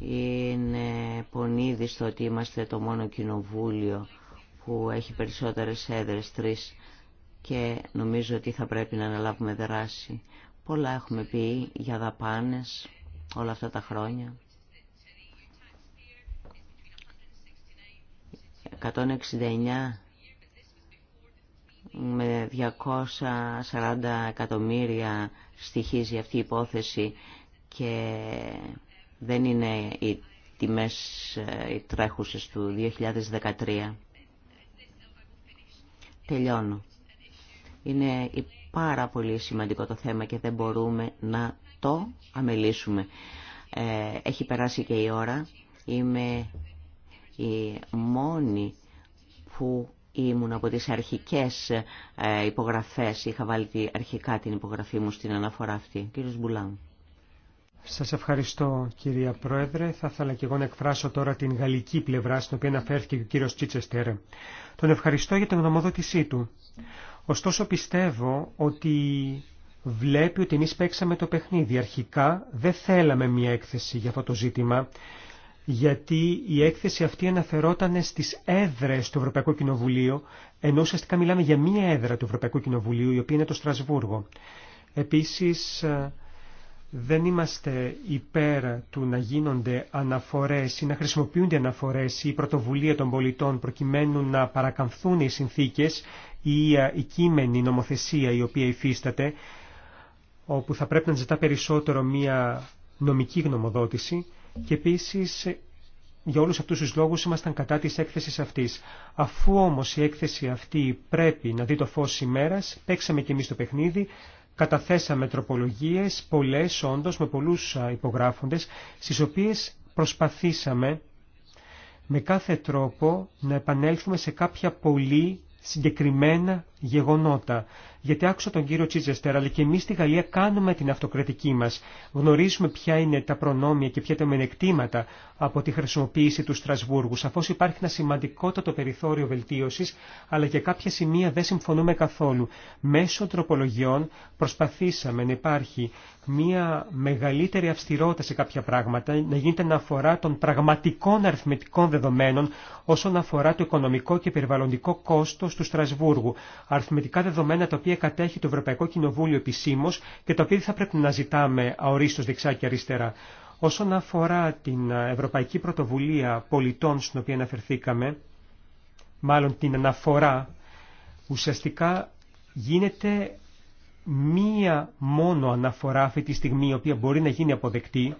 Είναι πονίδιστο ότι είμαστε το μόνο κοινοβούλιο που έχει περισσότερες έδρες, τρεις, και νομίζω ότι θα πρέπει να αναλάβουμε δράση. Πολλά έχουμε πει για δαπάνες όλα αυτά τα χρόνια. 169 με 240 εκατομμύρια στοιχίζει αυτή η υπόθεση και δεν είναι οι τιμές ε, οι τρέχουσες του 2013. Τελειώνω. Είναι πάρα πολύ σημαντικό το θέμα και δεν μπορούμε να το αμελήσουμε. Ε, έχει περάσει και η ώρα. Είμαι η μόνη που ήμουν από τις αρχικές ε, υπογραφές, είχα βάλει αρχικά την υπογραφή μου στην αναφορά αυτή. Κύριος Μπουλάν. Σας ευχαριστώ κυρία Πρόεδρε. Θα ήθελα και εγώ να εκφράσω τώρα την γαλλική πλευρά στην οποία αναφέρθηκε ο κύριος Τσίτσεστερ. Τον ευχαριστώ για την γνωμοδότησή του. Ωστόσο πιστεύω ότι βλέπει ότι εμεί παίξαμε το παιχνίδι. Αρχικά δεν θέλαμε μια έκθεση για αυτό το ζήτημα γιατί η έκθεση αυτή αναφερόταν στις έδρες του Ευρωπαϊκού Κοινοβουλίου, ενώ ουσιαστικά μιλάμε για μία έδρα του Ευρωπαϊκού Κοινοβουλίου, η οποία είναι το Στρασβούργο. Επίσης, ε, δεν είμαστε υπέρ του να γίνονται αναφορές ή να χρησιμοποιούνται αναφορές ή πρωτοβουλία των πολιτών προκειμένου να παρακαμφθούν οι συνθήκες ή ε, η κείμενη νομοθεσία η οποία υφίσταται, όπου θα πρέπει να ζητά περισσότερο μία νομική γνωμοδότηση και επίση, για όλους αυτούς τους λόγους ήμασταν κατά της έκθεσης αυτής. Αφού όμως η έκθεση αυτή πρέπει να δει το φως ημέρας, παίξαμε και εμείς το παιχνίδι, καταθέσαμε τροπολογίες, πολλές όντως, με πολλούς υπογράφοντες, στις οποίες προσπαθήσαμε με κάθε τρόπο να επανέλθουμε σε κάποια πολύ συγκεκριμένα γεγονότα. Γιατί άκουσα τον κύριο Τσίτζεστερ αλλά και εμεί στη Γαλλία κάνουμε την αυτοκρατική μα. Γνωρίζουμε ποια είναι τα προνόμια και ποια τα μενεκτήματα από τη χρησιμοποίηση του Στρασβούργου. Σαφώ υπάρχει ένα σημαντικότατο περιθώριο βελτίωση, αλλά και κάποια σημεία δεν συμφωνούμε καθόλου. Μέσω τροπολογιών προσπαθήσαμε να υπάρχει μια μεγαλύτερη αυστηρότητα σε κάποια πράγματα, να γίνεται αναφορά των πραγματικών αριθμητικών δεδομένων όσον αφορά το οικονομικό και περιβαλλοντικό κόστο του Στρασβούργου αριθμητικά δεδομένα τα οποία κατέχει το Ευρωπαϊκό Κοινοβούλιο επισήμω και τα οποία θα πρέπει να ζητάμε αορίστως δεξιά και αριστερά. Όσον αφορά την Ευρωπαϊκή Πρωτοβουλία Πολιτών στην οποία αναφερθήκαμε, μάλλον την αναφορά, ουσιαστικά γίνεται μία μόνο αναφορά αυτή τη στιγμή η οποία μπορεί να γίνει αποδεκτή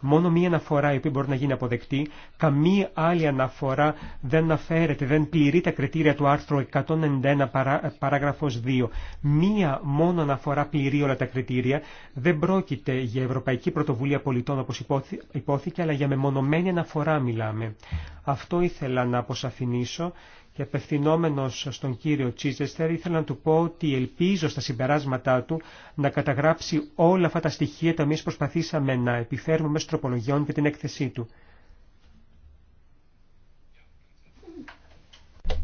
Μόνο μία αναφορά η οποία μπορεί να γίνει αποδεκτή, καμία άλλη αναφορά δεν αναφέρεται, δεν πληρεί τα κριτήρια του άρθρου 191 παράγραφος 2. Μία μόνο αναφορά πληρεί όλα τα κριτήρια, δεν πρόκειται για Ευρωπαϊκή Πρωτοβουλία Πολιτών όπως υπόθηκε, αλλά για μεμονωμένη αναφορά μιλάμε. Αυτό ήθελα να αποσαφηνίσω και απευθυνόμενο στον κύριο Τσίζεστερ, ήθελα να του πω ότι ελπίζω στα συμπεράσματά του να καταγράψει όλα αυτά τα στοιχεία τα οποία προσπαθήσαμε να επιφέρουμε μέσω τροπολογιών για την έκθεσή του.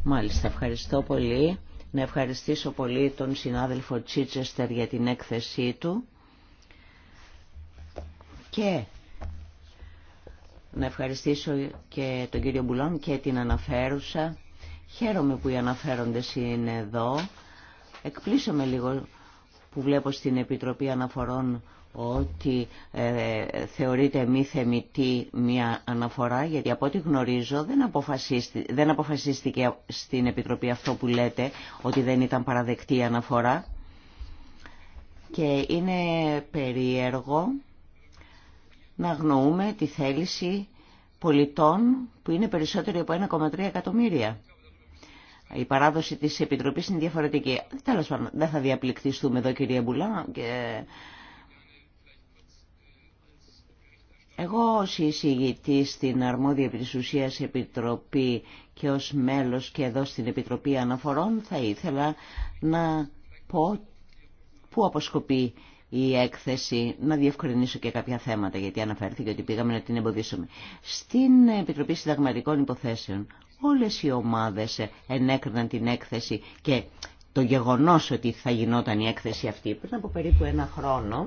Μάλιστα, ευχαριστώ πολύ. Να ευχαριστήσω πολύ τον συνάδελφο Τσίτσεστερ για την έκθεσή του και να ευχαριστήσω και τον κύριο Μπουλόν και την αναφέρουσα Χαίρομαι που οι αναφέροντες είναι εδώ. Εκπλήσωμαι λίγο που βλέπω στην Επιτροπή Αναφορών ότι ε, θεωρείται μη θεμητή μια αναφορά, γιατί από ό,τι γνωρίζω δεν, αποφασίστηκε στην Επιτροπή αυτό που λέτε, ότι δεν ήταν παραδεκτή η αναφορά. Και είναι περίεργο να αγνοούμε τη θέληση πολιτών που είναι περισσότεροι από 1,3 εκατομμύρια η παράδοση της Επιτροπής είναι διαφορετική. Τέλος πάντων, δεν θα διαπληκτιστούμε εδώ κυρία Μπουλά. Και... Εγώ ως εισηγητή στην αρμόδια επί της Επιτροπή και ως μέλος και εδώ στην Επιτροπή Αναφορών θα ήθελα να πω πού αποσκοπεί η έκθεση, να διευκρινίσω και κάποια θέματα γιατί αναφέρθηκε ότι πήγαμε να την εμποδίσουμε. Στην Επιτροπή Συνταγματικών Υποθέσεων όλες οι ομάδες ενέκριναν την έκθεση και το γεγονός ότι θα γινόταν η έκθεση αυτή πριν από περίπου ένα χρόνο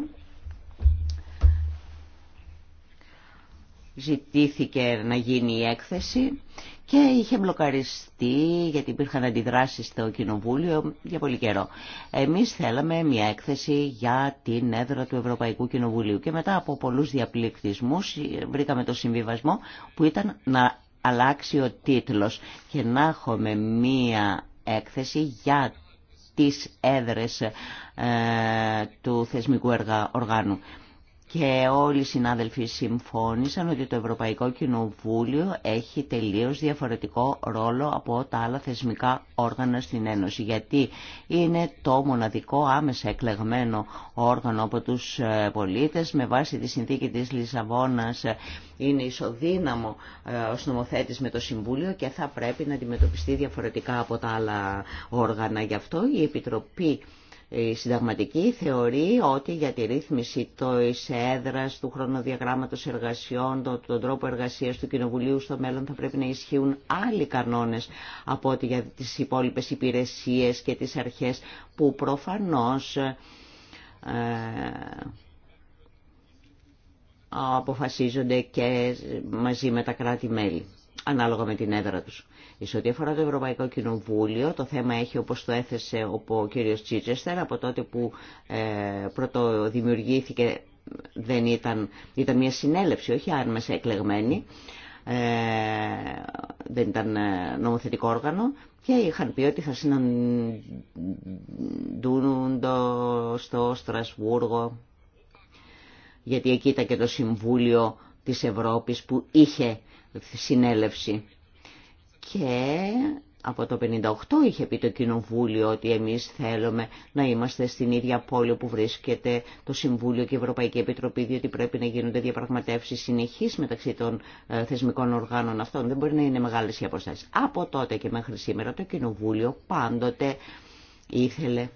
ζητήθηκε να γίνει η έκθεση και είχε μπλοκαριστεί γιατί υπήρχαν αντιδράσεις στο Κοινοβούλιο για πολύ καιρό. Εμείς θέλαμε μια έκθεση για την έδρα του Ευρωπαϊκού Κοινοβουλίου και μετά από πολλούς διαπληκτισμούς βρήκαμε το συμβιβασμό που ήταν να αλλάξει ο τίτλος και να έχουμε μία έκθεση για τις έδρες ε, του θεσμικού οργάνου και όλοι οι συνάδελφοι συμφώνησαν ότι το Ευρωπαϊκό Κοινοβούλιο έχει τελείως διαφορετικό ρόλο από τα άλλα θεσμικά όργανα στην Ένωση γιατί είναι το μοναδικό άμεσα εκλεγμένο όργανο από τους ε, πολίτες με βάση τη συνθήκη της Λισαβόνας ε, είναι ισοδύναμο ε, ως νομοθέτης με το Συμβούλιο και θα πρέπει να αντιμετωπιστεί διαφορετικά από τα άλλα όργανα. Γι' αυτό η Επιτροπή η συνταγματική θεωρεί ότι για τη ρύθμιση της έδρας, του χρονοδιαγράμματος εργασιών, τον, τον τρόπο εργασίας του Κοινοβουλίου στο μέλλον θα πρέπει να ισχύουν άλλοι κανόνες από ότι για τις υπόλοιπες υπηρεσίες και τις αρχές που προφανώς ε, αποφασίζονται και μαζί με τα κράτη-μέλη, ανάλογα με την έδρα τους. Σε ό,τι αφορά το Ευρωπαϊκό Κοινοβούλιο, το θέμα έχει όπως το έθεσε ο κύριος Τσίτσεστερ από τότε που ε, δημιουργήθηκε δεν ήταν, ήταν μια συνέλευση, όχι άρμεσα εκλεγμένη, ε, δεν ήταν ε, νομοθετικό όργανο και είχαν πει ότι θα συναντούν στο Στρασβούργο γιατί εκεί ήταν και το Συμβούλιο της Ευρώπης που είχε συνέλευση και από το 58 είχε πει το Κοινοβούλιο ότι εμείς θέλουμε να είμαστε στην ίδια πόλη που βρίσκεται το Συμβούλιο και η Ευρωπαϊκή Επιτροπή, διότι πρέπει να γίνονται διαπραγματεύσεις συνεχής μεταξύ των ε, θεσμικών οργάνων αυτών. Δεν μπορεί να είναι μεγάλες οι αποστάσεις. Από τότε και μέχρι σήμερα το Κοινοβούλιο πάντοτε ήθελε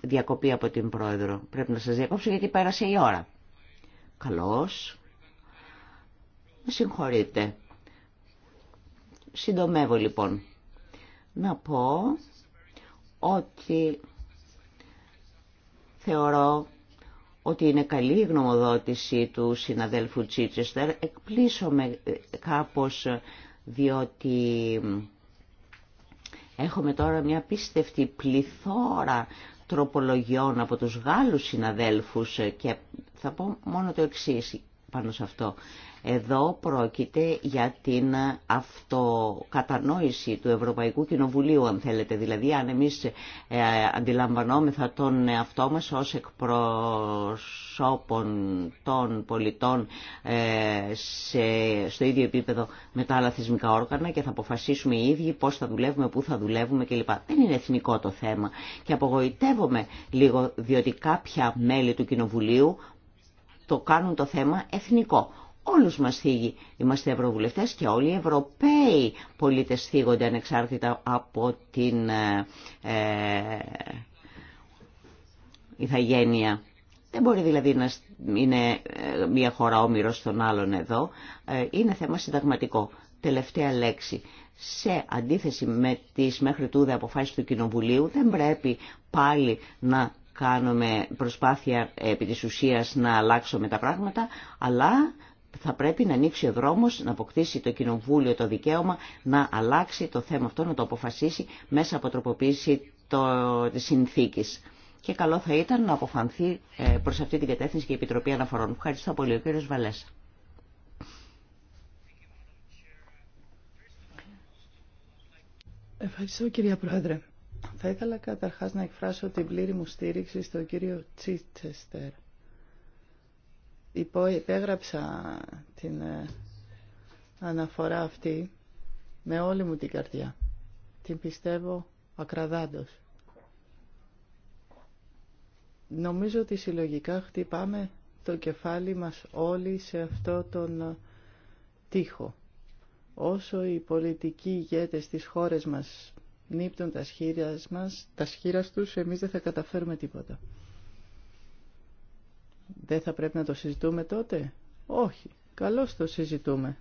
διακοπή από την Πρόεδρο. Πρέπει να σας διακόψω γιατί πέρασε η ώρα. Καλώς. Με συγχωρείτε. Συντομεύω λοιπόν. Να πω ότι θεωρώ ότι είναι καλή η γνωμοδότηση του συναδέλφου Τσίτσεστερ. Εκπλήσωμαι ε, κάπως διότι έχουμε τώρα μια πίστευτη πληθώρα τροπολογιών από τους Γάλλους συναδέλφους και θα πω μόνο το εξής πάνω σε αυτό. Εδώ πρόκειται για την αυτοκατανόηση του Ευρωπαϊκού Κοινοβουλίου, αν θέλετε. Δηλαδή, αν εμείς ε, αντιλαμβανόμεθα τον εαυτό μας ως εκπροσώπων των πολιτών ε, σε, στο ίδιο επίπεδο με τα άλλα θεσμικά όργανα και θα αποφασίσουμε οι ίδιοι πώς θα δουλεύουμε, πού θα δουλεύουμε κλπ. Δεν είναι εθνικό το θέμα και απογοητεύομαι λίγο διότι κάποια μέλη του Κοινοβουλίου το κάνουν το θέμα εθνικό. Όλους μας θίγει. Είμαστε ευρωβουλευτές και όλοι οι Ευρωπαίοι πολίτες θίγονται ανεξάρτητα από την ε, ε ηθαγένεια. Δεν μπορεί δηλαδή να είναι ε, μια χώρα όμοιρος των άλλων εδώ. Ε, είναι θέμα συνταγματικό. Τελευταία λέξη. Σε αντίθεση με τις μέχρι τούδε αποφάσεις του Κοινοβουλίου δεν πρέπει πάλι να κάνουμε προσπάθεια επί της ουσίας να αλλάξουμε τα πράγματα, αλλά θα πρέπει να ανοίξει ο δρόμος, να αποκτήσει το Κοινοβούλιο το δικαίωμα να αλλάξει το θέμα αυτό, να το αποφασίσει μέσα από τροποποίηση το, της συνθήκης. Και καλό θα ήταν να αποφανθεί ε, προς αυτή την κατεύθυνση και η Επιτροπή Αναφορών. Ευχαριστώ πολύ ο κύριος Βαλέσα. Ευχαριστώ κυρία Πρόεδρε. Θα ήθελα καταρχάς να εκφράσω την πλήρη μου στήριξη στον κύριο Τσίτσεστερ υπέγραψα την ε, αναφορά αυτή με όλη μου την καρδιά. Την πιστεύω ακραδάντως. Νομίζω ότι συλλογικά χτυπάμε το κεφάλι μας όλοι σε αυτό τον ε, τοίχο. Όσο οι πολιτικοί ηγέτες της χώρες μας νύπτουν τα σχήρας μας, τα σχήρας τους, εμείς δεν θα καταφέρουμε τίποτα. Δεν θα πρέπει να το συζητούμε τότε. Όχι. Καλώς το συζητούμε.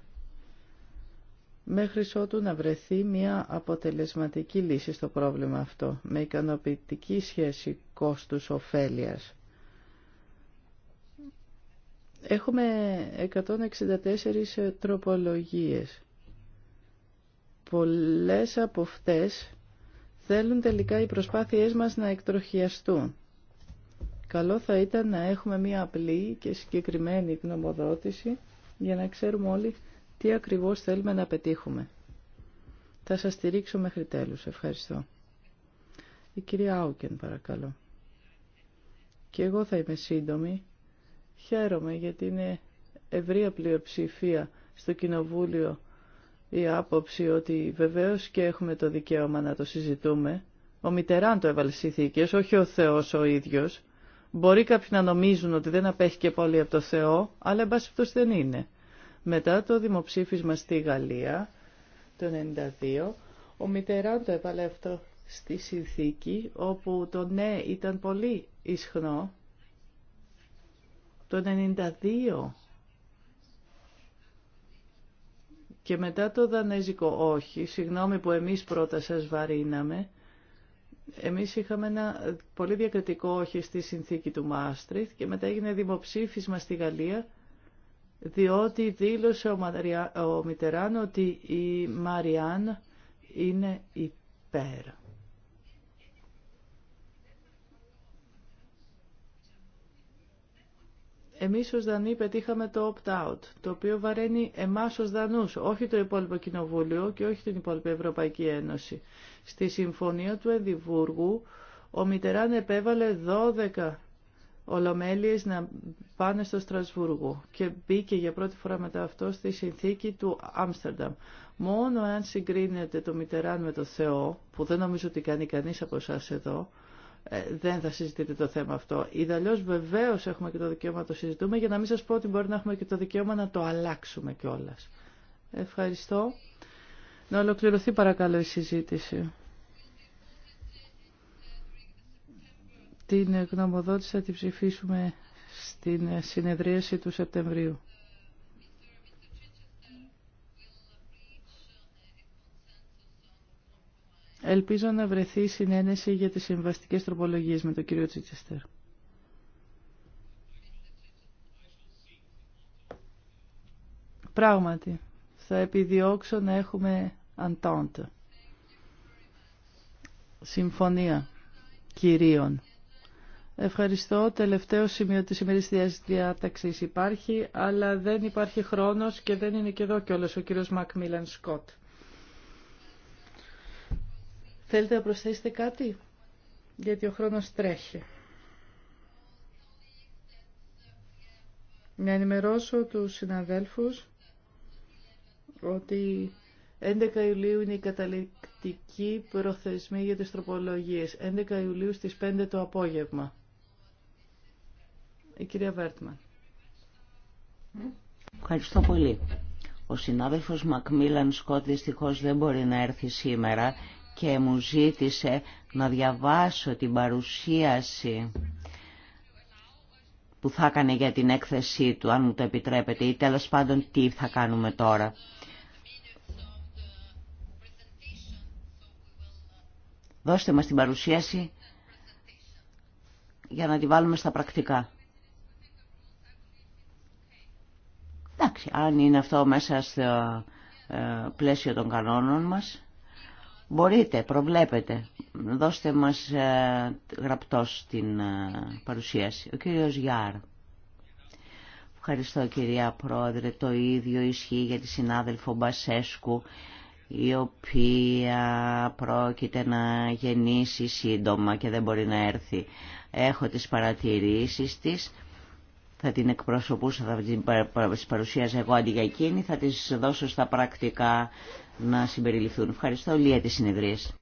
Μέχρι ότου να βρεθεί μια αποτελεσματική λύση στο πρόβλημα αυτό, με ικανοποιητική σχέση κόστους-οφέλειας. Έχουμε 164 ε, τροπολογίες. Πολλές από αυτές θέλουν τελικά οι προσπάθειές μας να εκτροχιαστούν. Καλό θα ήταν να έχουμε μία απλή και συγκεκριμένη γνωμοδότηση για να ξέρουμε όλοι τι ακριβώς θέλουμε να πετύχουμε. Θα σας στηρίξω μέχρι τέλους. Ευχαριστώ. Η κυρία Άουκεν παρακαλώ. Και εγώ θα είμαι σύντομη. Χαίρομαι γιατί είναι ευρία πλειοψηφία στο Κοινοβούλιο η άποψη ότι βεβαίως και έχουμε το δικαίωμα να το συζητούμε. Ο το έβαλε στις όχι ο Θεός ο ίδιος. Μπορεί κάποιοι να νομίζουν ότι δεν απέχει και πολύ από το Θεό, αλλά εν πάση δεν είναι. Μετά το δημοψήφισμα στη Γαλλία, το 1992, ο Μιτεράν το έβαλε αυτό στη συνθήκη, όπου το ναι ήταν πολύ ισχνό. Το 1992 και μετά το δανέζικο όχι, συγγνώμη που εμείς πρώτα σας βαρύναμε, εμείς είχαμε ένα πολύ διακριτικό όχι στη συνθήκη του Μάστριχτ και μετά έγινε δημοψήφισμα στη Γαλλία διότι δήλωσε ο, Μαριά, Μιτεράν ότι η Μαριάν είναι υπέρα. Εμείς ως Δανείοι πετύχαμε το opt-out, το οποίο βαραίνει εμάς ως Δανούς, όχι το υπόλοιπο Κοινοβούλιο και όχι την υπόλοιπη Ευρωπαϊκή Ένωση. Στη Συμφωνία του Ενδιβούργου, ο Μιτεράν επέβαλε 12 ολομέλειες να πάνε στο Στρασβούργο και μπήκε για πρώτη φορά μετά αυτό στη συνθήκη του Άμστερνταμ. Μόνο αν συγκρίνεται το Μιτεράν με το Θεό, που δεν νομίζω ότι κάνει κανείς από εσά εδώ, ε, δεν θα συζητείτε το θέμα αυτό. Ιδαλλιώ βεβαίω έχουμε και το δικαίωμα να το συζητούμε για να μην σα πω ότι μπορεί να έχουμε και το δικαίωμα να το αλλάξουμε κιόλα. Ευχαριστώ. Να ολοκληρωθεί παρακαλώ η συζήτηση. Την γνωμοδότησα την ψηφίσουμε στην συνεδρίαση του Σεπτεμβρίου. Ελπίζω να βρεθεί συνένεση για τις συμβαστικές τροπολογίες με τον κύριο Τσίτσεστερ. Πράγματι, θα επιδιώξω να έχουμε αντάντα, Συμφωνία κυρίων. Ευχαριστώ. Τελευταίο σημείο της σημερινής διάταξης υπάρχει, αλλά δεν υπάρχει χρόνος και δεν είναι και εδώ κιόλας ο κύριος Μακμίλαν Σκότ. Θέλετε να προσθέσετε κάτι, γιατί ο χρόνος τρέχει. Να ενημερώσω του συναδέλφους ότι 11 Ιουλίου είναι η καταληκτική προθεσμή για τις τροπολογίες. 11 Ιουλίου στις 5 το απόγευμα. Η κυρία Βέρτμαν. Ευχαριστώ πολύ. Ο συνάδελφος Μακμίλαν Σκότ δυστυχώς δεν μπορεί να έρθει σήμερα και μου ζήτησε να διαβάσω την παρουσίαση που θα έκανε για την έκθεσή του, αν μου το επιτρέπετε, ή τέλος πάντων τι θα κάνουμε τώρα. Δώστε μας την παρουσίαση για να τη βάλουμε στα πρακτικά. Εντάξει, αν είναι αυτό μέσα στο ε, πλαίσιο των κανόνων μας... Μπορείτε, προβλέπετε. Δώστε μας ε, γραπτός την ε, παρουσίαση. Ο κύριος Γιάρ. Ευχαριστώ κυρία Πρόεδρε. Το ίδιο ισχύει για τη συνάδελφο Μπασέσκου η οποία πρόκειται να γεννήσει σύντομα και δεν μπορεί να έρθει. Έχω τις παρατηρήσεις της, θα την εκπροσωπούσα, θα την παρουσίαζα εγώ αντί για εκείνη, θα τις δώσω στα πρακτικά να συμπεριληφθούν. Ευχαριστώ. για τις συνεδρίες.